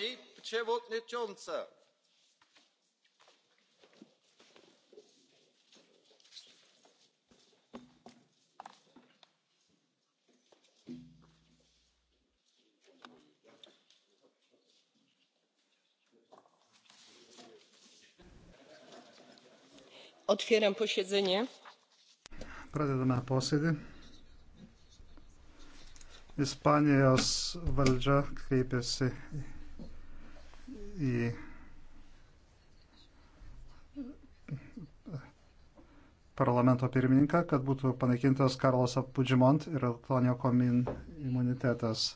pani przewodnicząca! otwieram posiedzenie. pradedame posėdį. ispanijos valdžia kreipėsi į parlamento pirmininką, kad būtų panaikintas Karlos Apudžimont ir Antonio Komin imunitetas.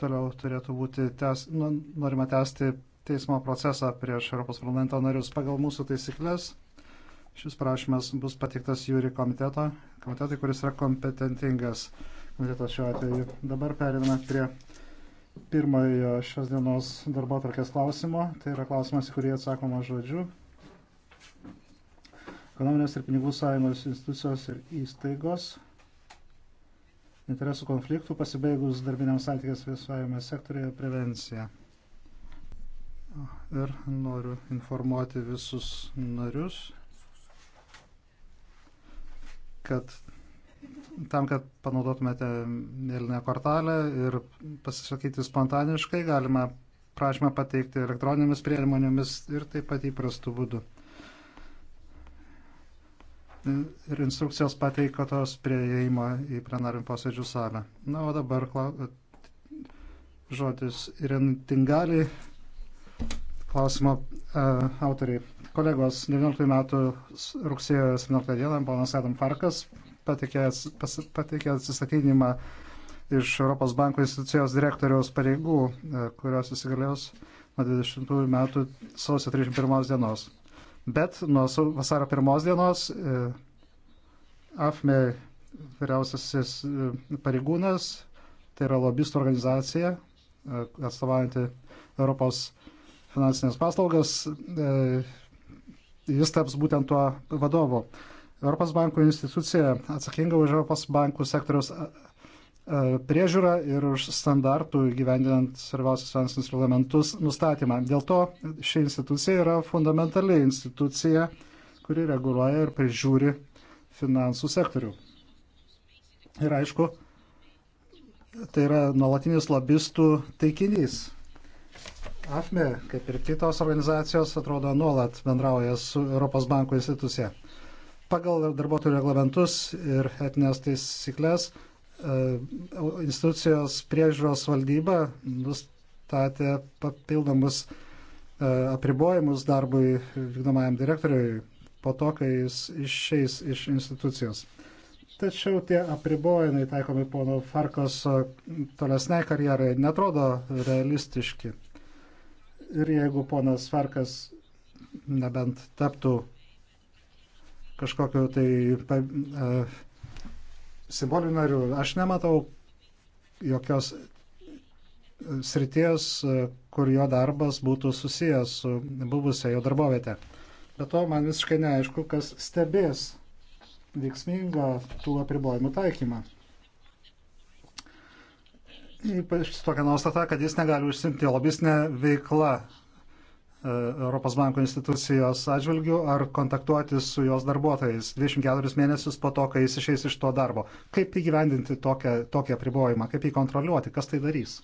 Toliau turėtų būti, tęs, nu, norima tęsti teismo procesą prieš Europos parlamento narius. Pagal mūsų taisyklės šis prašymas bus patiktas jūri komiteto, komitetui, kuris yra kompetentingas komitetas šiuo atveju. Dabar periname prie pirmojo šios dienos darbo atvarkės klausimo. Tai yra klausimas, į kurį atsakoma žodžiu. Ekonominės ir pinigų sąjungos institucijos ir įstaigos. Interesų konfliktų pasibaigus darbiniams santykės visojame sektorėje prevencija. Ir noriu informuoti visus narius, kad tam, kad panaudotumėte mėlynę kortelę ir pasisakyti spontaniškai, galima prašymą pateikti elektroninėmis priemonėmis ir taip pat įprastu būdu. Ir instrukcijos pateikotos prieėjimo į plenarinį posėdžių salę. Na, o dabar klau... žodis Irentingali, klausimo uh, autoriai. Kolegos, 19 metų rugsėjo 17 dieną, ponas Adam Farkas pateikė, pateikė atsistatydinimą iš Europos banko institucijos direktoriaus pareigų, e, kurios įsigalios nuo 20 metų sausio 31 dienos. Bet nuo vasaro 1 dienos AFME e vyriausiasis e, pareigūnas, tai yra lobistų organizacija, atstovaujanti Europos finansinės paslaugas, jis taps būtent tuo vadovu. Europos bankų institucija atsakinga už Europos bankų sektoriaus priežiūrą ir už standartų gyvendinant svarbiausius finansinius reglamentus nustatymą. Dėl to ši institucija yra fundamentali institucija, kuri reguliuoja ir prižiūri finansų sektorių. Ir aišku, tai yra nuolatinis lobistų taikinys. AFME, kaip ir kitos organizacijos, atrodo nuolat bendrauja su Europos banko institucija. Pagal darbuotojų reglamentus ir etinės taisyklės e, institucijos priežiūros valdyba nustatė papildomus e, apribojimus darbui vykdomajam direktoriui po to, kai jis išeis iš institucijos. Tačiau tie apribojimai taikomi pono Farkos tolesniai karjerai netrodo realistiški. Ir jeigu ponas Farkas nebent taptų kažkokiu tai uh, simboliniu nariu. Aš nematau jokios srities, kur jo darbas būtų susijęs su buvusia jo darbovietė. Bet to man visiškai neaišku, kas stebės veiksmingą tų apribojimų taikymą. Ypač tokia nuostata, kad jis negali užsimti lobistinę veiklą E, Europos banko institucijos atžvilgių ar kontaktuoti su jos darbuotojais 24 mėnesius po to, kai jis išeis iš to darbo. Kaip įgyvendinti tokią, tokį apribojimą, kaip jį kontroliuoti, kas tai darys.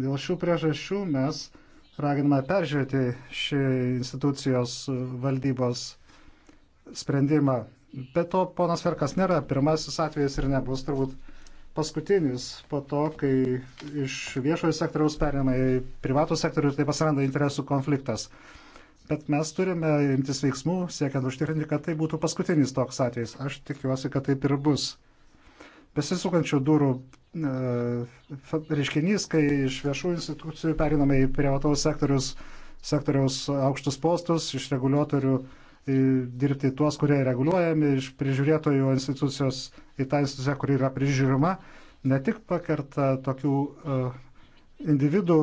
Dėl šių priežasčių mes raginame peržiūrėti šį institucijos valdybos sprendimą. Bet to ponas Verkas nėra pirmasis atvejis ir nebus turbūt paskutinis po to, kai iš viešojo sektoriaus perėmė į privatų sektorių, tai pasiranda interesų konfliktas. Bet mes turime imtis veiksmų, siekiant užtikrinti, kad tai būtų paskutinis toks atvejs. Aš tikiuosi, kad taip ir bus. Besisukančių durų e, reiškinys, kai iš viešų institucijų periname į privataus sektorius, sektoriaus aukštus postus, iš reguliuotojų e, dirbti tuos, kurie reguliuojami, iš prižiūrėtojų institucijos į tą instituciją, kuri yra prižiūrima, ne tik pakerta tokių uh, individų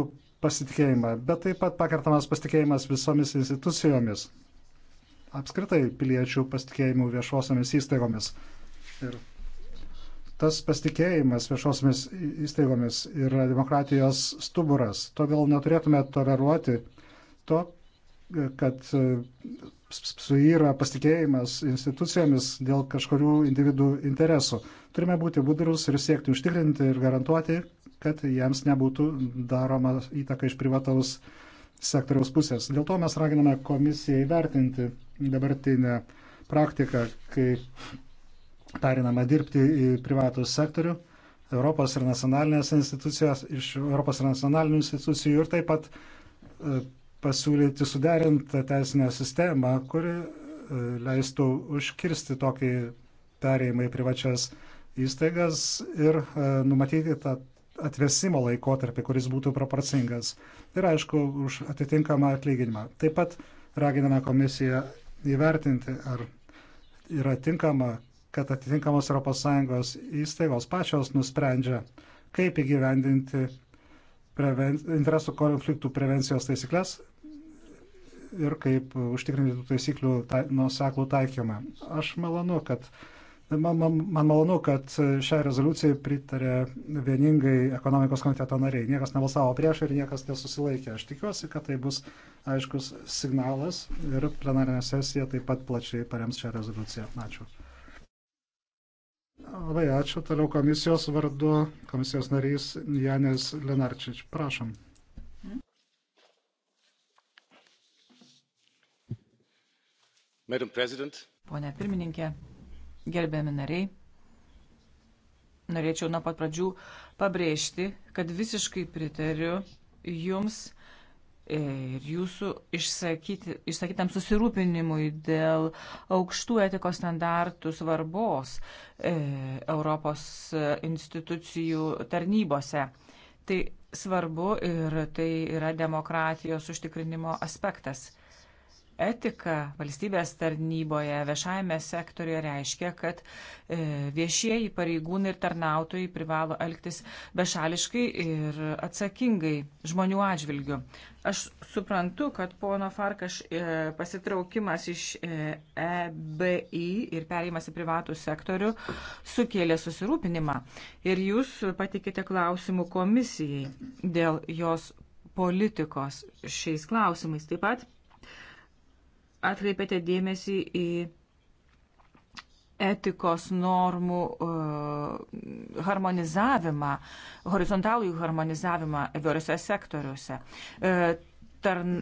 pasitikėjimą, bet taip pat pakertamas pasitikėjimas visomis institucijomis, apskritai piliečių pasitikėjimų viešosiamis įstaigomis. Ir tas pasitikėjimas viešosiamis įstaigomis yra demokratijos stuburas. Todėl neturėtume toleruoti to, kad e, suyra pasitikėjimas institucijomis dėl kažkurių individų interesų. Turime būti budrus ir siekti užtikrinti ir garantuoti, kad jiems nebūtų daroma įtaka iš privataus sektoriaus pusės. Dėl to mes raginame komisiją įvertinti dabartinę praktiką, kai perinama dirbti į privatų sektorių. Europos ir nacionalinės institucijos, iš Europos ir nacionalinių institucijų ir taip pat e, pasiūlyti suderintą teisinę sistemą, kuri e, leistų užkirsti tokį perėjimą į privačias įstaigas ir e, numatyti tą atvesimo laikotarpį, kuris būtų proporcingas. Ir aišku, už atitinkamą atlyginimą. Taip pat raginame komisiją įvertinti, ar yra tinkama, kad atitinkamos ES įstaigos pačios nusprendžia, kaip įgyvendinti preven... interesų konfliktų prevencijos taisyklės, ir kaip užtikrinti tų taisyklių ta, nuoseklų taikymą. Aš malonu, kad man, man, man malonu, kad šią rezoliuciją pritarė vieningai ekonomikos komiteto nariai. Niekas nebalsavo prieš ir niekas nesusilaikė. Aš tikiuosi, kad tai bus aiškus signalas ir plenarinė sesija taip pat plačiai parems šią rezoliuciją. Ačiū. Labai ačiū. Toliau komisijos vardu komisijos narys Janis Lenarčič. Prašom. Pone pirmininkė, gerbėmi nariai, norėčiau nuo pat pradžių pabrėžti, kad visiškai pritariu jums ir jūsų išsakyti, išsakytam susirūpinimui dėl aukštų etikos standartų svarbos e, Europos institucijų tarnybose. Tai svarbu ir tai yra demokratijos užtikrinimo aspektas etika valstybės tarnyboje, viešajame sektoriuje reiškia, kad e, viešieji pareigūnai ir tarnautojai privalo elgtis bešališkai ir atsakingai žmonių atžvilgių. Aš suprantu, kad pono Farkaš e, pasitraukimas iš EBI e ir perėjimas į privatų sektorių sukėlė susirūpinimą. Ir jūs patikite klausimų komisijai dėl jos politikos šiais klausimais. Taip pat atkreipėte dėmesį į etikos normų uh, harmonizavimą, horizontalų jų harmonizavimą įvairiose sektoriuose. Uh, tarn,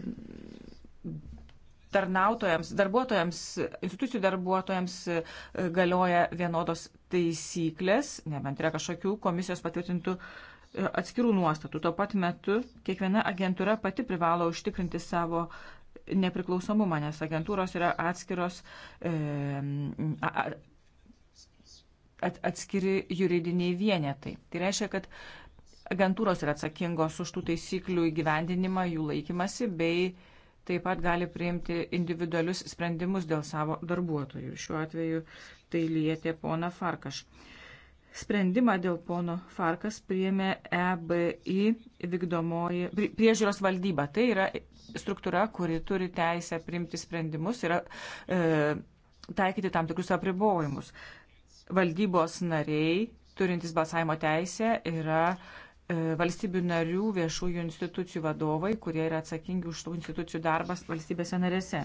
tarnautojams, darbuotojams, institucijų darbuotojams e, galioja vienodos taisyklės, nebent yra kažkokių komisijos patvirtintų atskirų nuostatų. Tuo pat metu kiekviena agentūra pati privalo užtikrinti savo nepriklausomumą, nes agentūros yra atskiros. E, a, at, atskiri juridiniai vienetai. Tai reiškia, kad agentūros yra atsakingos už tų taisyklių įgyvendinimą, jų laikymasi, bei taip pat gali priimti individualius sprendimus dėl savo darbuotojų. Šiuo atveju tai lietė pona Farkaš. E, Sprendimą dėl pono Farkas priėmė EBI vykdomoji priežiūros valdyba. Tai yra struktūra, kuri turi teisę priimti sprendimus ir e, taikyti tam tikrus apribojimus. Valdybos nariai, turintys balsavimo teisę, yra e, valstybių narių viešųjų institucijų vadovai, kurie yra atsakingi už tų institucijų darbas valstybėse narėse.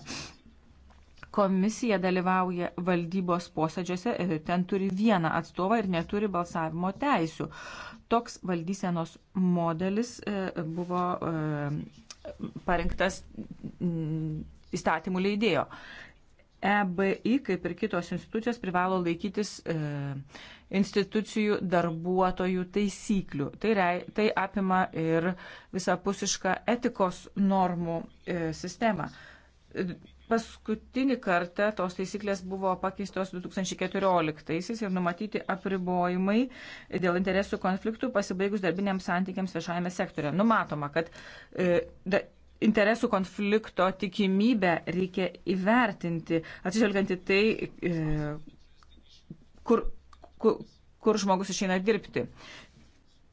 Komisija dalyvauja valdybos posėdžiuose, e, ten turi vieną atstovą ir neturi balsavimo teisių. Toks valdysenos modelis e, buvo e, parinktas mm, įstatymų leidėjo. EBI, kaip ir kitos institucijos, privalo laikytis e, institucijų darbuotojų taisyklių. Tai, rei, tai apima ir visapusišką etikos normų e, sistemą. Paskutinį kartą tos taisyklės buvo pakeistos 2014-aisiais ir numatyti apribojimai dėl interesų konfliktų pasibaigus darbiniams santykiams viešajame sektorė. Numatoma, kad e, da, interesų konflikto tikimybę reikia įvertinti, atsižvelgiant į tai, e, kur, kur, kur žmogus išeina dirbti.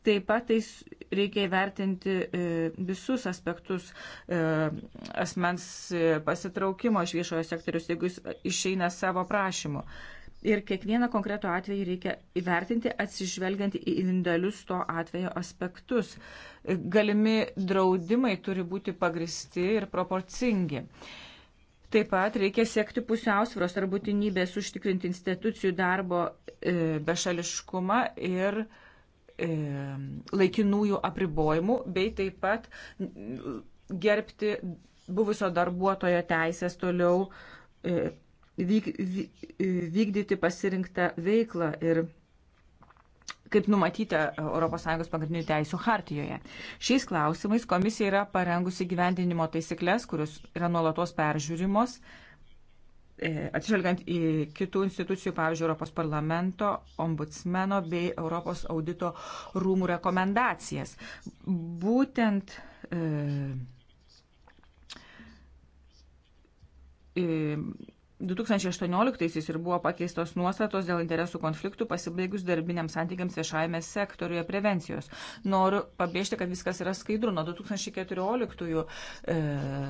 Taip pat tai reikia įvertinti e, visus aspektus e, asmens e, pasitraukimo iš viešojo sektorius, jeigu jis išeina savo prašymu. Ir kiekvieną konkretų atvejį reikia įvertinti atsižvelgiant į individualius to atvejo aspektus. Galimi draudimai turi būti pagristi ir proporcingi. Taip pat reikia siekti pusiausvros ar būtinybės užtikrinti institucijų darbo bešališkumą ir e, E, laikinųjų apribojimų, bei taip pat gerbti buvusio darbuotojo teisės toliau e, vyk, e, vykdyti pasirinktą veiklą ir kaip numatyta ES pagrindinių teisų hartijoje. Šiais klausimais komisija yra parengusi gyvendinimo taisyklės, kurios yra nuolatos peržiūrimos E, atsižvelgiant į kitų institucijų, pavyzdžiui, Europos parlamento, ombudsmeno bei Europos audito rūmų rekomendacijas. Būtent e, e, 2018-aisiais ir buvo pakeistos nuostatos dėl interesų konfliktų pasibaigus darbiniams santykiams viešajame sektoriuje prevencijos. Noriu pabrėžti, kad viskas yra skaidru. Nuo 2014-ųjų e,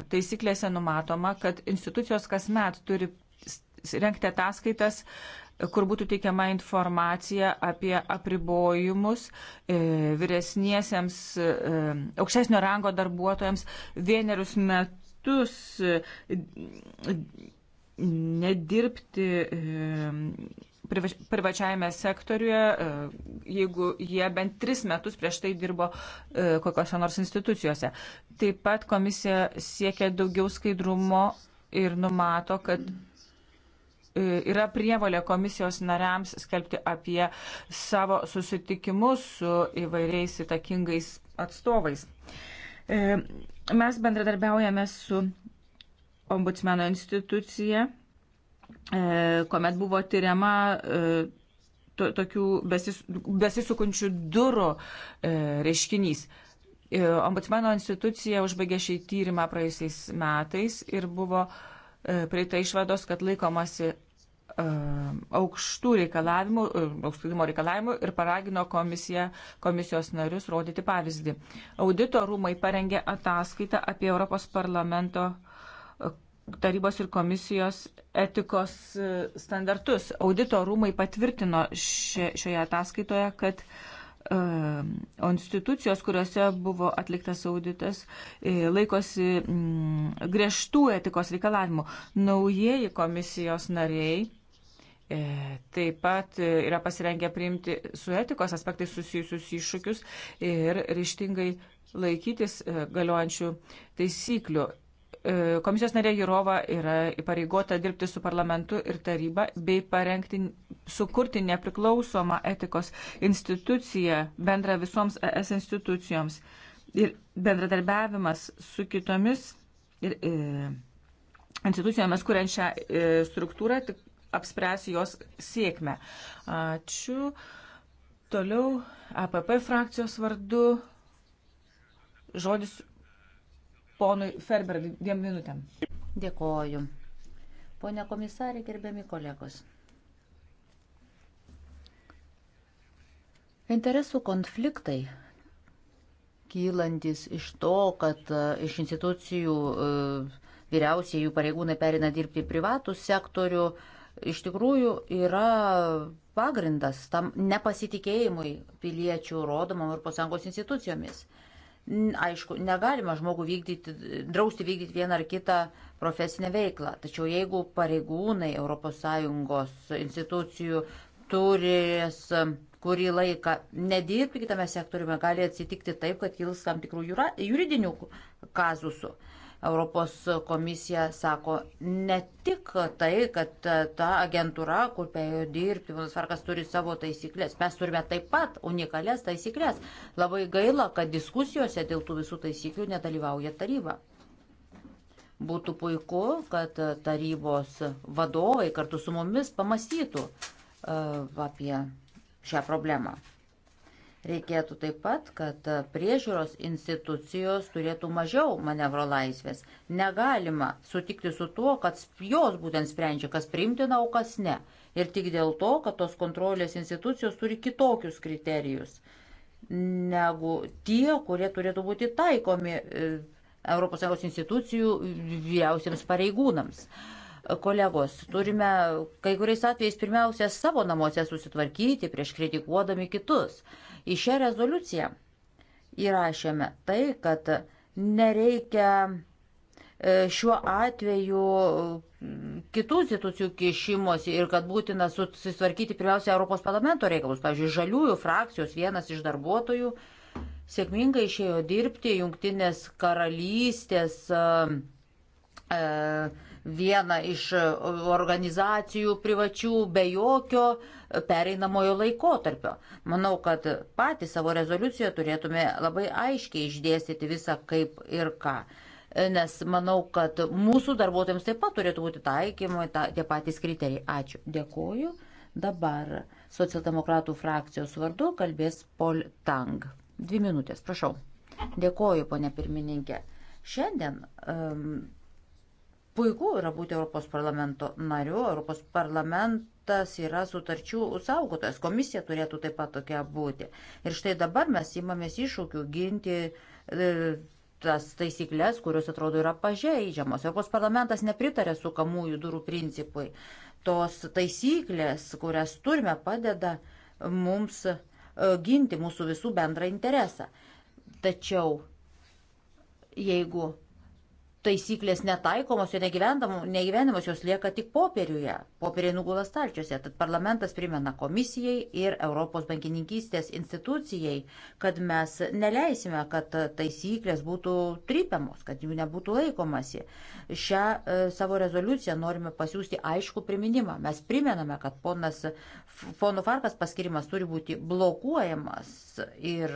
taisyklėse numatoma, kad institucijos kasmet turi renkti ataskaitas kur būtų teikiama informacija apie apribojimus e, vyresniesiems, e, aukštesnio rango darbuotojams vienerius metus metus nedirbti privačiajame sektoriuje, jeigu jie bent tris metus prieš tai dirbo kokiose nors institucijose. Taip pat komisija siekia daugiau skaidrumo ir numato, kad yra prievalė komisijos nariams skelbti apie savo susitikimus su įvairiais įtakingais atstovais. Mes bendradarbiaujame su ombudsmeno institucija, e, kuomet buvo tyriama e, to, tokių besis, besisukančių durų e, reiškinys. Ombudsmeno institucija užbaigė šį tyrimą praėjusiais metais ir buvo prieita išvados, kad laikomasi aukštų reikalavimų, aukštumo reikalavimų ir paragino komisiją, komisijos narius rodyti pavyzdį. Audito rūmai parengė ataskaitą apie Europos parlamento uh, tarybos ir komisijos etikos e, standartus. Audito rūmai patvirtino šioje ataskaitoje, kad o e, institucijos, kuriuose buvo atliktas auditas, e, laikosi mm, griežtų etikos reikalavimų. Naujieji komisijos nariai taip pat yra pasirengę priimti su etikos aspektais susijusius iššūkius ir ryštingai laikytis galiojančių taisyklių. Komisijos narė Jirova yra įpareigota dirbti su parlamentu ir taryba bei parengti, sukurti nepriklausomą etikos instituciją bendrą visoms ES institucijoms. Ir bendradarbiavimas su kitomis ir, ir, e, institucijomis, kuriant šią ir, e, struktūrą, tik apspręs jos sėkmę. Ačiū. Toliau APP e frakcijos vardu žodis ponui Ferber dviem minutėm. Dėkoju. Pone komisarė, gerbiami kolegos. Interesų konfliktai kylantis iš to, kad e, iš institucijų e, vyriausiai jų pareigūnai perina dirbti į privatų sektorių, iš tikrųjų yra pagrindas tam nepasitikėjimui piliečių rodomam ir posangos institucijomis. Aišku, negalima žmogų vykdyti, drausti vykdyti vieną ar kitą profesinę veiklą, tačiau jeigu pareigūnai ES institucijų turės um, kurį laiką nedirbti kitame sektoriume, gali atsitikti taip, kad kils tam tikrų juridinių kazusų. Europos komisija sako ne tik tai, kad ta agentūra, kur pėjo dirbti, Vanas Farkas turi savo taisyklės. Mes turime taip pat unikalias taisyklės. Labai gaila, kad diskusijose dėl tų visų taisyklių nedalyvauja taryba. Būtų puiku, kad tarybos vadovai kartu su mumis pamastytų uh, apie šią problemą. Reikėtų taip pat, kad priežiūros institucijos turėtų mažiau manevro laisvės. Negalima sutikti su tuo, kad jos būtent sprendžia, kas priimtina, o kas ne. Ir tik dėl to, kad tos kontrolės institucijos turi kitokius kriterijus negu tie, kurie turėtų būti taikomi ES institucijų vyriausiams pareigūnams. Kolegos, turime kai kuriais atvejais pirmiausia savo namuose susitvarkyti prieš kritikuodami kitus. Uh, Į šią rezoliuciją įrašėme tai, kad nereikia e, šiuo atveju kitų institucijų kišimosi ir kad būtina susitvarkyti pirmiausia Europos parlamento reikalus. Pavyzdžiui, žaliųjų frakcijos vienas iš darbuotojų sėkmingai išėjo dirbti Junktinės karalystės e, e vieną iš organizacijų privačių be jokio pereinamojo laikotarpio. Manau, kad patys savo rezoliuciją turėtume labai aiškiai išdėstyti visą kaip ir ką. Nes manau, kad mūsų darbuotojams taip pat turėtų būti taikymai ta, tie patys kriterijai. Ačiū. Dėkuoju. Dabar socialdemokratų frakcijos vardu kalbės Pol Tang. Dvi minutės, prašau. Dėkoju, ponė pirmininkė. Šiandien um, Puiku yra būti Europos parlamento nariu, Europos parlamentas yra sutarčių saugotojas, komisija turėtų taip pat tokia būti. Ir štai dabar mes įmamės iššūkių ginti e, tas taisyklės, kurios atrodo yra pažeidžiamos. Europos parlamentas nepritarė sukamųjų durų principui. Tos taisyklės, kurias turime, padeda mums e, ginti mūsų visų bendrą interesą. Tačiau jeigu taisyklės netaikomos ir negyvenamos, jos lieka tik popieriuje. Popieriai nugula stalčiuose. Tad parlamentas primena komisijai ir Europos bankininkystės institucijai, kad mes neleisime, kad taisyklės būtų trypiamos, kad jų nebūtų laikomasi. Šią e, savo rezoliuciją norime pasiūsti aišku priminimą. Mes primename, kad ponas Fono Farkas paskirimas turi būti blokuojamas ir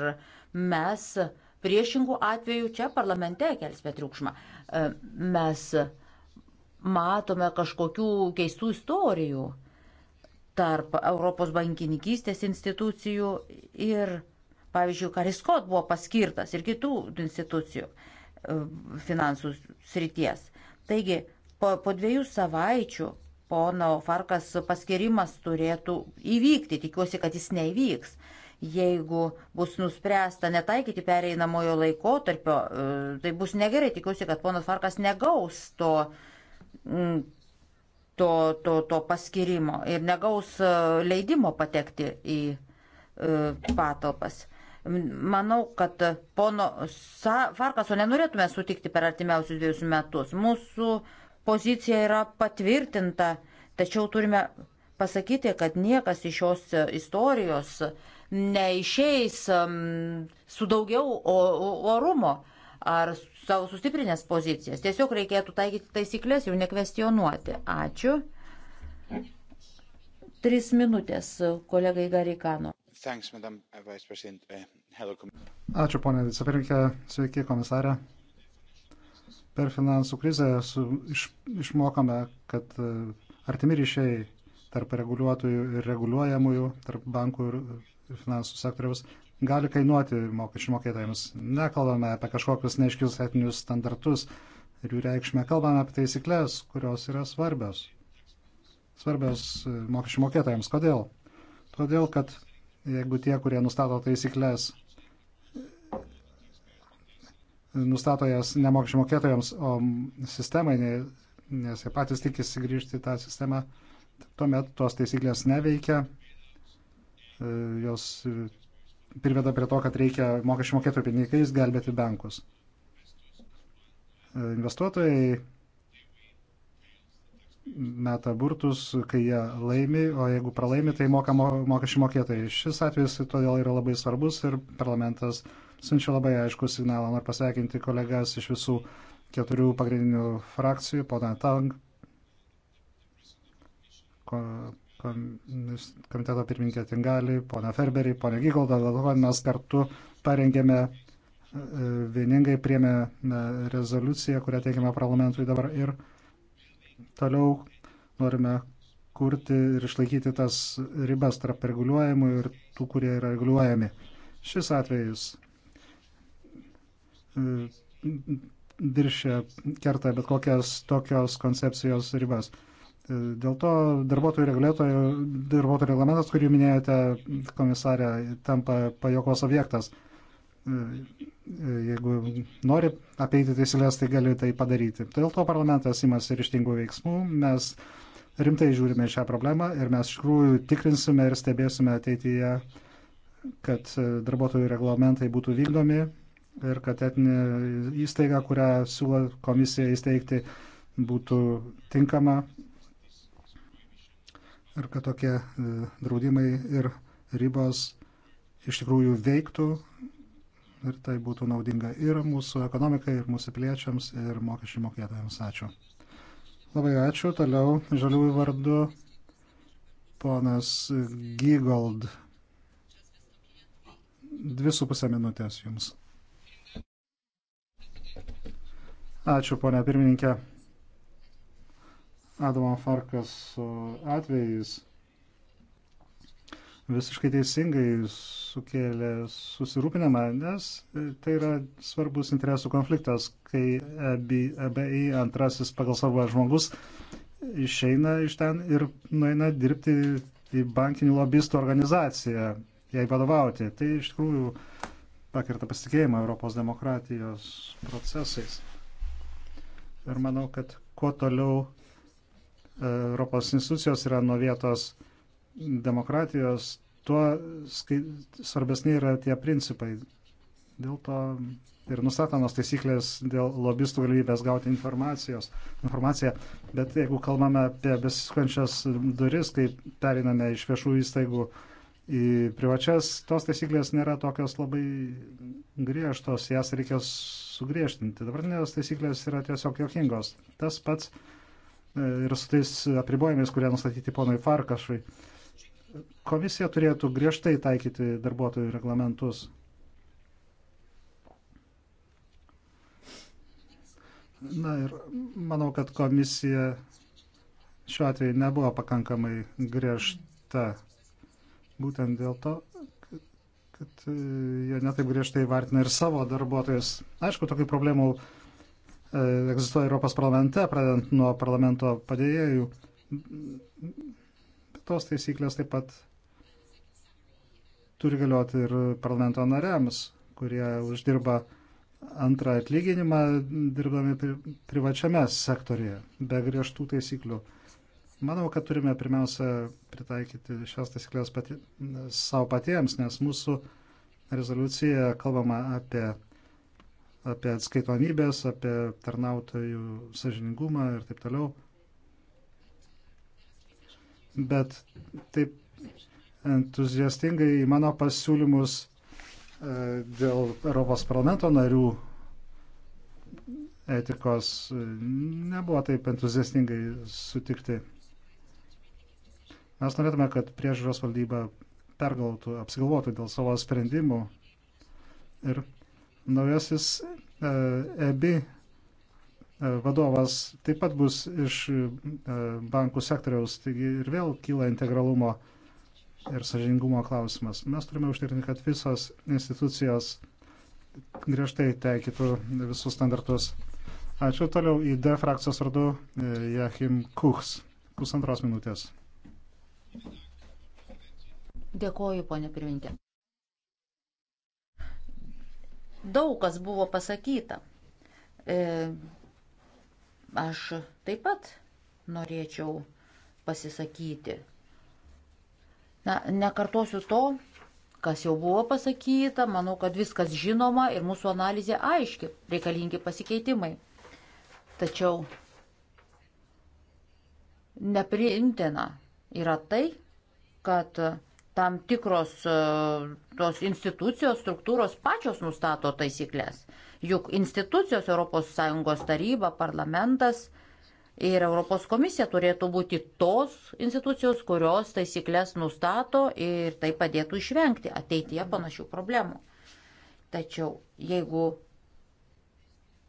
mes priešingų atvejų čia parlamente kelsime triukšmą. E, mes matome kažkokių keistų istorijų tarp Europos bankininkystės institucijų ir, pavyzdžiui, Kariskot buvo paskirtas ir kitų institucijų e, finansų srities. Taigi, po, po dviejų savaičių pono Farkas paskirimas turėtų įvykti, tikiuosi, kad jis neįvyks. Jeigu bus nuspręsta netaikyti pereinamojo laikotarpio, e, tai bus negerai. Tikiuosi, kad ponas Farkas negaus to, to, to, to paskirimo ir negaus e, leidimo patekti į e, patalpas. Manau, kad pono Farkaso nenorėtume sutikti per artimiausius dviejus metus. Mūsų pozicija yra patvirtinta, tačiau turime pasakyti, kad niekas iš šios istorijos neišeis su daugiau orumo ar savo sustiprinės pozicijas. Tiesiog reikėtų taikyti taisyklės, jų nekvestionuoti. Ačiū. Tris minutės kolegai Garikano. Uh, Ačiū, ponė vicepirinkė. Sveiki, komisarė. Per finansų krizę su, iš, išmokame, kad uh, artimi ryšiai tarp reguliuotojų ir reguliuojamųjų, tarp bankų ir ir finansų sektoriaus gali kainuoti mokesčių mokėtojams. Nekalbame apie kažkokius neiškius etinius standartus ir jų reikšmę, kalbame apie taisyklės, kurios yra svarbios. Svarbios e, mokesčių mokėtojams. Kodėl? Todėl, kad jeigu tie, kurie nustato taisyklės, e, nustato jas ne mokesčių mokėtojams, o sistemai, nes jie patys tikisi grįžti į tą sistemą, tuomet tos taisyklės neveikia E, jos e, priveda prie to, kad reikia mokesčių mokėtojų pinigais gelbėti bankus. E, investuotojai meta burtus, kai jie laimi, o jeigu pralaimi, tai moka mokesčių mokėtojai. Šis atvejis todėl yra labai svarbus ir parlamentas siunčia labai aišku signalą. Noriu pasveikinti kolegas iš visų keturių pagrindinių frakcijų, poną Tang, komiteto pirmininkė Tingali, ponia Ferberį, ponia Gygolda, dėl to mes kartu parengėme e, vieningai priemė rezoliuciją, kurią teikiame parlamentui dabar ir toliau norime kurti ir išlaikyti tas ribas tarp reguliuojamų ir tų, kurie yra reguliuojami. Šis atvejis diršia e, kerta bet kokias tokios koncepcijos ribas. Dėl to darbuotojų reguliuotojų, darbuotojų reglamentas, kurį minėjote, komisarė, tampa pajokos objektas. Jeigu nori apeiti taisyklės, tai gali tai padaryti. Dėl to parlamentas imasi ryštingų veiksmų, mes rimtai žiūrime šią problemą ir mes iš tikrųjų tikrinsime ir stebėsime ateityje, kad darbuotojų reglamentai būtų vykdomi ir kad etinė įstaiga, kurią siūlo komisija įsteigti, būtų tinkama ir kad tokie e, draudimai ir ribos iš tikrųjų veiktų ir tai būtų naudinga ir mūsų ekonomikai, ir mūsų piliečiams, ir mokesčių mokėtojams. Ačiū. Labai ačiū. Toliau žaliųjų vardu ponas Gygold. Dvi su pusę minutės jums. Ačiū, ponia pirmininkė. Adamo Farkas e, atvejais visiškai teisingai sukėlė susirūpinimą, nes tai yra svarbus interesų konfliktas, kai EBI antrasis pagal savo žmogus išeina iš ten ir nueina dirbti į bankinių lobistų organizaciją, jai vadovauti. Tai iš tikrųjų pakirta pasitikėjimą Europos demokratijos procesais. Ir manau, kad kuo toliau Europos institucijos yra nuo vietos demokratijos, tuo svarbesni yra tie principai. Dėl to ir nustatomos taisyklės dėl lobistų galimybės gauti informaciją. Bet jeigu kalbame apie besiskančias duris, kai periname iš viešų įstaigų į privačias, tos taisyklės nėra tokios labai griežtos, jas reikės sugriežtinti. Dabartinės taisyklės yra tiesiog jokingos. Tas pats ir su tais apribojimais, kurie nustatyti ponui Farkašui. Komisija turėtų griežtai taikyti darbuotojų reglamentus. Na ir manau, kad komisija šiuo atveju nebuvo pakankamai griežta. Būtent dėl to, kad jie netaip griežtai vartina ir savo darbuotojus. Aišku, tokių problemų uh, E, egzistuoja Europos parlamente, pradedant nuo parlamento padėjėjų. Tos taisyklės taip pat turi galioti ir parlamento nariams, kurie uždirba antrą atlyginimą dirbdami privačiame sektorėje be griežtų taisyklių. Manau, kad turime pirmiausia pritaikyti šias taisyklės pati, savo patiems, nes mūsų rezoliucija kalbama apie apie atskaitomybės, apie tarnautojų sažiningumą ir taip toliau. Bet taip entuziastingai į mano pasiūlymus e, dėl Europos parlamento narių etikos e, nebuvo taip entuziastingai sutikti. Mes norėtume, kad priežiūros valdyba pergalvotų, apsigalvotų dėl savo sprendimų ir Naujasis EBI e e, vadovas taip pat bus iš e, bankų sektoriaus, taigi ir vėl kyla integralumo ir sažingumo klausimas. Mes turime užtikrinti, kad visos institucijos griežtai teikytų visus standartus. Ačiū toliau į D frakcijos vardu Jachim Kuchs. Pusantros minutės. Dėkoju, ponė pirmininkė. Daug kas buvo pasakyta. E, aš taip pat norėčiau pasisakyti. Na, nekartosiu to, kas jau buvo pasakyta, manau, kad viskas žinoma ir mūsų analizė aiški, reikalingi pasikeitimai. Tačiau nepriimtina yra tai, kad tam tikros e, tos institucijos, struktūros pačios nustato taisyklės. Juk institucijos ES taryba, parlamentas ir Europos komisija turėtų būti tos institucijos, kurios taisyklės nustato ir tai padėtų išvengti ateityje panašių problemų. Tačiau jeigu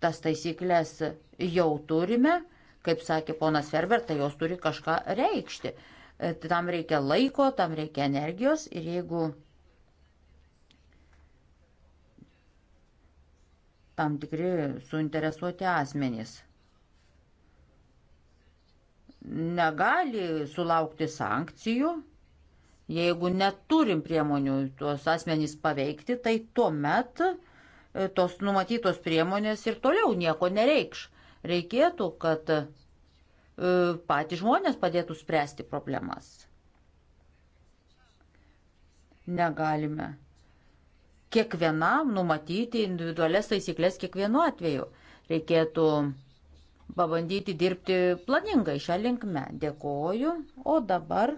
tas taisyklės jau turime, kaip sakė ponas Ferber, tai jos turi kažką reikšti. E, tai tam reikia laiko, tam reikia energijos ir jeigu tam tikri suinteresuoti asmenys negali sulaukti sankcijų, jeigu neturim priemonių tuos asmenys paveikti, tai tuomet e, tos numatytos priemonės ir toliau nieko nereikš. Reikėtų, kad E, patys žmonės padėtų spręsti problemas. Negalime kiekvienam numatyti individualias taisyklės kiekvienu atveju. Reikėtų pabandyti dirbti planingai šią linkmę. Dėkoju. O dabar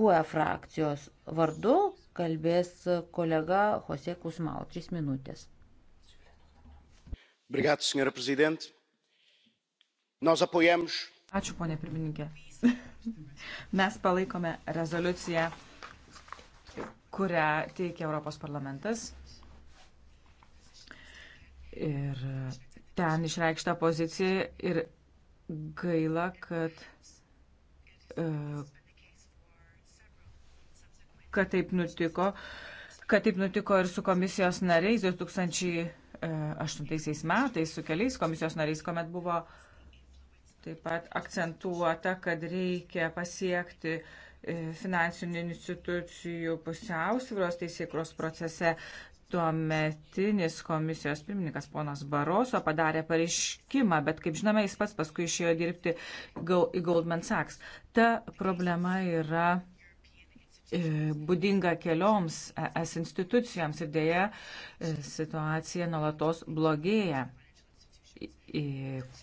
GUE frakcijos vardu kalbės kolega Jose Kusmau. Tris minutės. Obrigado, senhora Presidente. Ačiū, ponė pirmininkė. Mes palaikome rezoliuciją, kurią teikia Europos parlamentas. Ir ten išreikšta pozicija ir gaila, kad, e, kad taip nutiko, kad taip nutiko ir su komisijos nariais 2008 e, metais, su keliais komisijos nariais, kuomet buvo uh, Taip pat akcentuota, kad reikia pasiekti e, finansinių institucijų pusiausvyros teisėkros procese. Tuometinis komisijos pirmininkas ponas Baroso padarė pareiškimą, bet kaip žinome, jis pats paskui išėjo dirbti į Goldman Sachs. Ta problema yra e, būdinga kelioms es institucijoms ir dėja e, situacija nuolatos blogėja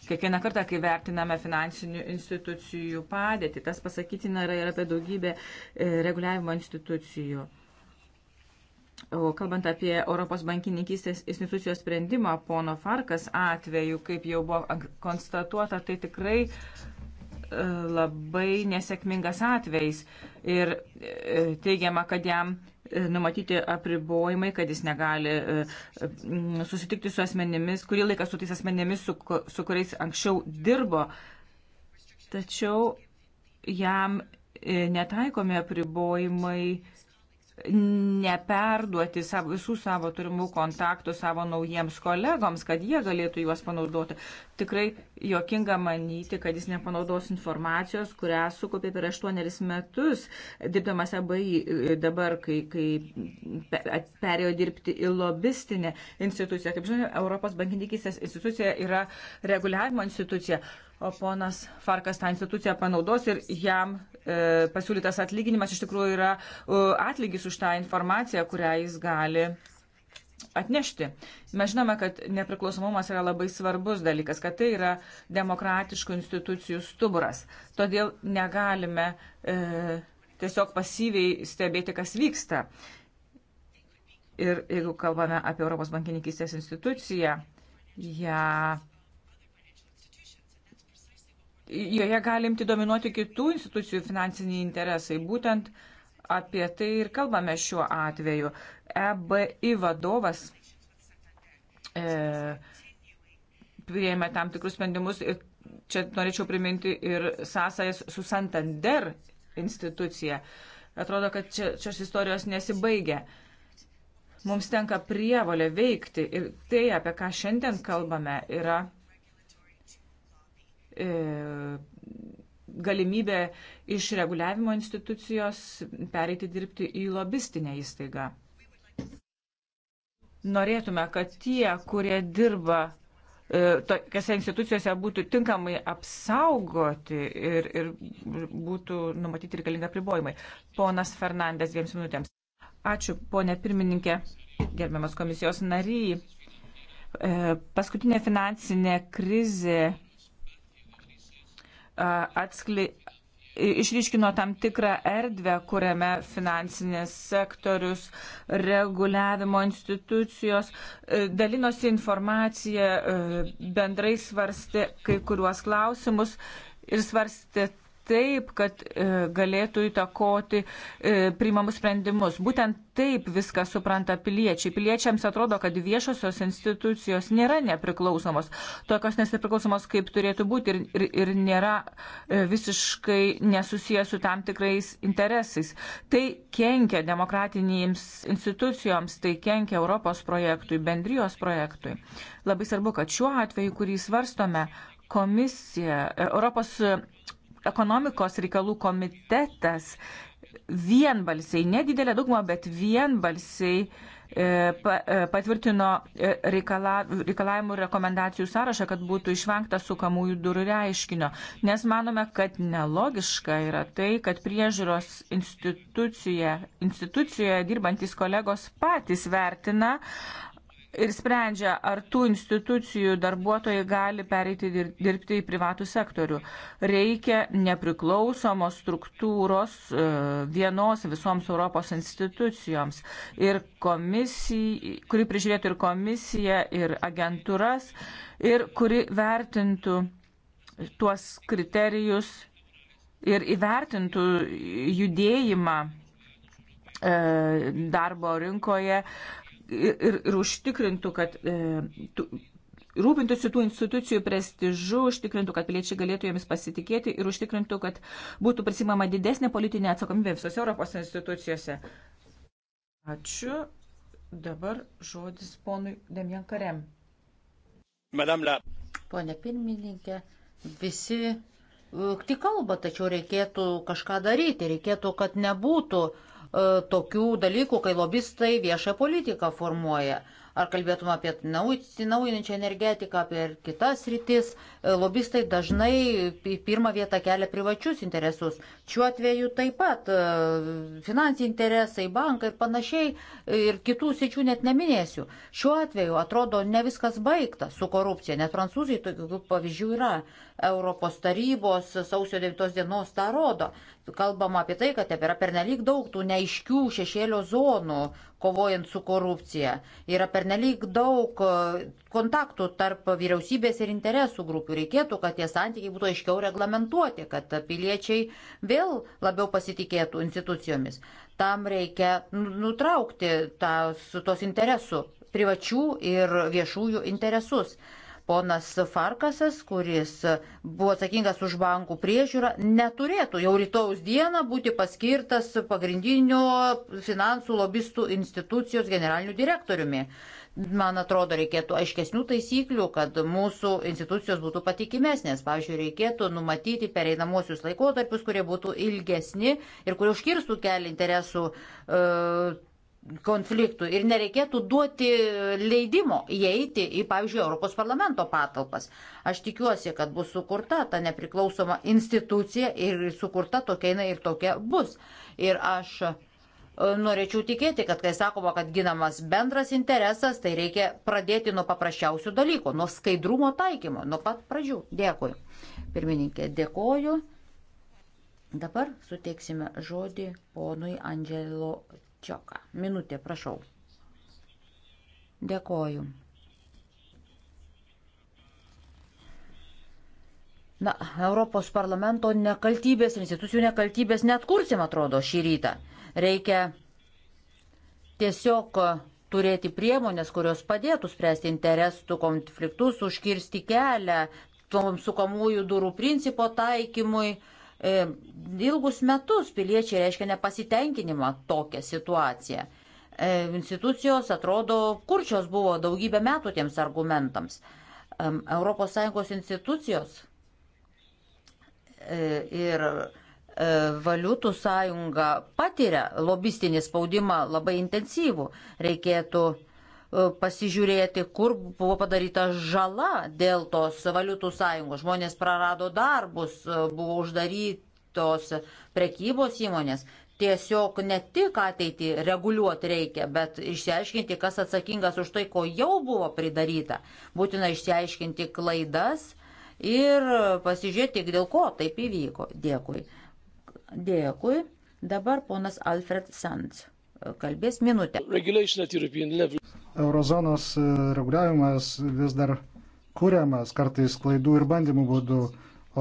kiekvieną kartą, kai vertiname finansinių institucijų padėtį, tas pasakytina yra ir apie daugybę e, reguliavimo institucijų. O kalbant apie Europos bankininkystės institucijos sprendimą, pono Farkas atveju, kaip jau buvo konstatuota, tai tikrai e, labai nesėkmingas atvejs ir e, teigiama, kad jam e, numatyti apribojimai, kad jis negali e, susitikti su asmenimis, kurį laiką su tais asmenimis, su, su kuriais anksčiau dirbo. Tačiau jam netaikomi apribojimai neperduoti savo, visų savo turimų kontaktų savo naujiems kolegoms, kad jie galėtų juos panaudoti. Tikrai jokinga manyti, kad jis nepanaudos informacijos, kurią sukopė per aštuonelis metus, dirbdamas abai dabar, kai, kai perėjo dirbti į lobistinę instituciją. Kaip žinia, Europos bankininkystės institucija yra reguliavimo institucija o ponas Farkas tą instituciją panaudos ir jam e, pasiūlytas atlyginimas iš tikrųjų yra e, atlygis už tą informaciją, kurią jis gali atnešti. Mes žinome, kad nepriklausomumas yra labai svarbus dalykas, kad tai yra demokratiškų institucijų stuburas. Todėl negalime e, tiesiog pasyviai stebėti, kas vyksta. Ir jeigu kalbame apie Europos bankininkystės instituciją, ją. Ja, joje gali imti dominuoti kitų institucijų finansiniai interesai. Būtent apie tai ir kalbame šiuo atveju. EBI vadovas e, prieėmė tam tikrus sprendimus ir čia norėčiau priminti ir sąsajas su Santander institucija. Atrodo, kad čia šios istorijos nesibaigia. Mums tenka prievalė veikti ir tai, apie ką šiandien kalbame, yra E, galimybė iš reguliavimo institucijos pereiti dirbti į lobistinę įstaigą. Norėtume, kad tie, kurie dirba e, tokiose institucijose, būtų tinkamai apsaugoti ir, ir būtų numatyti reikalinga pribojimai. Ponas Fernandes, dviems minutėms. Ačiū, ponė pirmininkė, gerbiamas komisijos nariai. E, paskutinė finansinė krizė atskli, išryškino tam tikrą erdvę, kuriame finansinės sektorius, reguliavimo institucijos e, dalinosi informaciją, e, bendrai svarstė kai kuriuos klausimus ir svarstė taip, kad e, galėtų įtakoti e, priimamus sprendimus. Būtent taip viską supranta piliečiai. Piliečiams atrodo, kad viešosios institucijos nėra nepriklausomos, tokios nesipriklausomos, kaip turėtų būti ir, ir, ir nėra e, visiškai nesusijęs su tam tikrais interesais. Tai kenkia demokratinėms institucijoms, tai kenkia Europos projektui, bendrijos projektui. Labai svarbu, kad šiuo atveju, kurį svarstome, komisija, e, Europos ekonomikos reikalų komitetas vienbalsiai, nedidelė dauguma, bet vienbalsiai e, e, patvirtino e, reikala, reikalavimų ir rekomendacijų sąrašą, kad būtų išvengta sukamųjų durų reiškinio. Nes manome, kad nelogiška yra tai, kad priežiūros institucijoje, institucijoje dirbantis kolegos patys vertina, ir sprendžia, ar tų institucijų darbuotojai gali pereiti dirbti į privatų sektorių. Reikia nepriklausomos struktūros e, vienos visoms Europos institucijoms, ir komisijai, kuri prižiūrėtų ir komisiją, ir agentūras, ir kuri vertintų tuos kriterijus ir įvertintų judėjimą e, darbo rinkoje, ir, ir užtikrintų, kad e, tu, rūpintųsi tų institucijų prestižu, užtikrintų, kad piliečiai galėtų jomis pasitikėti ir užtikrintų, kad būtų prisimama didesnė politinė atsakomybė visose Europos institucijose. Ačiū. Dabar žodis ponui Demian Karem. Madame la. Pone pirmininkė, visi e, tik kalba, tačiau reikėtų kažką daryti, reikėtų, kad nebūtų uh, E, tokių dalykų, kai lobistai viešą politiką formuoja. Ar kalbėtume apie atsinaujinančią energetiką, apie kitas rytis, lobistai dažnai į pirmą vietą kelia privačius interesus. Šiuo atveju taip pat e, finansiniai interesai, bankai ir panašiai ir kitų sričių net neminėsiu. Šiuo atveju atrodo ne viskas baigta su korupcija, net prancūzijai tokių pavyzdžių yra. Europos tarybos sausio 9 dienos tą rodo. Kalbama apie tai, kad yra pernelyg daug tų neiškių šešėlio zonų, kovojant su korupcija. Yra pernelyg daug kontaktų tarp vyriausybės ir interesų grupių. Reikėtų, kad tie santykiai būtų aiškiau reglamentuoti, kad piliečiai vėl labiau pasitikėtų institucijomis. Tam reikia nu, nutraukti tas, tos interesų, privačių ir viešųjų interesus. Ponas Farkasas, kuris buvo atsakingas už bankų priežiūrą, neturėtų jau rytojus dieną būti paskirtas pagrindinio finansų lobistų institucijos generaliniu direktoriumi. Man atrodo, reikėtų aiškesnių taisyklių, kad mūsų institucijos būtų patikimesnės. Pavyzdžiui, reikėtų numatyti pereinamosius laikotarpius, kurie būtų ilgesni ir kurie užkirstų kelią interesų e, konfliktų. Ir nereikėtų duoti leidimo įeiti į, pavyzdžiui, Europos parlamento patalpas. Aš tikiuosi, kad bus sukurta ta nepriklausoma institucija ir sukurta tokia jinai ir tokia bus. Ir aš E, norėčiau tikėti, kad kai sakoma, kad ginamas bendras interesas, tai reikia pradėti nuo paprasčiausių dalykų, nuo skaidrumo taikymo, nuo pat pradžių. Dėkui. Pirmininkė, dėkoju. Dabar suteiksime žodį ponui Angelo Čioka. Minutė, prašau. Dėkoju. Na, Europos parlamento nekaltybės, institucijų nekaltybės net kursim, atrodo, šį rytą. Uh, Reikia tiesiog turėti priemonės, kurios padėtų spręsti interesų konfliktus, užkirsti kelią tom sukamųjų durų principo taikymui. E, ilgus metus piliečiai reiškia nepasitenkinimą tokią situaciją. E, institucijos atrodo, kurčios buvo daugybę metų tiems argumentams. ES institucijos e, ir E, valiutų sąjunga patiria lobistinį spaudimą labai intensyvų. Reikėtų e, pasižiūrėti, kur buvo padaryta žala dėl tos valiutų sąjungos. Žmonės prarado darbus, e, buvo uždarytos prekybos įmonės. Tiesiog ne tik ateitį reguliuoti reikia, bet išsiaiškinti, kas atsakingas už tai, ko jau buvo pridaryta. Būtina išsiaiškinti klaidas ir pasižiūrėti, dėl ko taip įvyko. Dėkui. Dėkui. Dabar ponas Alfred Sands kalbės minutę. Eurozonos e, reguliavimas vis dar kūriamas kartais klaidų ir bandymų būdu,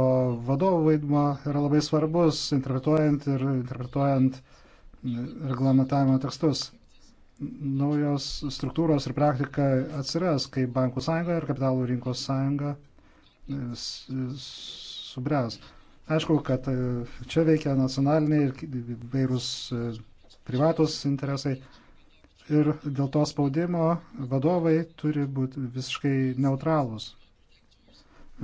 o vadovų vaidmo yra labai svarbus, interpretuojant ir interpretuojant e, reglamentavimo tekstus. Naujos struktūros ir praktika atsiras, kai bankų sąjunga ir kapitalų rinkos sąjunga e, subręs. Aišku, kad e, čia veikia nacionaliniai ir vairūs e, privatus interesai. Ir dėl to spaudimo vadovai turi būti visiškai neutralūs.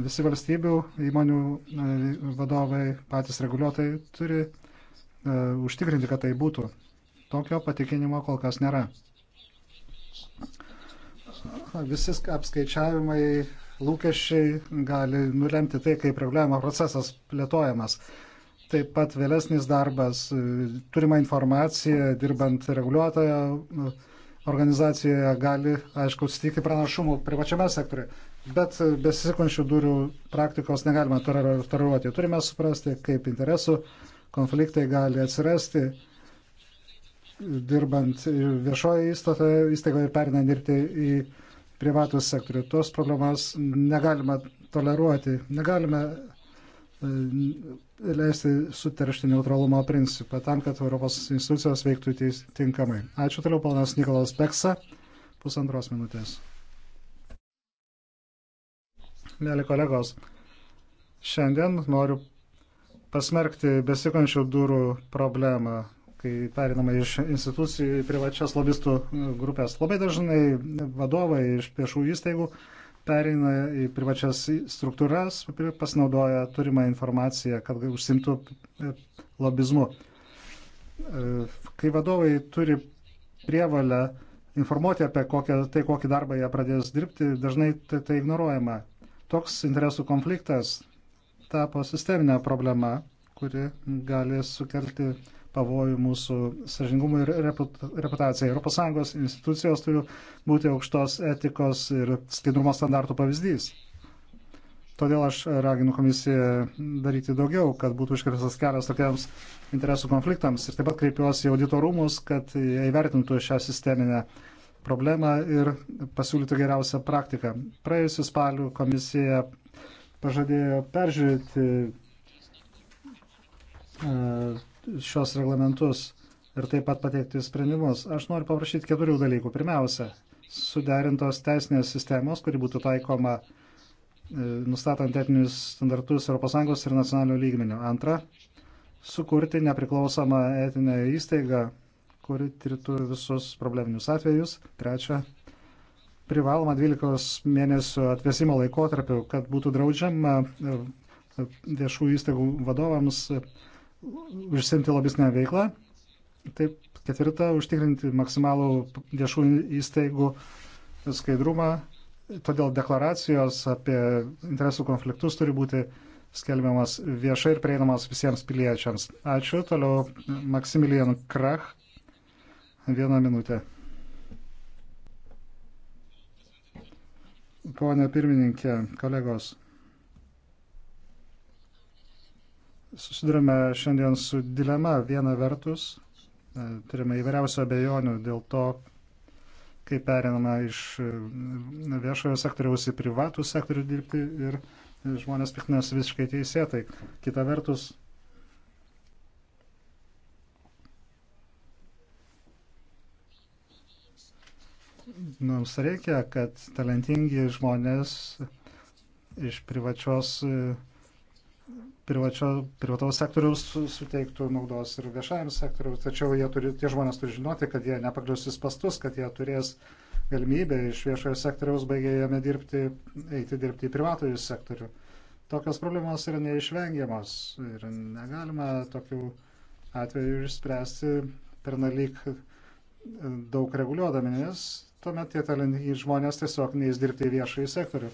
Visi valstybių įmonių e, vadovai, patys reguliuotojai turi uh, užtikrinti, kad tai būtų. Tokio patikinimo kol kas nėra. Visi apskaičiavimai lūkesčiai gali nulemti tai, kaip reguliavimo procesas plėtojamas. Taip pat vėlesnis darbas, e, turima informacija, dirbant reguliuotojo e, organizacijoje, gali, aišku, sutikti pranašumų privačiame sektoriu. Bet e, besisikončių durų praktikos negalima toleruoti. Turime suprasti, kaip interesų konfliktai gali atsirasti dirbant viešoje įstaigoje ir perinant dirbti į privatų sektorių. Tos problemas negalima toleruoti, negalime e, leisti suteršti neutralumo principą tam, kad Europos institucijos veiktų tinkamai. Ačiū toliau, ponas Nikolas Peksa, pusantros minutės. Mėly kolegos, šiandien noriu pasmerkti besikončių durų problemą kai perinama iš institucijų į privačias lobistų e, grupės. Labai dažnai vadovai iš viešų įstaigų perina į privačias struktūras, pasinaudoja turimą informaciją, kad užsimtų e, lobizmu. E, kai vadovai turi prievalę informuoti apie kokią, tai, kokį darbą jie pradės dirbti, dažnai tai, tai ignoruojama. Toks interesų konfliktas tapo sisteminė problema, kuri gali sukelti pavojų mūsų sažiningumui ir reputacijai. ES institucijos turi būti aukštos etikos ir skaidrumo standartų pavyzdys. Todėl aš raginu komisiją daryti daugiau, kad būtų užkirstas kelias tokiems interesų konfliktams. Ir taip pat kreipiuosi į auditorumus, kad jie įvertintų šią sisteminę problemą ir pasiūlytų geriausią praktiką. Praėjusiu spaliu komisija pažadėjo peržiūrėti e, šios reglamentus ir taip pat pateikti sprendimus. Aš noriu paprašyti keturių dalykų. Pirmiausia, suderintos teisinės sistemos, kuri būtų taikoma e, nustatant etinius standartus ES ir nacionalinio lygmenio. Antra, sukurti nepriklausomą etinę įstaigą, kuri tirtų visus probleminius atvejus. Trečia, privaloma 12 mėnesių atvesimo laikotarpiu, kad būtų draudžiama e, e, viešų įstaigų vadovams užsimti lobistinę veiklą. Taip, ketvirta, užtikrinti maksimalų viešų įstaigų skaidrumą. Todėl deklaracijos apie interesų konfliktus turi būti skelbiamas viešai ir prieinamas visiems piliečiams. Ačiū. Toliau Maksimilijan Krach. Vieną minutę. Pone pirmininkė, kolegos. susidurime šiandien su dilema. Viena vertus, e, turime įvairiausių abejonių dėl to, kaip perinama iš e, viešojo sektoriaus į privatų sektorių dirbti ir žmonės piktinasi visiškai teisėtai. Kita vertus, mums reikia, kad talentingi žmonės iš privačios e, privačio, privataus sektoriaus suteiktų naudos ir viešajam sektoriaus, tačiau turi, tie žmonės turi žinoti, kad jie nepakliusis pastus, kad jie turės galimybę iš viešojo sektoriaus baigėjame dirbti, eiti dirbti į privatojų sektorių. Tokios problemos yra neišvengiamos ir negalima tokių atvejų išspręsti per nelik daug reguliuodami, nes tuomet tie talentingi žmonės tiesiog neįsdirbti į viešąjį sektorių.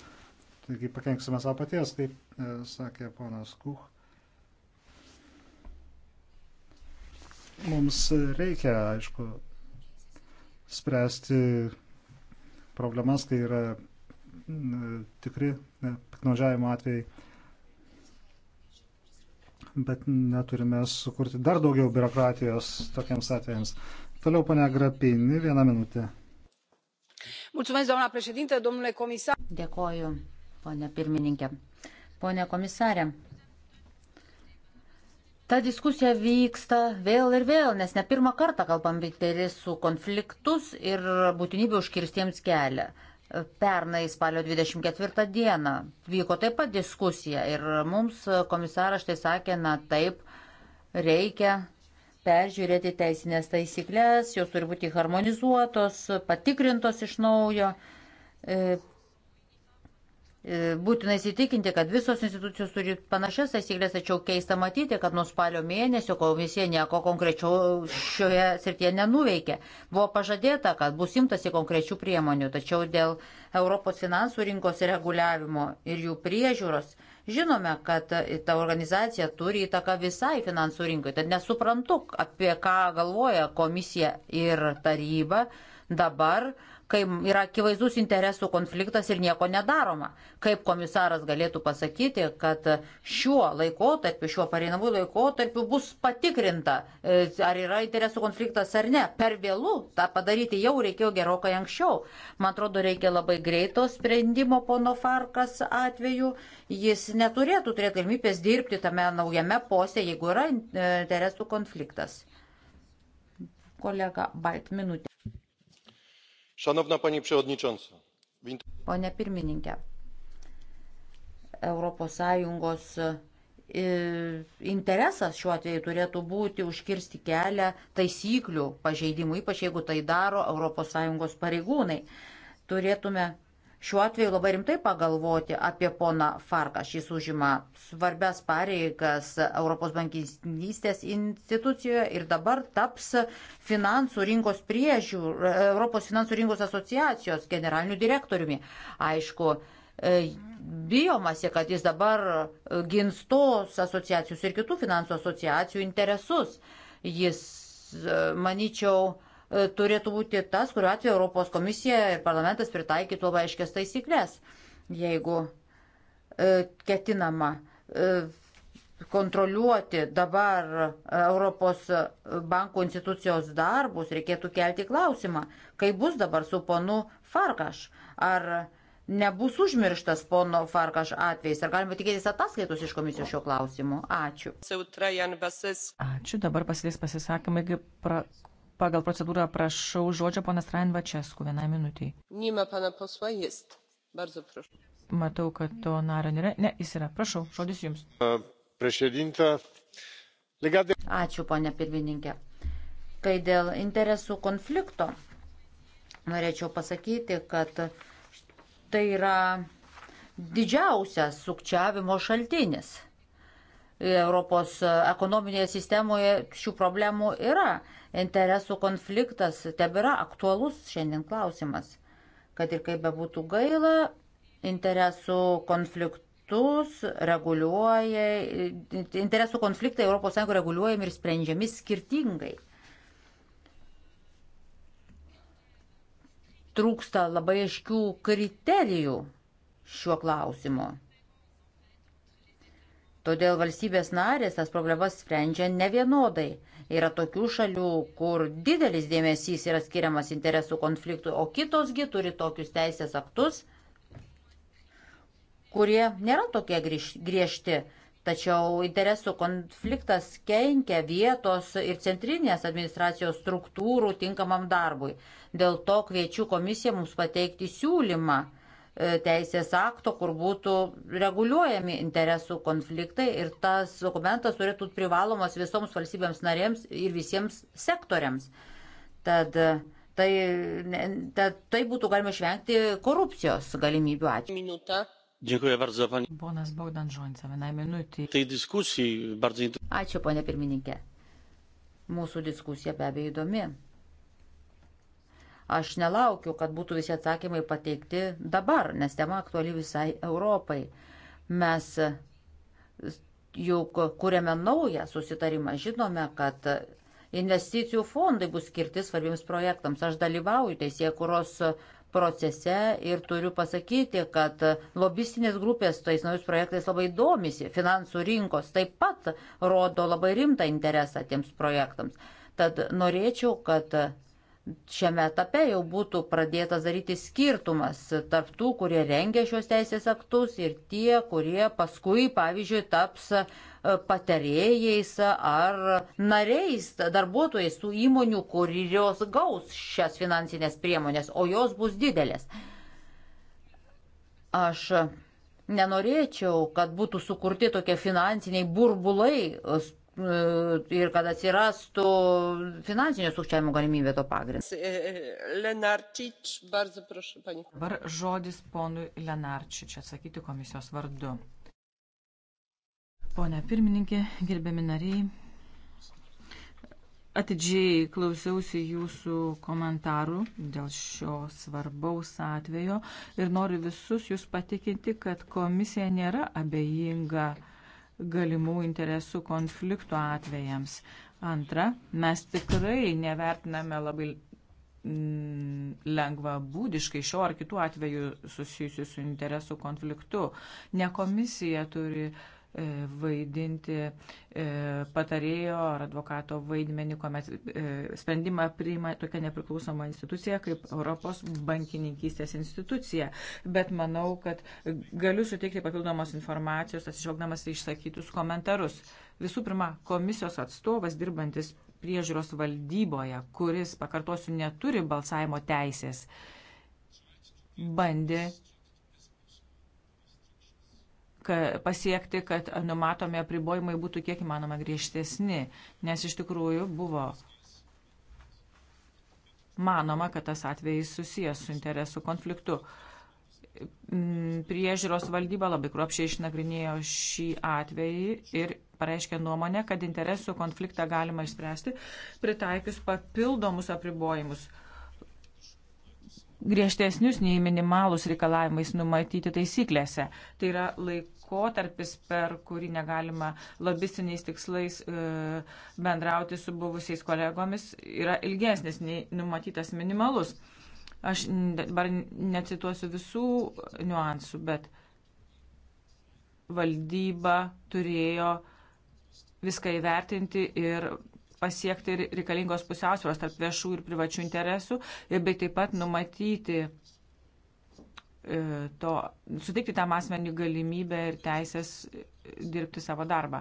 Taigi pakenksime savo paties, kaip e, sakė ponas Kuch. Mums reikia, aišku, spręsti problemas, kai yra tikri e, piknaudžiavimo atvejai. Bet neturime sukurti dar daugiau biurokratijos tokiems atvejams. Toliau, ponia Grapini, vieną minutę. Mulțumesc, doamna președintă, domnule comisar. Dėkoju, ponė pirmininkė. Pone komisarė, ta diskusija vyksta vėl ir vėl, nes ne pirmą kartą kalbam apie interesų konfliktus ir būtinybę užkirstiems kelią. Pernai spalio 24 dieną vyko taip pat diskusija ir mums komisaras tai sakė, na taip, reikia peržiūrėti teisinės taisyklės, jos turi būti harmonizuotos, patikrintos iš naujo e, E, būtina įsitikinti, kad visos institucijos turi panašias taisyklės, tačiau keista matyti, kad nuo spalio mėnesio komisija nieko konkrečio šioje srityje nenuveikė. Buvo pažadėta, kad bus imtasi konkrečių priemonių, tačiau dėl Europos finansų rinkos reguliavimo ir jų priežiūros žinome, kad ta organizacija turi įtaką visai finansų rinkai. Tad nesuprantu, apie ką galvoja komisija ir taryba dabar kai yra akivaizdus interesų konfliktas ir nieko nedaroma. Kaip komisaras galėtų pasakyti, kad šiuo laikotarpiu, šiuo pareinamų laikotarpiu bus patikrinta, e, ar yra interesų konfliktas ar ne. Per vėlų tą padaryti jau reikėjo gerokai anksčiau. Man atrodo, reikia labai greito sprendimo pono Farkas atveju. Jis neturėtų turėti galimybės dirbti tame naujame posėje, jeigu yra e, interesų konfliktas. Kolega Balt, minutė. Pone pirmininkė, ES interesas šiuo atveju turėtų būti užkirsti kelią taisyklių pažeidimų, ypač jeigu tai daro ES pareigūnai. Turėtume šiuo atveju labai rimtai pagalvoti apie poną Farką. Šis užima svarbias pareigas Europos bankininkystės institucijoje ir dabar taps finansų rinkos priežių, Europos finansų rinkos asociacijos generaliniu direktoriumi. Aišku, e, bijomasi, kad jis dabar gins tos asociacijos ir kitų finansų asociacijų interesus. Jis, e, manyčiau, E, turėtų būti tas, kuriuo atveju Europos komisija ir parlamentas pritaikytų labai aiškias taisyklės, jeigu e, ketinama e, kontroliuoti dabar Europos bankų institucijos darbus, reikėtų kelti klausimą, kaip bus dabar su ponu Farkaš, ar nebus užmirštas pono Farkaš atvejs, ar galima tikėtis ataskaitos iš komisijos šio klausimu. Ačiū. Ačiū, dabar pasidės pasisakymai, kaip pra pagal procedūrą prašau žodžio ponas Rain Vačesku vienai minutiai. Nima pana posła jest. Bardzo proszę. Matau, kad to naro nėra. Ne, jis yra. Prašau, žodis jums. Ačiū, ponė pirmininkė. Kai dėl interesų konflikto, norėčiau pasakyti, kad tai yra didžiausias sukčiavimo šaltinis Europos ekonominėje sistemoje šių problemų yra. Interesų konfliktas tebėra aktualus šiandien klausimas. Kad ir kaip bebūtų gaila, interesų konfliktus reguliuoja, interesų konfliktai ES reguliuojami ir sprendžiami skirtingai. Trūksta labai aiškių kriterijų šiuo klausimu Todėl valstybės narės tas problemas sprendžia ne vienodai. Yra tokių šalių, kur didelis dėmesys yra skiriamas interesų konfliktui, o kitosgi turi tokius teisės aktus, kurie nėra tokie griežti. Tačiau interesų konfliktas kenkia vietos ir centrinės administracijos struktūrų tinkamam darbui. Dėl to kviečiu komisiją mums pateikti siūlymą E, teisės akto, kur būtų reguliuojami interesų konfliktai ir tas dokumentas turėtų būti privalomas visoms valstybėms narėms ir visiems sektoriams. Tad e, tai, tad, tai būtų galima išvengti korupcijos galimybių. Ačiū. Minutą. Dziękuję bardzo pani. Ponas Bogdan Żońca, na minutę. Tej dyskusji bardzo Ačiū, ponė pirmininkė. Mūsų diskusija be abejo įdomi Aš nelaukiu, kad būtų visi atsakymai pateikti dabar, nes tema aktuali visai Europai. Mes juk kuriame naują susitarimą, žinome, kad investicijų fondai bus skirti svarbiems projektams. Aš dalyvauju teisėkuros procese ir turiu pasakyti, kad lobistinės grupės tais naujus projektais labai domisi, finansų rinkos taip pat rodo labai rimtą interesą tiems projektams. Tad norėčiau, kad šiame etape jau būtų pradėtas daryti skirtumas tarp tų, kurie rengia šios teisės aktus ir tie, kurie paskui, pavyzdžiui, taps e, patarėjais ar nariais, darbuotojais tų įmonių, kurios gaus šias finansinės priemonės, o jos bus didelės. Aš nenorėčiau, kad būtų sukurti tokie finansiniai burbulai E, ir kad atsirastų finansinio sukčiavimo galimybė to pagrindu. E, e, Lenarčič, bardzo prašau, pani. Dabar žodis ponui Lenarčič atsakyti komisijos vardu. Pone pirmininkė, gerbiami nariai, atidžiai klausiausi jūsų komentarų dėl šio svarbaus atvejo ir noriu visus jūs patikinti, kad komisija nėra abejinga galimų interesų konfliktų atvejams. Antra, mes tikrai nevertiname labai mm, lengva būdiškai šio ar kitų atvejų susijusių su interesų konfliktu. Ne komisija turi uh, E, vaidinti e, patarėjo ar advokato vaidmenį, kuomet e, sprendimą priima tokia nepriklausoma institucija kaip Europos bankininkystės institucija. Bet manau, kad galiu suteikti papildomos informacijos, atsižvelgdamas į išsakytus komentarus. Visų pirma, komisijos atstovas dirbantis priežiūros valdyboje, kuris, pakartosiu, neturi balsavimo teisės, bandė ka, pasiekti, kad numatomi apribojimai būtų kiek įmanoma griežtesni, nes iš tikrųjų buvo manoma, kad tas atvejis susijęs su interesų konfliktu. Mm, priežiūros valdyba labai kruopšiai išnagrinėjo šį atvejį ir pareiškė nuomonę, kad interesų konfliktą galima išspręsti pritaikius papildomus apribojimus griežtesnius nei minimalus reikalavimais numatyti taisyklėse. Tai yra laik, laikotarpis, per kurį negalima lobistiniais tikslais e, bendrauti su buvusiais kolegomis, yra ilgesnis nei numatytas minimalus. Aš dabar necituosiu visų niuansų, bet valdyba turėjo viską įvertinti ir pasiekti reikalingos pusiausvėros tarp viešų ir privačių interesų, ir bei taip pat numatyti E, to, suteikti tam asmenį galimybę ir teisės dirbti savo darbą.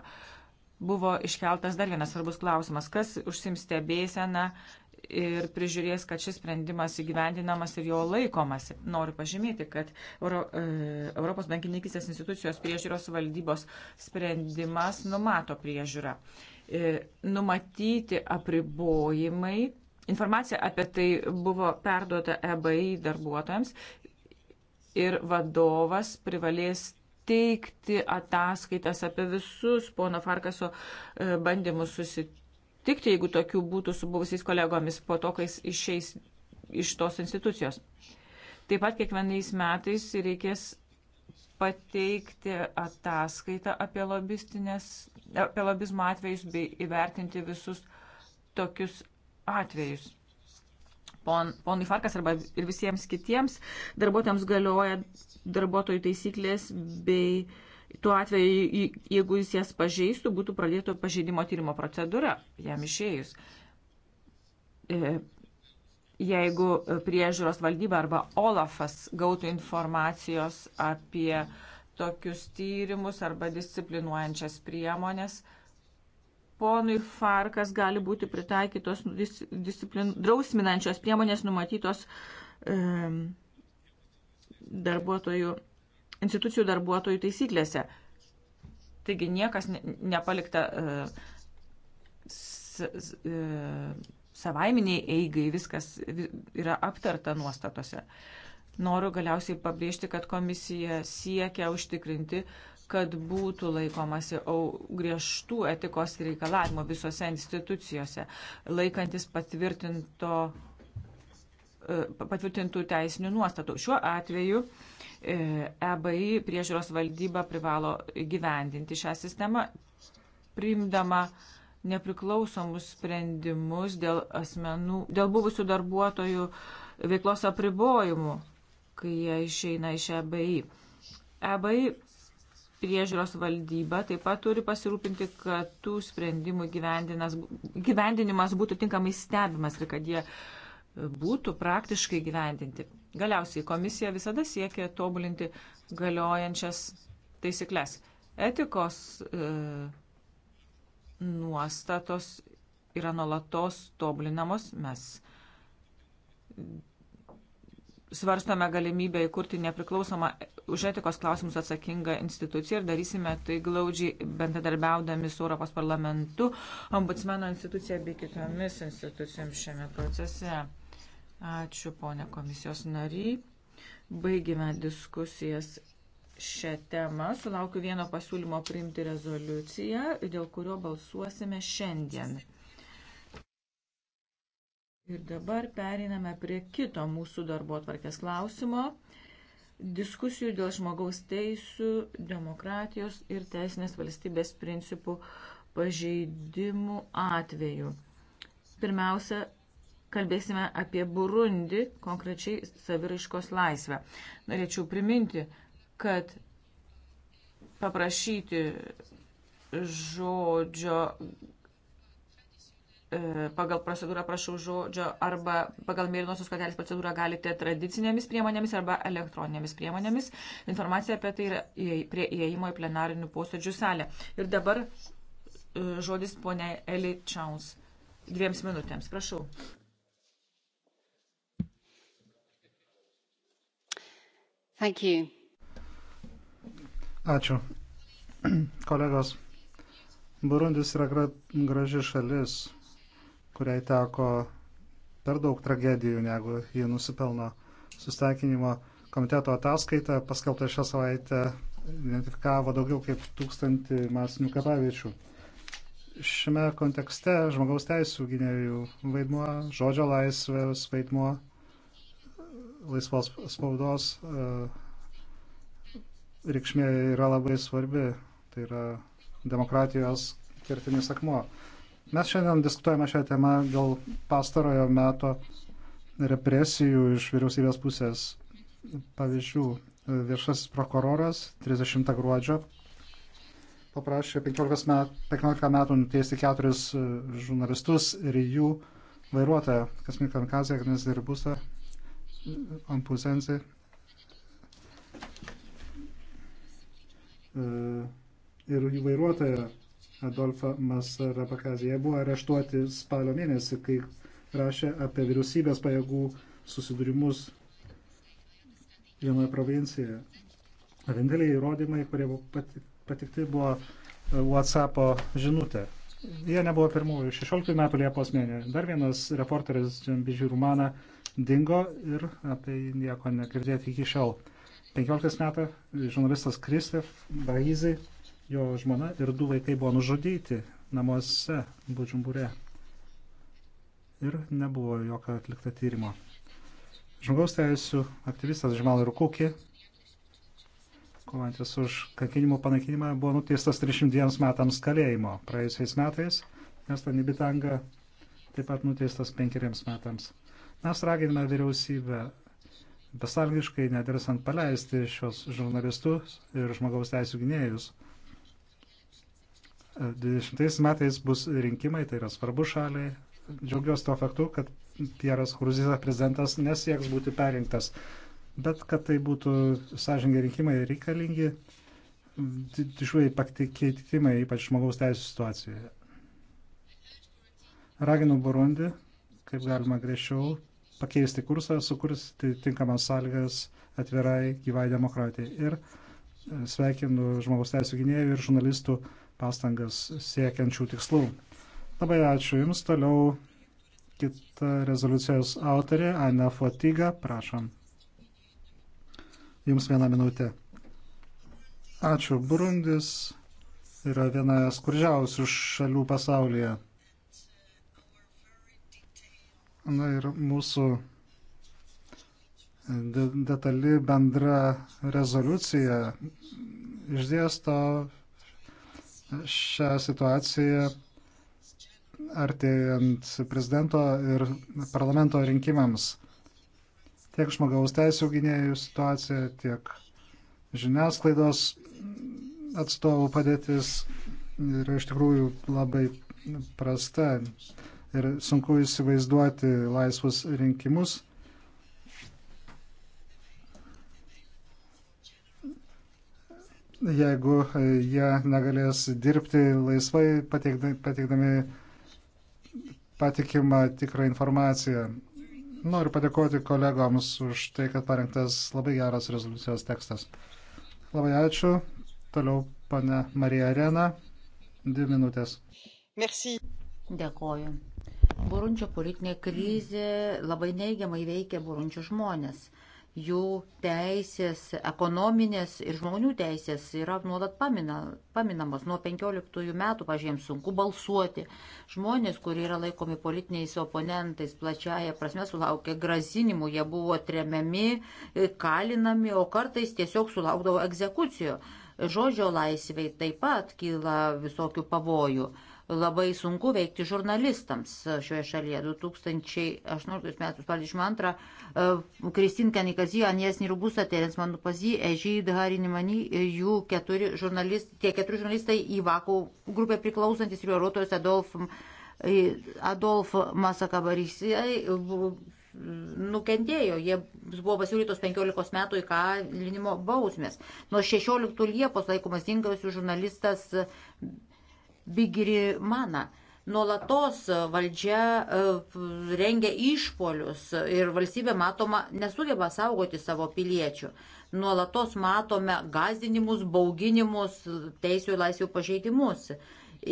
Buvo iškeltas dar vienas svarbus klausimas, kas užsims stebėseną ir prižiūrės, kad šis sprendimas įgyvendinamas ir jo laikomasi. Noriu pažymėti, kad Euro, e, Europos bankininkistės institucijos priežiūros valdybos sprendimas numato priežiūrą. E, numatyti apribojimai. Informacija apie tai buvo perduota EBI darbuotojams ir vadovas privalės teikti ataskaitas apie visus pono Farkaso e, bandymus susitikti, jeigu tokių būtų su buvusiais kolegomis po to, kai jis išeis iš tos institucijos. Taip pat kiekvienais metais reikės pateikti ataskaitą apie, apie lobizmo atvejus bei įvertinti visus tokius atvejus pon, ponui Farkas arba ir visiems kitiems darbuotojams galioja darbuotojų taisyklės bei tuo atveju, jeigu jis jas pažeistų, būtų pradėto pažeidimo tyrimo procedūra jam išėjus. E, jeigu priežiūros valdyba arba Olafas gautų informacijos apie tokius tyrimus arba disciplinuojančias priemonės, uh, ponui Farkas gali būti pritaikytos dis, disciplin, drausminančios priemonės numatytos e, darbuotojų, institucijų darbuotojų taisyklėse. Taigi niekas ne, nepalikta e, s, e, savaiminiai eigai, viskas yra aptarta nuostatose. Noriu galiausiai pabrėžti, kad komisija siekia užtikrinti, e, kad būtų laikomasi griežtų etikos reikalavimų visose institucijose, laikantis patvirtinto e, patvirtintų teisinių nuostatų. Šiuo atveju EBI e priežiūros valdyba privalo gyvendinti šią sistemą, priimdama nepriklausomus sprendimus dėl asmenų, dėl buvusių darbuotojų veiklos apribojimų, kai jie išeina iš EBI. EBI priežiūros valdyba taip pat turi pasirūpinti, kad tų sprendimų gyvendinimas būtų tinkamai stebimas ir kad jie e, būtų praktiškai gyvendinti. Galiausiai komisija visada siekia tobulinti galiojančias taisyklės. Etikos e, nuostatos yra nuolatos tobulinamos. Mes svarstome galimybę įkurti nepriklausomą už etikos klausimus atsakingą instituciją ir darysime tai glaudžiai bendradarbiaudami su Europos parlamentu, ombudsmeno institucija bei kitomis institucijomis šiame procese. Ačiū, ponė komisijos nariai. Baigime diskusijas šią temą. Sulaukiu vieno pasiūlymo priimti rezoliuciją, dėl kurio balsuosime šiandien. Ir dabar periname prie kito mūsų darbo atvarkės klausimo - diskusijų dėl žmogaus teisų, demokratijos ir teisinės valstybės principų pažeidimų atveju. Pirmiausia, kalbėsime apie Burundi, konkrečiai saviraiškos laisvę. Norėčiau priminti, kad paprašyti žodžio E, pagal procedūrą prašau žodžio arba pagal mėlynosios kortelės procedūrą galite tradicinėmis priemonėmis arba elektroninėmis priemonėmis. Informacija apie tai yra prie įėjimo į plenarinių posėdžių salę. Ir dabar e, žodis ponia Eli Čauns. Dviems minutėms, prašau. Thank you. Ačiū. Kolegos, Burundis yra gra graži šalis, kuriai teko per daug tragedijų, negu ji nusipelno sustaikinimo. Komiteto ataskaita paskelbta šią savaitę identifikavo daugiau kaip tūkstantį masinių kapaviečių. Šiame kontekste žmogaus teisų gynėjų vaidmuo, žodžio laisvės vaidmuo, laisvos spaudos e, reikšmė yra labai svarbi. Tai yra demokratijos kertinis akmuo. Mes šiandien diskutuojame šią temą dėl pastarojo meto represijų iš vyriausybės pusės pavyzdžių. Viešasis prokuroras 30 gruodžio paprašė 15 metų, 15 metų nuteisti keturis e, žurnalistus ir jų vairuotoją Kasmitą Kazę, Agnes Dirbusą, Ampusensį. E, ir jų vairuotoją Adolfą Masarapakazį. Jie buvo areštuoti spalio mėnesį, kai rašė apie vyriausybės pajėgų susidūrimus vienoje provincijoje. Vieninteliai įrodymai, kurie patikti, buvo e, WhatsApp žinutė. Jie nebuvo pirmųjų. 16 metų Liepos mėnesį. Dar vienas reporteris Džambižių Rumana dingo ir apie jį nieko negirdėti iki šiol. 15 metų žurnalistas Kristef Braizy jo žmona ir du vaikai buvo nužudyti namuose Budžumbure ir nebuvo jokio atlikta tyrimo. Žmogaus teisų aktyvistas Žmal ir Kukė, kovantis už kankinimo panaikinimą, buvo nuteistas 32 metams kalėjimo praėjusiais metais, nes Tanibitanga taip pat nuteistas penkeriems metams. Mes raginame vyriausybę besalgiškai nedirsant paleisti šios žurnalistus ir žmogaus teisų gynėjus. 20 metais bus rinkimai, tai yra svarbu šaliai. Džiaugiuosi tuo faktu, kad Pieras Kruzisa prezidentas nesieks būti perrinktas, bet kad tai būtų sąžingai rinkimai reikalingi didžiuliai pakeitimai, ypač žmogaus teisų situacijoje. Raginu Burundi, kaip galima griežčiau, pakeisti kursą, sukursti tinkamas sąlygas atvirai gyvai demokratijai. Ir e, sveikinu žmogaus teisų gynėjų ir žurnalistų pastangas siekiančių tikslų. Labai ačiū Jums. Toliau kita rezoliucijos autorė, Aina Fotiga, prašom. Jums vieną minutę. Ačiū. Burundis yra viena skurdžiausių šalių pasaulyje. Na ir mūsų detali bendra rezoliucija išdėsto šią situaciją artėjant prezidento ir parlamento rinkimams. Tiek žmogaus teisų gynėjų situacija, tiek žiniasklaidos atstovų padėtis yra iš tikrųjų labai prasta ir sunku įsivaizduoti laisvus rinkimus jeigu e, jie negalės dirbti laisvai, pateikdami patikimą tikrą informaciją. Noriu padėkoti kolegoms už tai, kad parengtas labai geras rezoliucijos tekstas. Labai ačiū. Toliau pana Marija Arena. Dvi minutės. Merci. Dėkoju. Burunčio politinė krizė labai neigiamai veikia burunčio žmonės jų teisės, ekonominės ir žmonių teisės yra nuolat pamina, paminamos. Nuo 15 metų, pažiūrėjom, sunku balsuoti. Žmonės, kurie yra laikomi politiniais oponentais, plačiaja prasme sulaukė grazinimų, jie buvo tremiami, kalinami, o kartais tiesiog sulaukdavo egzekucijų. Žodžio laisvai taip pat kyla visokių pavojų labai sunku veikti žurnalistams šioje šalyje. 2018 metų spalio 22 Kristin Kanikazi, Anies Nirubusa, Terens Manupazi, Ežyd Harinimani, e, jų keturi žurnalistai, tie keturi žurnalistai į Vakų grupę priklausantis ir vairuotojas Adolf, e, Adolf Masakabarys e, nukentėjo, jiems buvo pasiūlytos 15 metų įkalinimo bausmės. Nuo 16 Liepos laikomas dingusių žurnalistas Bigri Mana. Nuolatos valdžia e, rengia išpolius ir valstybė matoma nesugeba saugoti savo piliečių. Nuolatos matome gazdinimus, bauginimus, teisų ir laisvių pažeidimus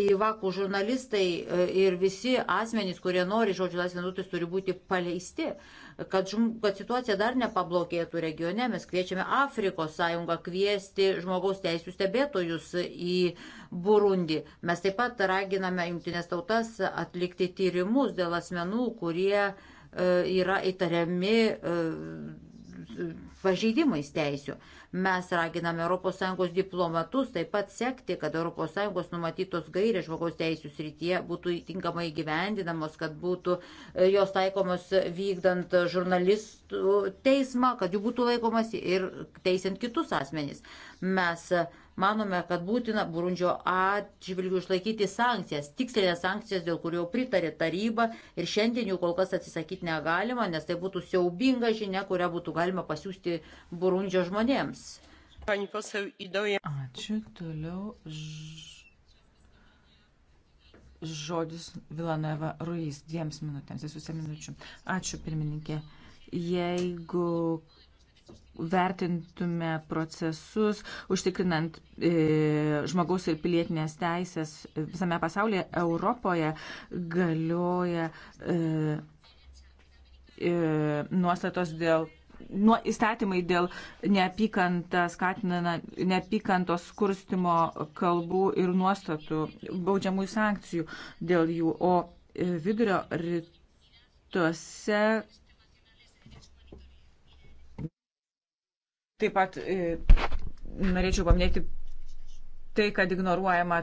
įvakų žurnalistai e, ir visi asmenys, kurie nori žodžio laisvės nutis, turi būti paleisti kad, žm, kad situacija dar nepablogėtų regione. Mes kviečiame Afrikos sąjungą kviesti žmogaus teisų stebėtojus į Burundį. Mes taip pat raginame jungtinės tautas atlikti tyrimus dėl asmenų, kurie e, yra įtariami e, pažeidimais teisų. Mes raginame ES diplomatus taip pat sekti, kad ES numatytos gairės žmogaus teisų srityje būtų tinkamai gyvendinamos, kad būtų e, jos taikomos vykdant žurnalistų teismą, kad jų būtų laikomasi ir teisiant kitus asmenys. Mes Manome, kad būtina Burundžio atžvilgių išlaikyti sankcijas, tikslinės sankcijas, dėl kurio pritarė taryba ir šiandien jų kol kas atsisakyti negalima, nes tai būtų siaubinga žinia, kurią būtų galima pasiūsti Burundžio žmonėms. Ačiū toliau. Ž... Žodis Vilanova Ruiz dviems minutėms, visų minučių. Ačiū pirmininkė. Jeigu vertintume procesus, užtikrinant e, žmogaus ir pilietinės teisės visame pasaulyje, Europoje galioja e, e, nuostatos dėl. Nuo įstatymai dėl neapykantos kurstimo kalbų ir nuostatų, baudžiamųjų sankcijų dėl jų, o e, vidurio rytuose Taip pat e, norėčiau paminėti tai, kad ignoruojama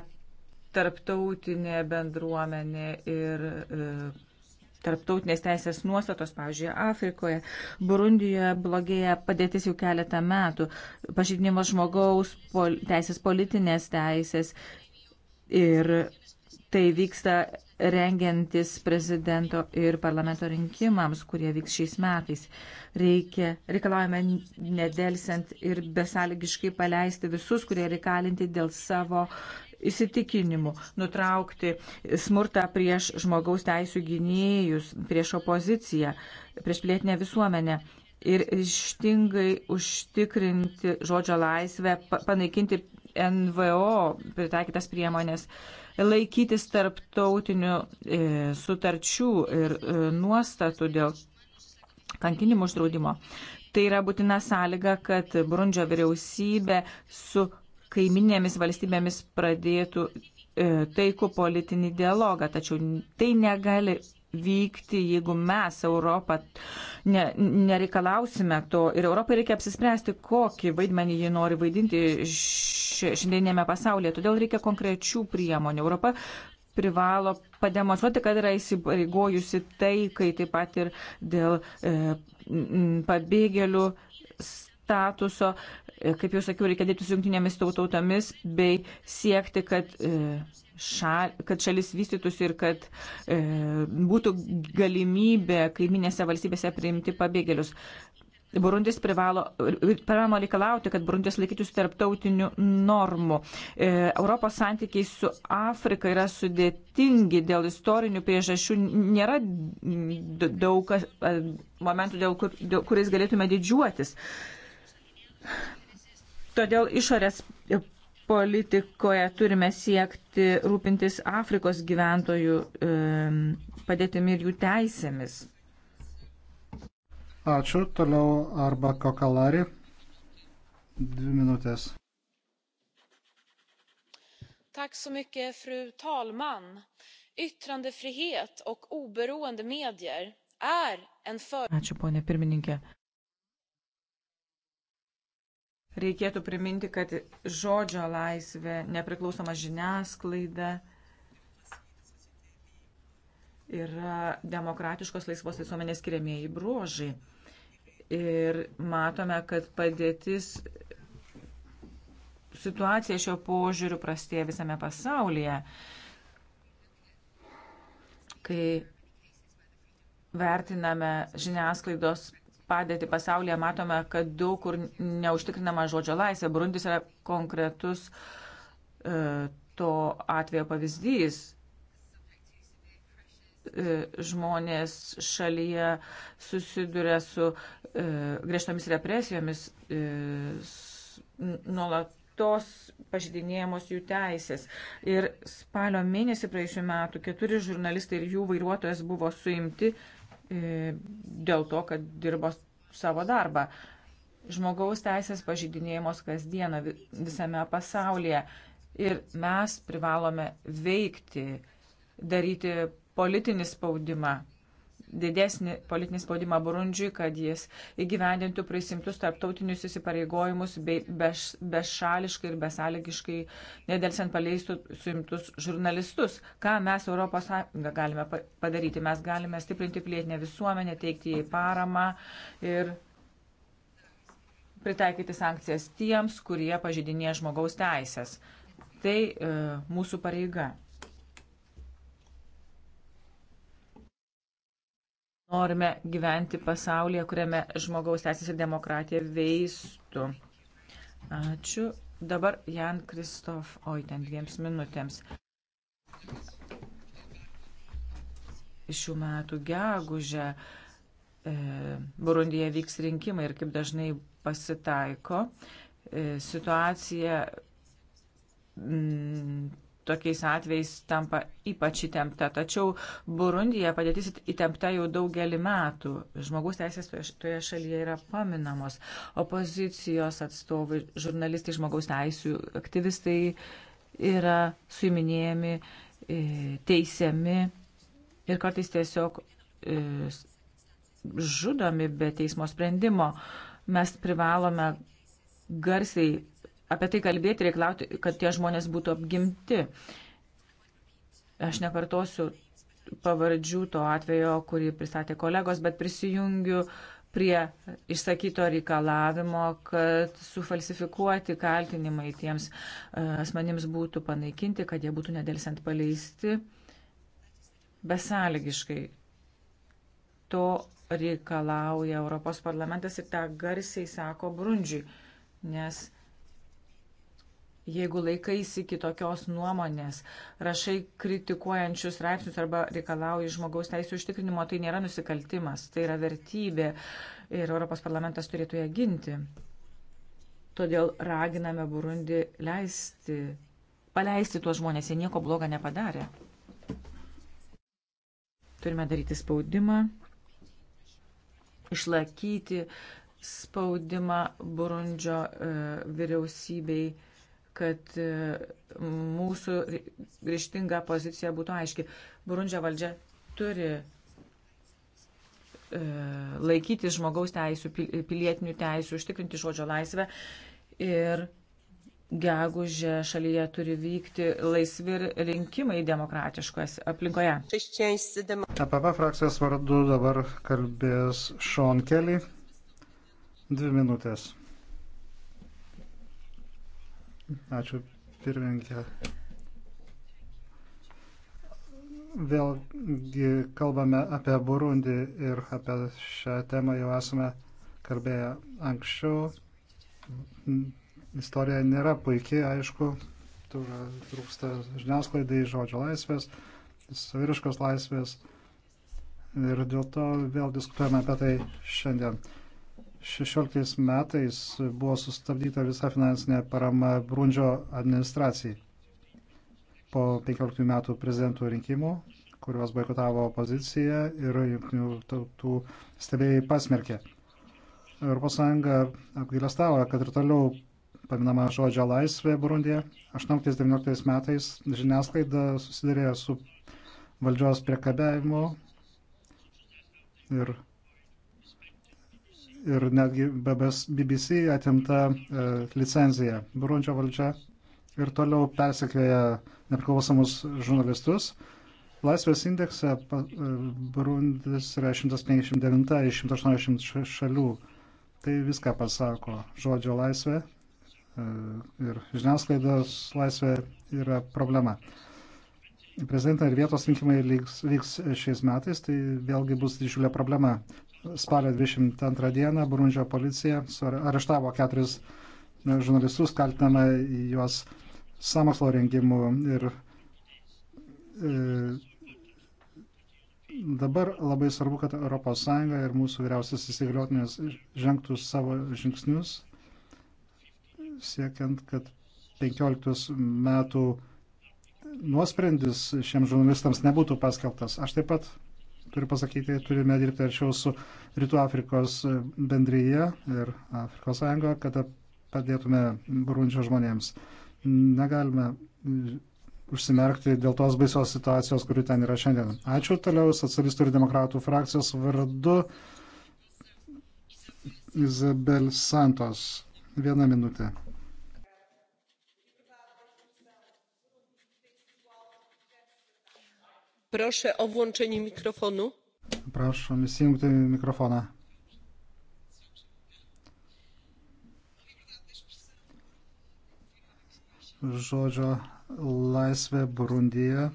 tarptautinė bendruomenė ir e, tarptautinės teisės nuostatos, pavyzdžiui, Afrikoje, Burundijoje blogėja padėtis jau keletą metų, pažydinimas žmogaus pol, teisės, politinės teisės ir tai vyksta rengiantis prezidento ir parlamento rinkimams, kurie vyks šiais metais. Reikia, reikalavome nedelsiant ir besąlygiškai paleisti visus, kurie reikalinti dėl savo įsitikinimu, nutraukti smurtą prieš žmogaus teisų gynėjus, prieš opoziciją, prieš plėtinę visuomenę ir ištingai užtikrinti žodžio laisvę, panaikinti NVO pritaikytas priemonės. Uh, laikytis tarptautinių e, sutarčių ir e, nuostatų dėl kankinimų uždraudimo. Tai yra būtina sąlyga, kad Brundžio vyriausybė su kaiminėmis valstybėmis pradėtų e, taikų politinį dialogą, tačiau tai negali vykti, jeigu mes Europą ne, nereikalausime to. Ir Europai reikia apsispręsti, kokį vaidmenį ji nori vaidinti šiandienėme pasaulyje. Todėl reikia konkrečių priemonių. Europa privalo pademonstruoti, kad yra įsipareigojusi taikai, taip pat ir dėl e, pabėgėlių statuso. E, kaip jau sakiau, reikia dirbti su jungtinėmis tautomis bei siekti, kad, e, šal, kad šalis vystytųsi ir kad e, būtų galimybė kaiminėse valstybėse priimti pabėgėlius. Burundis privalo, privalo reikalauti, kad Burundis laikytųsi tarptautinių normų. E, Europos santykiai su Afrika yra sudėtingi dėl istorinių priežasčių. Nėra daug e, momentų, dėl kur, dėl kuriais galėtume didžiuotis. Todėl išorės politikoje turime siekti rūpintis Afrikos gyventojų padėtimi ir jų teisėmis. Ačiū. Toliau arba kokalari. Dvi minutės. Tack så mycket, fru talman. Yttrandefrihet och oberoende medier är en för... Ačiū, ponė pirmininkė. Reikėtų priminti, kad žodžio laisvė, nepriklausoma žiniasklaida yra demokratiškos laisvos visuomenės skiriamieji bruožai. Ir matome, kad padėtis situacija šio požiūriu prastėja visame pasaulyje, kai vertiname žiniasklaidos padėtį pasaulyje, matome, kad daug kur neužtikrinama žodžio laisvė. Brundis yra konkretus e, to atvejo pavyzdys. E, žmonės šalyje susiduria su e, griežtomis represijomis, e, nuolat tos pažydinėjamos jų teisės. Ir spalio mėnesį praėjusiu metu keturi žurnalistai ir jų vairuotojas buvo suimti E, dėl to, kad dirbo savo darbą. Žmogaus teisės pažydinėjimos kasdieną visame pasaulyje. Ir mes privalome veikti, daryti politinį spaudimą didesnį politinį spaudimą Burundžiui, kad jis įgyvendintų prisimtus tarptautinius įsipareigojimus bei bešališkai be ir besąlygiškai nedelsiant paleistų suimtus žurnalistus. Ką mes ES galime padaryti? Mes galime stiprinti pilietinę visuomenę, teikti jai paramą ir pritaikyti sankcijas tiems, kurie pažydinėja žmogaus teisės. Tai e, mūsų pareiga. Norime gyventi pasaulyje, kuriame žmogaus teisės ir demokratija veistų. Ačiū. Dabar Jan Kristof Oiten dviems minutėms. Šių metų gegužę e, Burundija vyks rinkimai ir kaip dažnai pasitaiko, e, situacija m, tokiais atvejais tampa ypač įtempta. Tačiau Burundija padėtis įtempta jau daugelį metų. Žmogus teisės toje šalyje yra paminamos. Opozicijos atstovai, žurnalistai, žmogaus teisų aktyvistai yra suiminėjami, e, teisiami ir kartais tiesiog e, žudomi be teismo sprendimo. Mes privalome garsiai apie tai kalbėti, reiklauti, kad tie žmonės būtų apgimti. Aš nekartosiu pavardžių to atvejo, kurį pristatė kolegos, bet prisijungiu prie išsakyto reikalavimo, kad sufalsifikuoti kaltinimai tiems e, asmenims būtų panaikinti, kad jie būtų nedelsiant paleisti besąlygiškai. To reikalauja Europos parlamentas ir tą garsiai sako Brundžiui, nes jeigu laikaisi kitokios nuomonės, rašai kritikuojančius straipsnius arba reikalauji žmogaus teisų užtikrinimo, tai nėra nusikaltimas, tai yra vertybė ir Europos parlamentas turėtų ją ginti. Todėl raginame Burundi leisti, paleisti tuos žmonės, jie nieko blogo nepadarė. Turime daryti spaudimą, išlaikyti spaudimą Burundžio e, vyriausybei kad e, mūsų ryštinga pozicija būtų aiški. Burundžio valdžia turi e, laikyti žmogaus teisų, pilietinių teisų, užtikrinti žodžio laisvę ir gegužė šalyje turi vykti laisvi rinkimai demokratiškos aplinkoje. APP frakcijos vardu dabar kalbės Šonkelį. Dvi minutės. Ačiū pirmininkė. Vėlgi kalbame apie Burundį ir apie šią temą jau esame kalbėję anksčiau. Istorija nėra puikiai, aišku, trūksta žiniasklaidai žodžio laisvės, saviriškos laisvės ir dėl to vėl diskutuojame apie tai šiandien. 16 metais buvo sustabdyta visa finansinė parama Brundžio administracijai po 15 metų prezidentų rinkimų, kuriuos boikotavo opozicija ir jungtinių tautų stebėjai pasmerkė. ES apgailestavo, kad ir toliau paminama žodžio laisvė Burundė. 18-19 metais žiniasklaida susidarė su valdžios priekabiavimu ir ir netgi BBC atimta e, licenzija. Burundžio valdžia ir toliau persekioja nepriklausomus žurnalistus. Laisvės indekse e, Burundis yra 159 iš 180 šalių. Tai viską pasako žodžio laisvė e, ir žiniasklaidos laisvė yra problema. Prezidento ir vietos rinkimai vyks šiais metais, tai vėlgi bus didžiulė problema spalio 22 dieną Burundžio policija areštavo keturis žurnalistus, kaltinama juos samokslo rengimu ir e, dabar labai svarbu, kad ES ir mūsų vyriausias įsigaliotinės žengtų savo žingsnius, siekiant, kad 15 metų nuosprendis šiems žurnalistams nebūtų paskelbtas. Aš taip pat turiu pasakyti, turime dirbti arčiau su Rytų Afrikos bendryje ir Afrikos sąjunga, kad padėtume Burundžio žmonėms. Negalime užsimerkti dėl tos baisios situacijos, kuri ten yra šiandien. Ačiū toliau, socialistų ir demokratų frakcijos vardu Izabel Santos. Vieną minutę. Prašau o włączenie mikrofonu. Prašom įsijungti mikrofoną. Žodžio laisvė Burundija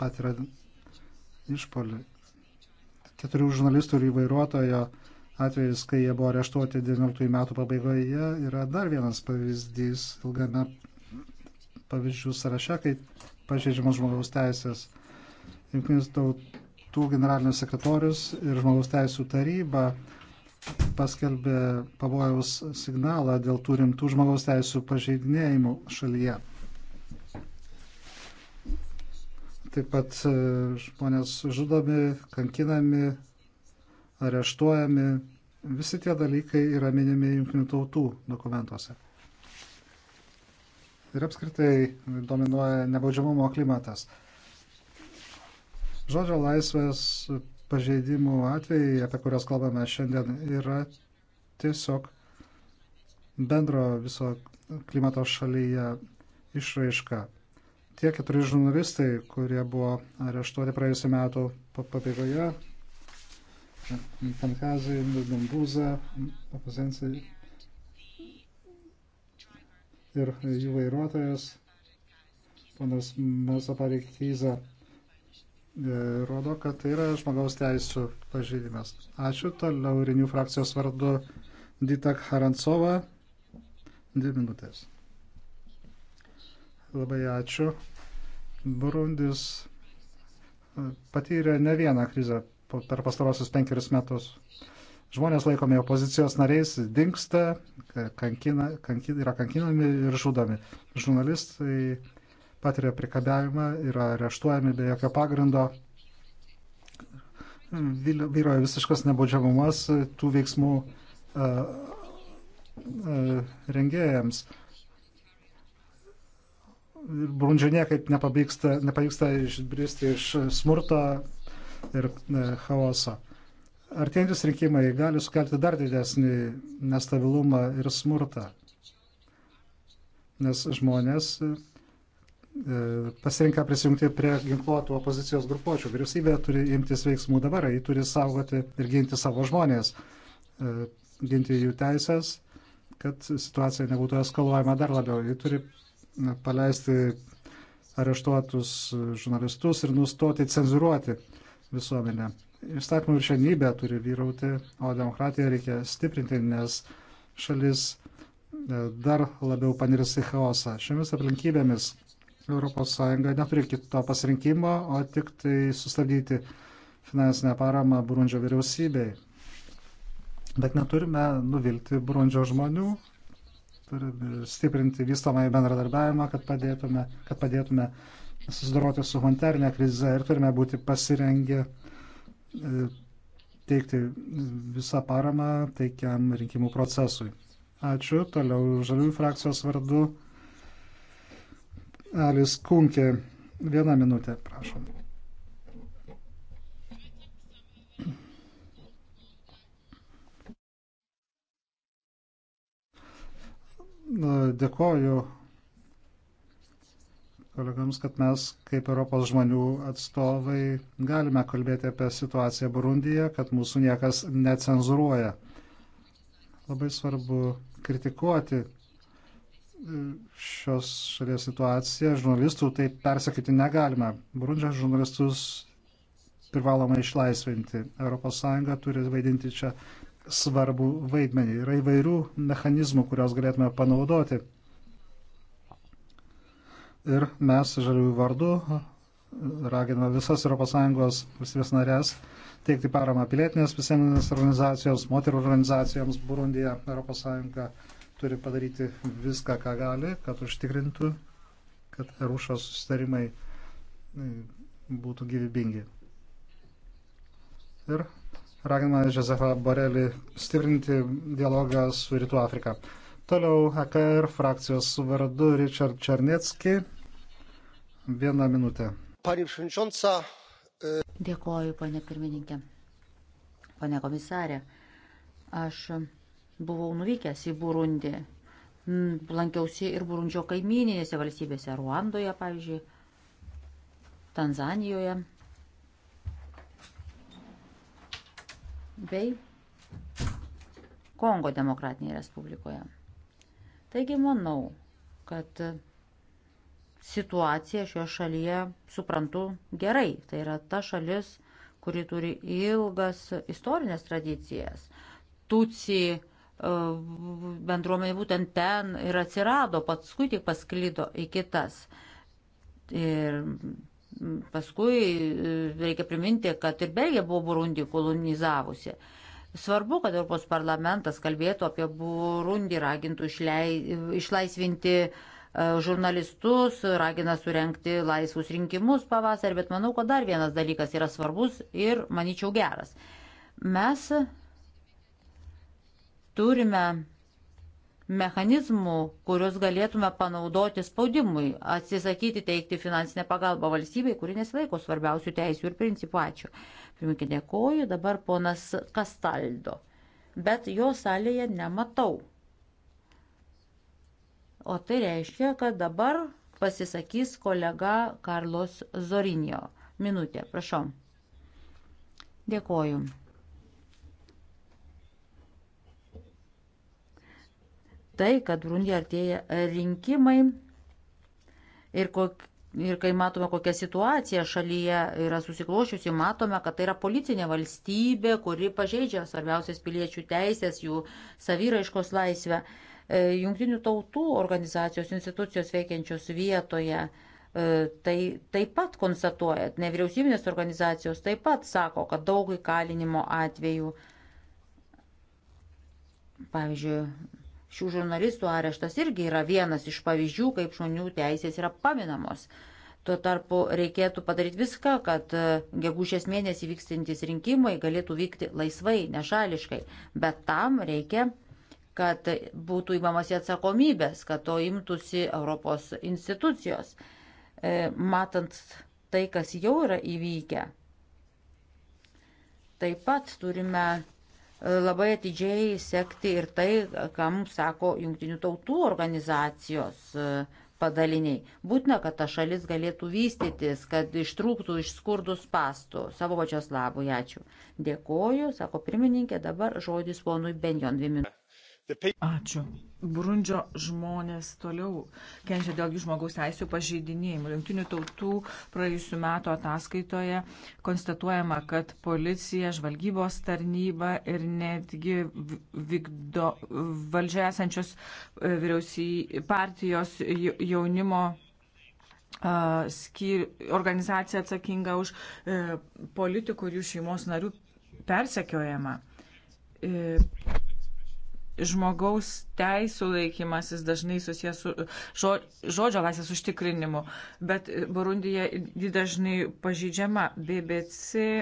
patiria išpolį. Keturių žurnalistų ir įvairuotojo atvejis, kai jie buvo areštuoti 19 metų pabaigoje, yra dar vienas pavyzdys ilgame pavyzdžių sąraše, kai pažeidžiamas žmogaus teisės. Junktinių tautų generalinis sekretorius ir žmogaus teisų taryba paskelbė pavojaus signalą dėl tų rimtų žmogaus teisų pažeidinėjimų šalyje. Taip pat e, žmonės žudomi, kankinami, areštuojami. Visi tie dalykai yra minimi Junktinių tautų dokumentuose. Ir apskritai dominuoja nebaudžiamumo klimatas. Žodžio laisvės pažeidimų atvejai, apie kurias kalbame šiandien, yra tiesiog bendro viso klimato šalyje išraiška. Tie keturi žurnalistai, kurie buvo areštuoti praėjusiu metu pabaigoje, Pankazai, Gambuza, Apazencija ir jų vairuotojas, ponas Mesa Pareiktyza. E, rodo, kad tai yra žmogaus teisų pažeidimas. Ačiū. Toliau Rinių frakcijos vardu Ditak Harantsova. Dvi minutės. Labai ačiū. Burundis e, patyrė ne vieną krizę per pastarosius penkerius metus. Žmonės laikomi opozicijos nariais, dinksta, kankina, kankina, yra kankinami ir žudomi. Žurnalistai patiria prikabiavimą, yra areštuojami be jokio pagrindo. Vyroja visiškas nebaudžiamumas tų veiksmų rengėjams. Brundžio niekaip nepavyksta, nepavyksta išbristi iš smurto ir e, chaoso. Artėjantis rinkimai gali sukelti dar didesnį nestabilumą ir smurtą, nes žmonės E, pasirinka prisijungti prie ginkluotų opozicijos grupuočių. Vyriausybė turi imtis veiksmų dabar, ji turi saugoti ir ginti savo žmonės, e, ginti jų teisės, kad situacija nebūtų eskaluojama dar labiau. Ji turi paleisti areštuotus žurnalistus ir nustoti cenzuruoti visuomenę. Įstatymų viršenybė turi vyrauti, o demokratiją reikia stiprinti, nes šalis e, dar labiau panirs į chaosą. Šiomis aplinkybėmis ES neturi kito pasirinkimo, o tik tai sustabdyti finansinę paramą Burundžio vyriausybei. Bet neturime nuvilti Burundžio žmonių, turime stiprinti vystomąjį bendradarbiavimą, kad padėtume, kad padėtume susidoroti su humanitarinė krize ir turime būti pasirengę e, teikti visą paramą taikiam rinkimų procesui. Ačiū. Toliau žaliųjų frakcijos vardu Alis Kunkė. Vieną minutę, prašom. Dėkoju kolegams, kad mes kaip Europos žmonių atstovai galime kalbėti apie situaciją Burundyje, kad mūsų niekas necenzuruoja. Labai svarbu kritikuoti šios šalies situaciją, žurnalistų taip persekyti negalime. Burundžio žurnalistus privaloma išlaisvinti. ES turi vaidinti čia svarbų vaidmenį. Yra įvairių mechanizmų, kurios galėtume panaudoti. Ir mes žaliųjų vardu raginame visas ES valstybės narės teikti paramą pilietinės visuomenės organizacijoms, moterų organizacijoms Burundija, ES turi padaryti viską, ką gali, kad užtikrintų, kad rūšo susitarimai e, būtų gyvybingi. Ir raginama Josefą Borelį stiprinti dialogą su Rytų Afrika. Toliau AKR frakcijos vardu Richard Černetski. Vieną minutę. E, Dėkoju, ponė pirmininkė. Pane komisarė, aš buvau nuvykęs į Burundį. Mm, lankiausi ir Burundžio kaimininėse valstybėse, Ruandoje, pavyzdžiui, Tanzanijoje. bei Kongo demokratinėje Respublikoje. Taigi manau, kad situaciją šioje šalyje suprantu gerai. Tai yra ta šalis, kuri turi ilgas istorinės tradicijas. Tuci E, bendruomenė būtent ten ir atsirado, paskui tik pasklydo į kitas. Ir paskui e, reikia priminti, kad ir Belgija buvo Burundį kolonizavusi. Svarbu, kad Europos parlamentas kalbėtų apie Burundį, ragintų išlei, išlaisvinti e, žurnalistus, ragina surenkti laisvus rinkimus pavasarį, bet manau, kad dar vienas dalykas yra svarbus ir, manyčiau, geras. Mes turime mechanizmų, kuriuos galėtume panaudoti spaudimui, atsisakyti teikti finansinę pagalbą valstybei, kuri nesilaiko svarbiausių teisų ir principų. Ačiū. Pirminkė, dėkoju. Dabar ponas Kastaldo. Bet jo salėje nematau. O tai reiškia, kad dabar pasisakys kolega Karlos Zorinio. Minutė, prašom. Dėkoju. tai, kad Brundė artėja rinkimai ir, kok, ir kai matome, kokia situacija šalyje yra susiklošiusi, matome, kad tai yra policinė valstybė, kuri pažeidžia svarbiausias piliečių teisės, jų saviraiškos laisvę. E, Jungtinių tautų organizacijos institucijos veikiančios vietoje e, tai taip pat konstatuoja, nevyriausybinės organizacijos taip pat sako, kad daug įkalinimo atvejų, pavyzdžiui, Šių žurnalistų areštas irgi yra vienas iš pavyzdžių, kaip žmonių teisės yra paminamos. Tuo tarpu reikėtų padaryti viską, kad e, gegužės mėnesį vykstintys rinkimai galėtų vykti laisvai, nešališkai. Bet tam reikia, kad būtų įmamasi atsakomybės, kad to imtųsi Europos institucijos, e, matant tai, kas jau yra įvykę. Taip pat turime labai atidžiai sekti ir tai, ką mums sako jungtinių tautų organizacijos e, padaliniai. Būtina, kad ta šalis galėtų vystytis, kad ištrūktų iš skurdų spastų. Savo pačios labui, ačiū. Dėkoju, sako pirmininkė, dabar žodis ponui Benjon dvi minutės. Ačiū. Burundžio žmonės toliau kenčia dėl jų žmogaus teisų pažeidinėjimų. Junktinių tautų praėjusiu metu ataskaitoje konstatuojama, kad policija, žvalgybos tarnyba ir netgi vykdo valdžia esančios e, vyriausy, partijos jaunimo skyr, organizacija atsakinga už e, politikų ir jų šeimos narių persekiojama e, žmogaus teisų laikymasis dažnai susijęs su žo, žodžio laisvės užtikrinimu, bet Burundija jį dažnai pažydžiama. BBC e,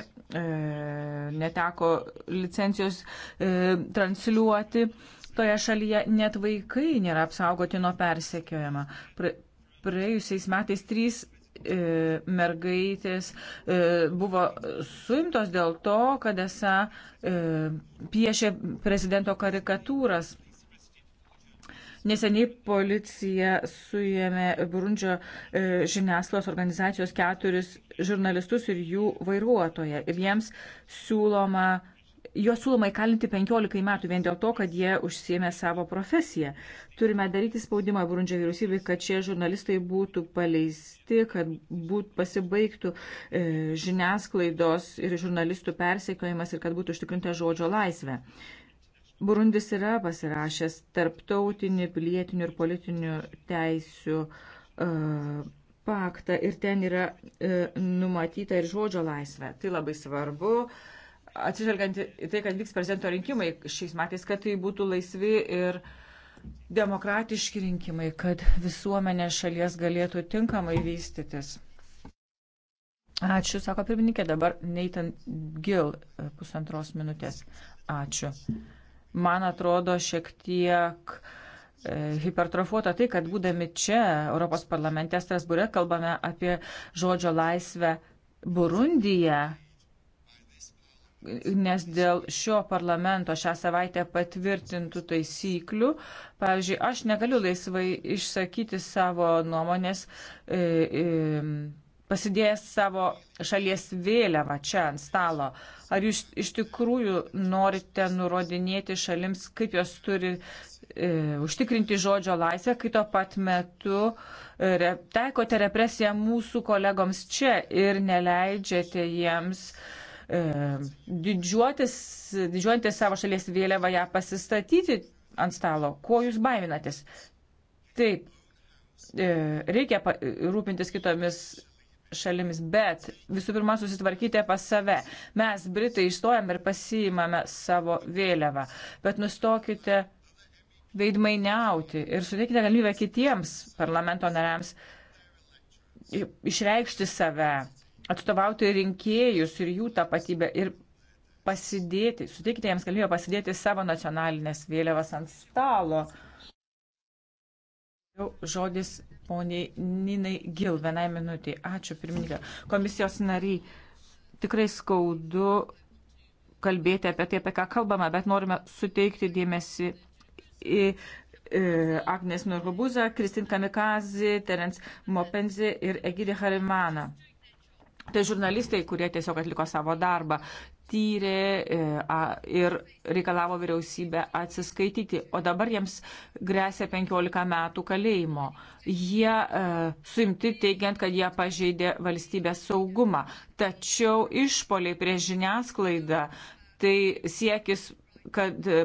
neteko licencijos e, transliuoti. Toje šalyje net vaikai nėra apsaugoti nuo persekiojama. Praėjusiais metais trys E, mergaitės e, buvo suimtos dėl to, kad esą e, piešė prezidento karikatūras. Neseniai policija suėmė Burundžio žiniasklaidos organizacijos keturis žurnalistus ir jų vairuotoją. Ir jiems siūloma juos siūloma įkalinti 15 metų vien dėl to, kad jie užsiemė savo profesiją. Turime daryti spaudimą Burundžio vyriausybei, kad šie žurnalistai būtų paleisti, kad būt pasibaigtų e, žiniasklaidos ir žurnalistų persekiojimas ir kad būtų užtikrinta žodžio laisvė. Burundis yra pasirašęs tarptautinį pilietinių ir politinių teisių. E, paktą ir ten yra e, numatyta ir žodžio laisvė. Tai labai svarbu. E, atsižvelgiant į tai, kad vyks prezidento rinkimai šiais metais, kad tai būtų laisvi ir demokratiški rinkimai, kad visuomenė šalies galėtų tinkamai vystytis. Ačiū, sako pirmininkė, dabar Nathan Gill pusantros minutės. Ačiū. Man atrodo šiek tiek e, hipertrofuota tai, kad būdami čia, Europos parlamente Strasbūre, kalbame apie žodžio laisvę Burundyje nes dėl šio parlamento šią savaitę patvirtintų taisyklių, pavyzdžiui, aš negaliu laisvai išsakyti savo nuomonės, e, e, pasidėjęs savo šalies vėliavą čia ant stalo. Ar jūs iš tikrųjų norite nurodinėti šalims, kaip jos turi e, užtikrinti žodžio laisvę, kai tuo pat metu e, re, taikote represiją mūsų kolegoms čia ir neleidžiate jiems e, e, didžiuotis, didžiuojantis savo šalies vėliavą ją pasistatyti ant stalo. Ko jūs baiminatės? Taip, e, reikia pa, rūpintis kitomis šalimis, bet visų pirma susitvarkyti pas save. Mes, Britai, išstojame ir pasiimame savo vėliavą, bet nustokite veidmainiauti ir suteikite galimybę kitiems parlamento nariams išreikšti save, atstovauti rinkėjus ir jų tapatybę ir pasidėti, suteikite jiems galimybę pasidėti savo nacionalinės vėliavas ant stalo. Žodis poniai Ninai Gil, vienai minutiai. Ačiū, pirmininkė. Komisijos nariai, tikrai skaudu kalbėti apie tai, apie ką kalbama, bet norime suteikti dėmesį į e, Agnes Norbuza, Kristin Kamikazi, Terence Mopenzi ir Egidė Harimaną. Tai žurnalistai, kurie tiesiog atliko savo darbą, tyrė e, ir reikalavo vyriausybę atsiskaityti, o dabar jiems grėsia 15 metų kalėjimo. Jie e, suimti teigiant, kad jie pažeidė valstybės saugumą. Tačiau išpoliai prieš žiniasklaidą tai siekis kad e,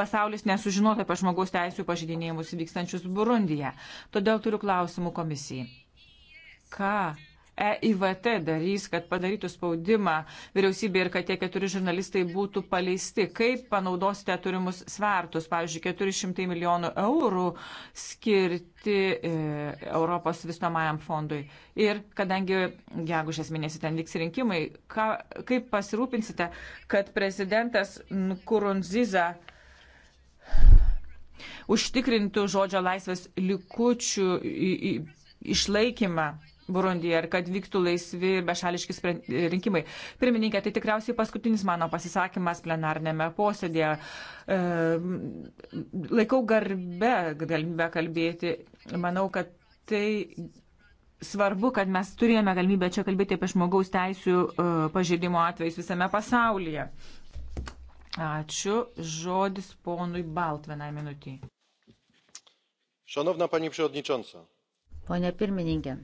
pasaulis nesužinotų apie žmogaus teisų pažydinėjimus vykstančius Burundyje. Todėl turiu klausimų komisijai. Ką EIVT darys, kad padarytų spaudimą vyriausybė ir kad tie keturi žurnalistai būtų paleisti? Kaip panaudosite turimus svertus, pavyzdžiui, 400 milijonų eurų skirti e, Europos visnomajam fondui? Ir kadangi gegužės mėnesį ten vyks rinkimai, ka, kaip pasirūpinsite, kad prezidentas Kurunziza užtikrintų žodžio laisvės likučių į, į, išlaikymą? Burundyje ir kad vyktų laisvi ir bešališki rinkimai. Pirmininkė, tai tikriausiai paskutinis mano pasisakymas plenarnėme posėdėje. E, laikau garbę galimybę kalbėti. Manau, kad tai svarbu, kad mes turėjome galimybę čia kalbėti apie žmogaus teisų e, pažeidimo atvejus visame pasaulyje. Ačiū. Žodis ponui Balt vienai minutį. Šanovna, panie Przewodnicząca. Pone pirmininkė,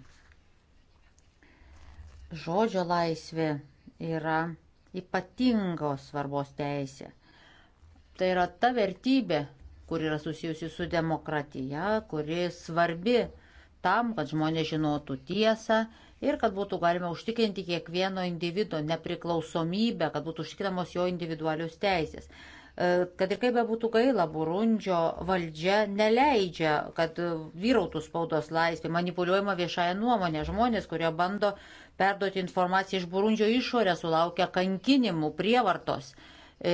žodžio laisvė yra ypatingos svarbos teisė. Tai yra ta vertybė, kur yra susijusi su demokratija, kuri svarbi tam, kad žmonės žinotų tiesą ir kad būtų galima užtikrinti kiekvieno individo nepriklausomybę, kad būtų užtikrinamos jo individualios teisės. E, kad ir kaip be būtų gaila, Burundžio valdžia neleidžia, kad vyrautų spaudos laisvė, manipuliuojama viešąją nuomonę, žmonės, kurie bando uh, perduoti informaciją iš Burundžio išorę, sulaukia kankinimų, prievartos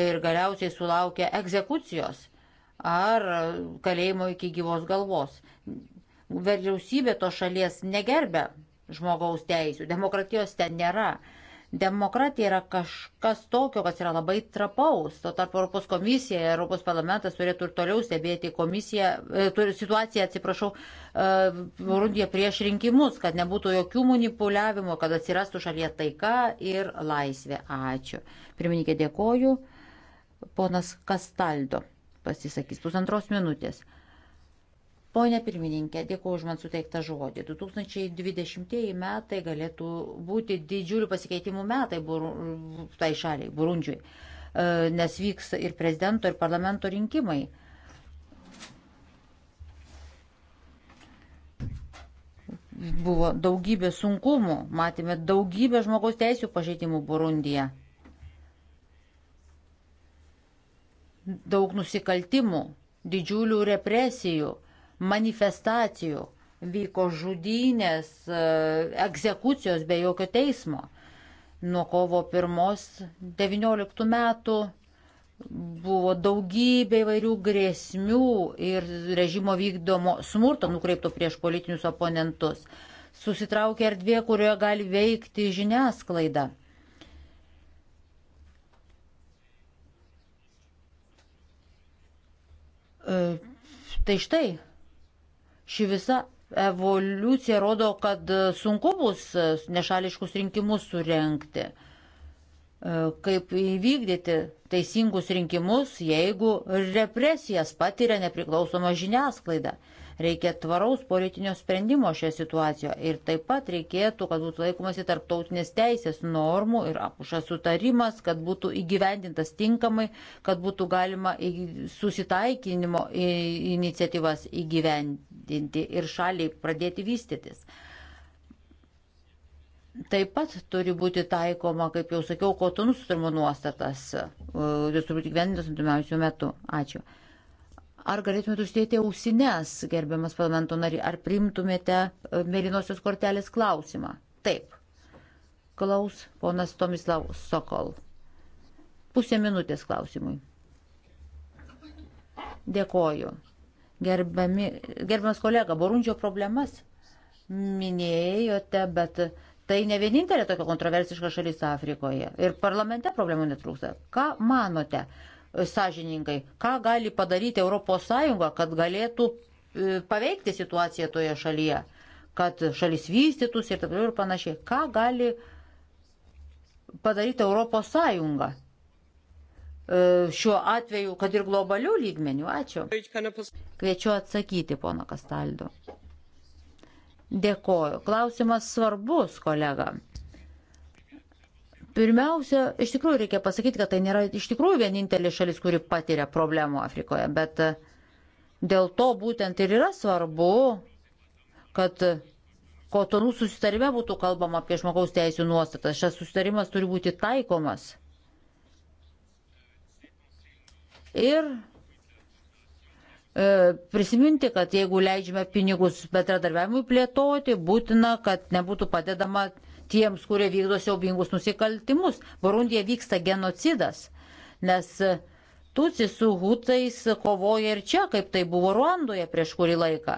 ir galiausiai sulaukia egzekucijos ar kalėjimo iki gyvos galvos. Vyriausybė to šalies negerbė žmogaus teisų, demokratijos ten nėra. Demokratija yra kažkas tokio, kas yra labai trapaus. Tuo tarpu Europos komisija, Europos parlamentas turėtų ir toliau stebėti komisiją, e, situaciją, atsiprašau, e, Burundija prieš rinkimus, kad nebūtų jokių manipuliavimų, kad atsirastų šalyje taika ir laisvė. Ačiū. Pirmininkė, dėkoju. Ponas Kastaldo pasisakys pusantros minutės. Pone pirmininkė, dėkuoju už man suteiktą žodį. 2020 metai galėtų būti didžiulių pasikeitimų metai buru, tai šaliai, Burundžiui, e, nes vyks ir prezidento, ir parlamento rinkimai. Buvo daugybė sunkumų, matėme daugybę žmogaus teisų pažeidimų Burundija. Daug nusikaltimų, didžiulių represijų manifestacijų, vyko žudynės, e, egzekucijos be jokio teismo. Nuo kovo 1-19 metų buvo daugybė įvairių grėsmių ir režimo vykdomo smurto nukreipto prieš politinius oponentus. Susitraukia erdvė, kurioje gali veikti žiniasklaida. E, tai štai, Ši visa evoliucija rodo, kad sunku bus nešališkus rinkimus surenkti. Kaip įvykdyti teisingus rinkimus, jeigu represijas patiria nepriklausoma žiniasklaida. Reikia tvaraus politinio sprendimo šioje situacijoje ir taip pat reikėtų, kad būtų laikomasi tarptautinės teisės normų ir apušas sutarimas, kad būtų įgyvendintas tinkamai, kad būtų galima susitaikinimo iniciatyvas įgyvendinti ir šaliai pradėti vystytis taip pat turi būti taikoma, kaip jau sakiau, kotonų sutarimo nuostatas, jos e, turi būti gyvendintas antumiausių metų. Ačiū. Ar galėtumėte uždėti ausines, gerbiamas parlamento nari, ar priimtumėte e, mėlynosios kortelės klausimą? Taip. Klaus ponas Tomislav Sokol. Pusė minutės klausimui. Dėkoju. Gerbiami, gerbiamas kolega, Borundžio problemas minėjote, bet tai ne vienintelė tokia kontroversiška šalis Afrikoje. Ir parlamente problemų netrūksta. Ką manote? sąžiningai, ką gali padaryti ES, kad galėtų e, paveikti situaciją toje šalyje, kad šalis vystytųsi ir taip toliau ir panašiai. Ką gali padaryti ES e, šiuo atveju, kad ir globalių lygmenių? Ačiū. Kviečiu atsakyti, pono Kastaldo. Dėkoju. Klausimas svarbus, kolega. Pirmiausia, iš tikrųjų reikia pasakyti, kad tai nėra iš tikrųjų vienintelė šalis, kuri patiria problemų Afrikoje, bet e, dėl to būtent ir yra svarbu, kad kotonų susitarime būtų kalbama apie žmogaus teisų nuostatas. Šis susitarimas turi būti taikomas. Ir e, prisiminti, kad jeigu leidžiame pinigus bendradarbiavimui plėtoti, būtina, kad nebūtų padedama tiems, kurie vykdo siaubingus nusikaltimus. Burundija vyksta genocidas, nes Tutsi su Hutais kovoja ir čia, kaip tai buvo Ruandoje prieš kurį laiką.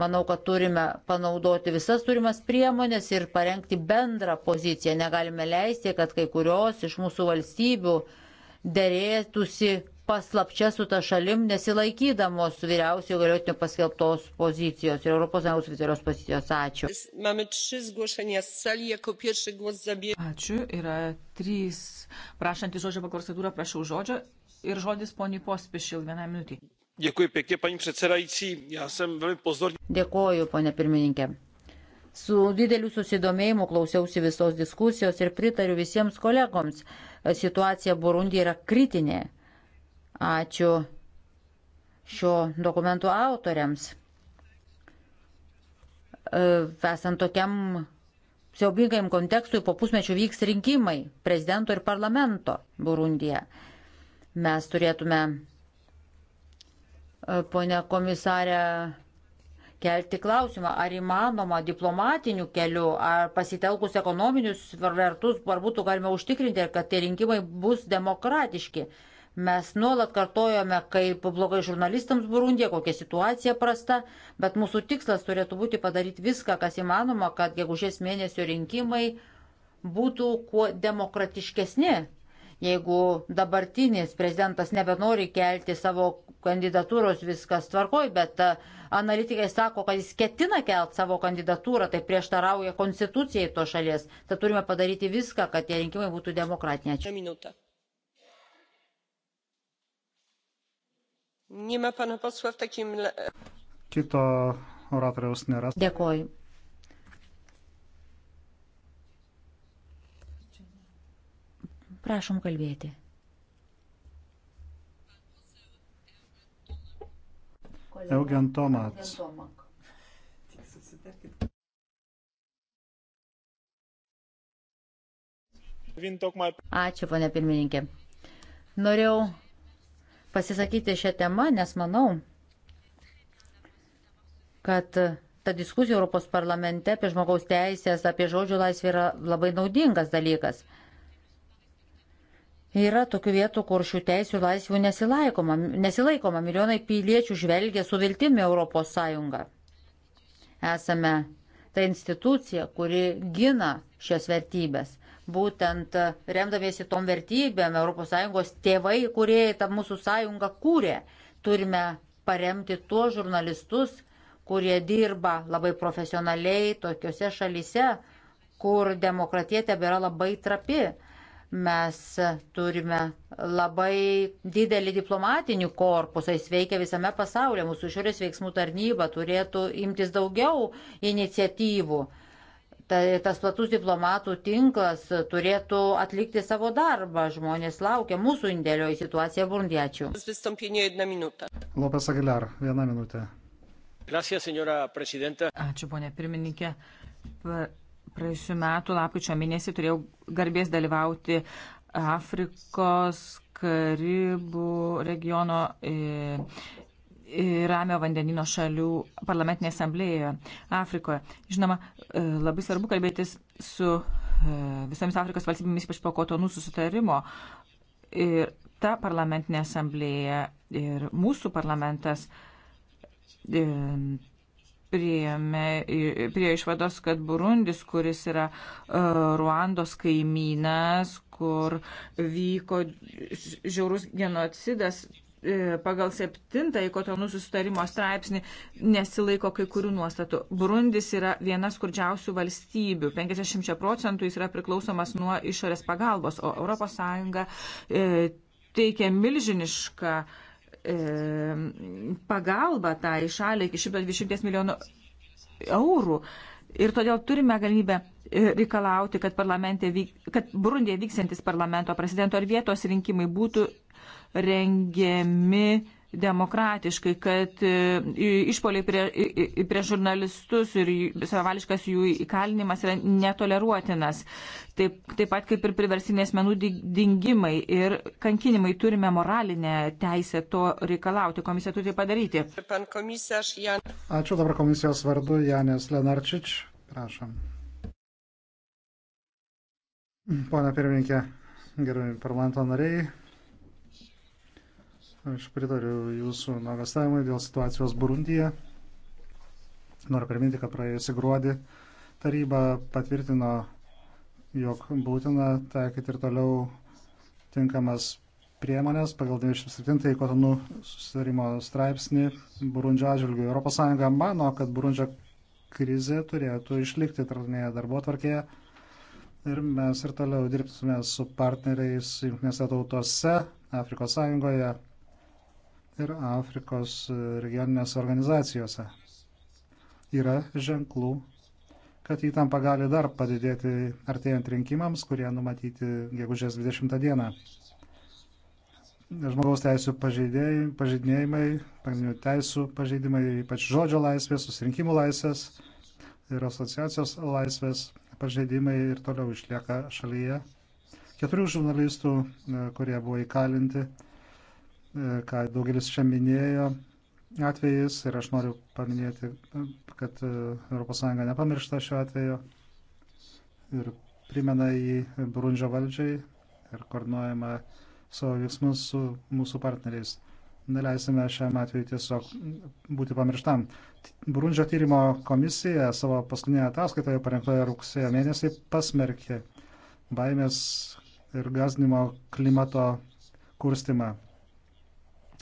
Manau, kad turime panaudoti visas turimas priemonės ir parengti bendrą poziciją. Negalime leisti, kad kai kurios iš mūsų valstybių dėrėtųsi paslapčia su ta šalim nesilaikydamos vyriausiojo galiotinio paskelbtos pozicijos ir Europos Sąjungos oficialios pozicijos. Ačiū. Ačiū. Yra trys prašantys žodžio pagal procedūrą, prašau žodžio ir žodis poniai pospišil vieną minutį. Dėkui, pėkė, pani predsedající, ja sem velmi pozorně. Dėkoju, ponė pirmininkė. Su dideliu susidomėjimu klausiausi visos diskusijos ir pritariu visiems kolegoms. Situacija Burundija yra kritinė Ačiū šio dokumento autoriams. Vesant e, tokiam siaubingam kontekstui po pusmečio vyks rinkimai prezidento ir parlamento Burundija. Mes turėtume, e, ponia komisarė, kelti klausimą, ar įmanoma diplomatiniu keliu, ar pasitelkus ekonominius vertus, ar būtų galima užtikrinti, kad tie rinkimai bus demokratiški. Mes nuolat kartojame, kaip blogai žurnalistams Burundė, kokia situacija prasta, bet mūsų tikslas turėtų būti padaryti viską, kas įmanoma, kad gegužės mėnesio rinkimai būtų kuo demokratiškesni. Jeigu dabartinis prezidentas nebenori kelti savo kandidatūros, viskas tvarkoj, bet e, analitikai sako, kad jis ketina kelti savo kandidatūrą, tai prieštarauja konstitucijai to šalies. Tad turime padaryti viską, kad tie rinkimai būtų demokratiniai. Ačiū. Kito oratoriaus nėra. Dėkoju. Prašom kalbėti. Eugen Tomats. Ačiū, ponė pirmininkė. Norėjau pasisakyti šią temą, nes manau, kad ta diskusija Europos parlamente apie žmogaus teisės, apie žodžio laisvę yra labai naudingas dalykas. Yra tokių vietų, kur šių teisių laisvių nesilaikoma. nesilaikoma. Milijonai piliečių žvelgia su viltimi Europos Sąjungą. Esame ta institucija, kuri gina šias vertybės būtent e, remdamiesi tom vertybėm ES tėvai, kurie tą mūsų sąjungą kūrė, turime paremti tuos žurnalistus, kurie dirba labai profesionaliai tokiuose šalyse, kur demokratija tebėra labai trapi. Mes e, turime labai didelį diplomatinių korpusą, jis veikia visame pasaulyje, mūsų išorės veiksmų tarnyba turėtų imtis daugiau iniciatyvų ta, tas platus diplomatų tinklas turėtų atlikti savo darbą. Žmonės laukia mūsų indėlio į situaciją Burundiečių. Lopes Aguilar, vieną minutę. Gracias, Ačiū, ponė pirmininkė. Praėjusiu metu, lapkričio mėnesį, turėjau garbės dalyvauti Afrikos, Karibų regiono e, Ramio vandenino šalių parlamentinėje asamblėje Afrikoje. Žinoma, e, labai svarbu kalbėtis su e, visomis Afrikos valstybėmis, ypač po kotonų susitarimo. Ir ta parlamentinė asamblėja ir mūsų parlamentas e, priėmė, prie išvados, kad Burundis, kuris yra Ruandos kaimynas, kur vyko žiaurus genocidas, E, pagal septintąjį kotonų susitarimo straipsnį nesilaiko kai kurių nuostatų. Burundis yra viena skurdžiausių valstybių. 50 procentų jis yra priklausomas nuo išorės pagalbos, o ES e, teikia milžinišką e, pagalbą tai šaliai iki 120 milijonų eurų. Ir todėl turime galimybę e, reikalauti, kad, kad Burundėje vyksiantis parlamento, prezidento ar vietos rinkimai būtų rengiami demokratiškai, kad e, išpoliai prie, prie žurnalistus ir savališkas jų įkalinimas yra netoleruotinas. Taip, taip pat kaip ir priversinės menų dingimai ir kankinimai turime moralinę teisę to reikalauti. Komisija turi tai padaryti. Ačiū dabar komisijos vardu Janės Lenarčič. Prašom. Pone pirmininkė, gerai parlamento nariai, Aš pritariu jūsų nuogastavimui dėl situacijos Burundyje. Noriu priminti, kad praėjusi gruodį taryba patvirtino, jog būtina taikyti ir toliau tinkamas priemonės pagal 97-ąjį kotonų susitarimo straipsnį Burundžio atžvilgių. ES mano, kad Burundžio krizė turėtų išlikti tarptautinėje darbo tvarkėje ir mes ir toliau dirbsime su partneriais Junktinėse tautose, Afrikos Sąjungoje, ir Afrikos regioninės organizacijose. Yra ženklų, kad įtampa gali dar padidėti artėjant rinkimams, kurie numatyti gegužės 20 dieną. Žmogaus teisų pažeidinėjimai, pagrindinių teisų pažeidimai, ypač žodžio laisvės, susirinkimų laisvės ir asociacijos laisvės pažeidimai ir toliau išlieka šalyje. Keturių žurnalistų, e, kurie buvo įkalinti, ką daugelis čia minėjo atvejais ir aš noriu paminėti, kad ES nepamiršta šio atvejo ir primena jį Brundžio valdžiai ir koordinuojama savo veiksmus su mūsų partneriais. Neleisime šiam atveju tiesiog būti pamirštam. Brundžio tyrimo komisija savo paskutinėje ataskaitoje parengtoje rugsėjo mėnesį pasmerkė baimės ir gazdinimo klimato kurstimą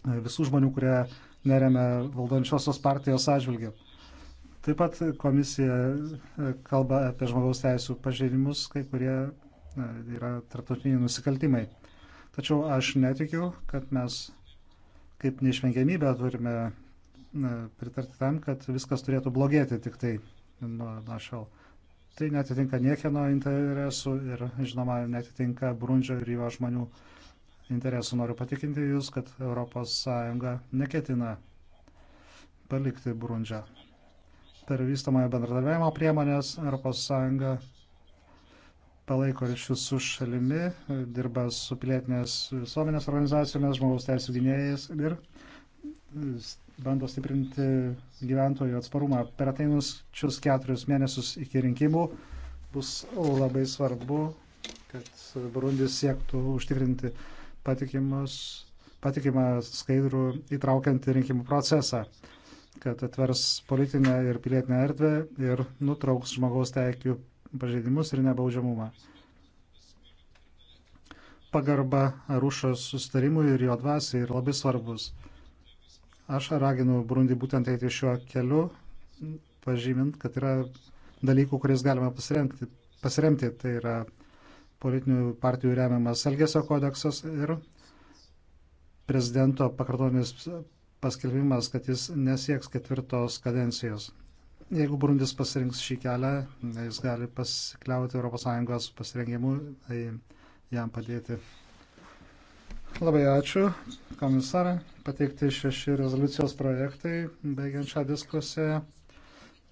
visų žmonių, kurie neremia valdančiosios partijos atžvilgių. Taip pat komisija e, kalba apie žmogaus teisų pažeidimus, kai kurie e, yra tarptautiniai nusikaltimai. Tačiau aš netikiu, kad mes kaip neišvengiamybę turime e, pritarti tam, kad viskas turėtų blogėti tik tai nuo, nuo šiol. Tai netitinka niekieno interesų ir, žinoma, netitinka Brundžio ir jo žmonių uh, interesų noriu patikinti Jūs, kad ES neketina palikti Burundžią. Per vystamąją bendradarbiavimo priemonės ES palaiko ryšius su šalimi, dirba su pilietinės visuomenės organizacijomis, žmogaus teisų gynėjais ir bando stiprinti gyventojų atsparumą. Per ateinančius keturius mėnesius iki rinkimų bus labai svarbu, kad Burundis siektų užtikrinti patikimą skaidrų įtraukiantį rinkimų procesą, kad atvers politinę ir pilietinę erdvę ir nutrauks žmogaus teikių pažeidimus ir nebaudžiamumą. Pagarba Arušos sustarimui ir jo dvasiai yra labai svarbus. Aš raginu Brundį būtent eiti šiuo keliu, pažymint, kad yra dalykų, kuriais galima pasiremti. pasiremti. Tai yra politinių partijų remiamas Elgesio kodeksas ir prezidento pakartotinis paskelbimas, kad jis nesieks ketvirtos kadencijos. Jeigu Burundis pasirinks šį kelią, jis gali pasikliauti ES pasirengimu tai jam padėti. Labai ačiū, komisarė. Pateikti šeši rezoliucijos projektai, baigiant šią diskusiją.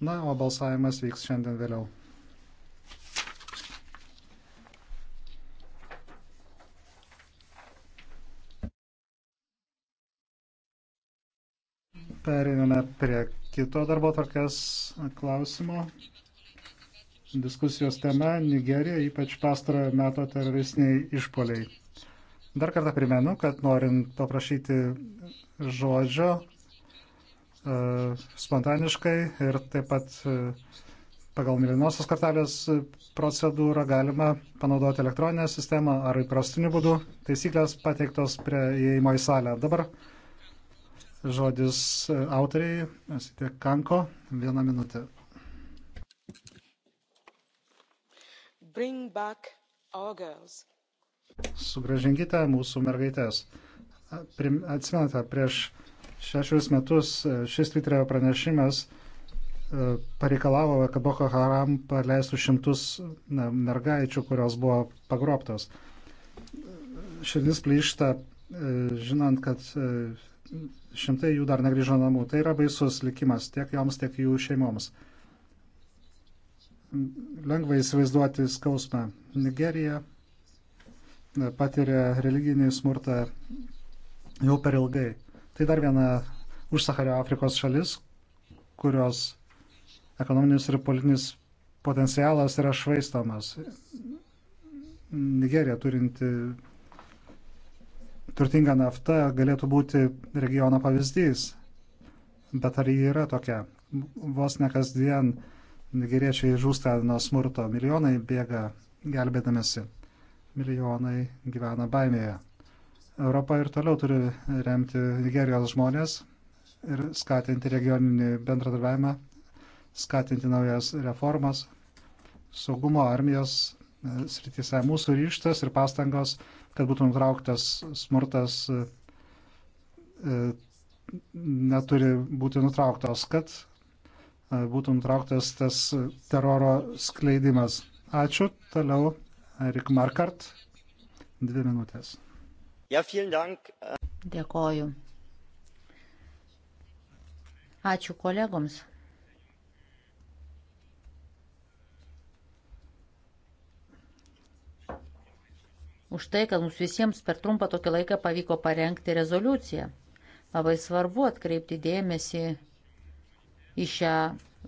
Na, o balsavimas vyks šiandien vėliau. Pereiname prie kito darbo tvarkės klausimo. Diskusijos tema - Nigerija, ypač pastarojo meto teroristiniai išpoliai. Dar kartą primenu, kad norint paprašyti žodžio e, spontaniškai ir taip pat e, pagal mėlynosios kartelės procedūrą galima panaudoti elektroninę sistemą ar įprastiniu būdu. Taisyklės pateiktos prie įėjimo į salę. Dabar Žodis e, autoriai, esate Kanko, vieną minutę. Sugražinkite mūsų mergaitės. Atsimenate, prieš šešius metus e, šis Twitterio pranešimas e, pareikalavo, kad Boko Haram paleistų šimtus mergaičių, kurios buvo pagroptos. Širdis plyšta, žinant, kad šimtai jų dar negrįžo namų. Tai yra baisus likimas tiek joms, tiek jų šeimoms. Lengva įsivaizduoti skausmą. Nigerija patiria religinį smurtą jau per ilgai. Tai dar viena už Sahario Afrikos šalis, kurios ekonominis ir politinis potencialas yra švaistomas. Nigerija turinti turtinga nafta galėtų būti regiono pavyzdys, bet ar ji yra tokia? Vos ne kasdien nigeriečiai žūsta nuo smurto, milijonai bėga gelbėdamėsi, milijonai gyvena baimėje. Europa ir toliau turi remti Nigerijos žmonės ir skatinti regioninį bendradarbiavimą, skatinti naujas reformas, saugumo armijos e, srityse. Mūsų ryštas ir pastangos kad būtų nutrauktas smurtas, e, e, neturi būti nutrauktos, kad e, būtų nutrauktas tas teroro skleidimas. Ačiū. Toliau Erik Markart. Dvi minutės. Dėkoju. Ačiū kolegoms už tai, kad mums visiems per trumpą tokį laiką pavyko parengti rezoliuciją. Labai svarbu atkreipti dėmesį į šią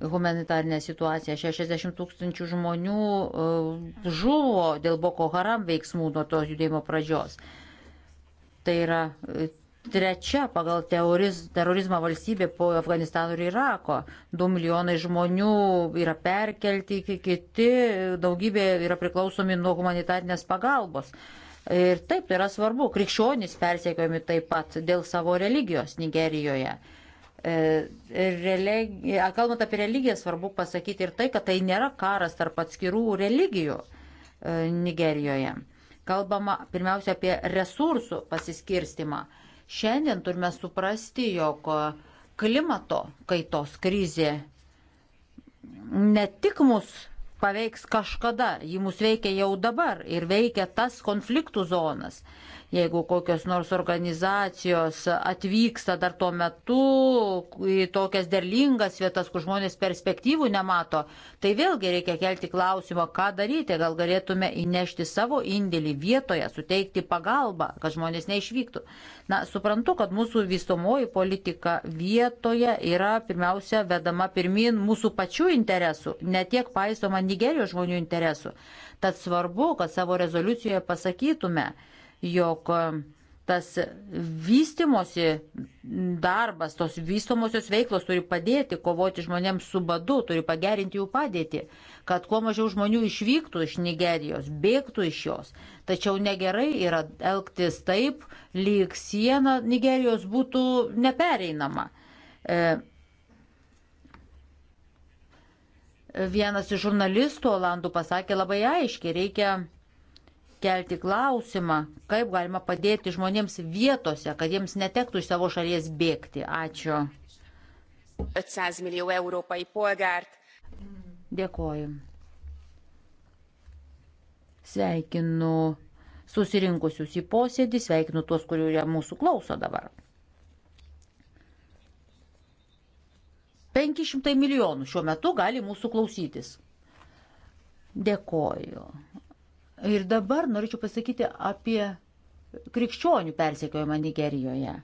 humanitarinę situaciją. 60 tūkstančių žmonių e, žuvo dėl Boko Haram veiksmų nuo to judėjimo pradžios. Tai yra e, trečia pagal teoriz, terorizmą valstybė po Afganistano ir Irako. 2 milijonai žmonių yra perkelti, kiti daugybė yra priklausomi nuo humanitarnės pagalbos. Ir taip, tai yra svarbu. Krikščionys persiekiami taip pat dėl savo religijos Nigerijoje. E, Religija, kalbant apie religiją, svarbu pasakyti ir tai, kad tai nėra karas tarp atskirų religijų e, Nigerijoje. Kalbama pirmiausia apie resursų pasiskirstimą Šiandien turime suprasti, jog klimato kaitos krizė ne tik mus paveiks kažkada, ji mus veikia jau dabar ir veikia tas konfliktų zonas jeigu kokios nors organizacijos atvyksta dar tuo metu į tokias derlingas vietas, kur žmonės perspektyvų nemato, tai vėlgi reikia kelti klausimą, ką daryti, gal galėtume įnešti savo indėlį vietoje, suteikti pagalbą, kad žmonės neišvyktų. Na, suprantu, kad mūsų vystomoji politika vietoje yra pirmiausia vedama pirmin mūsų pačių interesų, ne tiek paisoma Nigerijos žmonių interesų. Tad svarbu, kad savo rezoliucijoje pasakytume, jog e, tas vystimosi darbas, tos vystomosios veiklos turi padėti kovoti žmonėms su badu, turi pagerinti jų padėtį, kad kuo mažiau žmonių išvyktų iš Nigerijos, bėgtų iš jos. Tačiau negerai yra elgtis taip, lyg siena Nigerijos būtų nepereinama. E, vienas iš žurnalistų Olandų pasakė labai aiškiai, reikia kelti klausimą, kaip galima padėti žmonėms vietose, kad jiems netektų iš savo šalies bėgti. Ačiū. 500 milijonų europai polgart. Dėkoju. Sveikinu susirinkusius į posėdį, sveikinu tuos, kurie mūsų klauso dabar. 500 milijonų šiuo metu gali mūsų klausytis. Dėkoju. Ir dabar norėčiau pasakyti apie krikščionių persekiojimą Nigerijoje.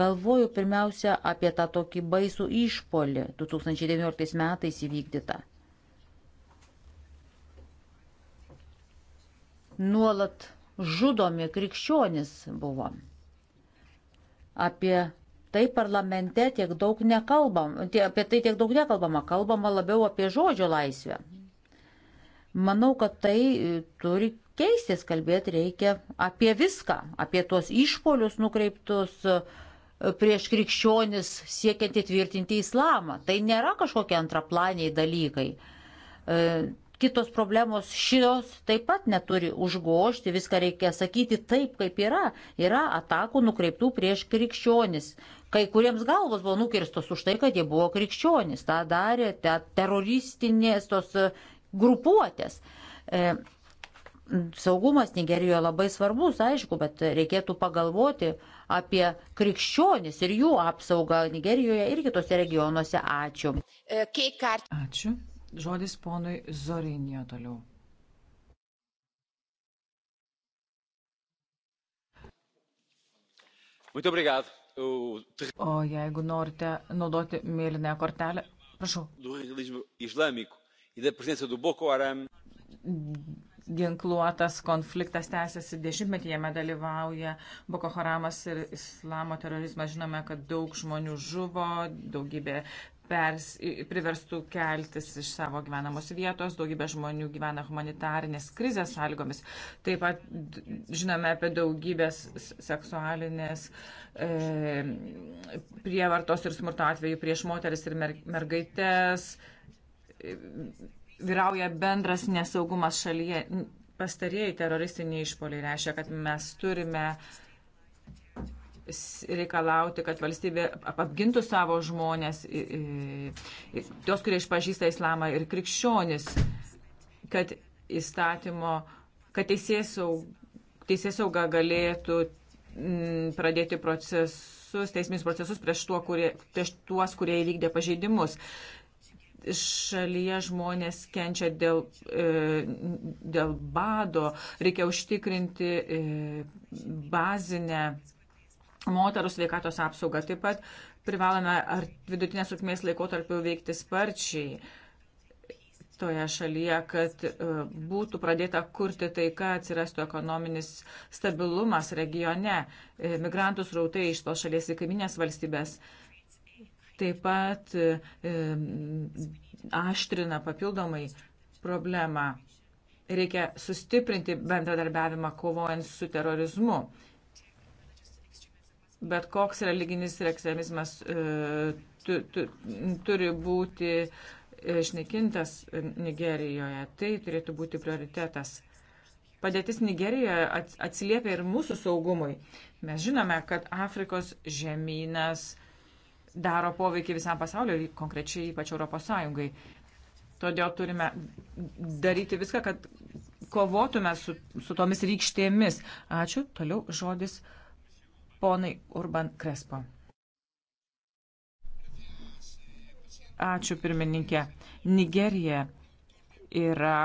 Galvoju pirmiausia apie tą tokį baisų išpolį 2019 metais įvykdytą. Nuolat žudomi krikščionis buvo. Apie tai parlamente tiek daug nekalbam, tie, apie tai tiek daug nekalbama, kalbama labiau apie žodžio laisvę, Manau, kad tai e, turi keistis, kalbėti reikia apie viską, apie tuos išpolius nukreiptus e, prieš krikščionis siekiant įtvirtinti islamą. Tai nėra kažkokie antraplaniai dalykai. E, kitos problemos šios taip pat neturi užgošti, viską reikia sakyti taip, kaip yra. Yra atakų nukreiptų prieš krikščionis. Kai kuriems galvos buvo nukirstos už tai, kad jie buvo krikščionis. Ta darė te teroristinės tos grupuotės. E, saugumas Nigerijoje labai svarbus, aišku, bet reikėtų pagalvoti apie krikščionis ir jų apsaugą Nigerijoje ir kitose regionuose. Ačiū. E, Ačiū. Žodis ponui Zorinio toliau. O jeigu norite naudoti mėlynę kortelę, prašau. Ginkluotas konfliktas tęsiasi dešimtmetį, jame dalyvauja Boko Haramas ir islamo terorizmas. Žinome, kad daug žmonių žuvo, daugybė pers, priverstų keltis iš savo gyvenamos vietos, daugybė žmonių gyvena humanitarinės krizės sąlygomis. Taip pat žinome apie daugybės seksualinės e, prievartos ir smurto atvejų prieš moteris ir mer mergaitės. E, vyrauja bendras nesaugumas šalyje. Pastarieji teroristiniai išpoliai reiškia, kad mes turime reikalauti, kad valstybė apgintų savo žmonės, tos, kurie išpažįsta islamą ir krikščionis, kad įstatymo, kad teisės sauga galėtų pradėti procesus, teisminius procesus prieš, tuo, kurie, prieš tuos, kurie įvykdė pažeidimus šalyje žmonės kenčia dėl, e, dėl bado, reikia užtikrinti e, bazinę moterų sveikatos apsaugą. Taip pat privalome ar vidutinės trukmės laikotarpiu veikti sparčiai toje šalyje, kad e, būtų pradėta kurti taika, atsirastų ekonominis stabilumas regione, migrantų srautai iš tos šalies į kaiminės valstybės taip pat e, aštrina papildomai problemą. Reikia sustiprinti bendradarbiavimą kovojant su terorizmu. Bet koks religinis ir ekstremizmas e, tu, tu, turi būti e, išnekintas Nigerijoje. Tai turėtų būti prioritetas. Padėtis Nigerijoje atsiliepia ir mūsų saugumui. Mes žinome, kad Afrikos žemynas daro poveikį visam pasaulio ir konkrečiai ypač Europos Sąjungai. Todėl turime daryti viską, kad kovotume su, su tomis rykštėmis. Ačiū. Toliau žodis ponai Urban Krespo. Ačiū pirmininkė. Nigerija yra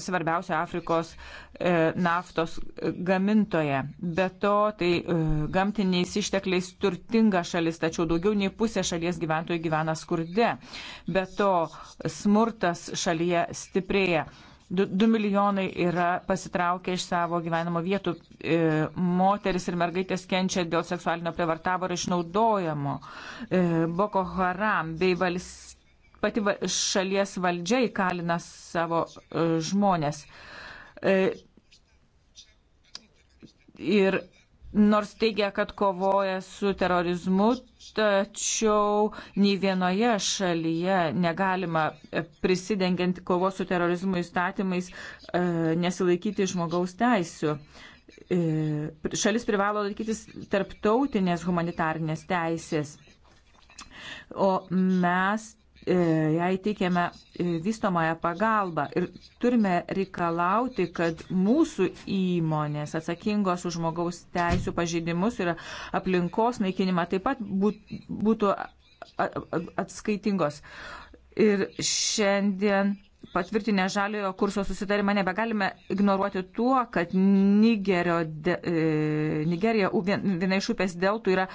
svarbiausia Afrikos e, naftos gamintoje. Be to, tai e, gamtiniais ištekliais turtinga šalis, tačiau daugiau nei pusė šalies gyventojų gyvena skurde. Be to, smurtas šalyje stiprėja. 2 milijonai yra pasitraukę iš savo gyvenimo vietų. E, moteris ir mergaitės kenčia dėl seksualinio prievartavo ir išnaudojimo. E, Boko Haram bei valstybės pati šalies valdžia įkalina savo e, žmonės. E, ir nors teigia, kad kovoja su terorizmu, tačiau nei vienoje šalyje negalima prisidengiant kovos su terorizmu įstatymais e, nesilaikyti žmogaus teisų. Šalis privalo laikytis tarptautinės humanitarnės teisės. O mes E, jai teikiame e, vystomąją pagalbą ir turime reikalauti, kad mūsų įmonės atsakingos už žmogaus teisų pažeidimus ir aplinkos naikinimą taip pat būtų atskaitingos. Ir šiandien patvirtinę žaliojo kurso susitarimą nebegalime ignoruoti tuo, kad Nigerio, de, e, Nigerija viena iš upės deltų yra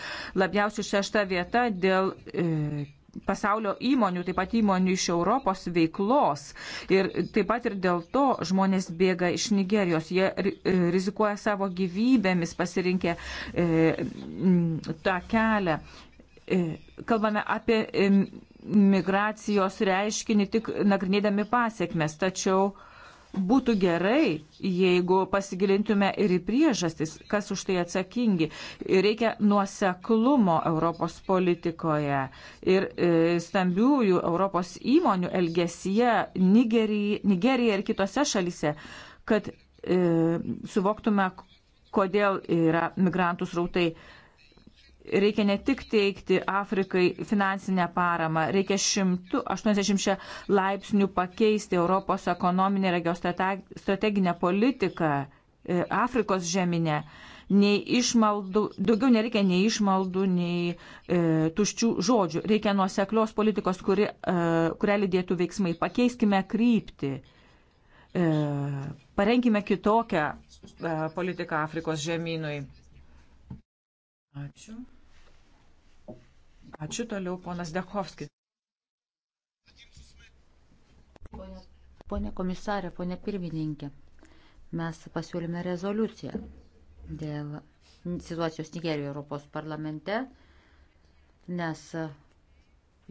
labiausiai šešta vieta dėl e, pasaulio įmonių, taip pat įmonių iš Europos veiklos. Ir taip pat ir dėl to žmonės bėga iš Nigerijos. Jie e, rizikuoja savo gyvybėmis pasirinkę e, tą kelią. E, kalbame apie migracijos reiškinį tik nagrinėdami pasiekmes, tačiau uh, Būtų gerai, jeigu pasigilintume ir į priežastis, kas už tai atsakingi. Reikia nuoseklumo Europos politikoje ir e, stambiųjų Europos įmonių elgesyje Nigerija, Nigerija ir kitose šalise, kad e, suvoktume, kodėl yra migrantų srautai. E, reikia ne tik teikti Afrikai finansinę paramą, reikia 180 laipsnių pakeisti Europos ekonominę ir geostrateginę politiką e, Afrikos žeminę. Nei išmaldų, daugiau nereikia nei išmaldų, nei e, tuščių žodžių. Reikia nuoseklios politikos, kuri, e, kurią lydėtų veiksmai. Pakeiskime kryptį. E, parenkime kitokią e, politiką Afrikos žemynui. Ačiū. Ačiū toliau, ponas Dekovskis. Pone komisarė, pone pirmininkė, mes pasiūlėme rezoliuciją dėl situacijos Nigerijoje Europos parlamente, nes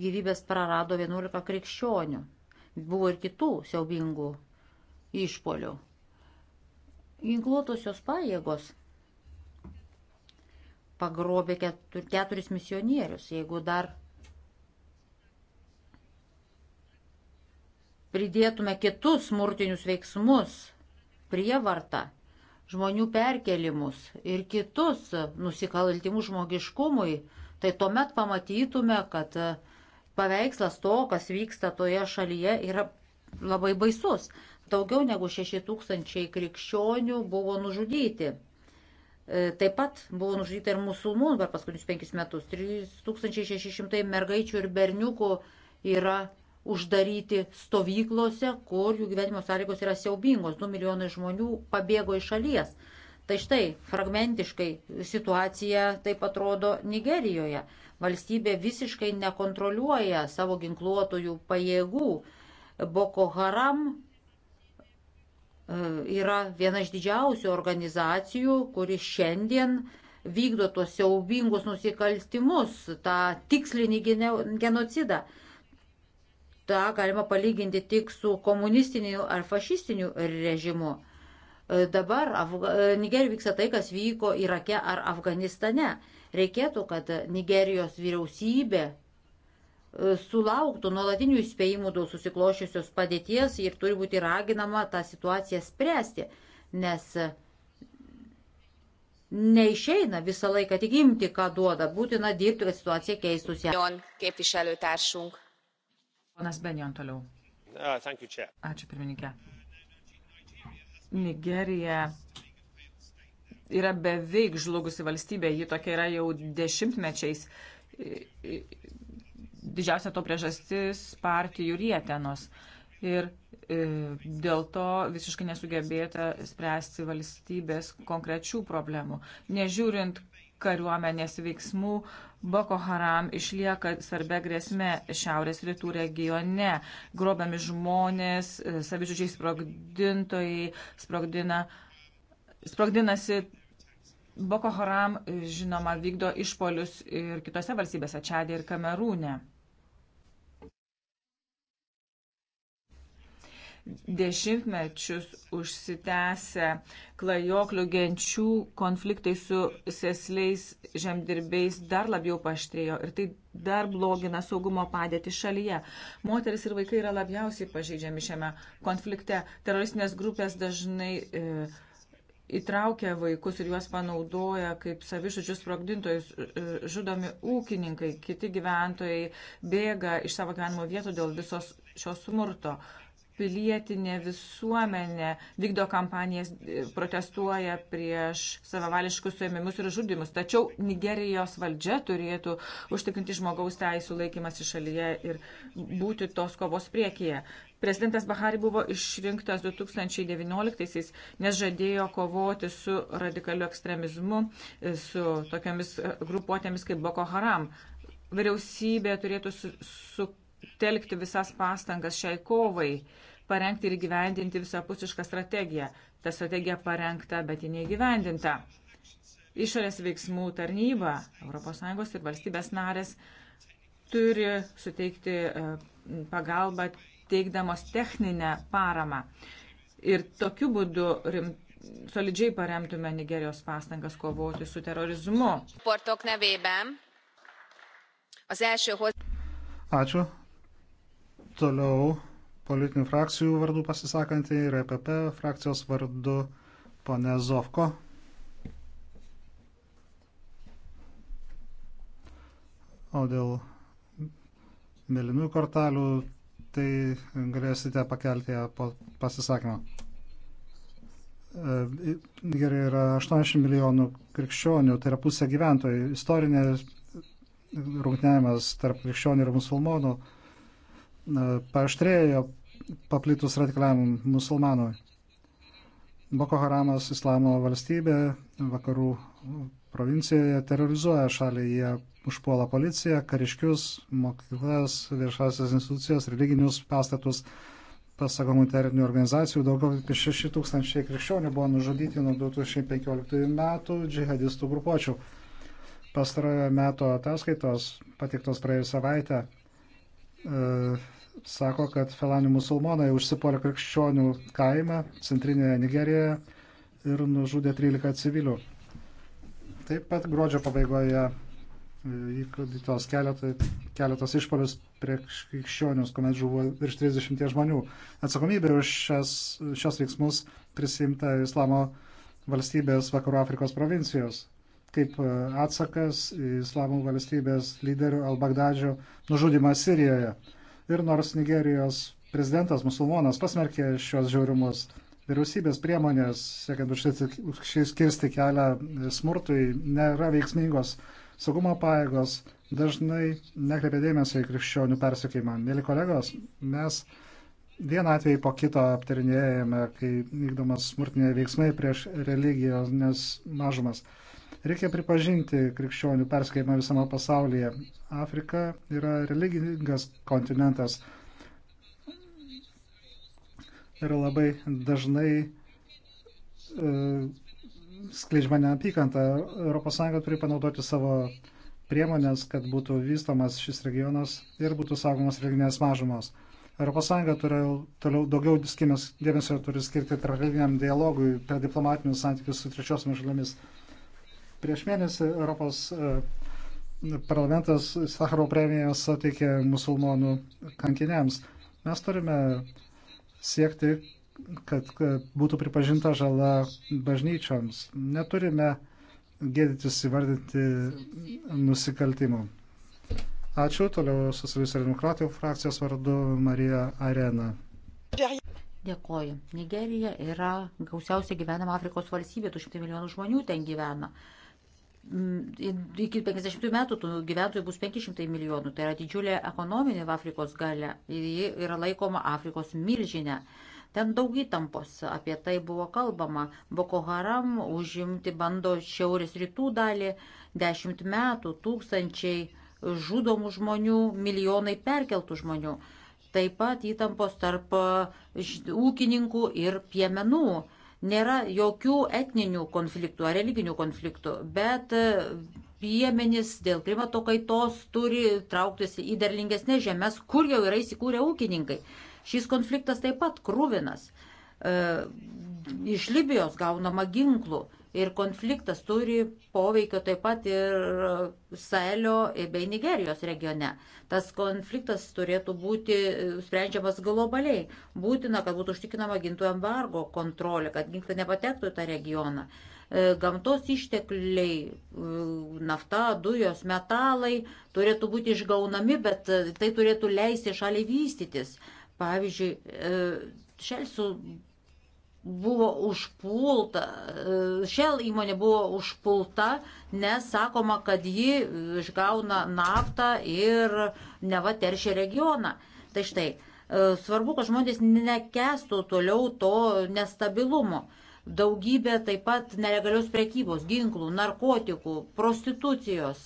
gyvybės prarado 11 krikščionių. Buvo ir kitų siaubingų išpolių. Ginkluotosios pajėgos pagrobė keturis misionierius. Jeigu dar pridėtume kitus smurtinius veiksmus, prievartą, žmonių perkelimus ir kitus nusikaltimus žmogiškumui, tai tuomet pamatytume, kad paveikslas to, kas vyksta toje šalyje, yra labai baisus. Daugiau negu 6 tūkstančiai krikščionių buvo nužudyti E, taip pat buvo nužudyta ir musulmonų per paskutinius penkis metus. 3600 mergaičių ir berniukų yra uždaryti stovyklose, kur jų gyvenimo sąlygos yra siaubingos. 2 milijonai žmonių pabėgo iš šalies. Tai štai, fragmentiškai situacija taip atrodo Nigerijoje. Valstybė visiškai nekontroliuoja savo ginkluotojų pajėgų. Boko Haram yra viena iš didžiausių organizacijų, kuri šiandien vykdo tuos siaubingus nusikaltimus, tą tikslinį genocidą. Ta galima palyginti tik su komunistiniu ar fašistiniu režimu. E, dabar Afga e, Nigerijai vyksta tai, kas vyko Irake ar Afganistane. Reikėtų, kad Nigerijos vyriausybė sulauktų nuolatinių įspėjimų dėl susiklošiusios padėties ir turi būti raginama tą situaciją spręsti, nes neišeina visą laiką tik imti, ką duoda, būtina dirbti, kad situacija keistųsi. Ponas Benjon toliau. Ah, Ačiū pirmininkė. Nigerija yra beveik žlugusi valstybė, ji tokia yra jau dešimtmečiais didžiausia to priežastis partijų rietenos. Ir e, dėl to visiškai nesugebėta spręsti valstybės konkrečių problemų. Nežiūrint kariuomenės veiksmų, Boko Haram išlieka svarbia grėsme šiaurės rytų regione. Grobiami žmonės, e, savižudžiai sprogdintojai, sprogdina, sprogdinasi. Boko Haram, žinoma, vykdo išpolius ir kitose valstybėse, Čadė ir Kamerūne. dešimtmečius užsitęsę klajoklių genčių konfliktai su sesliais žemdirbiais dar labiau paštrėjo ir tai dar blogina saugumo padėtį šalyje. Moteris ir vaikai yra labiausiai pažeidžiami šiame konflikte. Teroristinės grupės dažnai e, įtraukia vaikus ir juos panaudoja kaip savišučius sprogdintojus, e, žudomi ūkininkai, kiti gyventojai bėga iš savo gyvenimo vietų dėl visos šios smurto. E, pilietinė visuomenė vykdo kampanijas, e, protestuoja prieš savavališkus suėmimus ir žudimus. Tačiau Nigerijos valdžia turėtų užtikrinti žmogaus teisų laikymasi šalyje ir būti tos kovos priekyje. Prezidentas Bahari buvo išrinktas 2019-aisiais, nes žadėjo kovoti su radikaliu ekstremizmu, e, su tokiamis e, grupuotėmis kaip Boko Haram. Vyriausybė turėtų su, su telkti visas pastangas šiai kovai parengti ir gyvendinti visapusišką strategiją. Ta strategija parengta, bet ji neįgyvendinta. Išorės veiksmų tarnyba, ES ir valstybės narės turi suteikti e, pagalbą teikdamos techninę paramą. Ir tokiu būdu rim, solidžiai paremtume Nigerijos pastangas kovoti su terorizmu. Ačiū. Toliau politinių frakcijų vardų pasisakantį ir EPP frakcijos vardu ponė Zovko. O dėl mėlynų kortelių tai galėsite pakelti ją po pasisakymą. E, Nigerija yra 80 milijonų krikščionių, tai yra pusė gyventojų. Istorinė rungtyniavimas tarp krikščionių ir musulmonų e, paaštrėjo paplitus radikaliam musulmanui. Boko Haramas islamo valstybė vakarų provincijoje terrorizuoja šalį, jie užpuola policiją, kariškius, mokyklas, viešasias institucijas, religinius pastatus. Pasak humanitarinių organizacijų, daugiau kaip 6 tūkstančiai krikščionių buvo nužudyti nuo 2015 metų džihadistų grupuočių. Pastarojo meto ataskaitos, patiktos praėjusią savaitę, e, sako, kad felanių musulmonai užsipuolė krikščionių kaimą centrinėje Nigerijoje ir nužudė 13 civilių. Taip pat gruodžio pabaigoje e, įkūdytos keletas, keletas išpolius prieš krikščionius, kuomet žuvo virš 30 žmonių. Atsakomybė už šias, šios veiksmus prisimta Islamo valstybės Vakarų Afrikos provincijos, kaip e, atsakas į Islamo valstybės lyderių Al-Bagdadžio nužudimą Sirijoje. Ir nors Nigerijos prezidentas musulmonas pasmerkė šios žiaurimus, vyriausybės priemonės, siekiant užkirsti kelią smurtui, nėra veiksmingos. Saugumo pajėgos dažnai nekreipia dėmesio į krikščionių persikėjimą. Mėly kolegos, mes vieną atvejį po kito aptarinėjame, kai vykdomas smurtiniai veiksmai prieš religijos mažumas. Reikia pripažinti krikščionių perskaimą visame pasaulyje. Afrika yra religingas kontinentas. Ir labai dažnai uh, skleidžiama neapykanta. ES turi panaudoti savo priemonės, kad būtų vystomas šis regionas ir būtų saugomas religinės mažumos. ES turi toliau daugiau dėmesio turi skirti tarp religiniam dialogui, per diplomatinius santykius su trečiosiomis šalimis. Prieš mėnesį Europos e, parlamentas Sakaro premijas suteikė musulmonų kankiniams. Mes turime siekti, kad e, būtų pripažinta žala bažnyčioms. Neturime gėdytis įvardinti nusikaltimų. Ačiū. Toliau socialistų ir demokratijų frakcijos vardu Marija Arena. Dėkoju. Nigerija yra gausiausia gyvenama Afrikos valstybė, 200 milijonų žmonių ten gyvena. Mm, iki 50 metų tų gyventojų bus 500 milijonų. Tai yra didžiulė ekonominė Afrikos galia ir ji yra laikoma Afrikos milžinė. Ten daug įtampos, apie tai buvo kalbama. Boko Haram užimti bando šiaurės rytų dalį, dešimt metų, tūkstančiai žudomų žmonių, milijonai perkeltų žmonių. Taip pat įtampos tarp e, ūkininkų ir piemenų Nėra jokių etninių konfliktų ar religinių konfliktų, bet e, piemenys dėl klimato kaitos turi trauktis į derlingesnės žemės, kur jau yra įsikūrę ūkininkai. Šis konfliktas taip pat krūvinas. E, iš Libijos gaunama ginklų Ir konfliktas turi poveikio taip pat ir Sahelio bei Nigerijos regione. Tas konfliktas turėtų būti sprendžiamas globaliai. Būtina, kad būtų užtikinama gintų embargo kontrolė, kad ginklai nepatektų į tą regioną. E, gamtos ištekliai, e, nafta, dujos, metalai turėtų būti išgaunami, bet e, tai turėtų leisti šaliai vystytis. Pavyzdžiui, šelsų buvo užpulta, šel e, įmonė buvo užpulta, nes sakoma, kad ji išgauna naftą ir neva teršia regioną. Tai štai, e, svarbu, kad žmonės nekestų toliau to nestabilumo. Daugybė taip pat nelegalios prekybos, ginklų, narkotikų, prostitucijos,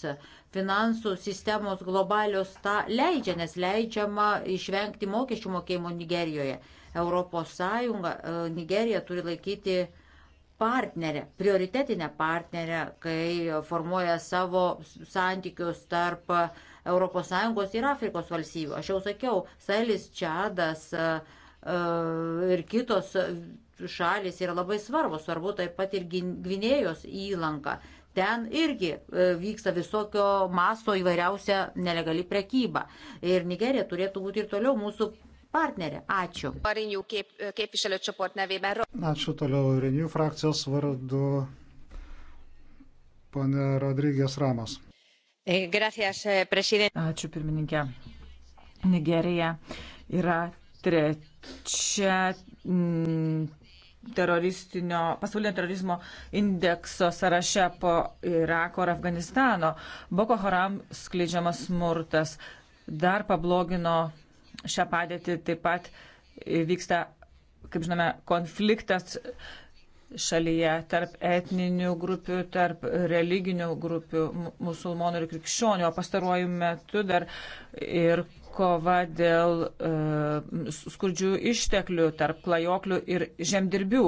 finansų sistemos globalios tą leidžia, nes leidžiama išvengti mokesčių mokėjimo Nigerijoje. ES e, Nigeriją turi laikyti partnerę, prioritetinę partnerę, kai formuoja savo santykius tarp ES ir Afrikos valstybių. Aš jau sakiau, Salis Čadas e, e, ir kitos šalis yra labai svarbus, svarbu taip pat ir Gvinėjos įlanka. Ten irgi vyksta visokio masto įvairiausia nelegali prekyba. Ir Nigerija turėtų būti ir toliau mūsų partnerė. Ačiū. E, Ačiū toliau Renijų frakcijos vardu, pane Rodrygės Ramos. E, e, Ačiū pirmininkė. Nigerija yra trečia mm, teroristinio, pasaulinio terorizmo indekso sąraše po Irako ir Afganistano. Boko Haram skleidžiamas smurtas dar pablogino šią padėtį taip pat vyksta, kaip žinome, konfliktas šalyje tarp etninių grupių, tarp religinių grupių, musulmonų ir krikščionių, o pastaruoju metu dar ir kova dėl e, skurdžių išteklių tarp klajoklių ir žemdirbių,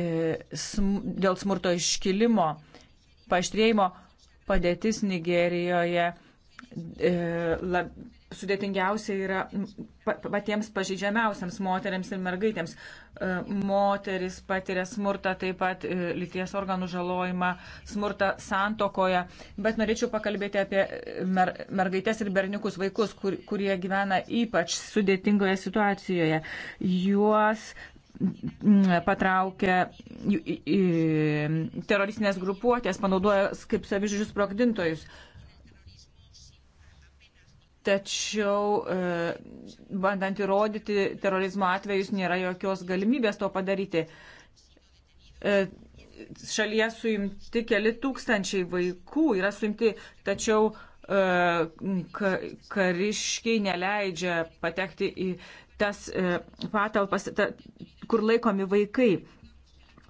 e, sm, dėl smurto iškilimo, paštrėjimo padėtis Nigerijoje e, lab, sudėtingiausia yra patiems pažydžiamiausiams moteriams ir mergaitėms. E, moteris patiria smurtą, taip pat e, lyties organų žalojimą, smurtą santokoje. Bet norėčiau pakalbėti apie e, mer mergaitės ir berniukus vaikus, kur kurie gyvena ypač sudėtingoje situacijoje. Juos patraukia teroristinės grupuotės, panaudoja kaip savižudžius sprogdintojus. Tačiau, e, bandant įrodyti terorizmo atvejus, nėra jokios galimybės to padaryti. E, šalyje suimti keli tūkstančiai vaikų yra suimti, tačiau e, kariškiai neleidžia patekti į tas patalpas, ta, kur laikomi vaikai.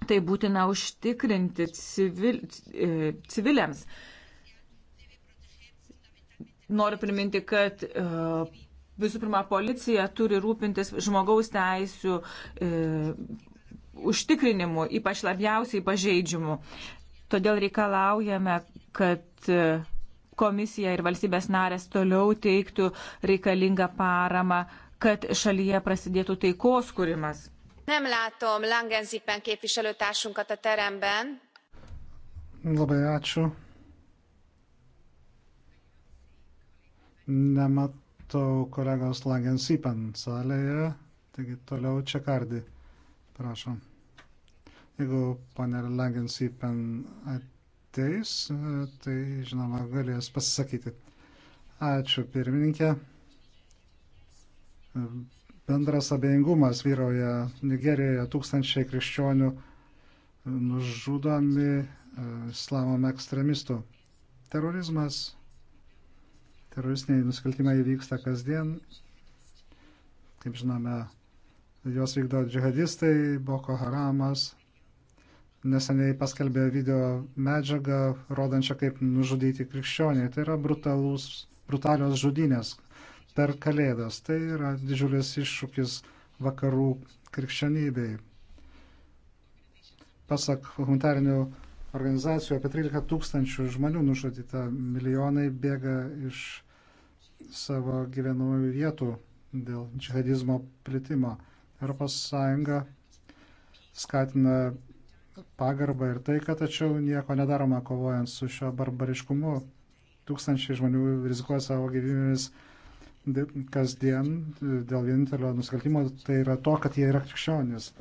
Tai būtina užtikrinti civil, civiliams. Civil, Noriu priminti, kad e, visų pirma, policija turi rūpintis žmogaus teisų e, užtikrinimu, ypač labiausiai pažeidžiamu. Todėl reikalaujame, kad e, komisija ir valstybės narės toliau teiktų reikalingą paramą, kad šalyje prasidėtų taikos kūrimas. Nem látom Langenzipen képviselőtársunkat a teremben. Labai ačiū. Nematau kolegos Langensypen salėje, taigi toliau Čekardį. Prašom. Jeigu ponė Langensypen ateis, tai žinoma galės pasisakyti. Ačiū pirmininkė. Bendras abejingumas vyroja Nigerijoje tūkstančiai krikščionių nužudomi e, islamo ekstremistų. Terorizmas Teroristiniai nusikaltimai vyksta kasdien. Kaip žinome, juos vykdo džihadistai, Boko Haramas. Neseniai paskelbė video medžiagą, rodančią, kaip nužudyti krikščioniai. Tai yra brutalus, brutalios žudynės per kalėdas. Tai yra didžiulis iššūkis vakarų krikščionybei. Pasak humanitarinių organizacijų apie 13 tūkstančių žmonių nužudyta, milijonai bėga iš savo gyvenamųjų vietų dėl džihadizmo plitimo. ES skatina pagarbą ir taiką, tačiau nieko nedaroma kovojant su šio barbariškumu. Tūkstančiai žmonių rizikuoja savo gyvybėmis kasdien dėl vienintelio nusikaltimo, tai yra to, kad jie yra krikščionis.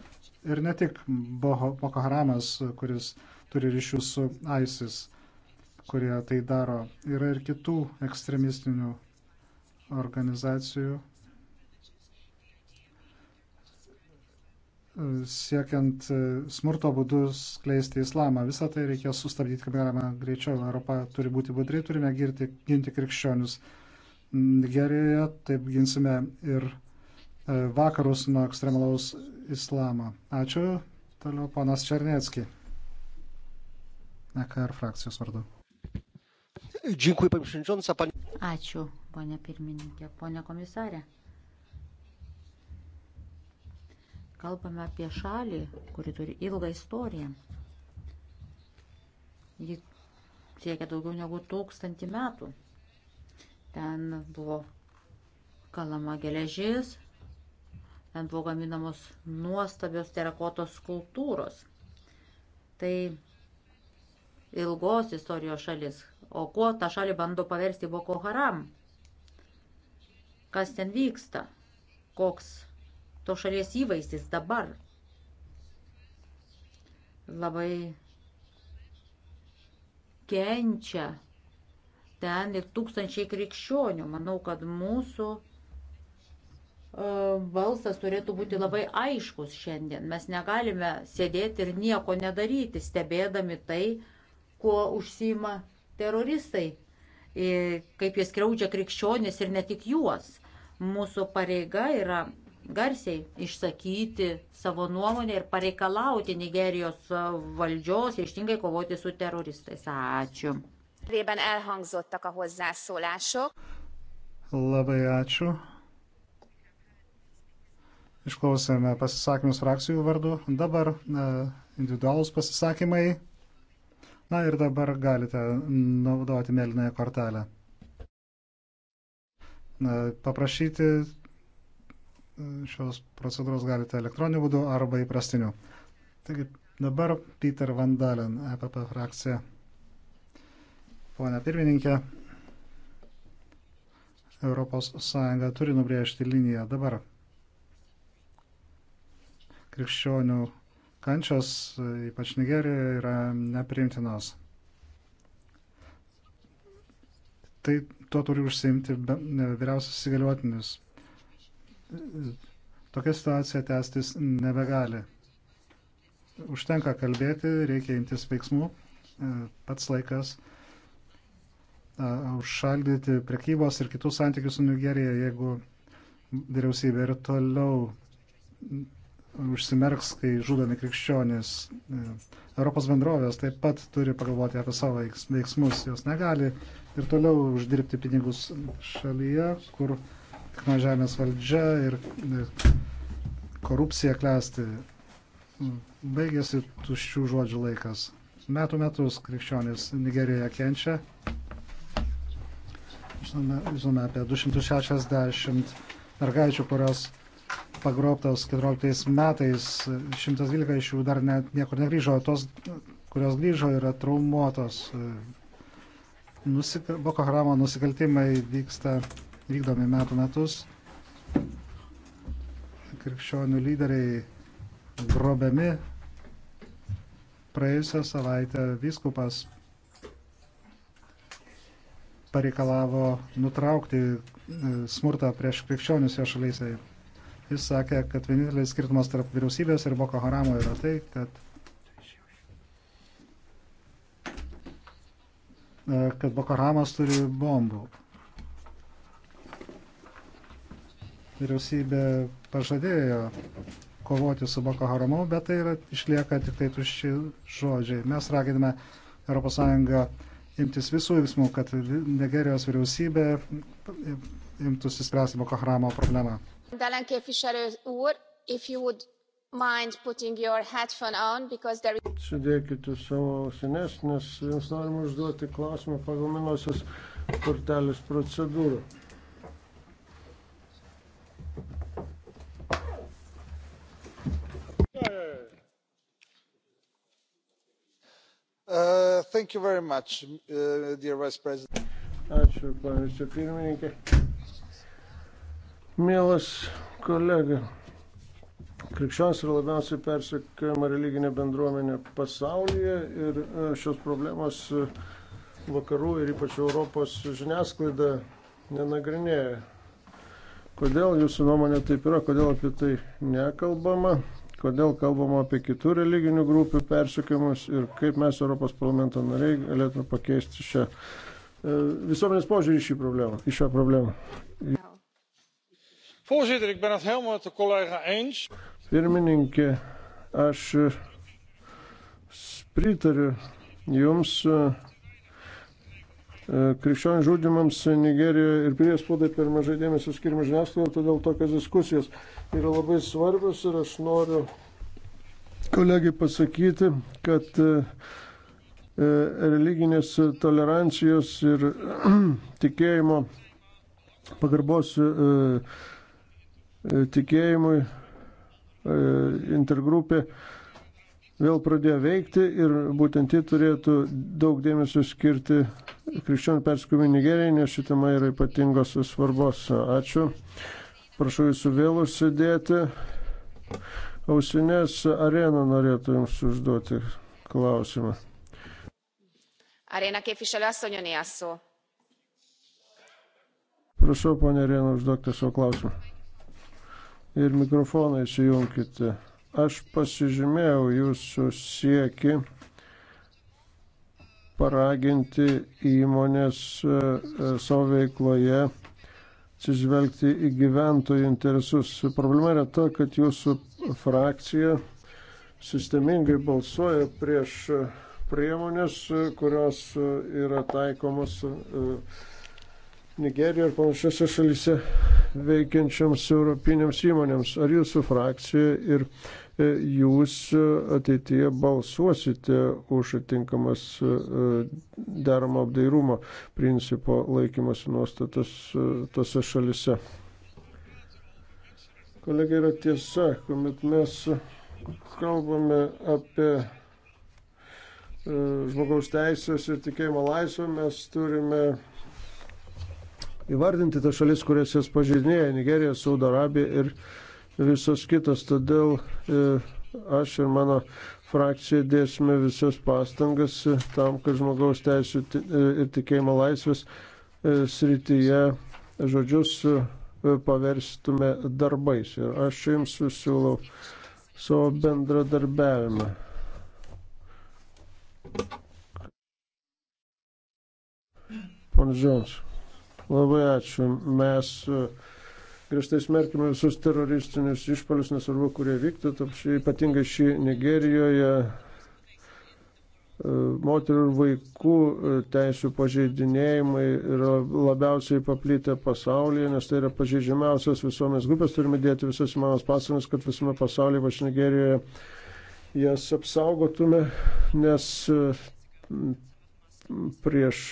Ir ne tik Boko Haramas, kuris turi ryšių su ISIS, kurie tai daro, yra ir kitų ekstremistinių organizacijų siekiant e, smurto būdus kleisti islamą. Visą tai reikia sustabdyti, kaip galima greičiau. Europa turi būti budri, turime girti, ginti krikščionius. Nigerijoje taip ginsime ir e, vakarus nuo ekstremalaus islamo. Ačiū. Toliau ponas Černiecki. EKR frakcijos vardu. Dziękuję, pani przewodnicząca. Pani... Ačiū, ponė pirmininkė, ponė komisarė. Kalbame apie šalį, kuri turi ilgą istoriją. Ji siekia daugiau negu tūkstantį metų. Ten buvo kalama geležis, ten buvo gaminamos nuostabios terakotos skulptūros. Tai ilgos istorijos šalis. O kuo tą šalį bando paversti Boko Haram? kas ten vyksta, koks to šalies įvaizdis dabar. Labai kenčia ten ir tūkstančiai krikščionių. Manau, kad mūsų e, balsas turėtų būti labai aiškus šiandien. Mes negalime sėdėti ir nieko nedaryti, stebėdami tai, kuo užsima teroristai, ir e, kaip jie skriaudžia krikščionis ir ne tik juos. Mūsų pareiga yra garsiai išsakyti savo nuomonę ir pareikalauti Nigerijos valdžios ryštingai kovoti su teroristais. Ačiū. Labai ačiū. Išklausėme pasisakymus frakcijų vardu. Dabar e, individualus pasisakymai. Na ir dabar galite naudoti mėlynąją kortelę paprašyti e, šios procedūros galite elektroniniu būdu arba įprastiniu. Taigi dabar Peter Vandalen, EPP frakcija. Pone pirmininkė, ES turi nubrėžti liniją dabar. Krikščionių kančios, ypač Nigerijoje, yra nepriimtinos. Tai tuo turi užsiimti vyriausias įsigaliotinis. Tokia situacija tęstis nebegali. Užtenka kalbėti, reikia imtis veiksmų. E, pats laikas užšaldyti prekybos ir kitus santykius su Nigerija, jeigu vyriausybė ir toliau užsimerks, kai žudomi krikščionys. E, Europos bendrovės taip pat turi pagalvoti apie savo veiksmus. Jos negali ir toliau uždirbti pinigus šalyje, kur na, žemės valdžia ir korupcija klesti. Baigėsi tuščių žodžių laikas. Metų metus krikščionys Nigerijoje kenčia. Žinome, žinome apie 260 mergaičių, kurios pagrobtos 14 metais, 112 iš jų dar net niekur negrįžo, tos, kurios grįžo, yra traumuotos Nusik Boko Haramo nusikaltimai vyksta, vykdomi metų metus. Krikščionių lyderiai grobiami. Praėjusią savaitę vyskupas pareikalavo nutraukti e, smurtą prieš krikščionius jo šalyse. Jis sakė, kad vienintelis skirtumas tarp vyriausybės ir Boko Haramo yra tai, kad E, kad Bokoramas turi bombų. Vyriausybė pažadėjo kovoti su Boko Haramu, bet tai yra, išlieka tik tai tuščiai žodžiai. Mes raginame ES imtis visų veiksmų, kad Nigerijos vyriausybė imtųsi spręsti Boko Haramo problemą. Dalenkė Fischeris Ur, if you would mind putting your headphone on because there is... Sudėkite savo ausines, nes jums norime užduoti klausimą pagal minosios kortelės procedūrą. Uh, thank you very much, uh, dear Vice President. Ačiū, pane vicepirmininkė. Mielas kolega, Krikščionis yra labiausiai persekiojama religinė bendruomenė pasaulyje ir e, šios problemos e, vakarų ir ypač Europos žiniasklaida nenagrinėja. Kodėl jūsų nuomonė taip yra, kodėl apie tai nekalbama, kodėl kalbama apie kitų religinių grupių persekiojimus ir kaip mes Europos parlamento nariai galėtume pakeisti šią e, visuomenės požiūrį į šį problemą, į šią problemą. Voorzitter, ik ben het helemaal met de collega eens. Pirmininkė, aš pritariu Jums. E, krikščionių žudimams Nigerijoje ir priespaudai per mažai dėmesio skirimo žiniasklaidoje, todėl tokios diskusijos yra labai svarbios ir aš noriu kolegai pasakyti, kad e, e, religinės tolerancijos ir tikėjimo pagarbos E, tikėjimui e, intergrupė vėl pradėjo veikti ir būtent ji turėtų daug dėmesio skirti krikščionių perskumi Nigerijai, nes ši tema yra ypatingos svarbos. Ačiū. Prašau jūsų vėl užsidėti. Ausinės arena norėtų jums užduoti klausimą. Arena képviselő asszonyoné a szó. Prašau, ponė Arena, užduokite savo klausimą ir mikrofoną įsijunkite. Aš pasižymėjau jūsų sieki paraginti įmonės e, e, savo veikloje atsižvelgti į gyventojų interesus. Problema yra ta, kad jūsų frakcija sistemingai balsuoja prieš priemonės, kurios e, yra taikomos Nigerijoje ir panašiose šalyse veikiančiams europinėms įmonėms. Ar jūsų frakcija ir e, jūs ateityje balsuosite už atinkamas e, deramo apdairumo principo laikymas nuostatas e, tose šalise. Kolegai yra tiesa, kuomet mes kalbame apie žmogaus teisės ir tikėjimo laisvę, mes turime įvardinti tas šalis, kurias jas pažeidinėja - Nigerija, Saudo Arabija ir visos kitos. Todėl e, aš ir mano frakcija dėsime visas pastangas e, tam, kad žmogaus teisų e, ir tikėjimo laisvės srityje žodžius paverstume darbais. Ir aš jums siūlau savo bendradarbiavimą. Pone Džons. Labai ačiū. Mes e, griežtai smerkime visus teroristinius išpalius, nesvarbu, kurie vyktų, ypatingai šį Nigerijoje e, moterų ir vaikų e, teisų pažeidinėjimai yra labiausiai paplitę pasaulyje, nes tai yra pažeidžiamiausios visuomenės grupės. Turime dėti visas įmanomas pasangas, kad visame pasaulyje, važ Nigerijoje, jas apsaugotume, nes prieš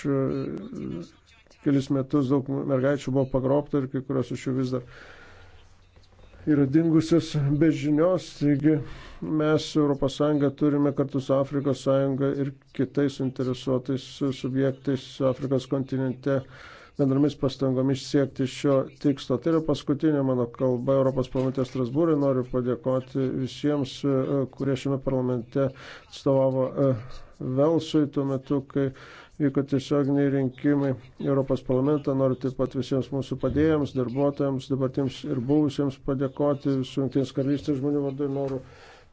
kelis metus daug mergaičių buvo pagrobta ir kai kurios iš jų vis dar yra dingusios be žinios. Taigi mes ES turime kartu su Afrikos sąjunga ir kitais interesuotais subjektais Afrikos kontinente bendromis pastangomis siekti šio tikslo. Tai yra paskutinė mano kalba Europos parlamente Strasbūrė. Noriu padėkoti visiems, kurie šiame parlamente atstovavo e, Velsui tuo metu, kai vyko tiesioginiai rinkimai Europos parlamentą. Noriu taip pat visiems mūsų padėjams, darbuotojams, dabartiems ir buvusiems padėkoti, su Junktinės karalystės žmonių vadai noriu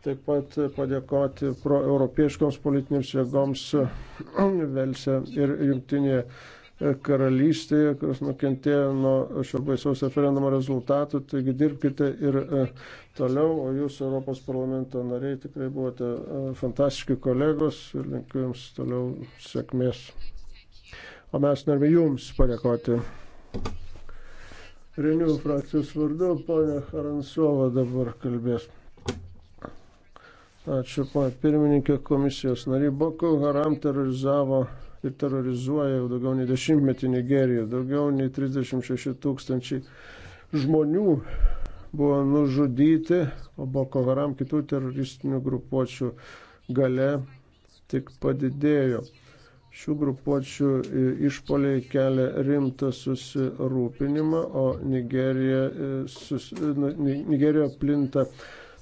taip pat padėkoti proeuropieškoms politinėms jėgoms Velse ir Junktinėje karalystėje, kurios nukentėjo nuo šio baisaus referendumo rezultatų. Taigi dirbkite ir e, toliau, o jūs Europos parlamento nariai tikrai buvote e, fantastiški kolegos ir linkiu jums toliau sėkmės. O mes norime jums padėkoti. Renių frakcijos vardu, ponė Haransova dabar kalbės. Ačiū, ponė pirmininkė, komisijos nariai. Boko Haram terorizavo ir terrorizuoja jau daugiau nei dešimtmetį Nigeriją. Daugiau nei 36 tūkstančiai žmonių buvo nužudyti, o Boko Haram kitų teroristinių grupuočių gale tik padidėjo. Šių grupuočių e, išpoliai kelia rimtą susirūpinimą, o Nigerija, e, sus, e, nu, Nigerija plinta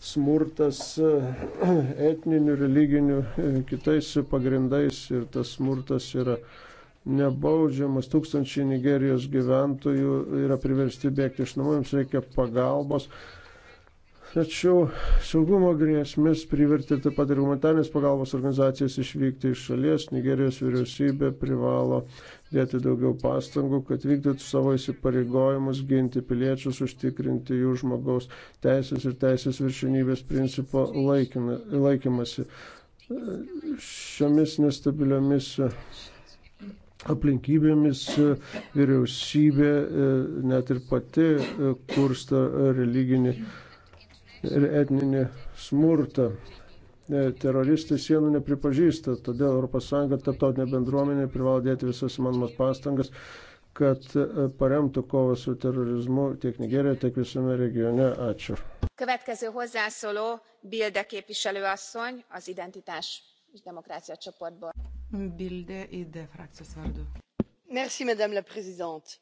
smurtas etniniu, religiniu, e, kitais pagrindais ir tas smurtas yra nebaudžiamas. Tūkstančiai Nigerijos gyventojų yra priversti bėgti iš namų, jums reikia pagalbos Tačiau saugumo grėsmės privertė taip pat ir humanitarnės pagalbos organizacijas išvykti iš šalies. Nigerijos vyriausybė privalo dėti daugiau pastangų, kad vykdytų savo įsipareigojimus ginti piliečius, užtikrinti jų žmogaus teisės ir teisės viršinybės principo laikina, laikymasi. Šiomis nestabiliomis aplinkybėmis vyriausybė e, net ir pati e, kursta religinį ir etninį smurtą. E, teroristai sienų nepripažįsta, todėl ES tarptautinė bendruomenė privalo dėti visas įmanomas pastangas, kad e, paremtų kovą su terorizmu tiek Nigerijoje, tiek visame regione. Ačiū. Következő hozzászóló Bilde képviselőasszony az identitás és demokrácia csoportból. Bilde ID frakcijos vardu. Merci, madame la présidente.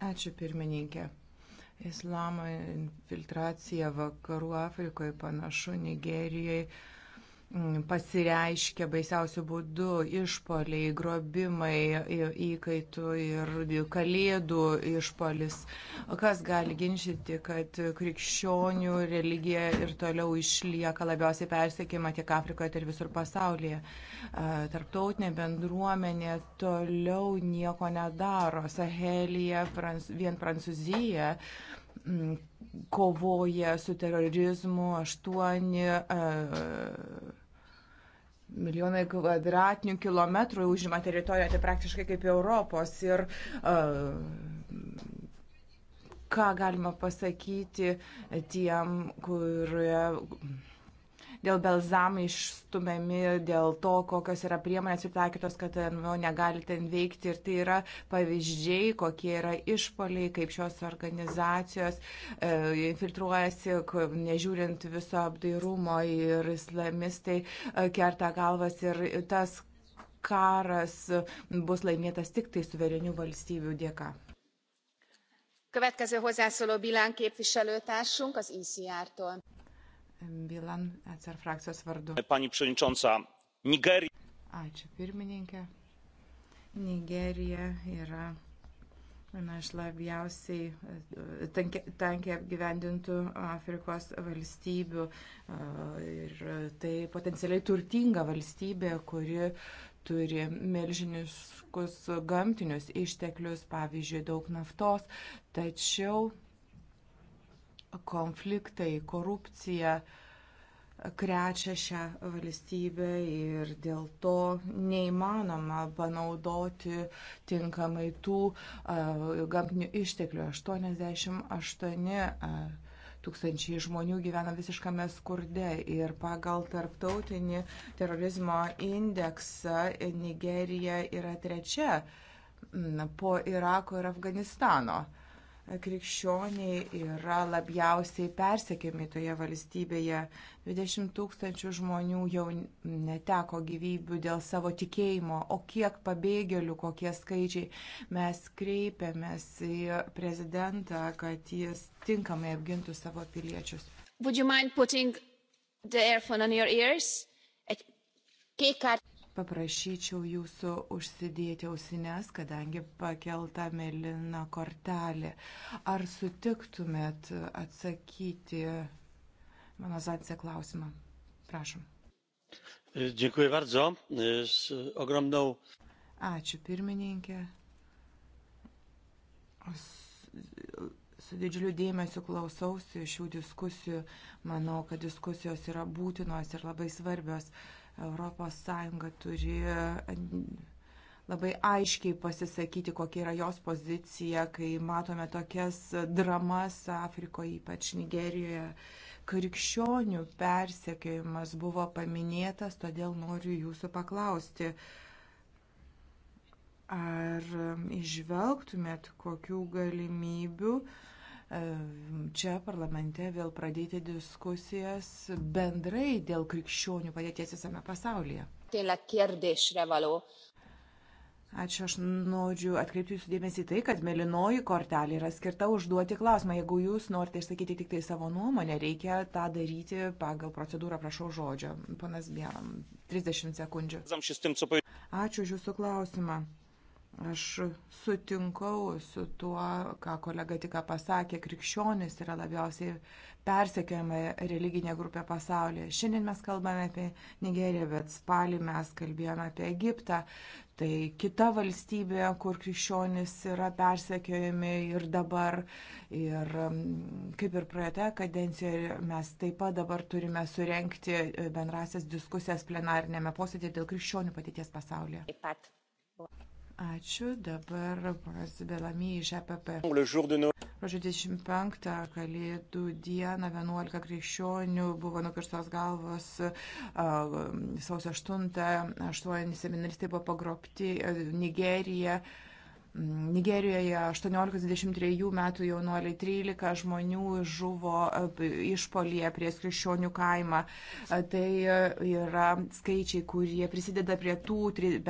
Ačiū pirmininkė islamo infiltracija vakarų Afrikoje, panašu Nigerijoje Mm, pasireiškia baisiausių būdų išpoliai, grobimai, įkaitų ir kalėdų išpolis. Kas gali ginčyti, kad krikščionių religija ir toliau išlieka labiausiai persiekima tiek Afrikoje, tiek visur pasaulyje. Tarptautinė bendruomenė toliau nieko nedaro. Sahelija, Franc vien Prancūzija kovoja su terorizmu, 8 e, milijonai kvadratinių kilometrų užima teritoriją, tai praktiškai kaip Europos. Ir uh, ką galima pasakyti tiem, kurie dėl belzamų išstumiami, dėl to, kokios yra priemonės pritaikytos, kad nu, negali ten veikti. Ir tai yra pavyzdžiai, kokie yra išpoliai, kaip šios organizacijos e, infiltruojasi, nežiūrint viso apdairumo ir islamistai e, kerta galvas ir tas karas bus laimėtas tik tai suverenių valstybių dėka következő hozzászóló bilan képviselőtársunk az ecr tól. Bilan, atsar frakcijos vardu. Pani Pšeničonca, Nigerija. Ačiū pirmininkė. Nigerija yra viena iš labiausiai e, tankiai apgyvendintų Afrikos valstybių e, ir tai potencialiai turtinga valstybė, kuri turi milžiniškus gamtinius išteklius, pavyzdžiui, daug naftos, tačiau konfliktai, korupcija krečia šią valstybę ir dėl to neįmanoma panaudoti tinkamai tų uh, gamtinių išteklių. 88 uh, tūkstančiai žmonių gyvena visiškame skurde ir pagal tarptautinį terorizmo indeksą Nigerija yra trečia po Irako ir Afganistano. Uh, krikščioniai yra labiausiai persekiami toje valstybėje. 20 tūkstančių žmonių jau neteko gyvybių dėl savo tikėjimo, o kiek pabėgėlių, kokie skaičiai. Mes kreipiamės į prezidentą, kad jis tinkamai apgintų savo piliečius. Would you mind putting the earphone on your ears? Kei ką? Paprašyčiau jūsų užsidėti ausines, kadangi pakelta melina kortelė. Ar sutiktumėt atsakyti mano Zancė klausimą? Prašom. Dziękuję bardzo. Z ogromną. Ačiū pirmininkė. Su didžiuliu dėmesiu klausausi šių diskusijų. Manau, kad diskusijos yra būtinos ir labai svarbios. Uh, Europos Sąjunga turi eh, labai aiškiai pasisakyti, kokia yra jos pozicija, kai matome tokias dramas Afrikoje, ypač Nigerijoje. Krikščionių persekiojimas buvo paminėtas, todėl noriu jūsų paklausti. Ar eh, išvelgtumėt kokių galimybių uh, čia parlamente vėl pradėti diskusijas bendrai dėl krikščionių padėties visame pasaulyje. Ačiū, aš noriu atkreipti jūsų dėmesį tai, kad melinoji kortelė yra skirta užduoti klausimą. Jeigu jūs norite išsakyti tik tai savo nuomonę, reikia tą daryti pagal procedūrą, prašau žodžio. Panas Bėlam, 30 sekundžių. Ačiū už jūsų klausimą. Aš sutinkau su tuo, ką kolega tik pasakė, krikščionis yra labiausiai persekiojama religinė grupė pasaulyje. Šiandien mes kalbame apie Nigeriją, bet spalį mes kalbėjome apie Egiptą. Tai kita valstybė, kur krikščionis yra persekiojami ir dabar. Ir kaip ir praeitą kadenciją mes taip pat dabar turime surenkti bendrasias diskusijas plenarinėme posėdėje dėl krikščionių patyties pasaulyje. Taip pat. Ačiū. Dabar ponas Belamy iš EPP. Rožio 25 kalėdų dieną 11 krikščionių buvo nukirstos galvos, sausio 8, 8 seminaristai buvo pagrobti e, Nigerija. Nigerijoje 18-23 metų jaunuoliai 13 žmonių žuvo e, išpolyje prie krikščionių kaimą. E, tai yra skaičiai, kurie prisideda prie tų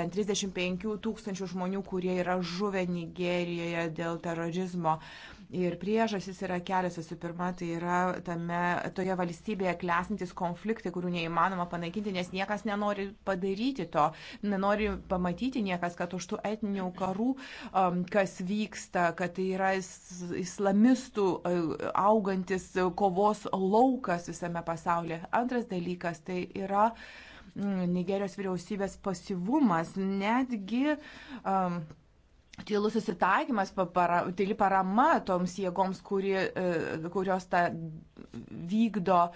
bent 35 tūkstančių žmonių, kurie yra žuvę Nigerijoje dėl terorizmo. Uh, Ir priežasis yra kelios. Visų pirma, tai yra tame, toje valstybėje klesantis konfliktai, kurių neįmanoma panaikinti, nes niekas nenori padaryti to, nenori pamatyti niekas, kad už tų etninių karų, um, kas vyksta, kad tai yra islamistų uh, augantis kovos laukas visame pasaulyje. Antras dalykas tai yra mm, Nigerijos vyriausybės pasivumas, netgi um, tylus susitaikymas, para, tyli parama toms jėgoms, kuri, e, kurios tą vykdo o,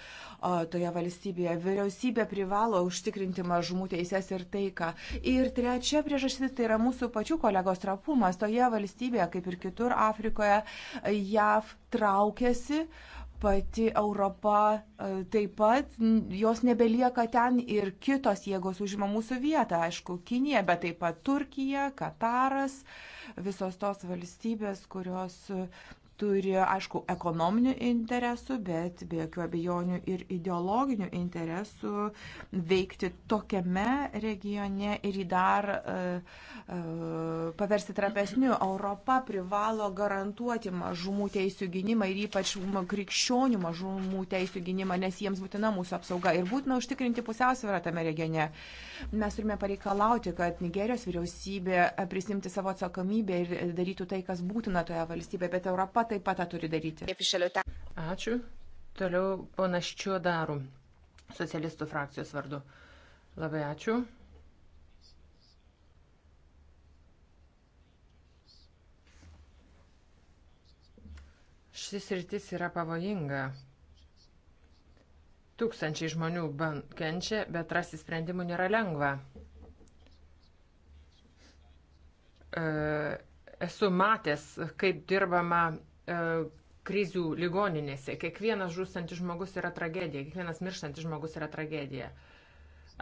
toje valstybėje. Vyriausybė privalo užtikrinti mažumų teises ir taiką. Ir trečia priežastis tai yra mūsų pačių kolegos trapumas. Toje valstybėje, kaip ir kitur Afrikoje, e, JAV traukiasi. Uh, pati Europa e, taip pat, jos nebelieka ten ir kitos jėgos užima mūsų vietą, aišku, Kinija, bet taip pat Turkija, Kataras, visos tos valstybės, kurios turi, aišku, ekonominių interesų, bet be jokių abejonių ir ideologinių interesų veikti tokiame regione ir jį dar uh, uh, paversti trapesniu. Europa privalo garantuoti mažumų teisų gynimą ir ypač krikščionių mažumų teisų gynimą, nes jiems būtina mūsų apsauga ir būtina užtikrinti pusiausvyrą tame regione. Mes turime pareikalauti, kad Nigerijos vyriausybė prisimti savo atsakomybę ir darytų tai, kas būtina toje valstybėje, bet Europa taip pat tą turi daryti. Ačiū. Toliau panaščiu daru socialistų frakcijos vardu. Labai ačiū. Šis rytis yra pavojinga. Tūkstančiai žmonių kenčia, bet rasti sprendimų nėra lengva. E, esu matęs, kaip dirbama E, krizių ligoninėse. Kiekvienas žūstantis žmogus yra tragedija, kiekvienas mirštantis žmogus yra tragedija.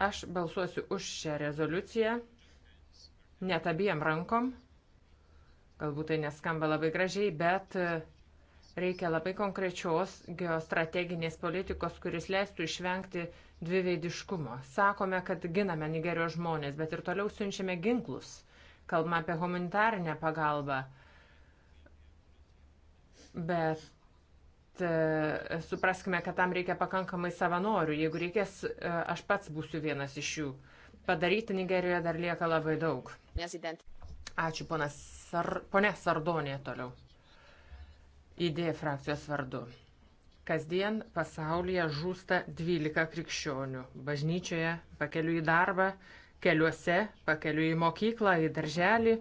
Aš balsuosiu už šią rezoliuciją, net abiem rankom. Galbūt tai neskamba labai gražiai, bet e, reikia labai konkrečios geostrateginės politikos, kuris leistų išvengti dviveidiškumo. Sakome, kad giname Nigerijos žmonės, bet ir toliau siunčiame ginklus. Kalbame apie humanitarinę pagalbą bet e, supraskime, kad tam reikia pakankamai savanorių. Jeigu reikės, e, aš pats būsiu vienas iš jų. Padaryti Nigerijoje dar lieka labai daug. Ačiū, ponas Sar... ponė Sardonė toliau. Idėja frakcijos vardu. Kasdien pasaulyje žūsta 12 krikščionių. Bažnyčioje, pakeliu į darbą, keliuose, pakeliu į mokyklą, į darželį,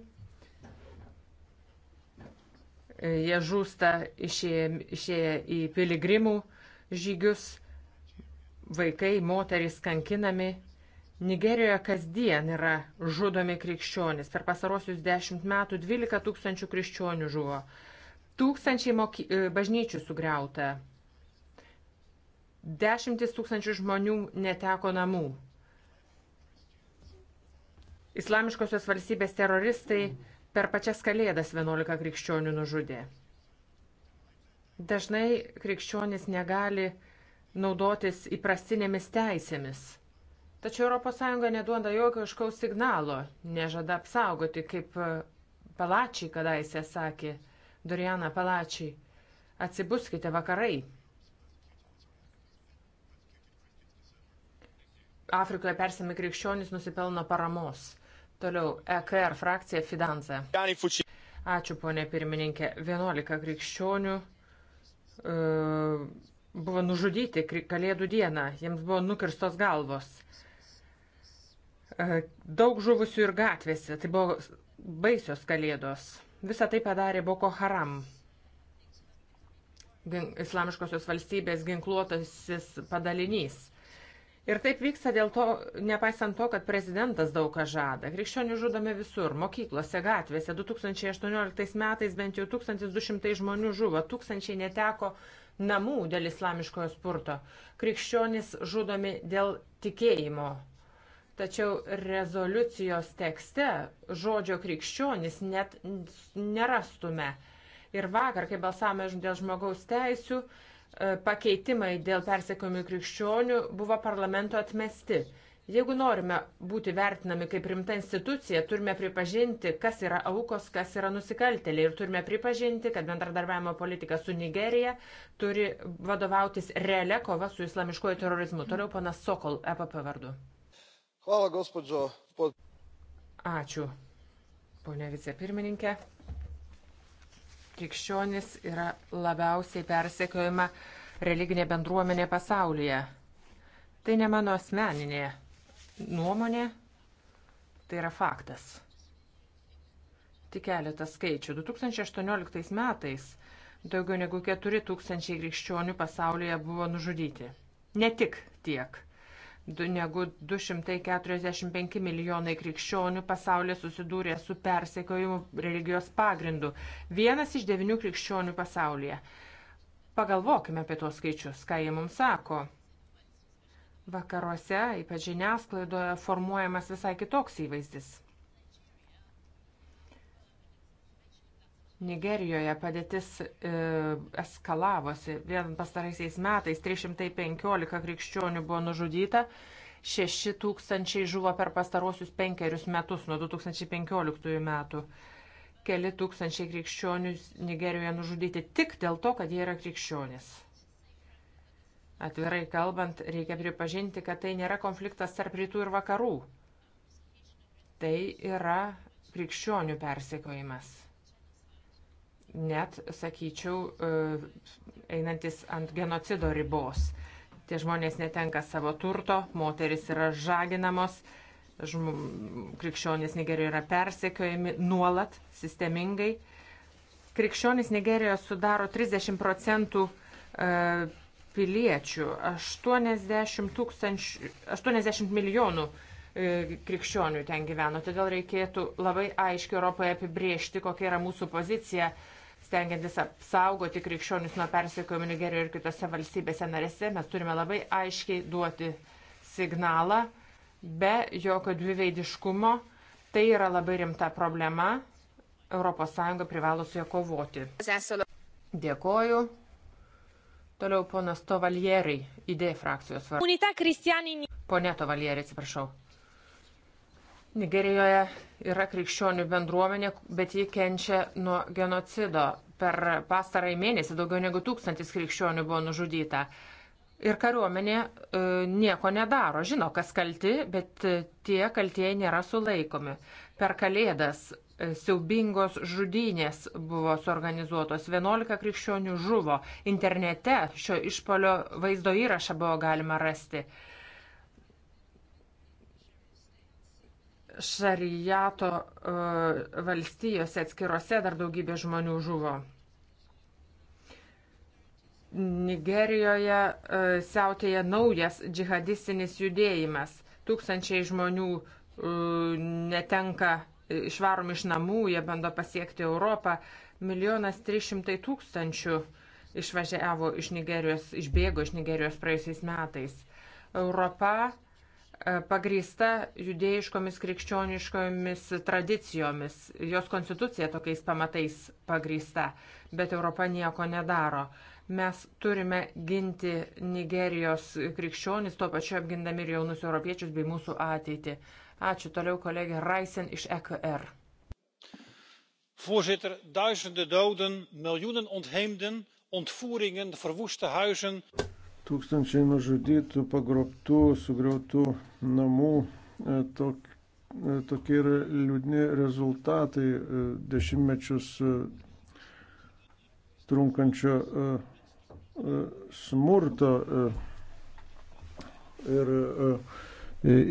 E, jie žūsta išėję, išėję į piligrimų žygius, vaikai, moterys kankinami. Nigerijoje kasdien yra žudomi krikščionys. Per pasarosius dešimt metų 12 tūkstančių krikščionių žuvo. Tūkstančiai moky... E, bažnyčių sugriauta. Dešimtis tūkstančių žmonių neteko namų. Islamiškosios valstybės teroristai mm Per pačias kalėdas 11 krikščionių nužudė. Dažnai krikščionys negali naudotis įprastinėmis teisėmis. Tačiau ES neduoda jokio iškaus signalo, nežada apsaugoti, kaip palačiai kadaise sakė, Duriana palačiai, atsibuskite vakarai. Afrikoje persimi krikščionys nusipelno paramos. Toliau EKR frakcija Fidanza. Ačiū, ponė pirmininkė. 11 krikščionių e, buvo nužudyti kalėdų dieną. Jiems buvo nukirstos galvos. E, daug žuvusių ir gatvėse. Tai buvo baisios kalėdos. Visą tai padarė Boko Haram. Islamiškosios valstybės ginkluotasis padalinys. Ir taip vyksta dėl to, nepaisant to, kad prezidentas daug ką žada. Krikščionių žudome visur - mokyklose, gatvėse. 2018 metais bent jau 1200 žmonių žuvo, tūkstančiai neteko namų dėl islamiškojo spurto. Krikščionys žudomi dėl tikėjimo. Tačiau rezoliucijos tekste žodžio krikščionys net nerastume. Ir vakar, kai balsavome dėl žmogaus teisių, E, pakeitimai dėl persekiojimų krikščionių buvo parlamento atmesti. Jeigu norime būti vertinami kaip rimta institucija, turime pripažinti, kas yra aukos, kas yra nusikaltėliai ir turime pripažinti, kad bendradarbiavimo politika su Nigerija turi vadovautis realia kova su islamiškoju terorizmu. Toliau panas Sokol, EPP vardu. Hvala, gospodžio. Ačiū, ponia vicepirmininkė krikščionis yra labiausiai persekiojama religinė bendruomenė pasaulyje. Tai ne mano asmeninė nuomonė, tai yra faktas. Tik keletas skaičių. 2018 metais daugiau negu 4 tūkstančiai krikščionių pasaulyje buvo nužudyti. Ne tik tiek negu 245 milijonai krikščionių pasaulyje susidūrė su persekiojimu religijos pagrindu. Vienas iš devinių krikščionių pasaulyje. Pagalvokime apie tos skaičius, ką jie mums sako. Vakaruose, ypač žiniasklaidoje, formuojamas visai kitoks įvaizdis. Nigerijoje padėtis e, eskalavosi. Vien pastaraisiais metais 315 krikščionių buvo nužudyta, 6 tūkstančiai žuvo per pastaruosius penkerius metus nuo 2015 metų. Keli tūkstančiai krikščionių Nigerijoje nužudyti tik dėl to, kad jie yra krikščionis. Atvirai kalbant, reikia pripažinti, kad tai nėra konfliktas tarp rytų ir vakarų. Tai yra krikščionių persekojimas net, sakyčiau, e, einantis ant genocido ribos. Tie žmonės netenka savo turto, moteris yra žaginamos, žm... krikščionys Nigerijoje yra persekiojami nuolat, sistemingai. Krikščionys Nigerijoje sudaro 30 procentų e, piliečių, 80, tūkstančių, 80 milijonų e, krikščionių ten gyveno. Todėl reikėtų labai aiškiai Europoje apibriežti, kokia yra mūsų pozicija stengiantis apsaugoti krikščionius nuo persekiojimų Nigerijoje ir kitose valstybėse narėse, mes turime labai aiškiai duoti signalą be jokio dviveidiškumo. Tai yra labai rimta problema. ES privalo su ja kovoti. Dėkoju. Toliau ponas Tovaljerai, idėjų frakcijos vardas. Pone Tovaljerai, atsiprašau. Nigerijoje yra krikščionių bendruomenė, bet ji kenčia nuo genocido. Per pastarąjį mėnesį daugiau negu tūkstantis krikščionių buvo nužudyta. Ir kariuomenė e, nieko nedaro, žino, kas kalti, bet e, tie kaltieji nėra sulaikomi. Per kalėdas e, siaubingos žudynės buvo suorganizuotos, 11 krikščionių žuvo, internete šio išpolio vaizdo įrašą buvo galima rasti. E, šarijato e, valstijose atskirose dar daugybė žmonių žuvo. Nigerijoje e, siautėja naujas džihadistinis judėjimas. Tūkstančiai žmonių e, netenka išvaromi iš namų, jie bando pasiekti Europą. Milijonas trys šimtai tūkstančių išvažiavo iš Nigerijos, išbėgo iš Nigerijos praėjusiais metais. Europa E, pagrįsta judėjiškomis krikščioniškomis tradicijomis, jos konstitucija tokiais pamatais pagrįsta, bet Europa nieko nedaro. Mes turime ginti Nigerijos krikščionis, tuo pačiu apgindami ir jaunus europiečius bei mūsų ateitį. Ačiū toliau kolegė Raisen iš EKR. Voorzitter, duizenden doden, miljoenen ontheemden, ontvoeringen, verwoeste huizen tūkstančiai nužudytų, pagrobtų, sugriautų namų. E, tok, e, tokie yra liūdni rezultatai e, dešimtmečius trunkančio smurto ir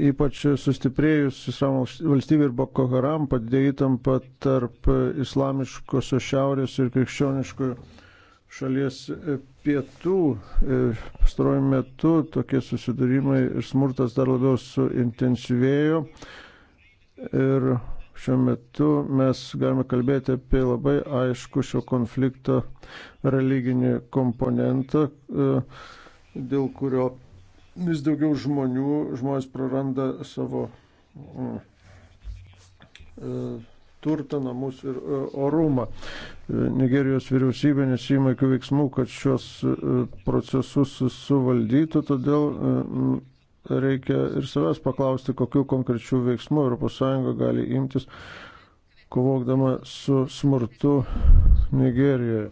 ypač sustiprėjus Islamo valstybė ir Boko Haram padidėjo įtampa tarp islamiškosios šiaurės ir krikščioniškų šalies pietų e, pastarojų metu tokie susidūrimai ir smurtas dar labiau suintensyvėjo. Ir šiuo metu mes galime kalbėti apie labai aišku šio konflikto religinį komponentą, e, dėl kurio vis daugiau žmonių, žmonės praranda savo mm, e, turtą, namus ir e, orumą. E, Nigerijos vyriausybė nesima jokių veiksmų, kad šios e, procesus suvaldytų, todėl reikia ir savęs paklausti, kokiu konkrečiu veiksmu ES gali imtis, kovokdama su smurtu Nigerijoje.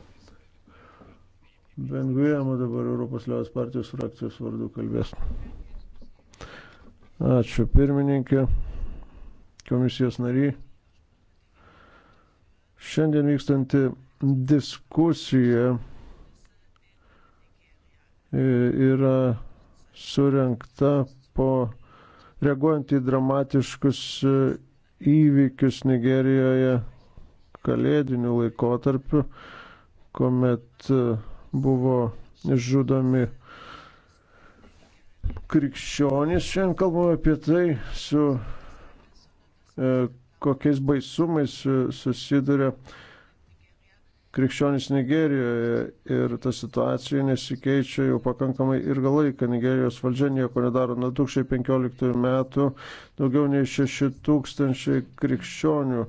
Bengvėjama dabar Europos Liaudės partijos frakcijos vardu kalbės. Ačiū pirmininkė, komisijos nariai. Šiandien vykstanti diskusija e, yra surinkta po reaguojant į dramatiškus e, įvykius Nigerijoje kalėdinių laikotarpių, kuomet e, buvo žudomi krikščionys. Šiandien kalbame apie tai su kokiais baisumais e, susiduria krikščionys Nigerijoje ir ta situacija nesikeičia jau pakankamai ilgą laiką. Nigerijos valdžia nieko nedaro. Nuo 2015 metų daugiau nei 6 tūkstančiai krikščionių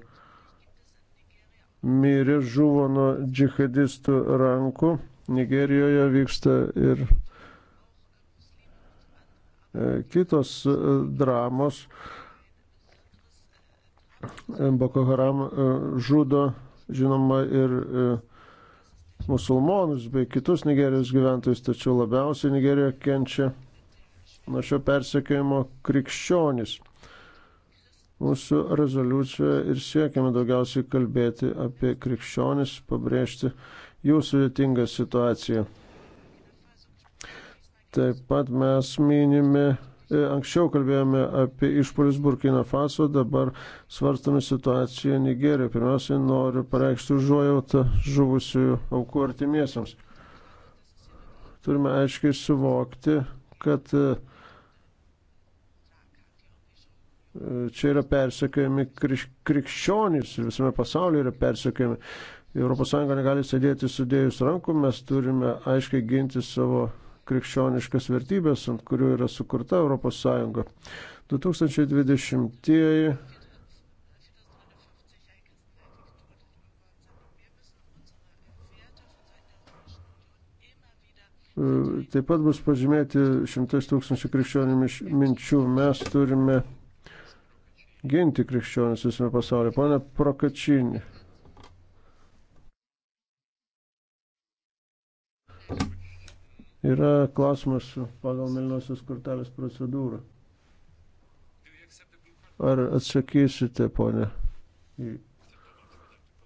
mirė, žuvo nuo džihadistų rankų. Nigerijoje vyksta ir e, kitos e, dramos Boko Haram e, žudo, žinoma, ir e, musulmonus bei kitus Nigerijos gyventojus, tačiau labiausiai Nigerija kenčia nuo šio persekiojimo krikščionis. Mūsų rezoliucijoje ir siekiame daugiausiai kalbėti apie krikščionis, pabrėžti jų sudėtingą situaciją. Taip pat mes minime E, anksčiau kalbėjome apie išpolius Burkina Faso, dabar svarstame situaciją Nigerijoje. Pirmiausia, noriu pareikšti užuojautą žuvusiųjų aukų artimiesiams. Turime aiškiai suvokti, kad e, čia yra persekiojami krikščionys ir visame pasaulyje yra persekiojami. ES negali sėdėti sudėjus rankų, mes turime aiškiai ginti savo krikščioniškas vertybės, ant kurių yra sukurta ES. 2020-ieji Taip pat bus pažymėti šimtais tūkstančių krikščionių minčių. Mes turime ginti krikščionis visame pasaulyje. Pane Prokačinė. Yra klausimas pagal Melinosios kortelės procedūrą. Ar atsakysite, ponė, į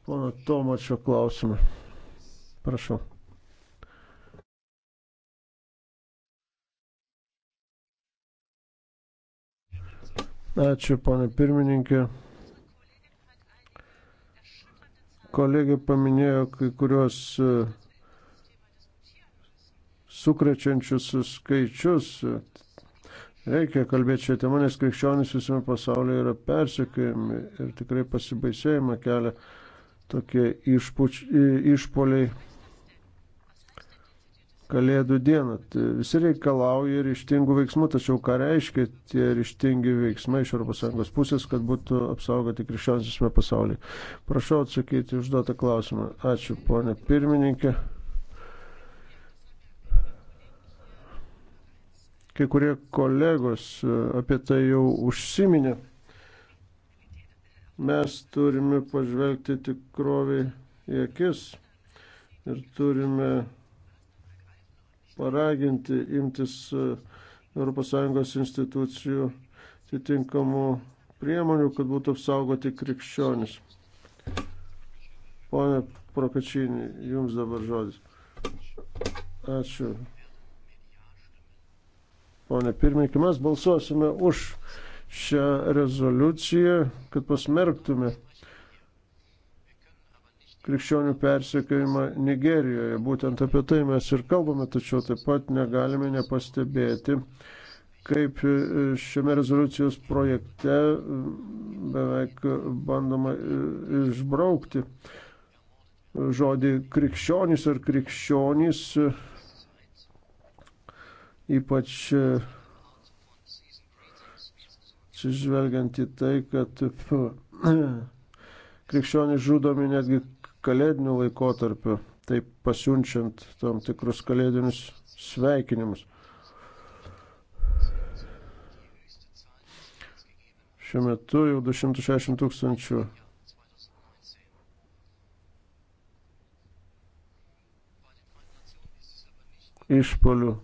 pono Tomačio klausimą? Prašau. Ačiū, ponė pirmininkė. Kolegė paminėjo kai kurios uh, sukrečiančius skaičius. Reikia kalbėti šią temą, nes krikščionys visame pasaulyje yra persekiojami ir tikrai pasibaisėjimą kelia tokie išpuč, išpoliai Kalėdų dieną. Tai visi reikalauja ryštingų veiksmų, tačiau ką reiškia tie ryštingi veiksmai iš ES pusės, kad būtų apsaugoti krikščionys visame pasaulyje. Prašau atsakyti užduotą klausimą. Ačiū, ponė pirmininkė. Kai kurie kolegos e, apie tai jau užsiminė. Mes turime pažvelgti tikrovį į akis ir turime paraginti imtis ES institucijų atitinkamų priemonių, kad būtų apsaugoti krikščionis. Pone Prokačinį, jums dabar žodis. Ačiū ponė pirmininkė, mes balsuosime už šią rezoliuciją, kad pasmerktume krikščionių persekiojimą Nigerijoje. Būtent apie tai mes ir kalbame, tačiau taip pat negalime nepastebėti, kaip šiame rezoliucijos projekte beveik bandoma išbraukti žodį krikščionys ar krikščionys ypač e, atsižvelgiant į tai, kad e, krikščionys žudomi netgi kalėdinių laikotarpių, taip pasiunčiant tam tikrus kalėdinius sveikinimus. Šiuo metu jau 260 tūkstančių išpolių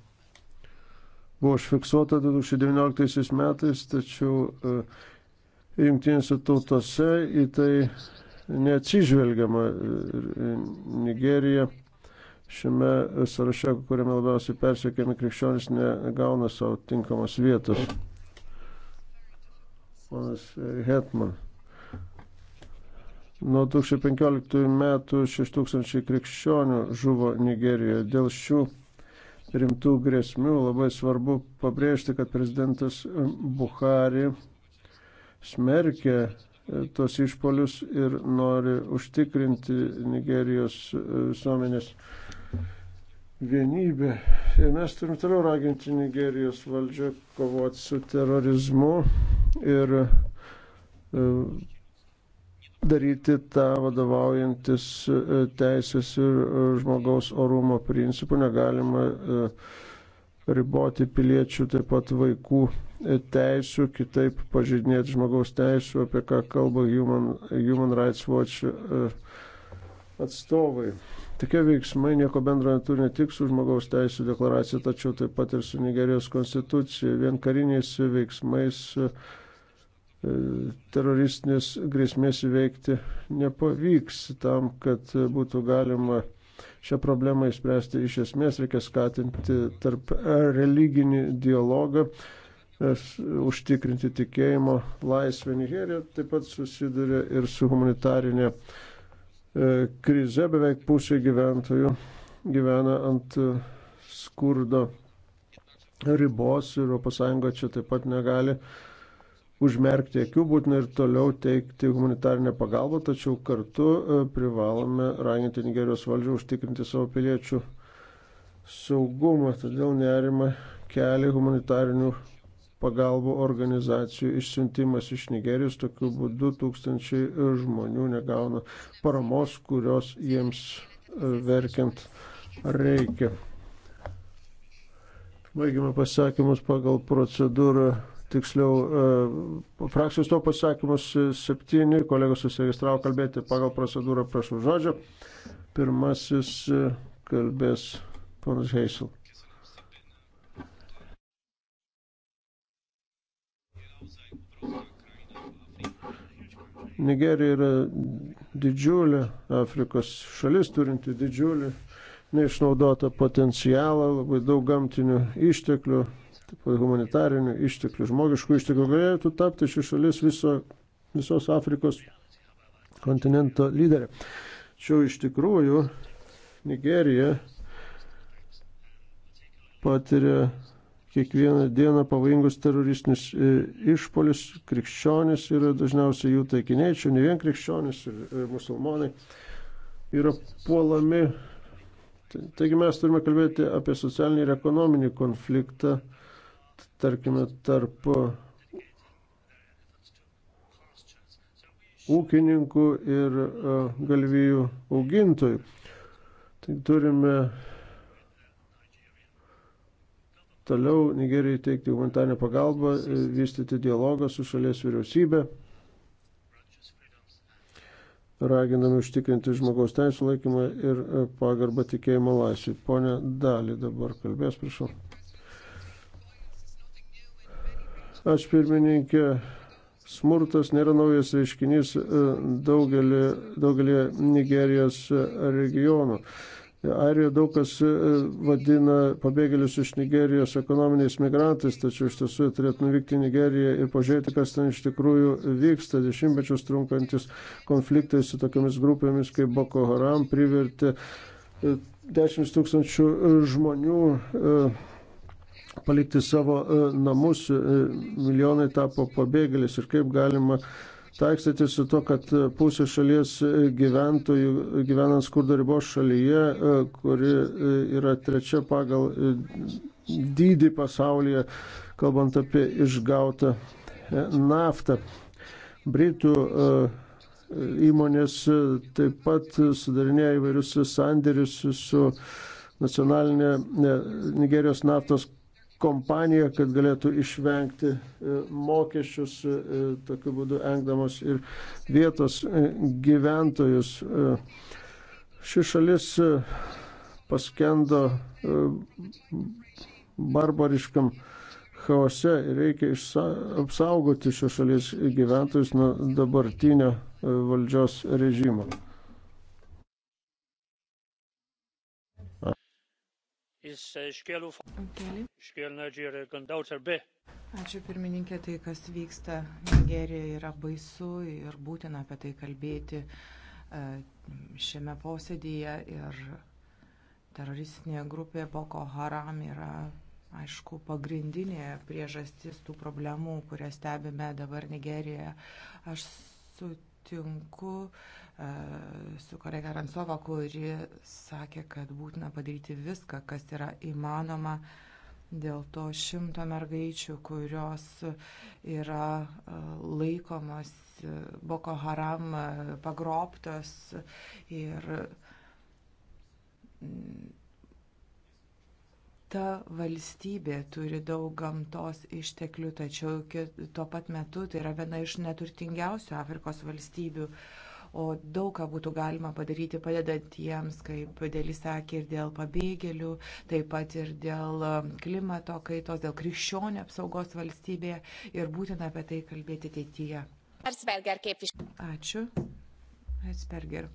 buvo užfiksuota 2019 metais, tačiau e, jungtinėse tautose į tai neatsižvelgiama. E, Nigerija šiame sąraše, kuriame labiausiai persiekiami krikščionis, negauna savo tinkamos vietos. Ponas Hetman. Nuo 2015 metų 6000 krikščionių žuvo Nigerijoje. Dėl šių rimtų grėsmių. Labai svarbu pabrėžti, kad prezidentas e, Buhari smerkia e, tos išpolius ir nori užtikrinti Nigerijos e, visuomenės vienybę. Ir mes turim toliau raginti Nigerijos valdžią kovoti su terorizmu ir daryti tą vadovaujantis e, teisės ir e, žmogaus orumo principų. Negalima e, riboti piliečių, taip pat vaikų teisų, kitaip pažydinėti žmogaus teisų, apie ką kalba Human, Human Rights Watch atstovai. Tokie veiksmai nieko bendro neturi ne tik su žmogaus teisų deklaracija, tačiau taip pat ir su Nigerijos konstitucija. Vien kariniais veiksmais uh, E, teroristinės grėsmės įveikti nepavyks. Tam, kad būtų galima šią problemą išspręsti iš esmės, reikia skatinti tarp religinį dialogą, e, užtikrinti tikėjimo laisvę. Nigerija taip pat susiduria ir su humanitarinė e, krize, beveik pusė gyventojų gyvena ant skurdo ribos ir ES čia taip pat negali uh, užmerkti akių, būtina ir toliau teikti humanitarinę pagalbą, tačiau kartu e, privalome raginti Nigerijos valdžią užtikrinti savo piliečių saugumą. Todėl nerima kelia humanitarinių pagalbų organizacijų išsiuntimas iš Nigerijos. Tokiu būdu tūkstančiai e, žmonių negauna paramos, kurios jiems e, verkiant reikia. Baigime pasakymus pagal procedūrą tiksliau, e, frakcijos to pasakymus septyni, kolegos susiregistravo kalbėti pagal procedūrą, prašau žodžio. Pirmasis e, kalbės ponas Heisel. Nigerija yra didžiulė Afrikos šalis, turinti didžiulį neišnaudotą potencialą, labai daug gamtinių išteklių, humanitarinių išteklių, žmogiškų išteklių, galėtų tapti ši šalis viso, visos Afrikos kontinento lyderė. Čia iš tikrųjų Nigerija patiria kiekvieną dieną pavojingus teroristinius e, išpolius, krikščionis yra dažniausiai jų taikiniai, čia ne vien krikščionis ir e, musulmonai yra puolami. Taigi mes turime kalbėti apie socialinį ir ekonominį konfliktą tarkime, tarp ūkininkų ir e, galvijų augintojų. Tai turime toliau Nigerijai teikti humanitarinę pagalbą, e, vystyti dialogą su šalies vyriausybė, raginami užtikrinti žmogaus teisų laikymą ir e, pagarbą tikėjimo laisvį. Pone Dali dabar kalbės, prašau. Aš pirmininkė, smurtas nėra naujas reiškinys e, daugelį, daugelį Nigerijos e, regionų. Airija daug kas e, vadina pabėgėlius iš Nigerijos ekonominiais migrantais, tačiau iš tiesų turėtų nuvykti į Nigeriją ir pažiūrėti, kas ten iš tikrųjų vyksta. Dešimtmečius trunkantis konfliktai su tokiamis grupėmis kaip Boko Haram privertė 10 tūkstančių žmonių palikti savo e, namus, e, milijonai tapo pabėgėlis ir kaip galima taikstyti su to, kad e, pusė šalies gyventojų gyvena skurdo ribos šalyje, kuri yra trečia pagal dydį pasaulyje, kalbant apie išgautą naftą. Britų įmonės taip pat sudarinėja įvairius sandėrius su nacionalinė Nigerijos naftos kompaniją, kad galėtų išvengti e, mokesčius, e, e, tokiu būdu engdamos ir vietos gyventojus. Ši šalis paskendo barbariškam chaose ir reikia išsa, apsaugoti šios šalies gyventojus nuo dabartinio valdžios režimo. E, Keli. Ačiū pirmininkė, tai kas vyksta Nigerijoje yra baisu ir būtina apie tai kalbėti e, šiame posėdėje ir teroristinė grupė Boko Haram yra, aišku, pagrindinė priežastis tų problemų, kurias stebime dabar Nigerijoje. Aš sutinku su kolega Ransova, kuri sakė, kad būtina padaryti viską, kas yra įmanoma dėl to šimto mergaičių, kurios yra laikomos Boko Haram pagroptos ir mm, ta valstybė turi daug gamtos išteklių, tačiau tuo pat metu tai yra viena iš neturtingiausių Afrikos valstybių. Uh, o daug ką būtų galima padaryti padedant jiems, kaip dėlis sakė, ir dėl pabėgėlių, taip pat ir dėl um, klimato kaitos, dėl krikščionių apsaugos valstybėje ir būtina apie tai kalbėti ateityje. Herzberger, kaip iš. Ačiū. Herzberger.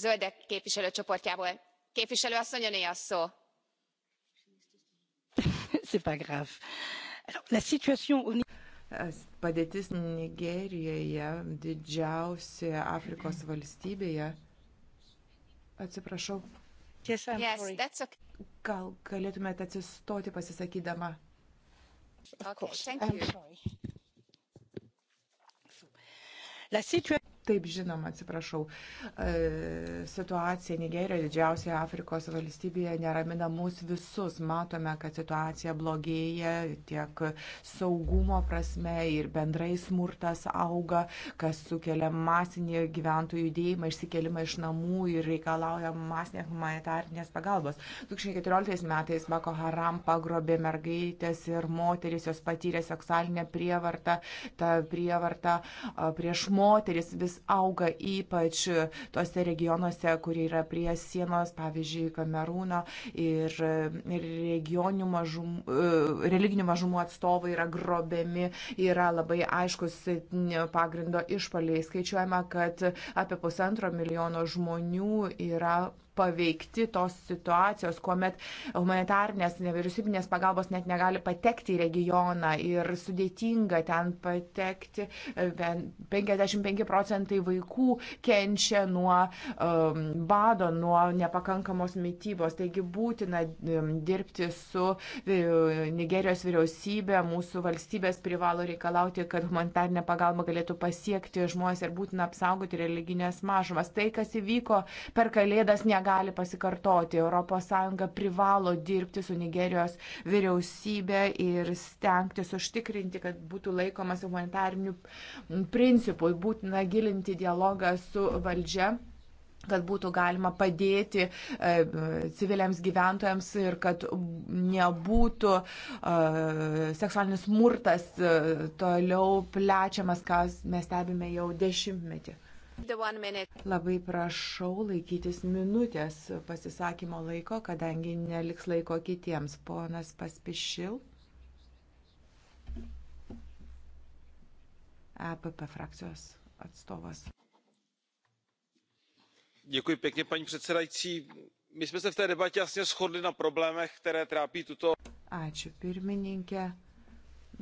Zöldek képviselőcsoportjából. Képviselő asszony, öné a szó. C'est pas grave. Alors, la situation au niveau Padėtis Nigerijoje, didžiausioje Afrikos valstybėje. Atsiprašau. Tiesa, yes, okay. gal galėtumėte atsistoti pasisakydama? Okay, La situa Taip, žinoma, atsiprašau. E, situacija Nigerijoje, didžiausia Afrikos valstybėje, neramina mus visus. Matome, kad situacija blogėja tiek saugumo prasme ir bendrai smurtas auga, kas sukelia masinį gyventojų judėjimą, išsikelimą iš namų ir reikalauja masinės humanitarnės pagalbos. 2014 metais Bako Haram pagrobė mergaitės ir moteris, jos patyrė seksualinę prievartą, tą prievartą prieš moteris vis auga ypač tose regionuose, kurie yra prie sienos, pavyzdžiui, Kamerūno ir mažum, e, religinių mažumų atstovai yra grobiami, yra labai aiškus pagrindo išpaliai. Skaičiuojama, kad apie pusantro milijono žmonių yra paveikti tos situacijos, kuomet humanitarnės nevyriausybinės pagalbos net negali patekti į regioną ir sudėtinga ten patekti. 55 procentai vaikų kenčia nuo um, bado, nuo nepakankamos mytybos. Taigi būtina um, dirbti su e, Nigerijos vyriausybė, mūsų valstybės privalo reikalauti, kad humanitarinė pagalba galėtų pasiekti žmonės ir būtina apsaugoti religinės mažumas. Tai, kas įvyko per Kalėdas, ne negali pasikartoti. ES privalo dirbti su Nigerijos vyriausybė ir stengtis užtikrinti, kad būtų laikomas humanitarinių principų, būtina gilinti dialogą su valdžia kad būtų galima padėti e, civiliams gyventojams ir kad nebūtų e, seksualinis smurtas e, toliau plečiamas, ką mes stebime jau dešimtmetį. Labai prašau laikytis minutės pasisakymo laiko, kadangi neliks laiko kitiems. Ponas Paspišil. EPP frakcijos atstovas. Děkuji pěkně, paní předsedající. My jsme se v té debatě jasně shodli na problémech, které trápí tuto. Ačiū pirmininkė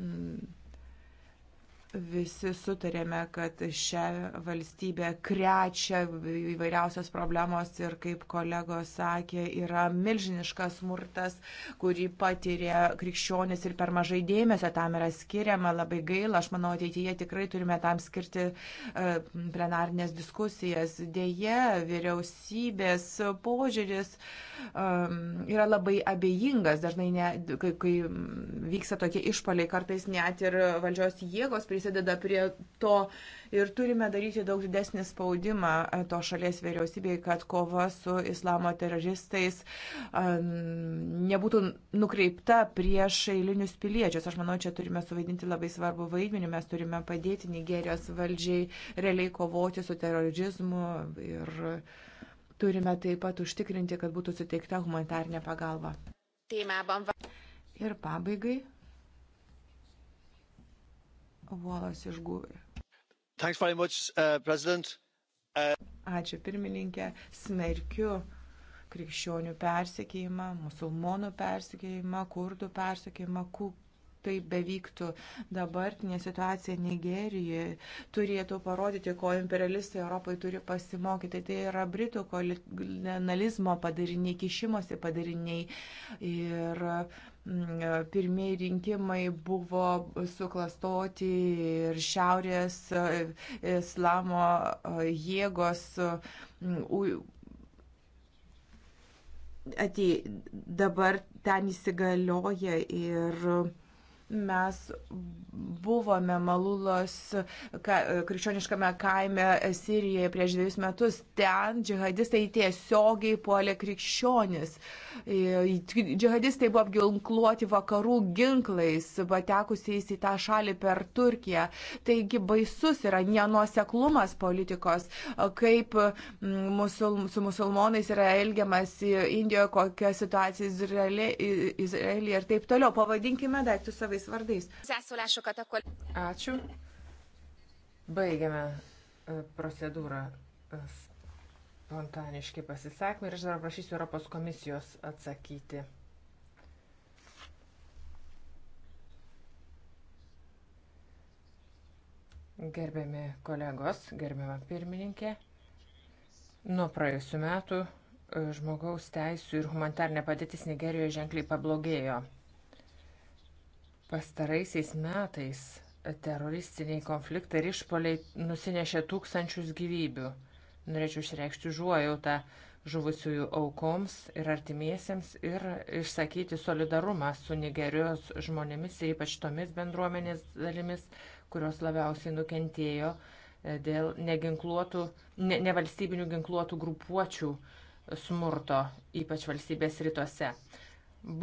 mm, visi sutarėme, kad šią valstybę krečia įvairiausios problemos ir, kaip kolegos sakė, yra milžiniškas smurtas, kurį patiria krikščionis ir per mažai dėmesio tam yra skiriama. Labai gaila, aš manau, ateityje tikrai turime tam skirti e, plenarnės diskusijas. Deja, vyriausybės požiūris e, yra labai abejingas, dažnai ne, kai, kai vyksta tokie išpaliai, kartais net ir valdžios jėgos prie prisideda prie to ir turime daryti daug didesnį spaudimą e, to šalies vyriausybei, kad kova su islamo teroristais e, nebūtų nukreipta prieš eilinius piliečius. Aš manau, čia turime suvaidinti labai svarbu vaidmenį, mes turime padėti Nigerijos valdžiai realiai kovoti su terorizmu ir turime taip pat užtikrinti, kad būtų suteikta humanitarnė pagalba. Témában. Ir pabaigai Volas iš Gūvi. Uh, uh, Ačiū pirmininkė, smerkiu krikščionių persikėjimą, musulmonų persikėjimą, kurdų persikėjimą, tai bevyktų dabartinė situacija Nigerijoje, turėtų parodyti, ko imperialistai Europai turi pasimokyti. Tai yra Britų kolonializmo padariniai, kišimosi padariniai. Ir Mm, e, pirmieji rinkimai buvo suklastoti ir šiaurės e, islamo e, jėgos mm, atei, dabar ten įsigalioja ir mes buvome Malulos ka, krikščioniškame kaime Sirijoje prieš dviejus metus. Ten džihadistai tiesiogiai puolė krikščionis. Džihadistai buvo apginkluoti vakarų ginklais, patekusiais į tą šalį per Turkiją. Taigi baisus yra nenuoseklumas politikos, kaip musul, su musulmonais yra elgiamas Indijoje, kokia situacija Izraelyje ir taip toliau. Pavadinkime daiktus savai savais vardais. Ačiū. Baigiame e, procedūrą e, spontaniškai pasisakymą ir aš dar prašysiu Europos komisijos atsakyti. Gerbiami kolegos, gerbiama pirmininkė, nuo praėjusių metų e, žmogaus teisų ir humanitarnė padėtis Nigerijoje ženkliai pablogėjo. Pastaraisiais metais teroristiniai konfliktai ir išpoliai nusinešė tūkstančius gyvybių. Norėčiau išreikšti užuojautą žuvusiųjų aukoms ir artimiesiems ir išsakyti solidarumą su Nigerijos žmonėmis ir ypač tomis bendruomenės dalimis, kurios labiausiai nukentėjo e, dėl neginkluotų, ne, nevalstybinių ginkluotų grupuočių smurto, ypač valstybės rytuose.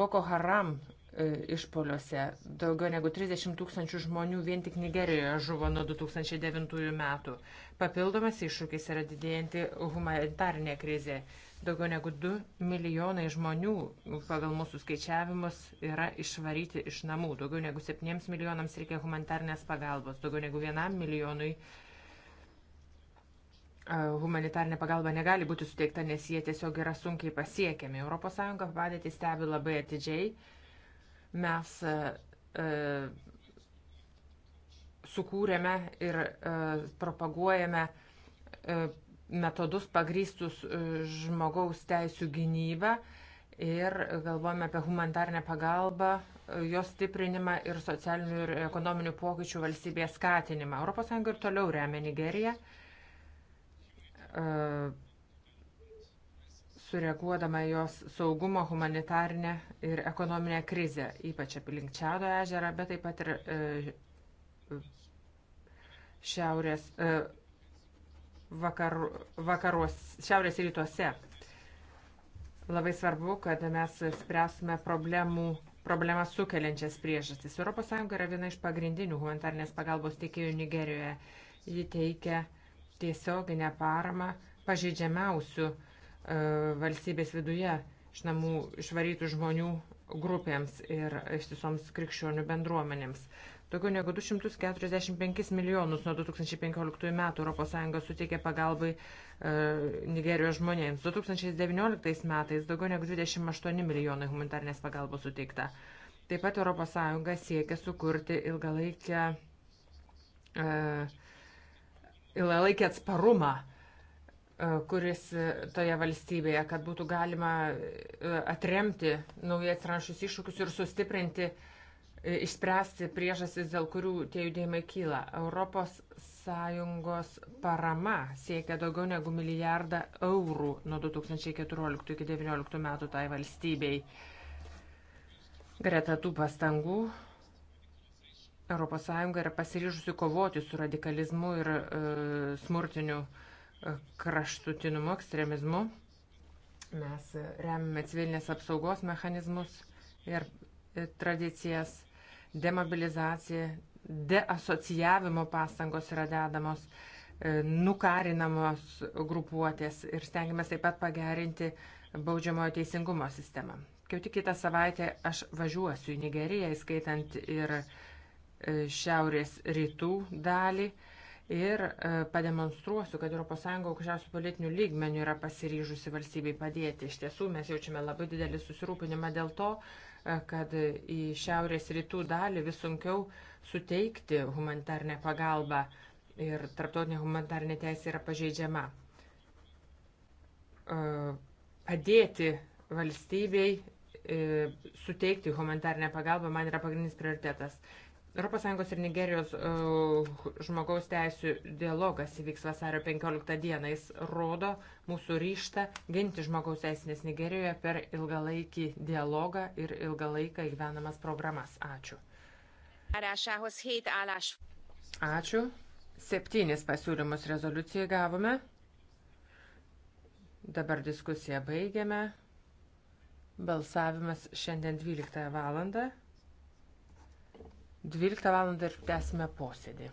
Boko Haram E, išpoliuose. Daugiau negu 30 tūkstančių žmonių vien tik Nigerijoje žuvo nuo 2009 metų. Papildomas iššūkis yra didėjanti humanitarinė krizė. Daugiau negu 2 milijonai žmonių pagal mūsų skaičiavimus yra išvaryti iš namų. Daugiau negu 7 milijonams reikia humanitarnės pagalbos. Daugiau negu 1 milijonui e, humanitarnė pagalba negali būti suteikta, nes jie tiesiog yra sunkiai pasiekiami. ES padėtį stebi labai atidžiai Mes e, e, sukūrėme ir e, propaguojame metodus pagrystus žmogaus teisų gynybą ir galvojame apie humanitarnę pagalbą, jos stiprinimą ir socialinių ir ekonominių pokyčių valstybės skatinimą. ES ir toliau remia Nigeriją sureaguodama jos saugumo, humanitarinę ir ekonominę krizę, ypač aplink Čiado ežerą, bet taip pat ir e, šiaurės, e, vakar, vakaruos, šiaurės rytuose. Labai svarbu, kad mes spręsime problemų, problemas sukeliančias priežastis. ES yra viena iš pagrindinių humanitarnės pagalbos teikėjų Nigerijoje. Ji teikia tiesioginę paramą pažeidžiamiausių uh, E, valstybės viduje iš namų išvarytų žmonių grupėms ir ištisoms krikščionių bendruomenėms. Daugiau negu 245 milijonus nuo 2015 metų ES suteikė pagalbai e, Nigerijos žmonėms. 2019 metais daugiau negu 28 milijonai humanitarnės pagalbos suteikta. Taip pat ES siekia sukurti ilgalaikę, e, ilgalaikę atsparumą e, E, kuris e, toje valstybėje, kad būtų galima e, atremti naujai atsiranšius iššūkius ir sustiprinti, išspręsti priežastis, dėl kurių tie judėjimai kyla. Europos Sąjungos parama siekia daugiau negu milijardą eurų nuo 2014 iki 2019 metų tai valstybei. Greta tų pastangų ES yra pasiryžusi kovoti su radikalizmu ir e, smurtiniu e, kraštutinumu, ekstremizmu. Mes remiame civilinės apsaugos mechanizmus ir e, tradicijas, demobilizacija, deasociavimo pastangos yra dedamos, e, nukarinamos grupuotės ir stengiamės taip pat pagerinti baudžiamojo teisingumo sistemą. Kaip tik kitą savaitę aš važiuosiu į Nigeriją, įskaitant ir e, šiaurės rytų dalį ir e, pademonstruosiu, kad ES aukščiausių politinių lygmenių yra pasiryžusi valstybei padėti. Iš tiesų mes jaučiame labai didelį susirūpinimą dėl to, e, kad į šiaurės rytų dalį vis sunkiau suteikti humanitarnę pagalbą ir tarptautinė humanitarnė teisė yra pažeidžiama. E, padėti valstybei suteikti humanitarnę pagalbą man yra pagrindinis prioritetas. ES ir Nigerijos uh, žmogaus teisų dialogas įvyks vasario 15 dieną. Jis rodo mūsų ryštą ginti žmogaus teisinės Nigerijoje per ilgalaikį dialogą ir ilgalaiką įgyvenamas programas. Ačiū. Ačiū. Septynis pasiūlymus rezoliucijai gavome. Dabar diskusiją baigiame. Balsavimas šiandien 12 valandą. 12 val. ir tęsime posėdį.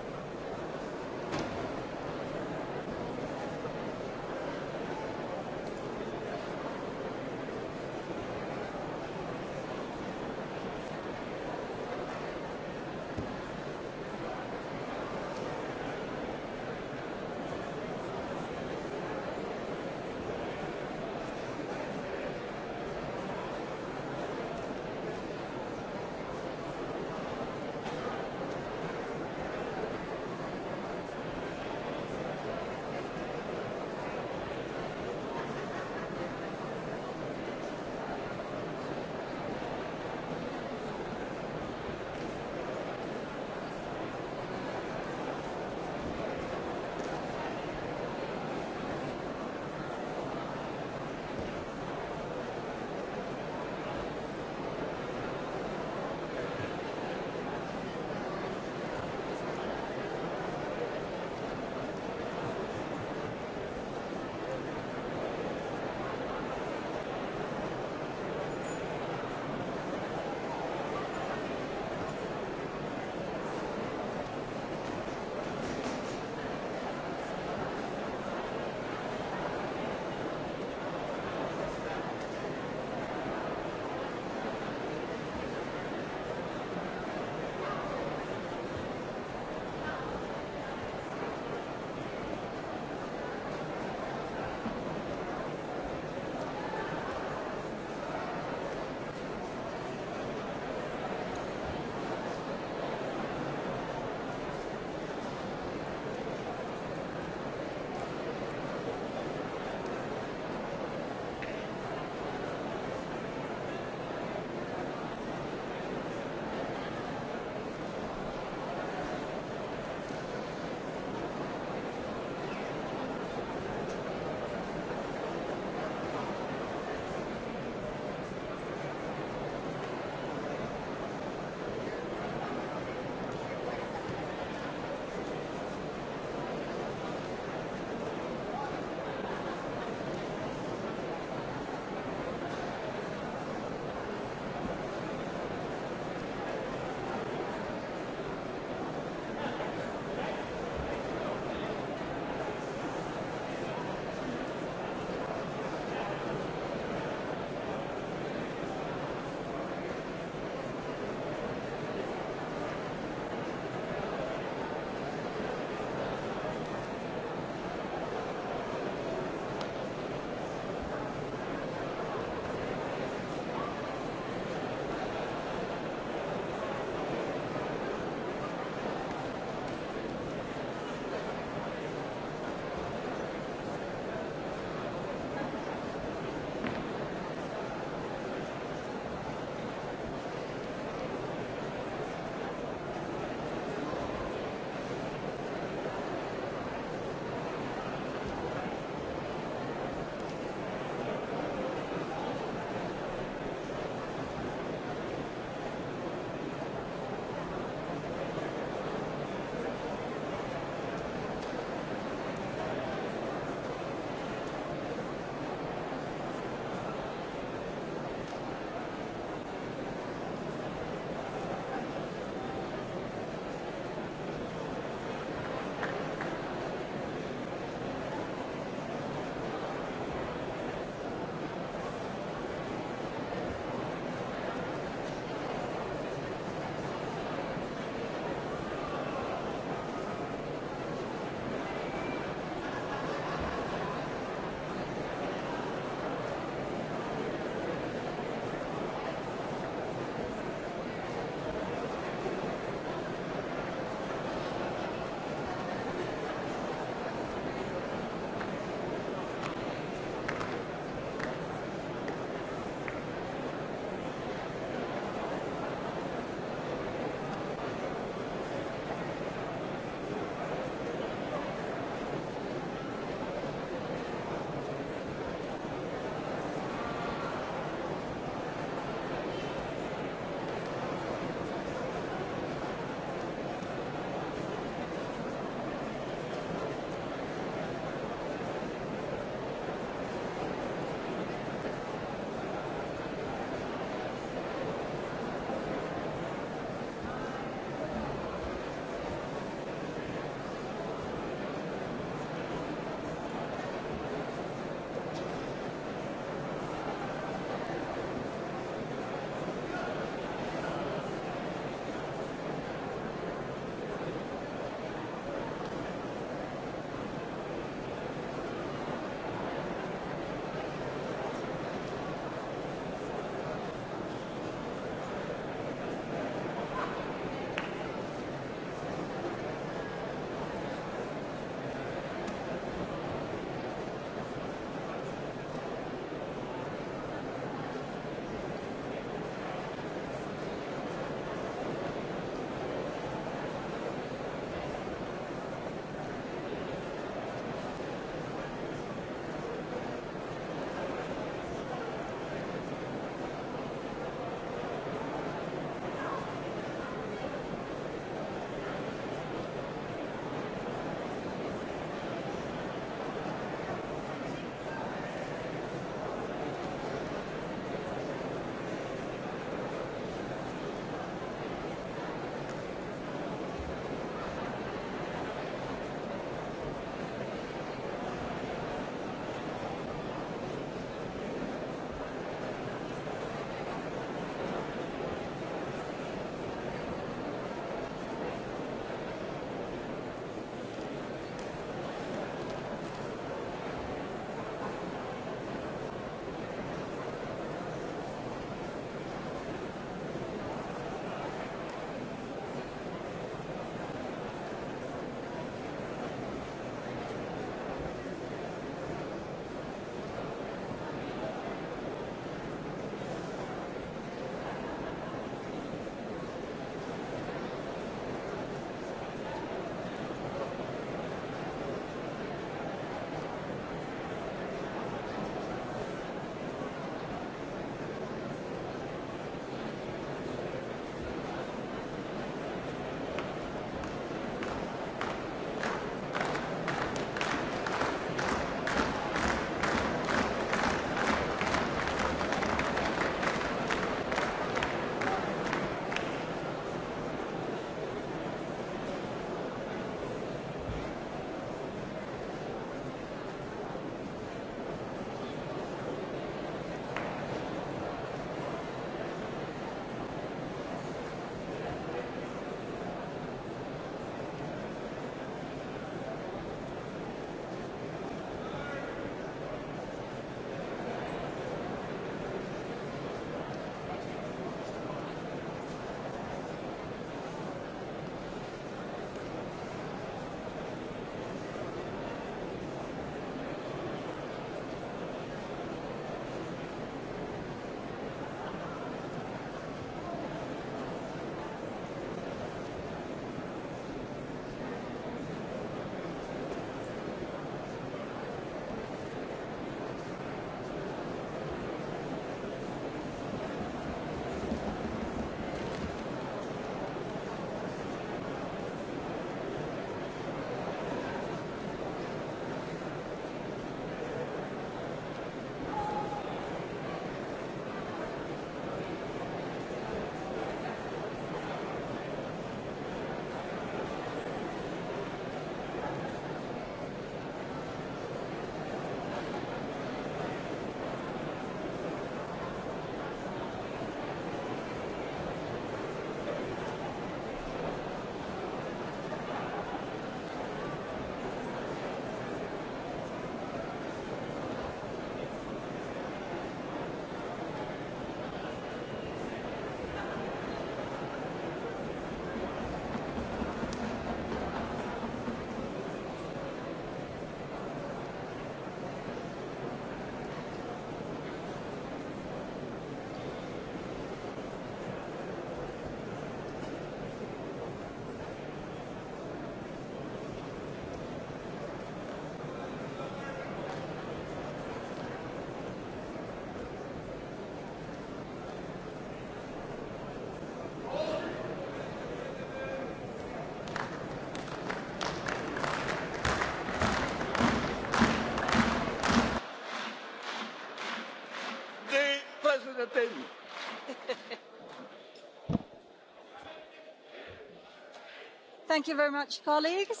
Thank you very much, colleagues.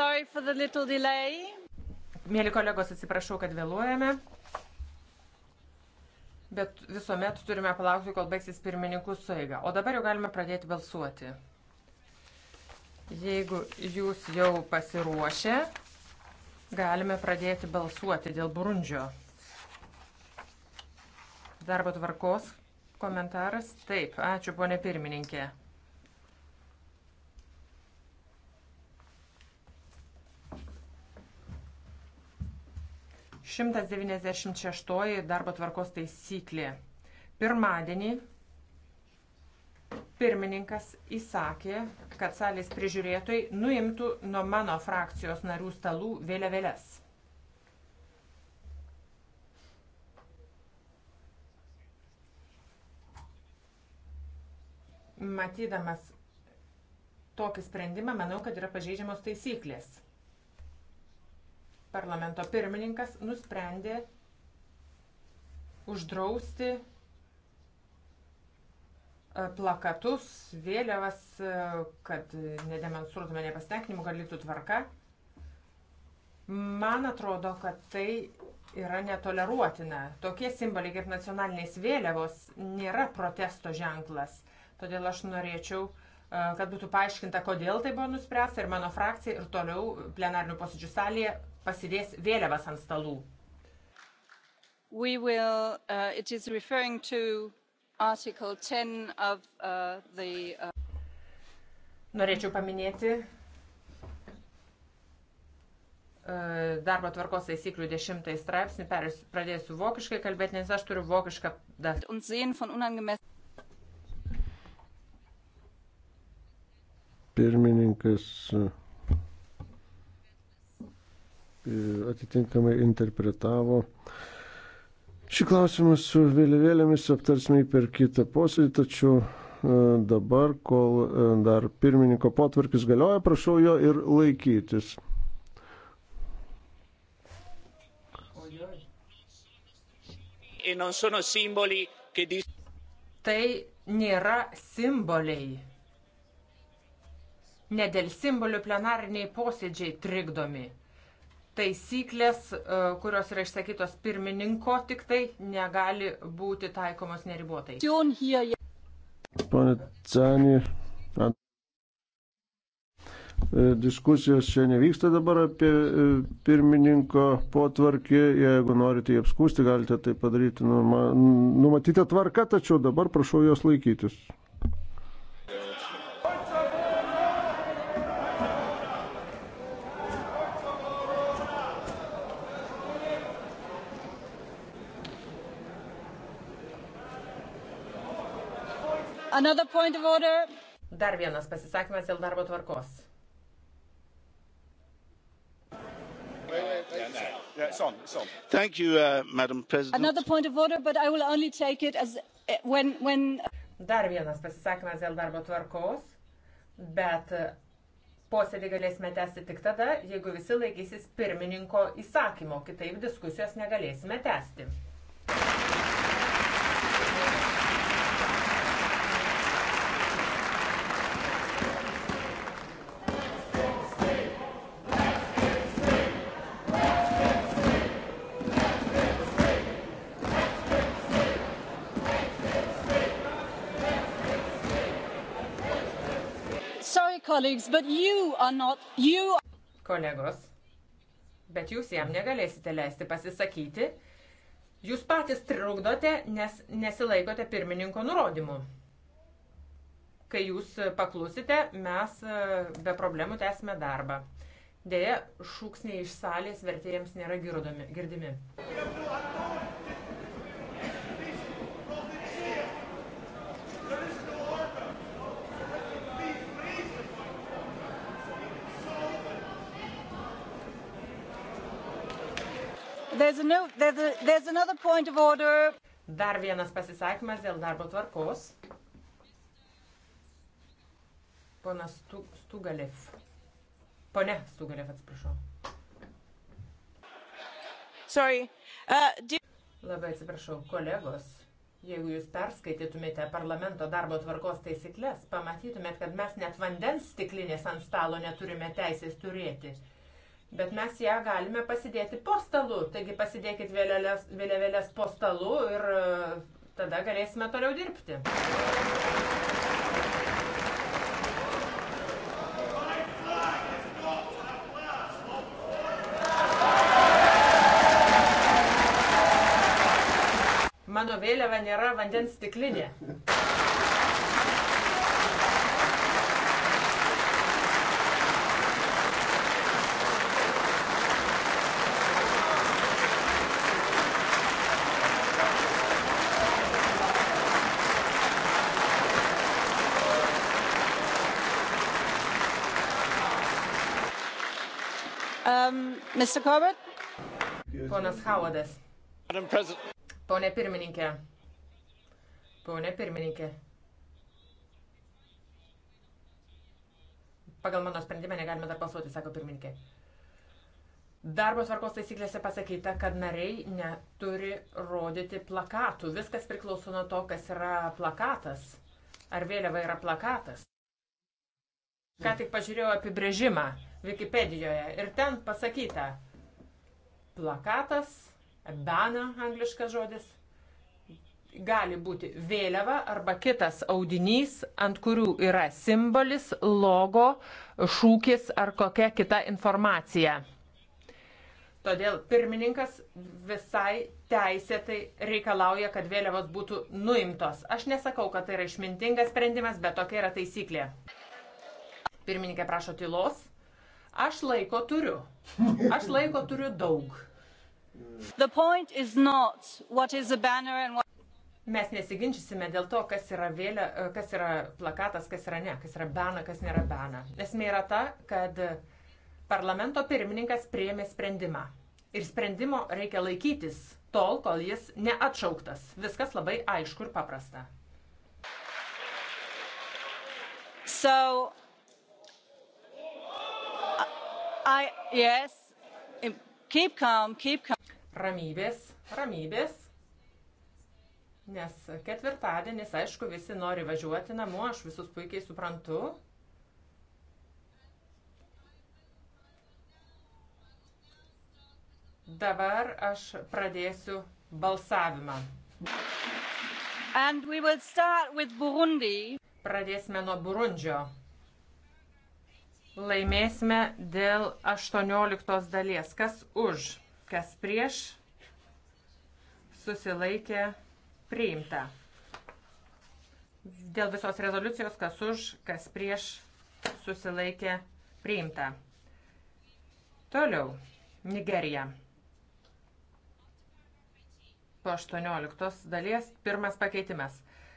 Sorry for the little delay. Mėly kolegos, atsiprašau, kad vėluojame. Bet visuomet turime palaukti, kol baigsis pirmininkų suiga. O dabar jau galime pradėti balsuoti. Jeigu jūs jau pasiruošę, galime pradėti balsuoti dėl Burundžio. Darbo tvarkos komentaras. Taip, ačiū ponė pirmininkė. 196 darbo tvarkos taisyklė. Pirmadienį pirmininkas įsakė, kad salės prižiūrėtojai nuimtų nuo mano frakcijos narių stalų vėliavėlės. Matydamas tokį sprendimą, manau, kad yra pažeidžiamos taisyklės parlamento pirmininkas nusprendė uždrausti e, plakatus, vėliavas, e, kad nedemonstruotume nepastenkinimų, kad liktų tvarka. Man atrodo, kad tai yra netoleruotina. Tokie simboliai kaip nacionalinės vėliavos nėra protesto ženklas. Todėl aš norėčiau, e, kad būtų paaiškinta, kodėl tai buvo nuspręsta ir mano frakcija ir toliau plenarnių posėdžių salėje pasidės vėliavas ant stalų. We will, uh, it is referring to Article 10 of uh, the. Uh... Norėčiau paminėti uh, darbo tvarkos taisyklių 10 straipsnį, pradėsiu vokiškai kalbėti, nes aš turiu vokišką. Da. Pirmininkas atitinkamai interpretavo. Šį klausimą su vėliavėlėmis aptarsime per kitą posėdį, tačiau e, dabar, kol e, dar pirmininko potvarkis galioja, prašau jo ir laikytis. E tai nėra simboliai. Ne dėl simbolių plenariniai posėdžiai trikdomi taisyklės, e, kurios yra išsakytos pirmininko, tik tai negali būti taikomos neribotai. Pane Cani, e, diskusijos čia nevyksta dabar apie e, pirmininko potvarkį. Jeigu norite jį apskūsti, galite tai padaryti numatytą tvarką, tačiau dabar prašau jos laikytis. Dar vienas pasisakymas dėl darbo tvarkos. Uh, uh, Dar vienas pasisakymas dėl darbo tvarkos, bet uh, posėdį galėsime tęsti tik tada, jeigu visi laikysis pirmininko įsakymo, kitaip diskusijos negalėsime tęsti. Not, you... Kolegos, bet jūs jam negalėsite leisti pasisakyti. Jūs patys trukdote, nes nesilaikote pirmininko nurodymų. Kai jūs paklusite, mes e, be problemų tęsime darbą. Deja, šūksniai iš salės vertėjams nėra girdimi. There's a new, there's a, there's another point of order. Dar vienas pasisakymas dėl darbo tvarkos. Ponas Stugalev. Pone Stugalev, atsiprašau. Sorry. Uh, do... Labai atsiprašau, kolegos. Jeigu jūs perskaitytumėte parlamento darbo tvarkos taisyklės, pamatytumėt, kad mes net vandens stiklinės ant stalo neturime teisės turėti bet mes ją galime pasidėti po stalu. Taigi pasidėkit vėliavėlės, vėliavėlės po stalu ir e, tada galėsime toliau dirbti. Mano vėliava nėra vandens stiklinė. Mr. Corbett? Ponas Howardas. Pone pirmininkė. Pone pirmininkė. Pagal mano sprendimą negalime dar balsuoti, sako pirmininkė. Darbo tvarkos taisyklėse pasakyta, kad nariai neturi rodyti plakatų. Viskas priklauso nuo to, kas yra plakatas. Ar vėliava yra plakatas. Ką tik pažiūrėjau apibrėžimą. Wikipedijoje. Ir ten pasakyta plakatas, bana angliškas žodis, gali būti vėliava arba kitas audinys, ant kurių yra simbolis, logo, šūkis ar kokia kita informacija. Todėl pirmininkas visai teisėtai reikalauja, kad vėliavos būtų nuimtos. Aš nesakau, kad tai yra išmintingas sprendimas, bet tokia yra taisyklė. Pirmininkė prašo tylos. Aš laiko turiu. Aš laiko turiu daug. What... Mes nesiginčysime dėl to, kas yra, vėlia, e, kas yra plakatas, kas yra ne, kas yra bena, kas nėra bena. Esmė yra ta, kad parlamento pirmininkas priėmė sprendimą. Ir sprendimo reikia laikytis tol, kol jis neatšauktas. Viskas labai aišku ir paprasta. So, I, yes, keep calm, keep calm. Ramybės, ramybės. Nes ketvirtadienis, aišku, visi nori važiuoti namo, aš visus puikiai suprantu. Dabar aš pradėsiu balsavimą. Pradėsime nuo Burundžio laimėsime dėl 18 dalies. Kas už, kas prieš, susilaikė priimta. Dėl visos rezoliucijos, kas už, kas prieš, susilaikė priimta. Toliau. Nigerija. Po 18 dalies pirmas pakeitimas.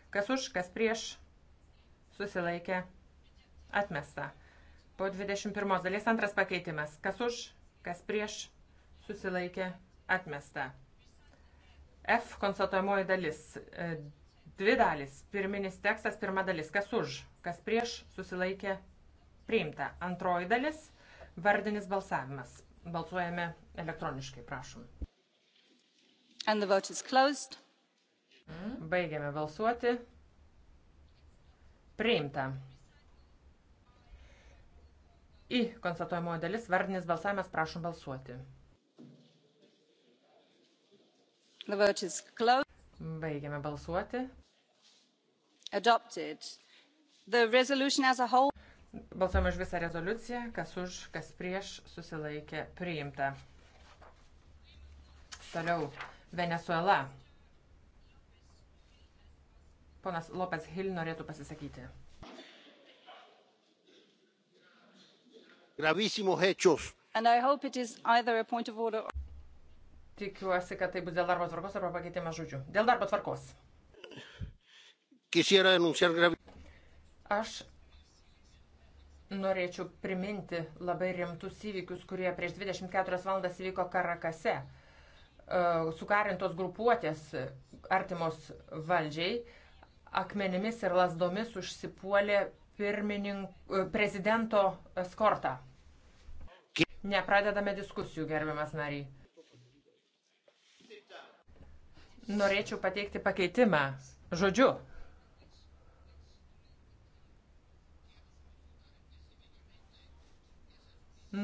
Kas už, kas prieš, susilaikė atmesta. Po 21 dalies antras pakeitimas. Kas už, kas prieš, susilaikė, atmesta. F konstatuojamoji dalis. E, dvi dalis. Pirminis tekstas, pirma dalis. Kas už, kas prieš, susilaikė, priimta. Antroji dalis. Vardinis balsavimas. Balsuojame elektroniškai, prašom. And the vote is closed. Baigiame balsuoti. Priimta į konstatuojamojo dalis vardinis balsavimas prašom balsuoti. Baigiame balsuoti. Adopted. The resolution as a whole. Balsuojame už visą rezoliuciją, kas už, kas prieš susilaikė priimta. Toliau Venezuela. Ponas Lopez Hill norėtų pasisakyti. gravísimos hechos. Or... Tikiuosi, kad tai bus dėl darbo tvarkos arba pakeitėme žodžių. Dėl darbo tvarkos. Gravi... Aš norėčiau priminti labai rimtus įvykius, kurie prieš 24 valandas įvyko Karakase. E, sukarintos grupuotės artimos valdžiai akmenimis ir lasdomis užsipuolė pirminink, e, prezidento skortą. Nepradedame diskusijų, gerbiamas nariai. Norėčiau pateikti pakeitimą. Žodžiu.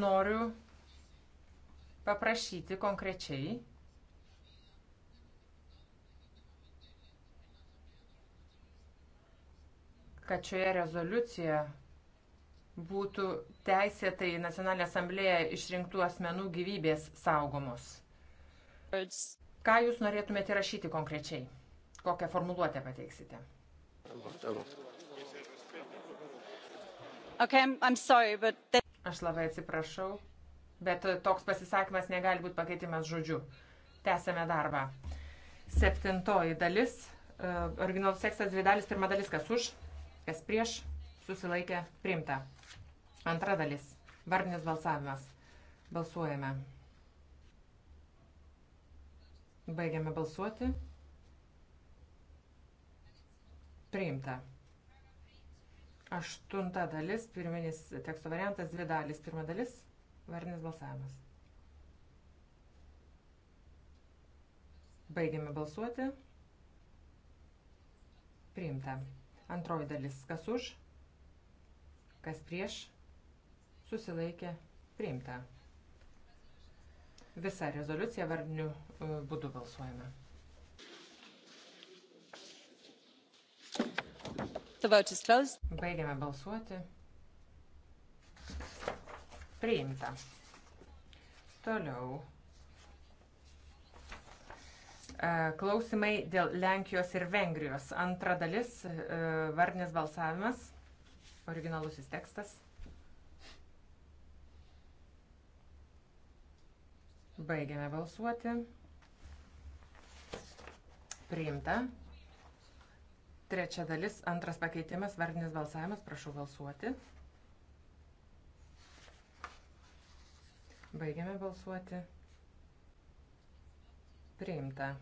Noriu paprašyti konkrečiai kad šioje rezoliucijoje būtų teisėtai Nacionalinė asamblėje išrinktų asmenų gyvybės saugomos. Ką jūs norėtumėte rašyti konkrečiai? Kokią formuluotę pateiksite? Aš labai atsiprašau, bet toks pasisakymas negali būti pakeitimas žodžiu. Tęsėme darbą. Septintoji dalis. E, originalus tekstas dvi dalis. Pirma dalis kas už? Kas prieš? Susilaikė. Priimta. Antra dalis. Vardinis balsavimas. Balsuojame. Baigiame balsuoti. Priimta. Aštunta dalis, pirminis teksto variantas, dvi dalis. Pirma dalis, varinis balsavimas. Baigiame balsuoti. Priimta. Antroji dalis. Kas už, kas prieš, susilaikė, priimta. Visa rezoliucija vardiniu e, būdu balsuojame. Baigiame balsuoti. Priimta. Toliau. E, klausimai dėl Lenkijos ir Vengrijos. Antra dalis e, - varnis balsavimas. Originalusis tekstas. Baigiame balsuoti. Priimta. Trečia dalis - antras pakeitimas - vardinis balsavimas. Prašau balsuoti. Baigiame balsuoti priimta.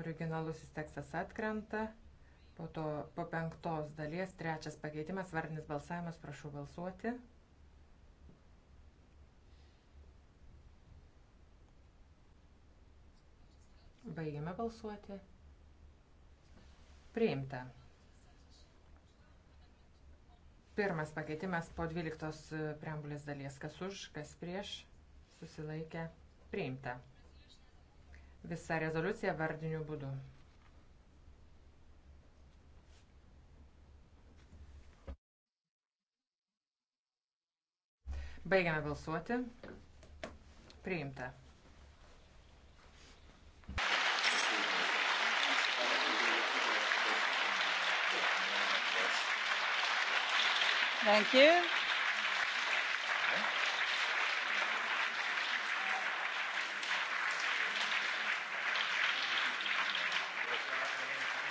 Originalusis tekstas atkrenta. Po, to, po penktos dalies trečias pakeitimas, vardinis balsavimas, prašau balsuoti. Baigėme balsuoti. Priimta. Pirmas pakeitimas po 12 preambulės dalies. Kas už, kas prieš, susilaikė. Priimta visą rezoliuciją vardiniu būdu. Baigiame balsuoti. Priimta. Thank you.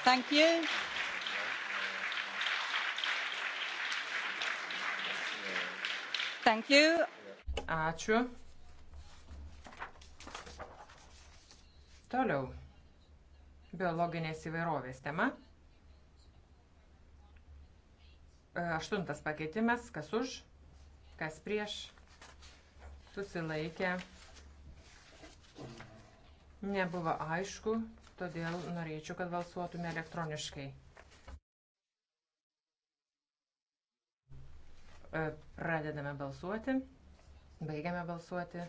thank you. Thank you. Ačiū. Toliau. Biologinės įvairovės tema. E, aštuntas pakeitimas. Kas už, kas prieš. Susilaikė. Nebuvo aišku todėl norėčiau, kad balsuotume elektroniškai. E, pradedame balsuoti, baigiame balsuoti.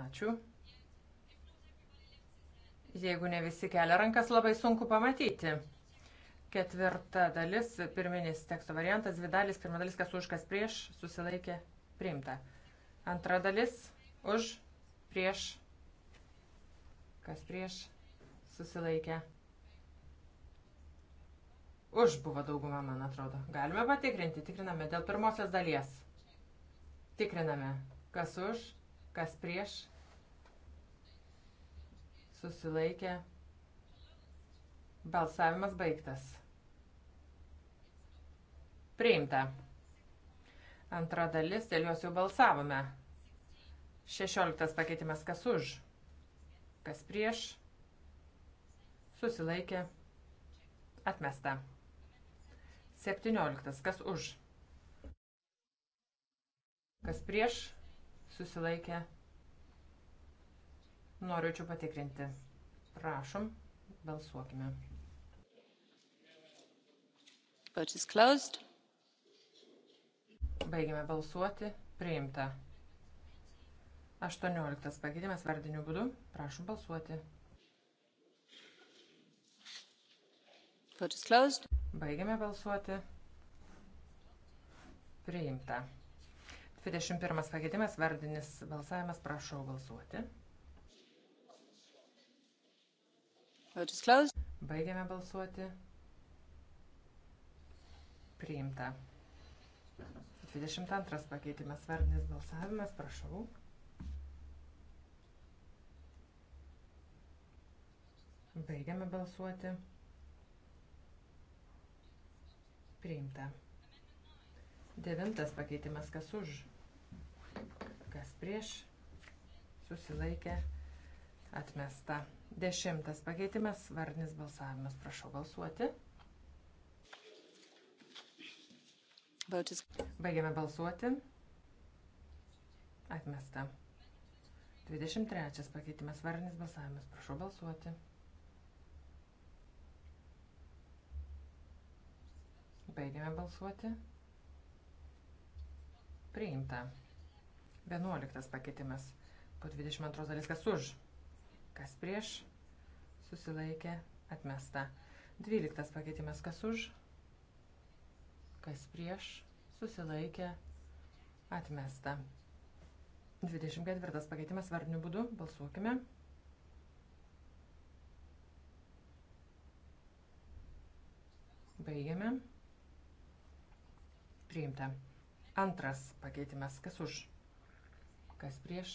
Ačiū. Jeigu ne visi kelia rankas, labai sunku pamatyti. Ketvirta dalis, pirminis teksto variantas, dvi dalis, pirma dalis, kas už, kas prieš, susilaikė, priimta. Antra dalis, už, prieš, Kas prieš? Susilaikė. Už buvo dauguma, man atrodo. Galime patikrinti. Tikriname dėl pirmosios dalies. Tikriname. Kas už, kas prieš. Susilaikė. Balsavimas baigtas. Priimta. Antra dalis, dėl jos jau balsavome. 16 pakeitimas kas už kas prieš, susilaikė, atmesta. 17. Kas už? Kas prieš, susilaikė, norėčiau patikrinti. Prašom, balsuokime. Vote is closed. Baigiame balsuoti. Priimta. 18 pakeitimas vardiniu būdu. Prašom balsuoti. Baigiame balsuoti. Priimta. 21 pakeitimas vardinis balsavimas. Prašau balsuoti. Baigiame balsuoti. Priimta. 22 pakeitimas vardinis balsavimas. Prašau. Baigiame balsuoti. Priimta. Devintas pakeitimas, kas už, kas prieš, susilaikė, atmesta. Dešimtas pakeitimas, vardinis balsavimas, prašau balsuoti. Baigiame balsuoti. Atmesta. 23 pakeitimas, vardinis balsavimas, prašau balsuoti. Baigėme balsuoti. Priimta. 11 pakeitimas. Po 22 dalis kas už. Kas prieš. Susilaikė. Atmesta. 12 pakeitimas kas už. Kas prieš. Susilaikė. Atmesta. 24 pakeitimas vardiniu būdu. Balsuokime. Baigiame priimta. Antras pakeitimas, kas už, kas prieš,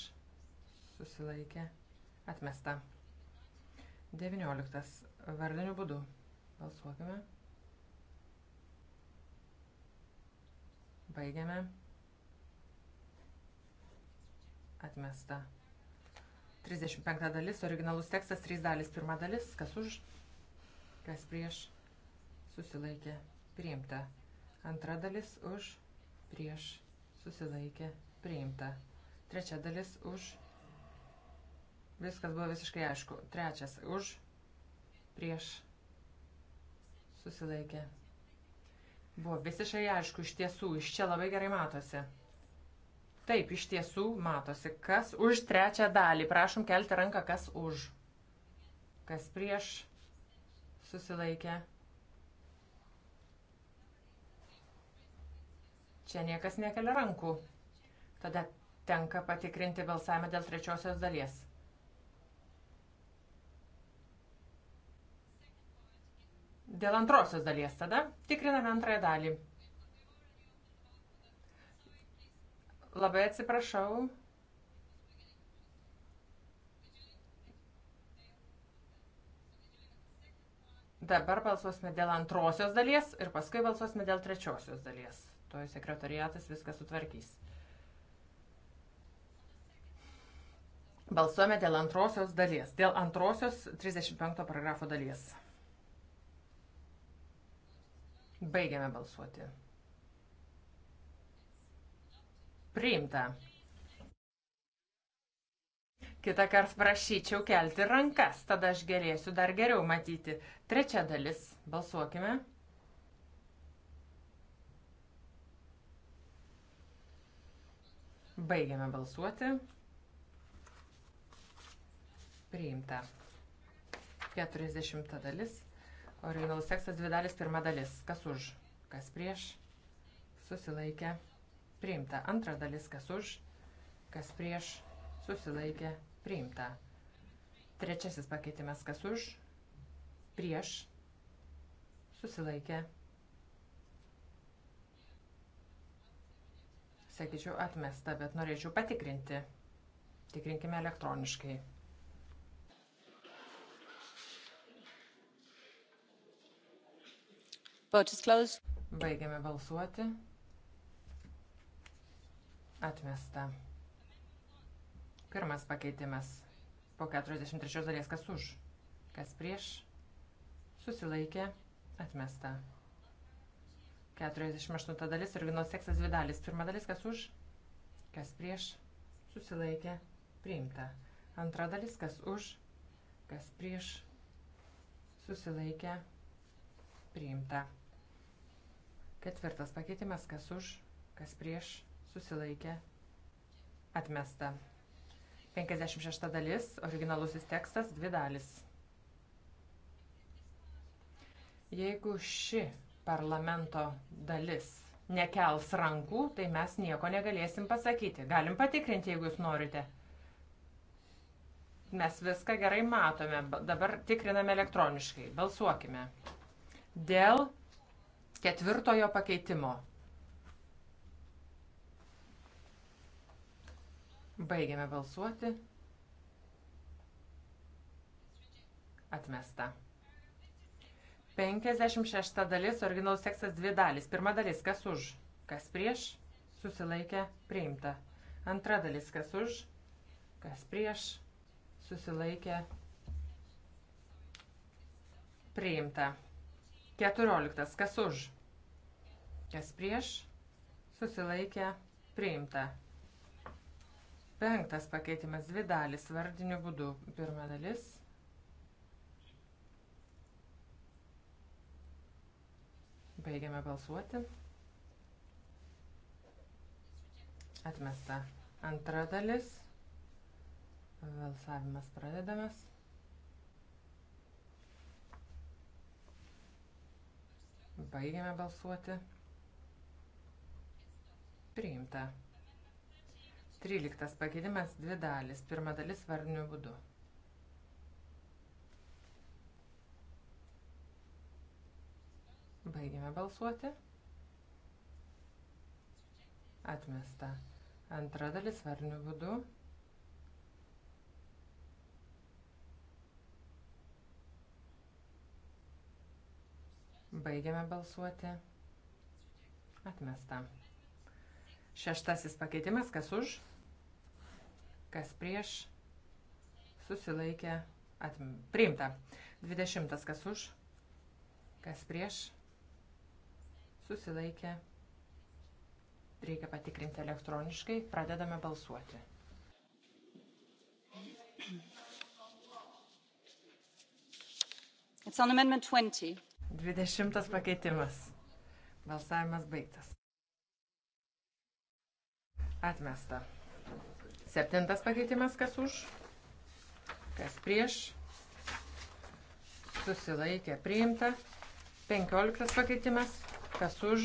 susilaikė, atmesta. 19. Vardiniu būdu. Balsuokime. Baigiame. Atmesta. 35 dalis, originalus tekstas, 3 dalis, 1 dalis, kas už, kas prieš, susilaikė, priimta. Antra dalis už prieš susilaikė priimta. Trečia dalis už. Viskas buvo visiškai aišku. Trečias už prieš susilaikė. Buvo visiškai aišku, iš tiesų, iš čia labai gerai matosi. Taip, iš tiesų matosi, kas už trečią dalį. Prašom kelti ranką, kas už. Kas prieš susilaikė. Čia niekas nekelia rankų. Tada tenka patikrinti balsavimą dėl trečiosios dalies. Dėl antrosios dalies tada tikriname antrąją dalį. Labai atsiprašau. Dabar balsuosime dėl antrosios dalies ir paskui balsuosime dėl trečiosios dalies. Tuoj sekretariatas viską sutvarkys. Balsuojame dėl antrosios dalies. Dėl antrosios 35 paragrafo dalies. Baigiame balsuoti. Priimta. Kita kart prašyčiau kelti rankas, tada aš galėsiu dar geriau matyti. Trečia dalis. Balsuokime. Balsuokime. Baigiame balsuoti. Priimta. 40 dalis. Originalus tekstas dvi dalis, pirma dalis. Kas už, kas prieš. Susilaikė. Priimta. Antra dalis, kas už, kas prieš. Susilaikė. Priimta. Trečiasis pakeitimas, kas už, prieš. Susilaikė. Priimta Sakyčiau, atmesta, bet norėčiau patikrinti. Tikrinkime elektroniškai. Baigiame balsuoti. Atmesta. Pirmas pakeitimas. Po 43 dalies kas už, kas prieš, susilaikė, atmesta. 48 dalis ir vienos seksas dvi dalis. Pirma dalis, kas už, kas prieš, susilaikė, priimta. Antra dalis, kas už, kas prieš, susilaikė, priimta. Ketvirtas pakeitimas, kas už, kas prieš, susilaikė, atmesta. 56 dalis, originalusis tekstas, dvi dalis. Jeigu ši parlamento dalis nekels rankų, tai mes nieko negalėsim pasakyti. Galim patikrinti, jeigu jūs norite. Mes viską gerai matome. Dabar tikriname elektroniškai. Balsuokime. Dėl ketvirtojo pakeitimo. Baigiame balsuoti. Atmesta. 56 dalis, originalus tekstas dvi dalis. Pirma dalis, kas už, kas prieš, susilaikė, priimta. Antra dalis, kas už, kas prieš, susilaikė, priimta. 14. Kas už, kas prieš, susilaikė, priimta. Penktas pakeitimas dvi dalis vardiniu būdu. Pirma dalis Baigiame balsuoti. Atmesta antra dalis. Valsavimas pradedamas. Baigiame balsuoti. Priimta. 13 pakeitimas dvi dalis. Pirma dalis vardiniu būdu. Baigiame balsuoti. Atmesta. Antra dalis varnių būdu. Baigiame balsuoti. Atmesta. Šeštasis pakeitimas, kas už, kas prieš, susilaikė, atm... priimta. Dvidešimtas, kas už, kas prieš, susilaikė. Reikia patikrinti elektroniškai. Pradedame balsuoti. It's on amendment 20. 20 pakeitimas. Balsavimas baigtas. Atmesta. Septintas pakeitimas kas už, kas prieš. Susilaikė priimta. Penkioliktas pakeitimas kas už,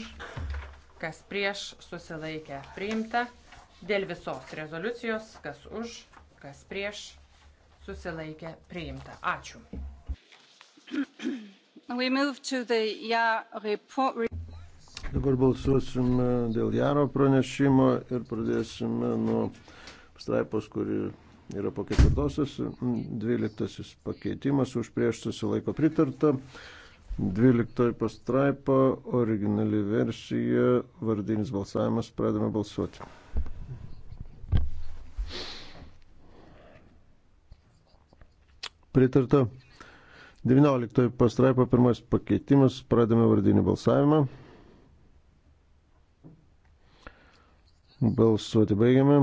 kas prieš susilaikę priimta. Dėl visos rezoliucijos, kas už, kas prieš susilaikę priimta. Ačiū. Dabar balsuosime dėl Jaro pranešimo ir pradėsime nuo straipos, kuri yra po ketvirtosios, dvyliktasis pakeitimas už prieš susilaiko pritarta. 12 pastraipa, originali versija, vardinis balsavimas, pradame balsuoti. Pritarta. 19 pastraipa, pirmas pakeitimas, pradame vardinį balsavimą. Balsuoti baigiame.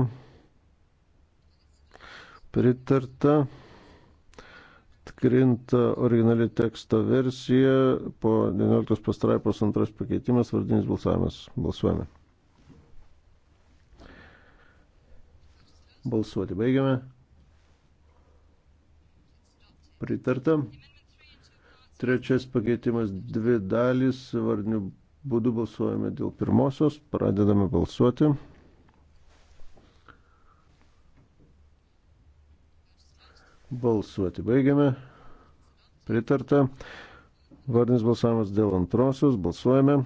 Pritarta atkrinta originali teksto versija, po 19 pastraipos antras pakeitimas, vardinis balsavimas. Balsuojame. Balsuoti baigiame. Pritarta. Trečias pakeitimas dvi dalys, vardinių būdų balsuojame dėl pirmosios, pradedame balsuoti. Balsuoti baigiame. Pritarta. Vardinis balsavimas dėl antrosios. Balsuojame.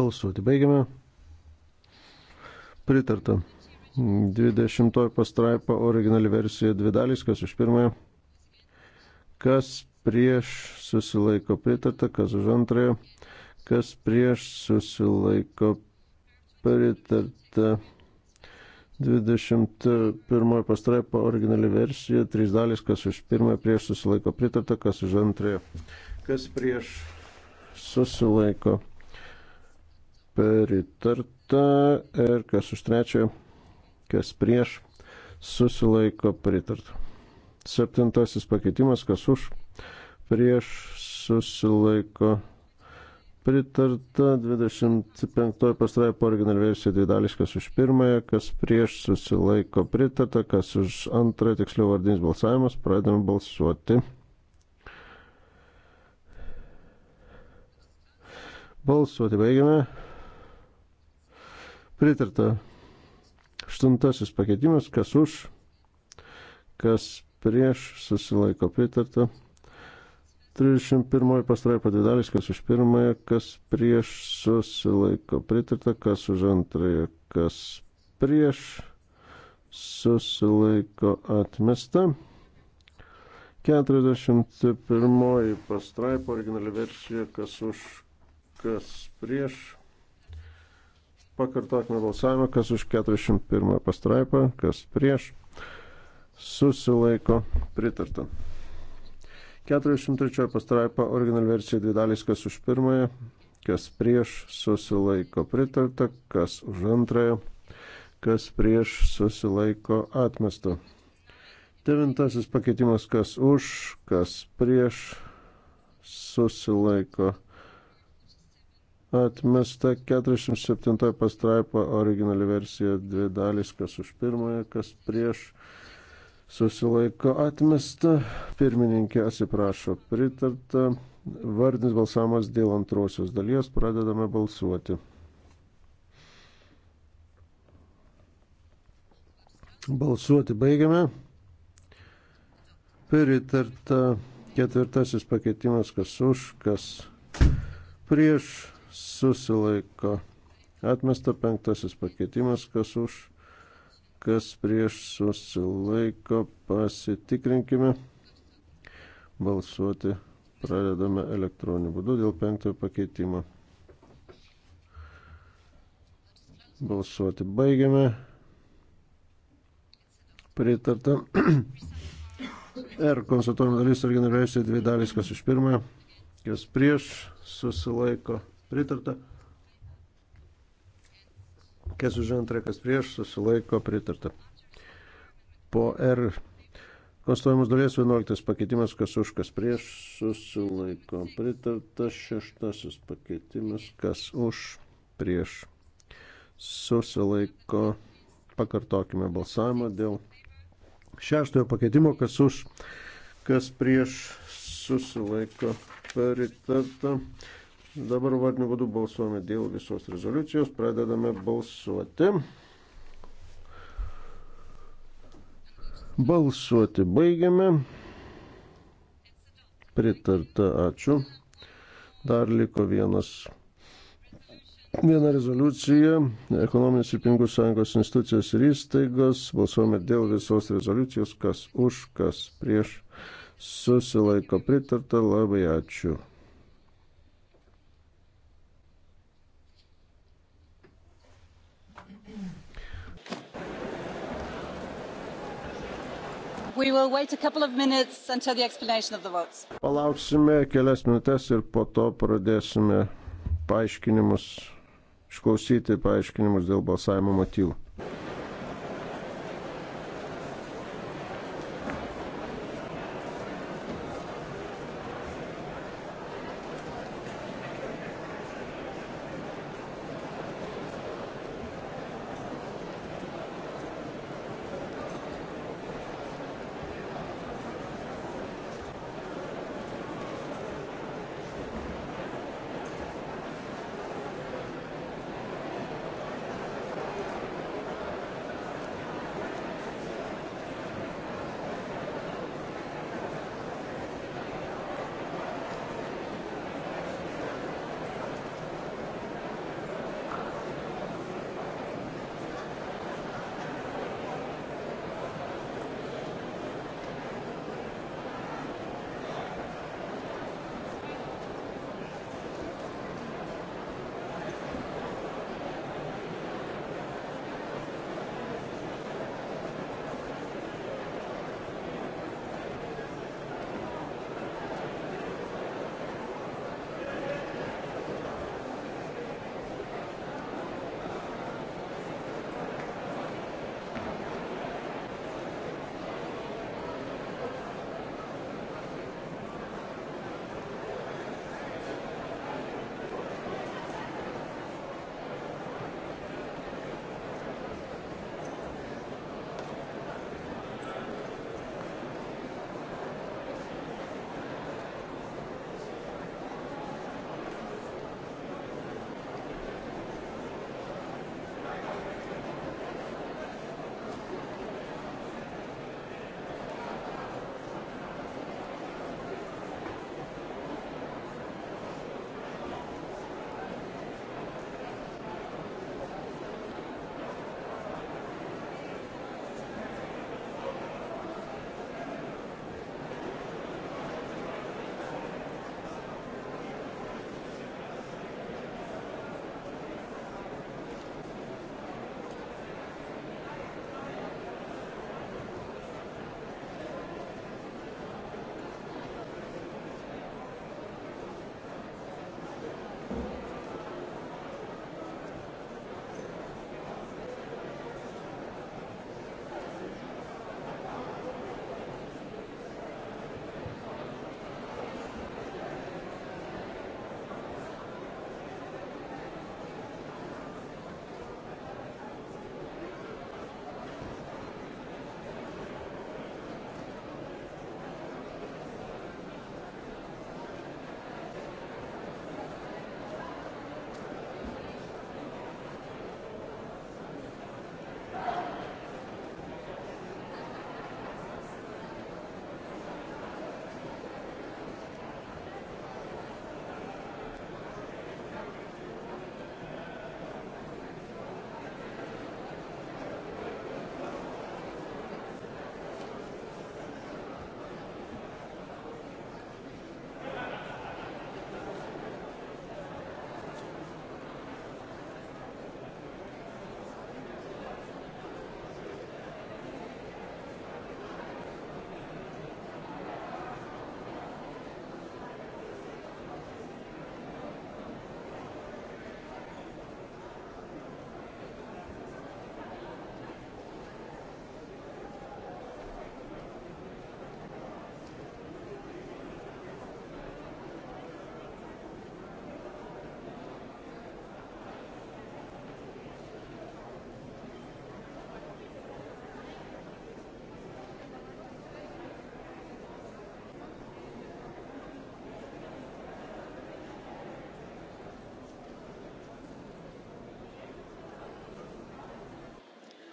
Balsuoti baigiame. Pritarta. 20 pastraipa originali versija dvi dalys, kas už pirmąją, kas prieš susilaiko pritarta, kas už antrąją, kas prieš susilaiko pritarta pritarta 21 pastraipa originali versija, 3 dalis, kas už pirmąją prieš susilaiko pritarta, kas už antrąją, kas prieš susilaiko pritarta ir kas už trečiąją, kas prieš susilaiko pritarta. Septintasis pakeitimas, kas už prieš susilaiko pritarta pritarta, 25 pastraipo originalversija dvidališkas už pirmąją, kas prieš susilaiko pritarta, kas už antrąją, tiksliau vardinis balsavimas, pradedame balsuoti. Balsuoti baigiame. Pritarta. Aštuntasis pakeitimas, kas už, kas prieš susilaiko pritarta. 31 pastraipa dvi dalys, kas už pirmąją, kas prieš susilaiko pritarta, kas už antrąją, kas prieš susilaiko atmesta. 41 pastraipa originali versija, kas už, kas prieš. Pakartokime balsavimą, kas už 41 pastraipą, kas prieš. Susilaiko pritarta. 43 pastraipa original versija dvi dalys, kas už pirmąją, kas prieš susilaiko pritarta, kas už antrąją, kas prieš susilaiko atmesta. Devintasis pakeitimas, kas už, kas prieš susilaiko atmesta. 47 pastraipa original versija dvi dalys, kas už pirmąją, kas prieš susilaiko atmesta susilaiko atmesta, pirmininkė atsiprašo pritarta, vardinis balsavimas dėl antrosios dalies, pradedame balsuoti. Balsuoti baigiame. Pritarta ketvirtasis pakeitimas, kas už, kas prieš susilaiko. Atmesta penktasis pakeitimas, kas už kas prieš susilaiko, pasitikrinkime. Balsuoti pradedame elektroniniu būdu dėl penktojo pakeitimo. Balsuoti baigiame. Pritarta. Ir konstatuojama dalis originaliausiai dvi dalys, kas už pirmąją, kas prieš susilaiko. Pritarta. Kas už antrą, kas prieš, susilaiko pritarta. Po R Konstatuojamos dalies 11 pakeitimas, kas už, kas prieš, susilaiko. Pritartas šeštasis pakeitimas, kas už, prieš, susilaiko. Pakartokime balsavimą dėl šeštojo pakeitimo, kas už, kas prieš, susilaiko. Pritarta. Dabar vardiniu būdu balsuojame dėl visos rezoliucijos. Pradedame balsuoti. Balsuoti baigiame. Pritarta, ačiū. Dar liko vienas. Viena rezoliucija, ekonominės ir pinigų sąjungos institucijos ir įstaigos, balsuojame dėl visos rezoliucijos, kas už, kas prieš, susilaiko pritarta, labai ačiū. Palauksime kelias minutės ir po to pradėsime paaiškinimus, išklausyti paaiškinimus dėl balsavimo motyvų.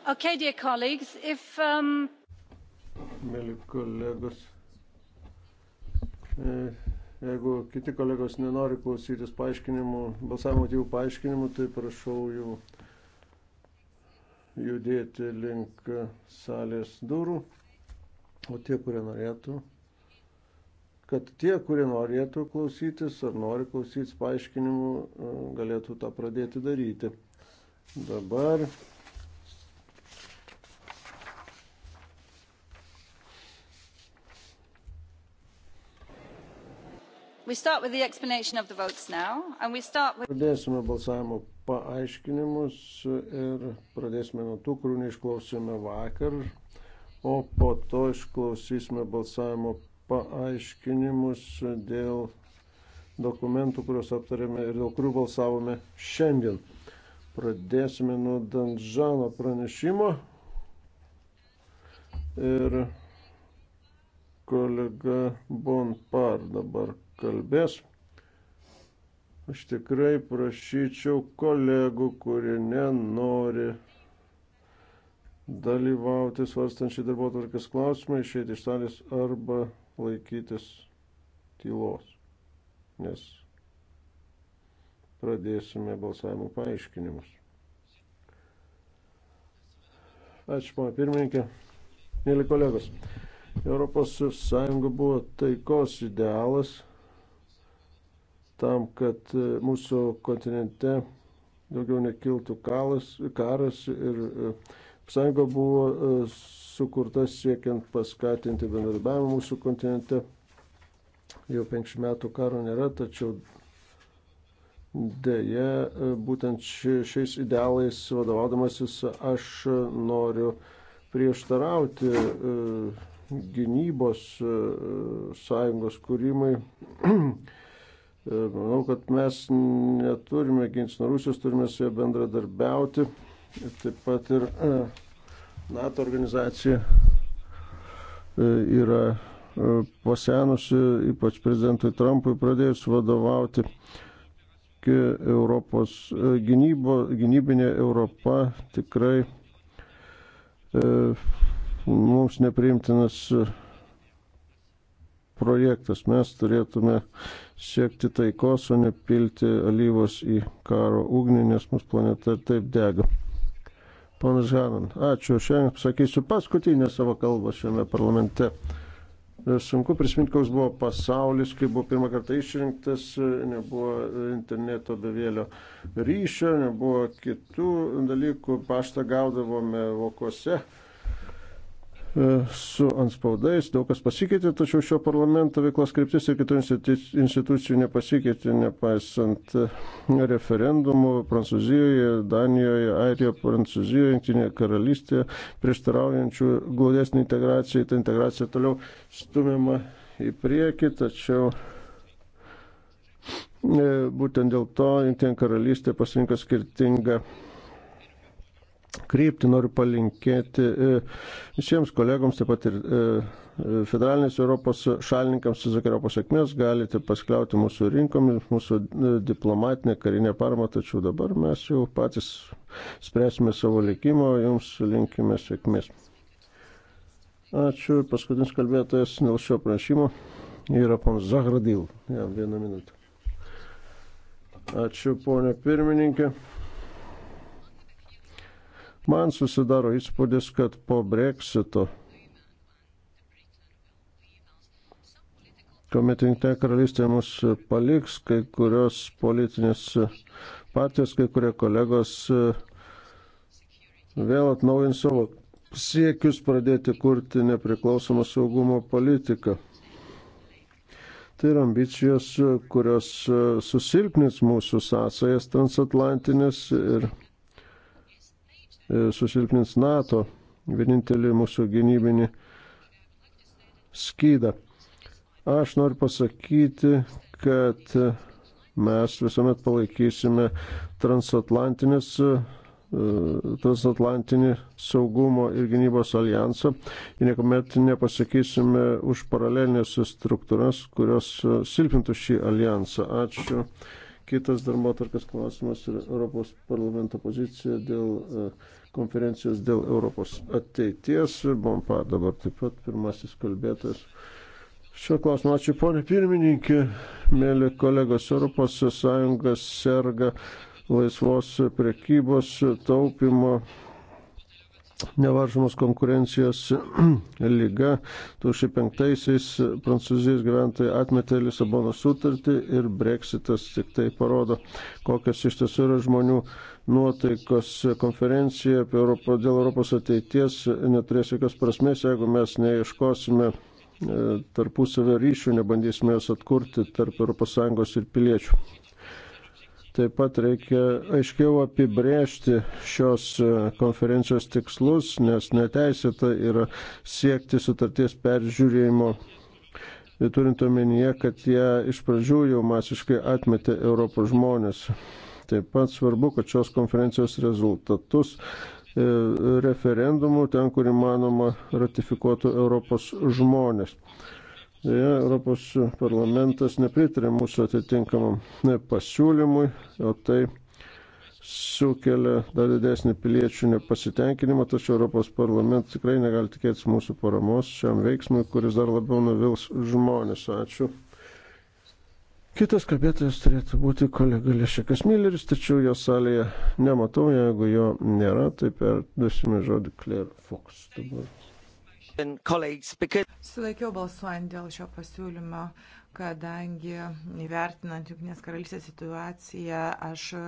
Okay, dear colleagues, if... Um... Mėly kolegos, e, jeigu kiti kolegos nenori klausytis paaiškinimų, balsavimo motyvų paaiškinimų, tai prašau jų judėti link salės durų, o tie, kurie norėtų, kad tie, kurie norėtų klausytis ar nori klausytis paaiškinimų, e, galėtų tą pradėti daryti. Dabar Pradėsime balsavimo paaiškinimus ir pradėsime nuo tų, kurių neišklausėme vakar, o po to išklausysime balsavimo paaiškinimus dėl dokumentų, kuriuos aptarėme ir dėl kurių balsavome šiandien. Pradėsime nuo Danžano pranešimo. Ir kolega Bonpar dabar kalbės. Aš tikrai prašyčiau kolegų, kurie nenori dalyvauti svarstančiai darbo tvarkės klausimai, išėti iš salės arba laikytis tylos, nes pradėsime balsavimo paaiškinimus. Ačiū, pana pirmininkė. Mėly kolegos, ES buvo taikos idealas tam, kad e, mūsų kontinente daugiau nekiltų kalas, karas ir e, sąjunga buvo e, sukurta siekiant paskatinti bendradarbiavimą mūsų kontinente. Jau penkių metų karo nėra, tačiau dėje būtent šiais idealais vadovaudamasis aš noriu prieštarauti gynybos sąjungos kūrimai E, manau, kad mes neturime ginti nuo Rusijos, turime su ja bendradarbiauti. Ir taip pat ir e, NATO organizacija e, yra pasenusi, ypač prezidentui Trumpui pradėjus vadovauti. Europos gynybo, gynybinė Europa tikrai e, mums nepriimtinas projektas. Mes turėtume e, siekti taikos, o ne pilti alyvos į karo ugnį, nes mūsų planeta ir taip dega. Ponas Žanan, ačiū. Šiandien sakysiu paskutinę savo kalbą šiame parlamente. Sunku prisiminti, koks buvo pasaulis, kai buvo pirmą kartą išrinktas, nebuvo interneto bevėlio ryšio, nebuvo kitų dalykų, paštą gaudavome vokose E, su anspaudais, daug kas pasikeitė, tačiau šio parlamento veiklos kryptis ir kitų institucijų nepasikeitė, nepaisant referendumų Prancūzijoje, Danijoje, Airijoje, Prancūzijoje, Junktinėje karalystėje, prieštaraujančių glaudesnį integraciją, ta integracija toliau stumiama į priekį, tačiau e, būtent dėl to Junktinė karalystė pasirinko skirtingą kryptį, noriu palinkėti e, visiems kolegoms, taip pat ir e, e, federalinės Europos šalininkams visokiojo pasiekmės, galite paskliauti mūsų rinkomis, mūsų diplomatinė karinė parama, tačiau dabar mes jau patys spręsime savo likimo, jums linkime sėkmės. Ačiū, paskutinis kalbėtojas dėl šio prašymo yra ponas Zahradil. Ja, vieną minutę. Ačiū, ponė pirmininkė. Man susidaro įspūdis, kad po breksito, kuomet Junktinė karalystė mus paliks, kai kurios politinės partijos, kai kurie kolegos vėl atnaujins savo siekius pradėti kurti nepriklausomą saugumo politiką. Tai yra ambicijos, kurios susilpnins mūsų sąsajas transatlantinės ir E, susilpnins NATO, vienintelį mūsų gynybinį skydą. Aš noriu pasakyti, kad mes visuomet palaikysime transatlantinės e, transatlantinį saugumo ir gynybos alijansą ir niekuomet nepasakysime už paralelinės struktūras, kurios silpintų šį alijansą. Ačiū Kitas darbo tarkas klausimas yra Europos parlamento pozicija dėl e, konferencijos dėl Europos ateities. Bompa dabar taip pat pirmasis kalbėtas. Šio klausimo ačiū, ponė pirmininkė, mėly kolegos, Europos Sąjunga serga laisvos prekybos taupimo nevaržomos konkurencijos lyga. 2005-aisiais prancūzijos gyventojai atmetė Lisabono sutartį ir breksitas tik tai parodo, kokias iš tiesų yra žmonių nuotaikos konferencija apie Europą, dėl Europos ateities neturės jokios prasmės, jeigu mes neieškosime e, tarpusavio ryšių, nebandysime jos atkurti tarp ES ir piliečių. Taip pat reikia aiškiau apibrėžti šios e, konferencijos tikslus, nes neteisėta yra siekti sutarties peržiūrėjimo, turint omenyje, kad ją iš pradžių jau masiškai atmetė Europos žmonės. Taip pat svarbu, kad šios konferencijos rezultatus e, referendumų ten, kur įmanoma, ratifikuotų Europos žmonės. Deja, Europos parlamentas nepritarė mūsų atitinkamam pasiūlymui, o tai sukelia dar didesnį piliečių nepasitenkinimą, tačiau Europos parlamentas tikrai negali tikėtis mūsų paramos šiam veiksmui, kuris dar labiau nuvils žmonės. Ačiū. Kitas kalbėtojas turėtų būti kolega Lešekas Milleris, tačiau jo salėje nematau, jeigu jo nėra, tai perduosime žodį Claire Fox dabar. Sulaikiau balsuojant dėl šio pasiūlymo, kadangi įvertinant Junktinės karalystės situaciją, aš e,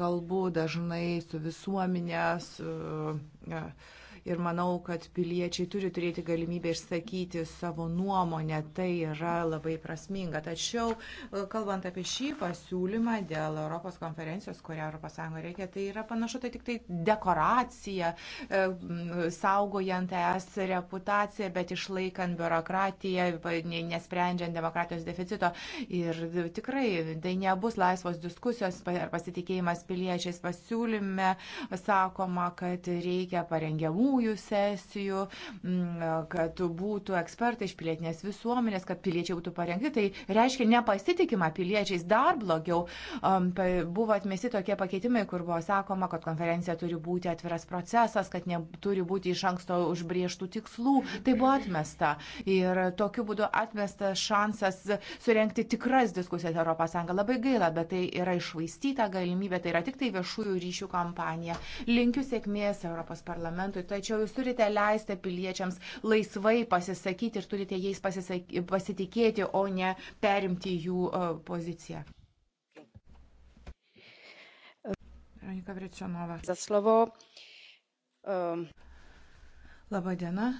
kalbu dažnai su visuomenė, su. Uh, ir manau, kad piliečiai turi turėti galimybę išsakyti savo nuomonę. Tai yra labai prasminga. Tačiau, e, kalbant apie šį pasiūlymą dėl Europos konferencijos, kurią ES reikia, tai yra panašu, tai tik tai dekoracija, e, saugojant ES reputaciją, bet išlaikant biurokratiją, nesprendžiant demokratijos deficito. Ir tikrai tai nebus laisvos diskusijos ar pasitikėjimas piliečiais pasiūlyme. Sakoma, kad reikia parengiamų tyriamųjų sesijų, mm, kad būtų ekspertai iš pilietinės visuomenės, kad piliečiai būtų parengti. Tai reiškia nepasitikimą piliečiais dar blogiau. Buvo atmesti tokie pakeitimai, kur buvo sakoma, kad konferencija turi būti atviras procesas, kad neturi būti iš anksto užbrieštų tikslų. Tai buvo atmesta. Ir tokiu būdu atmestas šansas surenkti tikras diskusijas Europos Sąjungą. Labai gaila, bet tai yra išvaistyta galimybė, tai yra tik tai viešųjų ryšių kampanija. Linkiu sėkmės Europos parlamentui. Tai tačiau jūs turite leisti piliečiams laisvai pasisakyti ir turite jais pasitikėti, o ne perimti jų e, poziciją. Veronika Vrečianova. Za slovo. Um. Labą dieną.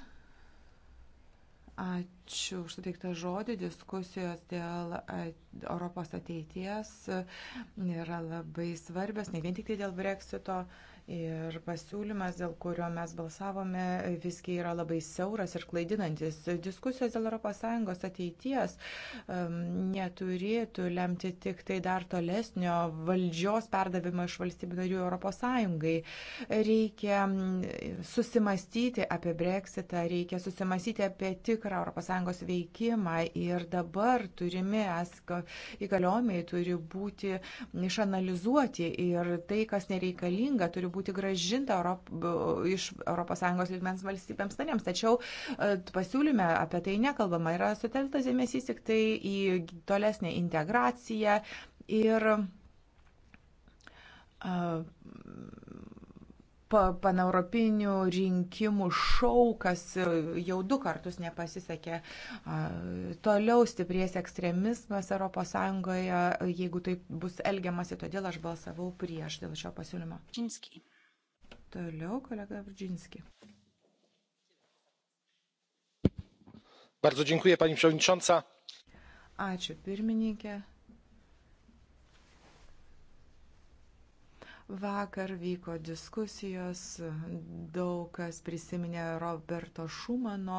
Ačiū už suteiktą žodį. Diskusijos dėl e, Europos ateities yra labai svarbios, ne vien tik tai dėl breksito. Uh, Ir pasiūlymas, dėl kurio mes balsavome, visgi yra labai siauras ir klaidinantis. Diskusijos dėl ES ateities um, neturėtų lemti tik tai dar tolesnio valdžios perdavimo iš valstybių narių ES. Reikia susimastyti apie breksitą, reikia susimastyti apie tikrą ES veikimą ir dabar turimi įgaliomiai turi būti išanalizuoti ir tai, kas nereikalinga, turi būti būti gražinta Europ, iš ES lygmens valstybėms narėms. Tačiau e, pasiūlyme apie tai nekalbama. Yra sutelktas dėmesys tik tai į tolesnę integraciją ir uh, paneuropinių rinkimų šau, kas jau du kartus nepasisekė. Toliau stiprės ekstremizmas ES, jeigu tai bus elgiamasi, todėl aš balsavau prieš dėl šio pasiūlymo. Džinski. Toliau kolega Vrdžinski. Bardzo dziękuję pani przewodnicząca. Ačiū pirmininkė. Vakar vyko diskusijos, daug kas prisiminė Roberto Šumano,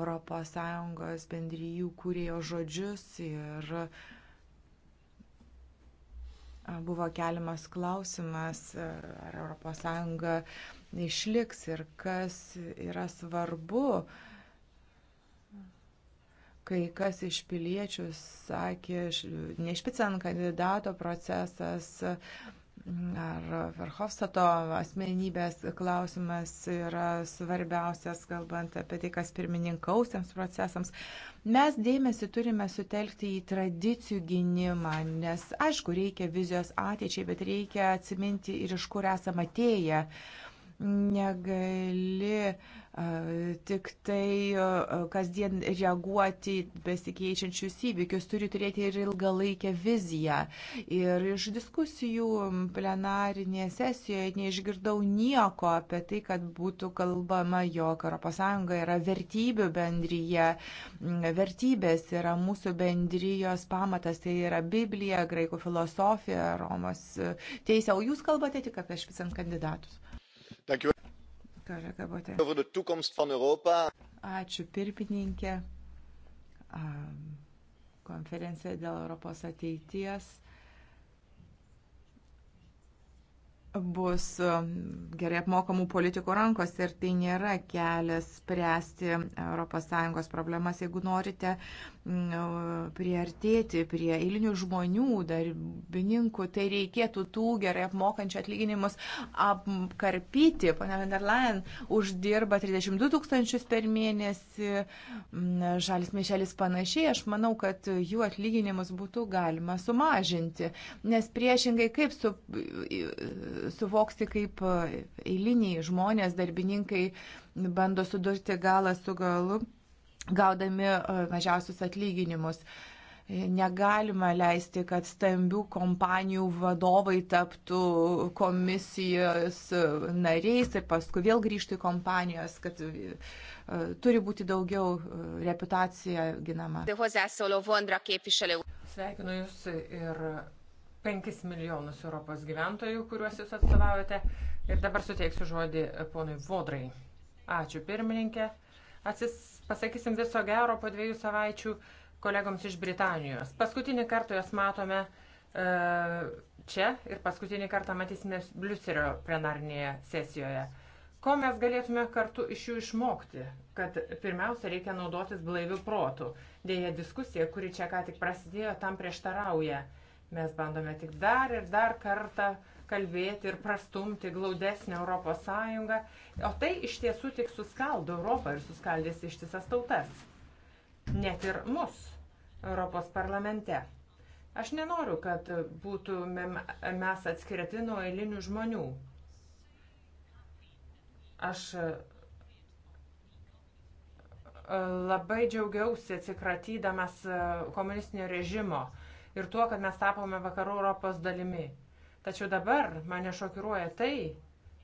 ES bendryjų kūrėjo žodžius ir buvo keliamas klausimas, ar ES išliks ir kas yra svarbu kai kas iš piliečių sakė, ne špicen kandidato procesas ar Verhofstato asmenybės klausimas yra svarbiausias, kalbant apie tai, kas pirmininkausiams procesams. Mes dėmesį turime sutelkti į tradicijų gynimą, nes aišku, reikia vizijos ateičiai, bet reikia atsiminti ir iš kur esame atėję. Uh, negali tik tai kasdien reaguoti besikeičiančius įvykius, turi turėti ir ilgalaikę viziją. Ir iš diskusijų plenarinėje sesijoje neišgirdau nieko apie tai, kad būtų kalbama, jog ES yra vertybių bendryje, vertybės yra mūsų bendrijos pamatas, tai yra Biblija, graikų filosofija, Romos e, teisė, o jūs kalbate tik apie špicent kandidatus. Kolega Botė. Ačiū pirmininkė. Konferencija dėl Europos ateities bus gerai apmokamų politikų rankos ir tai nėra kelias spręsti ES problemas. Jeigu norite Mm, priartėti prie eilinių žmonių, darbininkų, tai reikėtų tų gerai apmokančių atlyginimus apkarpyti. Pane van der Leyen uždirba 32 tūkstančius per mėnesį, mm, Žalis Mišelis panašiai, aš manau, kad jų atlyginimus būtų galima sumažinti, nes priešingai kaip su, suvoksti, kaip eiliniai žmonės, darbininkai bando sudurti galą su galu gaudami e, mažiausius atlyginimus. Negalima leisti, kad stambių kompanijų vadovai taptų komisijos nariais ir paskui vėl grįžtų į kompanijos, kad e, turi būti daugiau e, reputacija ginama. Sveikinu Jūs ir 5 milijonus Europos gyventojų, kuriuos Jūs atstovaujate. Ir dabar suteiksiu žodį ponui Vodrai. Ačiū pirmininkė. Atsis pasakysim viso gero po dviejų savaičių kolegoms iš Britanijos. Paskutinį kartą jos matome e, čia ir paskutinį kartą matysime Bliuserio plenarnėje sesijoje. Ko mes galėtume kartu iš jų išmokti? Kad pirmiausia, reikia naudotis blaivių protų. Dėja, diskusija, kuri čia ką tik prasidėjo, tam prieštarauja. Mes bandome tik dar ir dar kartą uh, kalbėti ir prastumti glaudesnę Europos Sąjungą, o tai iš tiesų tik suskaldo Europą ir suskaldys ištisas tautas. Net ir mus Europos parlamente. Aš nenoriu, kad būtumėm mes atskirti nuo eilinių žmonių. Aš e, labai džiaugiausi atsikratydamas e, komunistinio režimo ir tuo, kad mes tapome vakarų Europos dalimi. Tačiau dabar mane šokiruoja tai,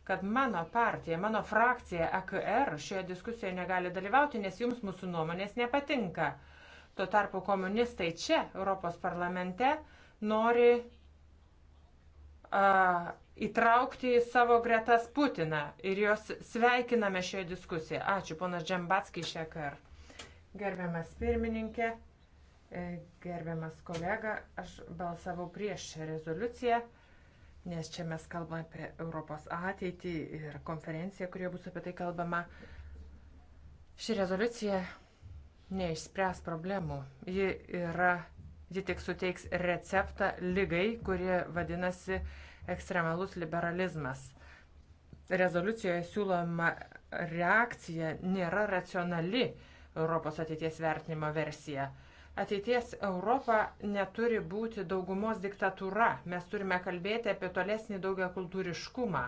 kad mano partija, mano frakcija AKR šioje diskusijoje negali dalyvauti, nes jums mūsų nuomonės nepatinka. Tuo tarpu komunistai čia, Europos parlamente, nori uh, įtraukti į savo gretas Putiną ir jos sveikiname šioje diskusijoje. Ačiū, ponas Džembatskis Šekar. Gerbiamas pirmininkė, e, gerbiamas kolega, aš balsavau prieš šią rezoliuciją nes čia mes kalbame apie Europos ateitį ir konferenciją, kurioje bus apie tai kalbama. Ši rezoliucija neišspręs problemų. Ji yra, ji tik suteiks receptą lygai, kuri vadinasi ekstremalus liberalizmas. Rezoliucijoje siūloma reakcija nėra racionali Europos ateities vertinimo versija. Ateities Europa neturi būti daugumos diktatūra. Mes turime kalbėti apie tolesnį daugia kultūriškumą.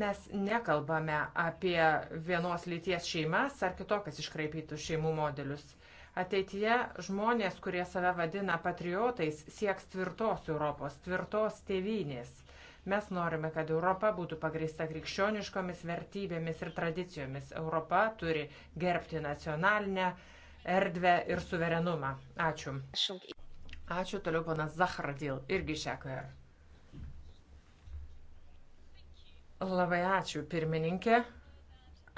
Mes nekalbame apie vienos lyties šeimas ar kitokias iškraipytų šeimų modelius. Ateityje žmonės, kurie save vadina patriotais, sieks tvirtos Europos, tvirtos tėvynės. Mes norime, kad Europa būtų pagrįsta krikščioniškomis vertybėmis ir tradicijomis. Europa turi gerbti nacionalinę erdvę ir suverenumą. Ačiū. Ačiū toliau panas Zahradil, irgi iš EKR. Labai ačiū, pirmininkė.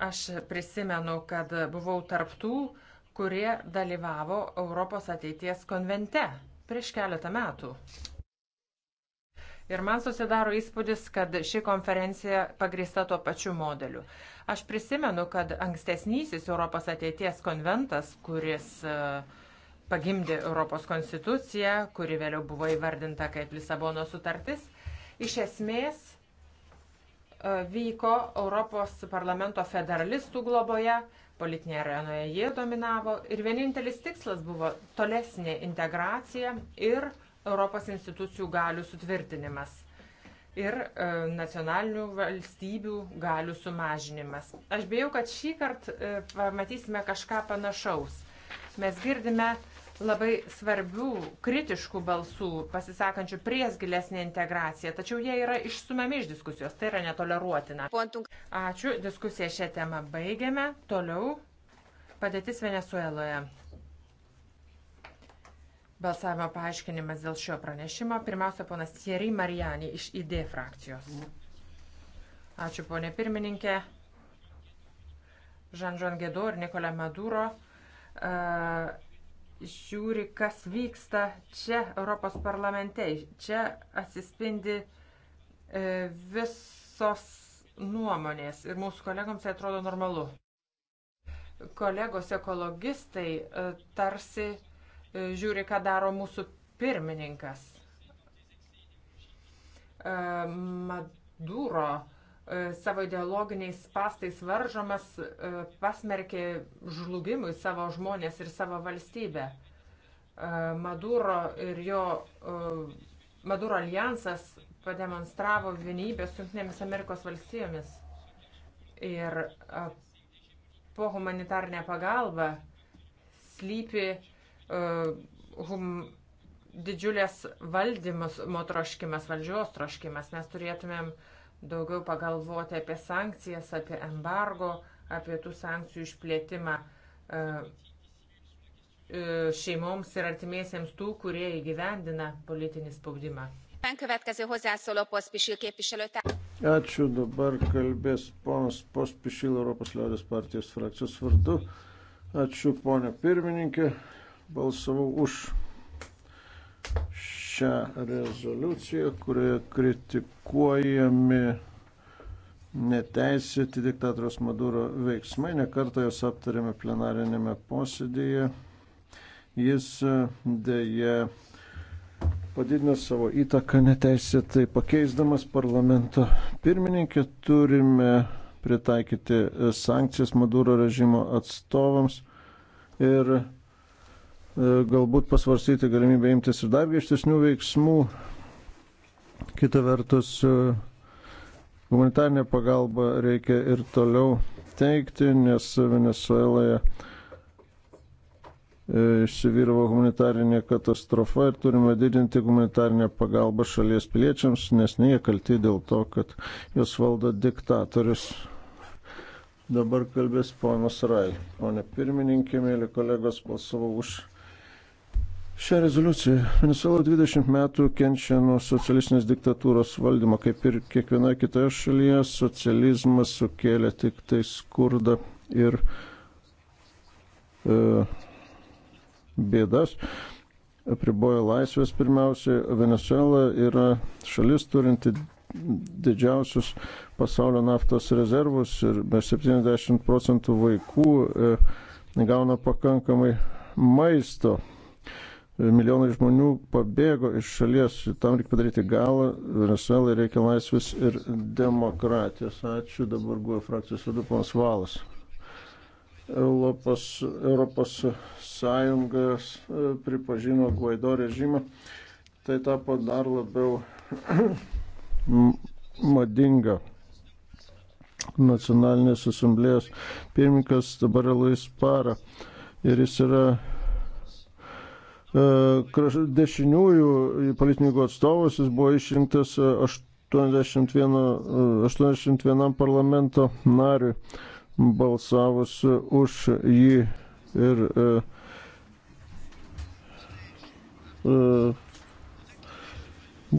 Aš prisimenu, kad buvau tarptų, kurie dalyvavo Europos ateities konvente prieš keletą metų. Ir man susidaro įspūdis, kad ši konferencija pagrįsta tuo pačiu modeliu. Aš prisimenu, kad ankstesnysis Europos ateities konventas, kuris e, pagimdė Europos konstituciją, kuri vėliau buvo įvardinta kaip Lisabono sutartis, iš esmės e, vyko Europos parlamento federalistų globoje, politinėje arenoje jie dominavo ir vienintelis tikslas buvo tolesnė integracija ir uh, Europos institucijų galių sutvirtinimas ir e, nacionalinių valstybių galių sumažinimas. Aš bijau, kad šį kartą e, matysime kažką panašaus. Mes girdime labai svarbių, kritiškų balsų, pasisakančių prieš gilesnį integraciją, tačiau jie yra išsumami iš diskusijos, tai yra netoleruotina. Ačiū, diskusiją šią temą baigiame. Toliau padėtis Venezueloje balsavimo paaiškinimas dėl šio pranešimo. Pirmiausia, ponas Thierry Marijani iš ID frakcijos. Ačiū, ponė pirmininkė. Žanžon Gedo ir Nikolė Maduro. Uh, žiūri, kas vyksta čia Europos parlamente. Čia atsispindi uh, visos nuomonės ir mūsų kolegoms tai atrodo normalu. Kolegos ekologistai uh, tarsi uh, E, žiūri, ką daro mūsų pirmininkas. E, Maduro e, savo ideologiniais pastais varžomas pasmerkė žlugimui savo žmonės ir savo valstybę. Maduro ir jo Maduro alijansas pademonstravo vienybę su Junktinėmis Amerikos valstijomis. Ir po humanitarnė pagalba slypi uh, E, hum, didžiulės valdymus, motroškimas, valdžios troškimas. Mes turėtumėm daugiau pagalvoti apie sankcijas, apie embargo, apie tų sankcijų išplėtimą e, e, šeimoms ir artimiesiems tų, kurie įgyvendina politinį spaudimą. Ačiū dabar kalbės ponas Pospišil Europos liaudės partijos frakcijos vardu. Ačiū ponia pirmininkė balsavau už šią rezoliuciją, kurioje kritikuojami neteisėti diktatoriaus Maduro veiksmai. Nekartą jos aptarėme plenarinėme posėdėje. Jis e, dėje padidino savo įtaką neteisėtai pakeisdamas parlamento pirmininkę. Turime pritaikyti sankcijas Maduro režimo atstovams ir E, galbūt pasvarstyti galimybę imtis ir dar griežtesnių veiksmų. Kita vertus, e, humanitarnė pagalba reikia ir toliau teikti, nes Venezueloje e, išsivyravo humanitarinė katastrofa ir turime didinti humanitarinę pagalbą šalies piliečiams, nes ne jie kalti dėl to, kad juos valdo diktatorius. Dabar kalbės ponas Rai. Pone pirmininkė, mėly kolegos, balsavau už Šią rezoliuciją Venezuela 20 metų kenčia nuo socialistinės diktatūros valdymo, kaip ir kiekvienoje kitoje šalyje socializmas sukėlė tik tai skurdą ir e, bėdas, apriboja laisvės pirmiausiai. Venezuela yra šalis turinti didžiausius pasaulio naftos rezervus ir 70 procentų vaikų e, gauna pakankamai maisto milijonai žmonių pabėgo iš šalies, tam reikia padaryti galą, Venezuelai reikia laisvės ir demokratijos. Ačiū, dabar buvo frakcijos vadu ponas Valas. Europos, Europos Sąjungas e, pripažino Guaido režimą, tai tapo dar labiau madinga. Nacionalinės asamblėjos pirmininkas dabar yra Luis Para ir jis yra E, dešiniųjų politinių jėgų atstovas, jis buvo išrinktas 81, e, 81 e, parlamento nariui balsavus už jį ir e, e,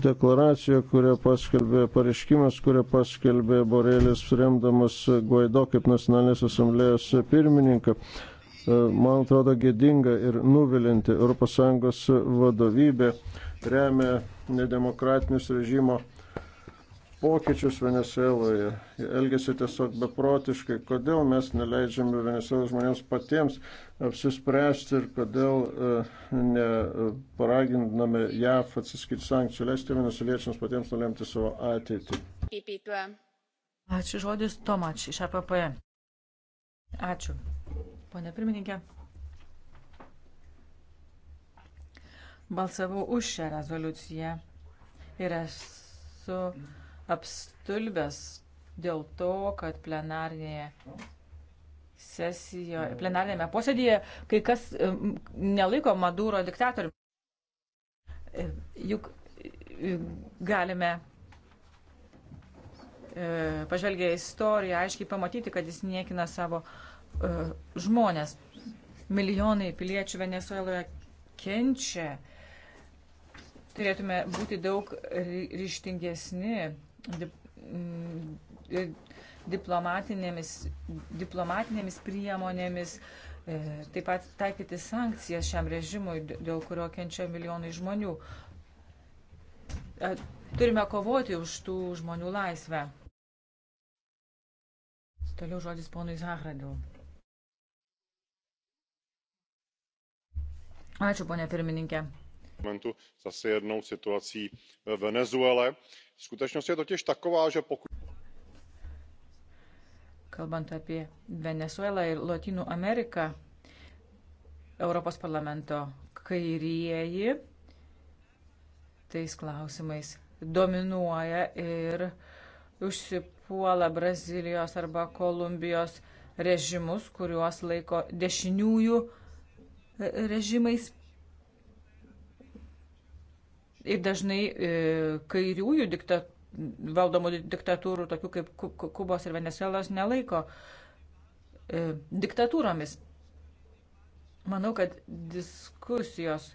deklaracija, kurią paskelbė, pareiškimas, kurią paskelbė Borelis, remdamas Guaido kaip nacionalinės asamblėjos pirmininką. E, E, man atrodo, gėdinga ir nuvilinti. ES vadovybė remia nedemokratinius režimo pokyčius Venezueloje. Jie elgesi tiesiog beprotiškai. Kodėl mes neleidžiame Venezuelos žmonėms patiems apsispręsti ir kodėl e, neparagindame JAF atsiskirti sankcijų, leisti venezueliečiams patiems nulemti savo ateitį. Ačiū žodis Tomač iš APP. Ačiū ponė pirmininkė. Balsavau už šią rezoliuciją ir esu apstulbęs dėl to, kad plenarinėje sesijoje, plenarinėme posėdėje kai kas nelaiko Maduro diktatoriumi. Juk e, galime e, pažvelgę į istoriją, aiškiai pamatyti, kad jis niekina savo uh, E, žmonės. Milijonai piliečių Venezueloje kenčia. Turėtume būti daug ryštingesni mm, diplomatinėmis, diplomatinėmis priemonėmis, e, taip pat taikyti sankcijas šiam režimui, dėl kurio kenčia milijonai žmonių. E, turime kovoti už tų žmonių laisvę. Toliau žodis ponui Zahradil. Ačiū, ponė pirmininkė. Zase jednou situací ve Venezuele. Skutečnost je totiž taková, že pokud. Kalbant apie Venezuelą ir Latinų Ameriką, Europos parlamento kairieji tais klausimais dominuoja ir užsipuola Brazilijos arba Kolumbijos režimus, kuriuos laiko dešiniųjų režimais. Ir dažnai e, kairiųjų dikta, valdomų diktatūrų, tokių kaip Kubos ir Venezuelos, nelaiko e, diktatūromis. Manau, kad diskusijos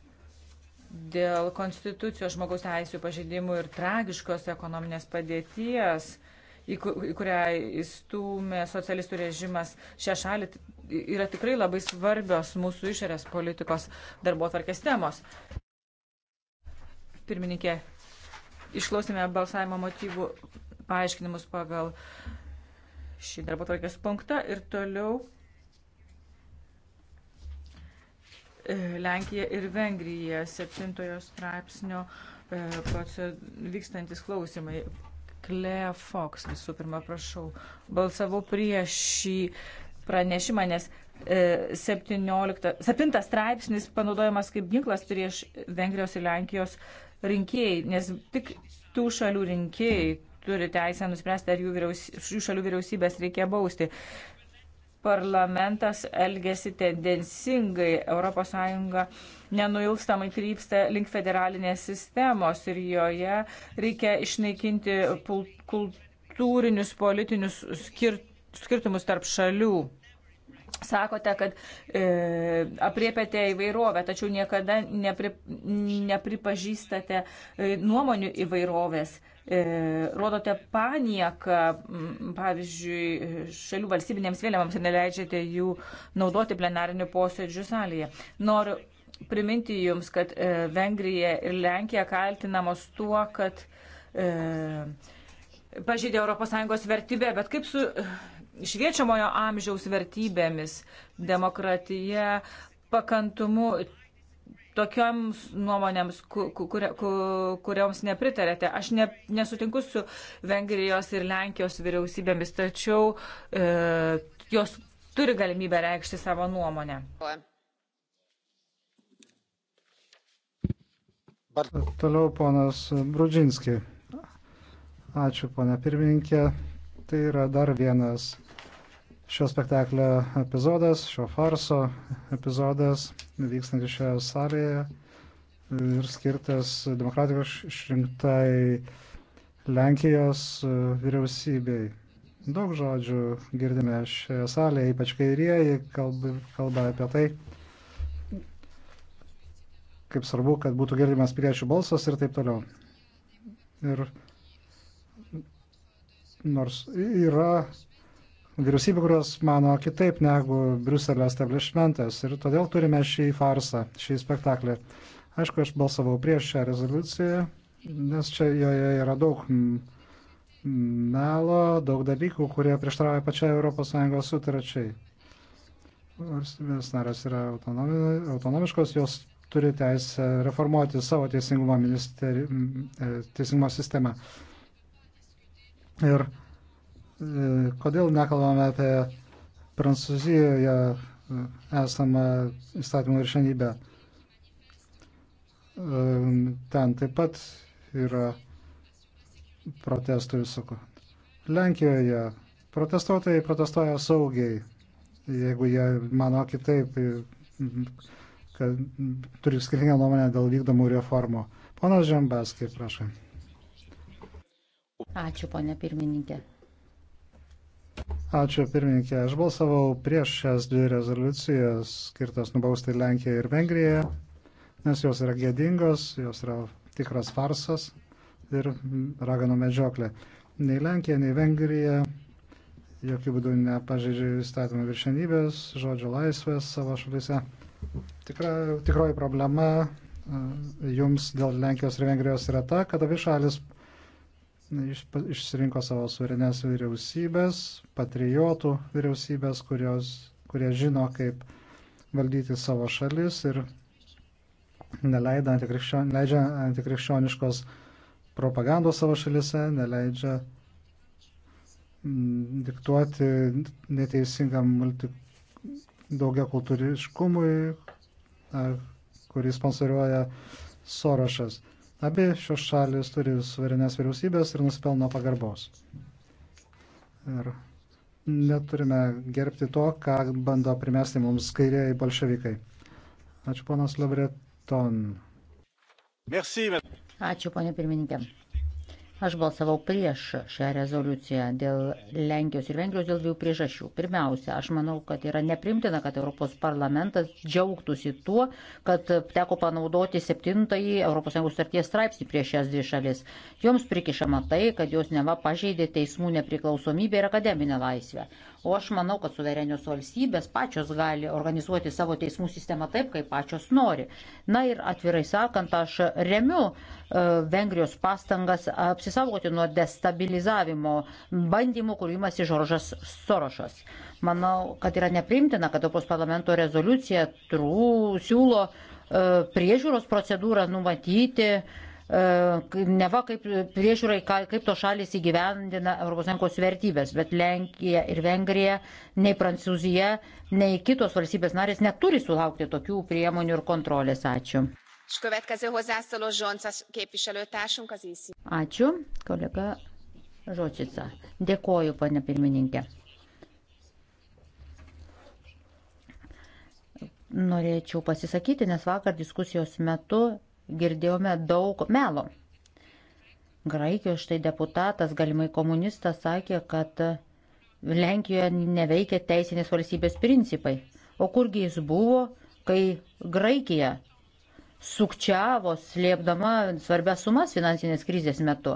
dėl konstitucijos žmogaus teisų pažeidimų ir tragiškos ekonominės padėties, į kurią įstūmė socialistų režimas šią šalį, yra tikrai labai svarbios mūsų išorės politikos darbo tvarkės temos. Pirmininkė, išklausime balsavimo motyvų paaiškinimus pagal šį darbo tvarkės punktą ir toliau e, Lenkija ir Vengrija septintojo straipsnio e, vykstantis klausimai. Klea Fox visų pirma, prašau. Balsavau prieš šį pranešimą, nes 17, e, 7 straipsnis panaudojamas kaip ginklas prieš Vengrijos ir Lenkijos rinkėjai, nes tik tų šalių rinkėjai turi teisę nuspręsti, ar jų, vyriausy, jų šalių vyriausybės reikia bausti. Parlamentas elgesi tendencingai, ES nenuilstamai krypsta link federalinės sistemos ir joje reikia išnaikinti kultūrinius politinius skirt, skirtumus tarp šalių. Sakote, kad e, apriepėte įvairovę, tačiau niekada nepri, nepripažįstate e, nuomonių įvairovės. E, rodote panieką, pavyzdžiui, šalių valstybinėms vėliavams ir neleidžiate jų naudoti plenarinių posėdžių salėje. Noriu priminti Jums, kad e, Vengrija ir Lenkija kaltinamos tuo, kad e, pažydė ES vertybę, bet kaip su šviečiamojo amžiaus vertybėmis, demokratija, pakantumu tokioms nuomonėms, kurioms nepritarėte. Aš ne, nesutinku su Vengrijos ir Lenkijos vyriausybėmis, tačiau e, jos turi galimybę reikšti savo nuomonę. Toliau ponas Brudžinski. Ačiū, ponė pirmininkė. Tai yra dar vienas šio spektaklio epizodas, šio farso epizodas, vykstantis šioje salėje ir skirtas demokratikos išrinktai Lenkijos vyriausybei. Daug žodžių girdime šioje salėje, ypač kairieji kalba, kalba apie tai, kaip svarbu, kad būtų girdimas piliečių balsas ir taip toliau. Ir nors yra vyriausybių, kurios mano kitaip negu Bruselio establishmentas. Ir todėl turime šį farsą, šį spektaklį. Aišku, aš balsavau prieš šią rezoliuciją, nes čia joje yra daug melo, daug dalykų, kurie prieštarauja pačiai ES sutaračiai. Valstybės narės yra autonomiškos, jos turi teisę reformuoti savo teisingumo, e, teisingumo sistemą. Ir E, kodėl nekalbame apie Prancūzijoje e, esamą įstatymų viršenybę. E, ten taip pat yra protestų visokų. Lenkijoje protestuotojai protestuoja saugiai, jeigu jie mano kitaip, tai, kad turi skirtingą nuomonę dėl vykdomų reformų. Ponas Žembaskai, prašau. Ačiū, ponė pirmininkė. Ačiū pirmininkė. Aš balsavau prieš šias dvi rezoliucijas skirtas nubausti Lenkiją ir Vengriją, nes jos yra gėdingos, jos yra tikras farsas ir raganų medžioklė. Nei Lenkija, nei Vengrija jokių būdų nepažeidžia įstatymų viršenybės, žodžio laisvės savo šalyse. Tikra, tikroji problema e, jums dėl Lenkijos ir Vengrijos yra ta, kad abi šalis išsirinko savo suverenės vyriausybės, patriotų vyriausybės, kurios, kurie žino, kaip valdyti savo šalis ir neleidžia antikrikščion, antikrikščioniškos propagandos savo šalise, neleidžia mm, diktuoti neteisingam multi, daugia kultūriškumui, kurį sponsoriuoja Sorošas. Abi šios šalis turi suverenės vyriausybės ir nusipelno pagarbos. Ir neturime gerbti to, ką bando primesti mums kairieji bolševikai. Ačiū ponas Labreton. Merci, Ačiū, ponė pirmininkė. Aš balsavau prieš šią rezoliuciją dėl Lenkijos ir Vengrijos dėl dviejų priežasčių. Pirmiausia, aš manau, kad yra neprimtina, kad Europos parlamentas džiaugtųsi tuo, kad teko panaudoti septintąjį ES starties straipsnį prieš šias dvi šalis. Joms prikišama tai, kad jos neva pažeidė teismų nepriklausomybę ir akademinę laisvę. O aš manau, kad suverenios valstybės pačios gali organizuoti savo teismų sistemą taip, kaip pačios nori. Na ir atvirai sakant, aš remiu e, Vengrijos pastangas apsisaugoti nuo destabilizavimo bandymų, kuriuos įžoržas Sorošas. Manau, kad yra neprimtina, kad Europos parlamento rezoliucija trū, siūlo e, priežiūros procedūrą numatyti E, neva kaip priežiūrai, kaip to šalis įgyvendina ES vertybės, bet Lenkija ir Vengrija, nei Prancūzija, nei kitos valstybės narės neturi sulaukti tokių priemonių ir kontrolės. Ačiū. Ačiū, kolega Žočica. Dėkoju, pane pirmininkė. Norėčiau pasisakyti, nes vakar diskusijos metu girdėjome daug melo. Graikijos štai deputatas, galimai komunistas, sakė, kad Lenkijoje neveikia teisinės valstybės principai. O kurgi jis buvo, kai Graikija sukčiavo, slėpdama svarbias sumas finansinės krizės metu.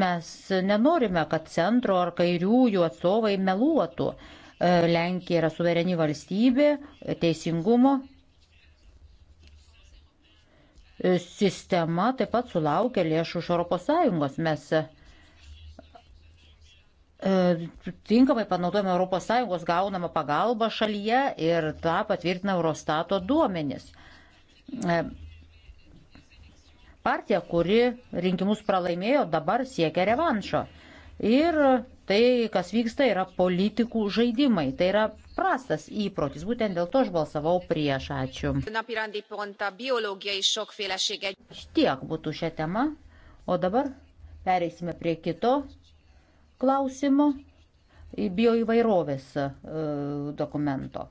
Mes nenorime, kad centro ar kairiųjų atstovai meluotų. Lenkija yra suvereni valstybė, teisingumo sistema taip pat sulaukia lėšų iš ES. Mes e, tinkamai panaudojame ES gaunamą pagalbą šalyje ir tą patvirtina Eurostato duomenis. E, partija, kuri rinkimus pralaimėjo, dabar siekia revanšo. Ir tai, kas vyksta, yra politikų žaidimai. Tai yra prastas įprotis. Būtent dėl to aš balsavau prieš. Ačiū. Tiek būtų šią temą. O dabar pereisime prie kito klausimo bioįvairovės e, dokumento.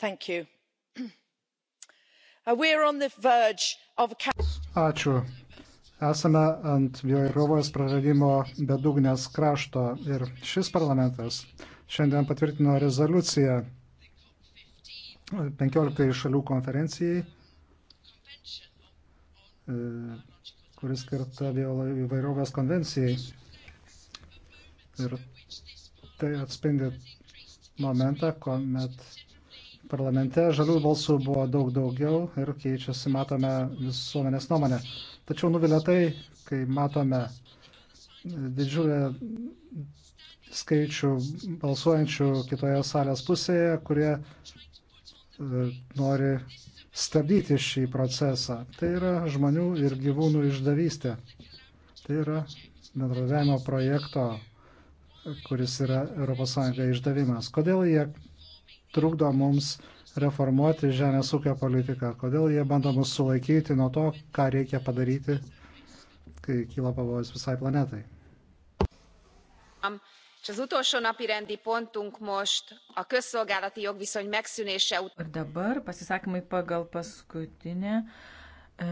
Uh, Ačiū. Esame ant vairovos praradimo bedugnės krašto ir šis parlamentas šiandien patvirtino rezoliuciją 15 šalių konferencijai, e, kuris skirta įvairovės konvencijai. Ir tai atspindi momentą, kuomet parlamente žalių balsų buvo daug daugiau ir keičiasi, matome visuomenės nuomonę. Tačiau nuvilia tai, kai matome didžiulę skaičių balsuojančių kitoje salės pusėje, kurie e, nori stabdyti šį procesą. Tai yra žmonių ir gyvūnų išdavystė. Tai yra bendradavimo projekto, kuris yra ES išdavimas. Kodėl jie trukdo mums reformuoti žemės ūkio politiką, kodėl jie bando mus sulaikyti nuo to, ką reikia padaryti, kai kyla pavojus visai planetai. Az utolsó napi rendi pontunk most a közszolgálati jogviszony megszűnése után. Dabar pasisakymai pagal paskutinę e,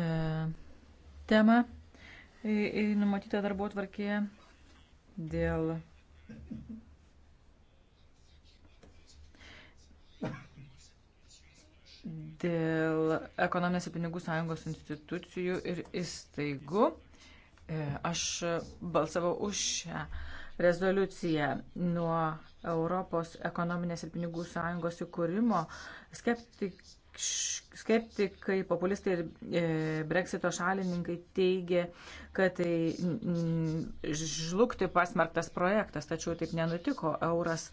temą e, e, numatytą darbo tvarkėje dėl dėl ekonominės ir pinigų sąjungos institucijų ir įstaigų. E, aš balsavau už šią rezoliuciją nuo Europos ekonominės ir pinigų sąjungos įkūrimo. Skeptik, skeptikai, populistai ir e, breksito šalininkai teigia, kad tai žlugti pasmerktas projektas, tačiau taip nenutiko. Euras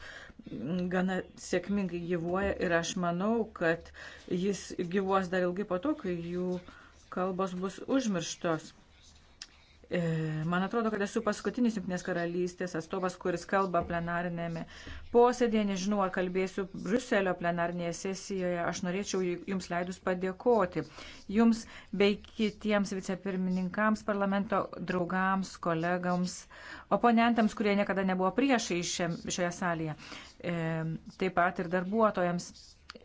gana sėkmingai gyvuoja ir aš manau, kad jis gyvuos dar ilgai po to, kai jų kalbos bus užmirštos. E, man atrodo, kad esu paskutinis Junktinės karalystės atstovas, kuris kalba plenarinėme posėdėje. Nežinau, ar kalbėsiu Bruselio plenarinėje sesijoje. Aš norėčiau Jums leidus padėkoti. Jums bei kitiems vicepirmininkams, parlamento draugams, kolegams, oponentams, kurie niekada nebuvo priešai šioje salėje. E, taip pat ir darbuotojams.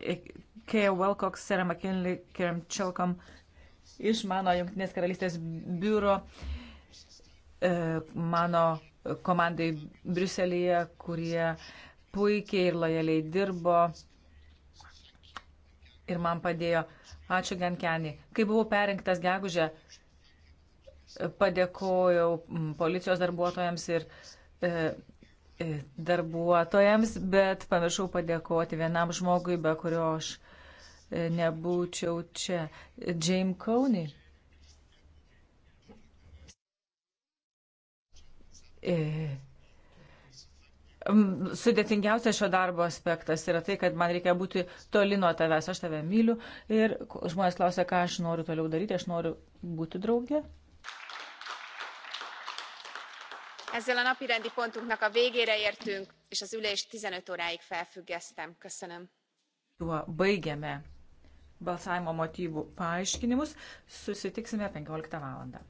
E, Keo Welcox, Sarah McKinley, Kerem Čelkom iš mano Junktinės karalystės biuro. Uh, E, mano komandai Briuselėje, kurie puikiai ir lojaliai dirbo ir man padėjo. Ačiū Gankeniai. Kai buvau perinktas gegužę, padėkojau policijos darbuotojams ir e, e, darbuotojams, bet pamiršau padėkoti vienam žmogui, be kurio aš e, nebūčiau čia. James Coney E, sudėtingiausias šio darbo aspektas yra tai, kad man reikia būti toli nuo tavęs, aš tave myliu ir žmonės klausia, ką aš noriu toliau daryti, aš noriu būti draugė. Ezzel a napi rendi pontunknak a végére értünk, és az ülést 15 óráig felfüggesztem. Köszönöm. Tuo baigiame balsavimo motyvų paaiškinimus. Susitiksime 15 valandą.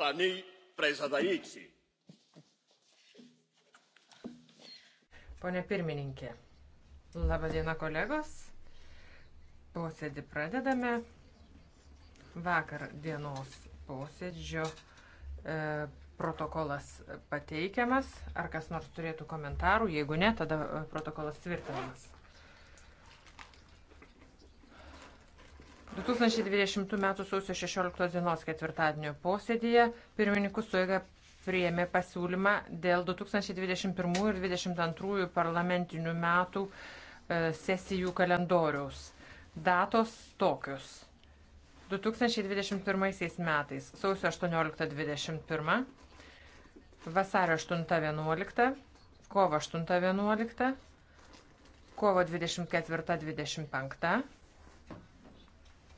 pani prezidentė. Pone pirmininkė, laba diena kolegos. Posėdį pradedame. Vakar dienos posėdžio e, protokolas pateikiamas. Ar kas nors turėtų komentarų? Jeigu ne, tada e, protokolas tvirtinamas. 2020 m. sausio 16 dienos ketvirtadienio posėdėje pirmininkų suėga priėmė pasiūlymą dėl 2021 ir 2022 parlamentinių metų e, sesijų kalendoriaus. Datos tokios. 2021 metais sausio 18-21, vasario 8-11, kovo 8-11, kovo 24-25,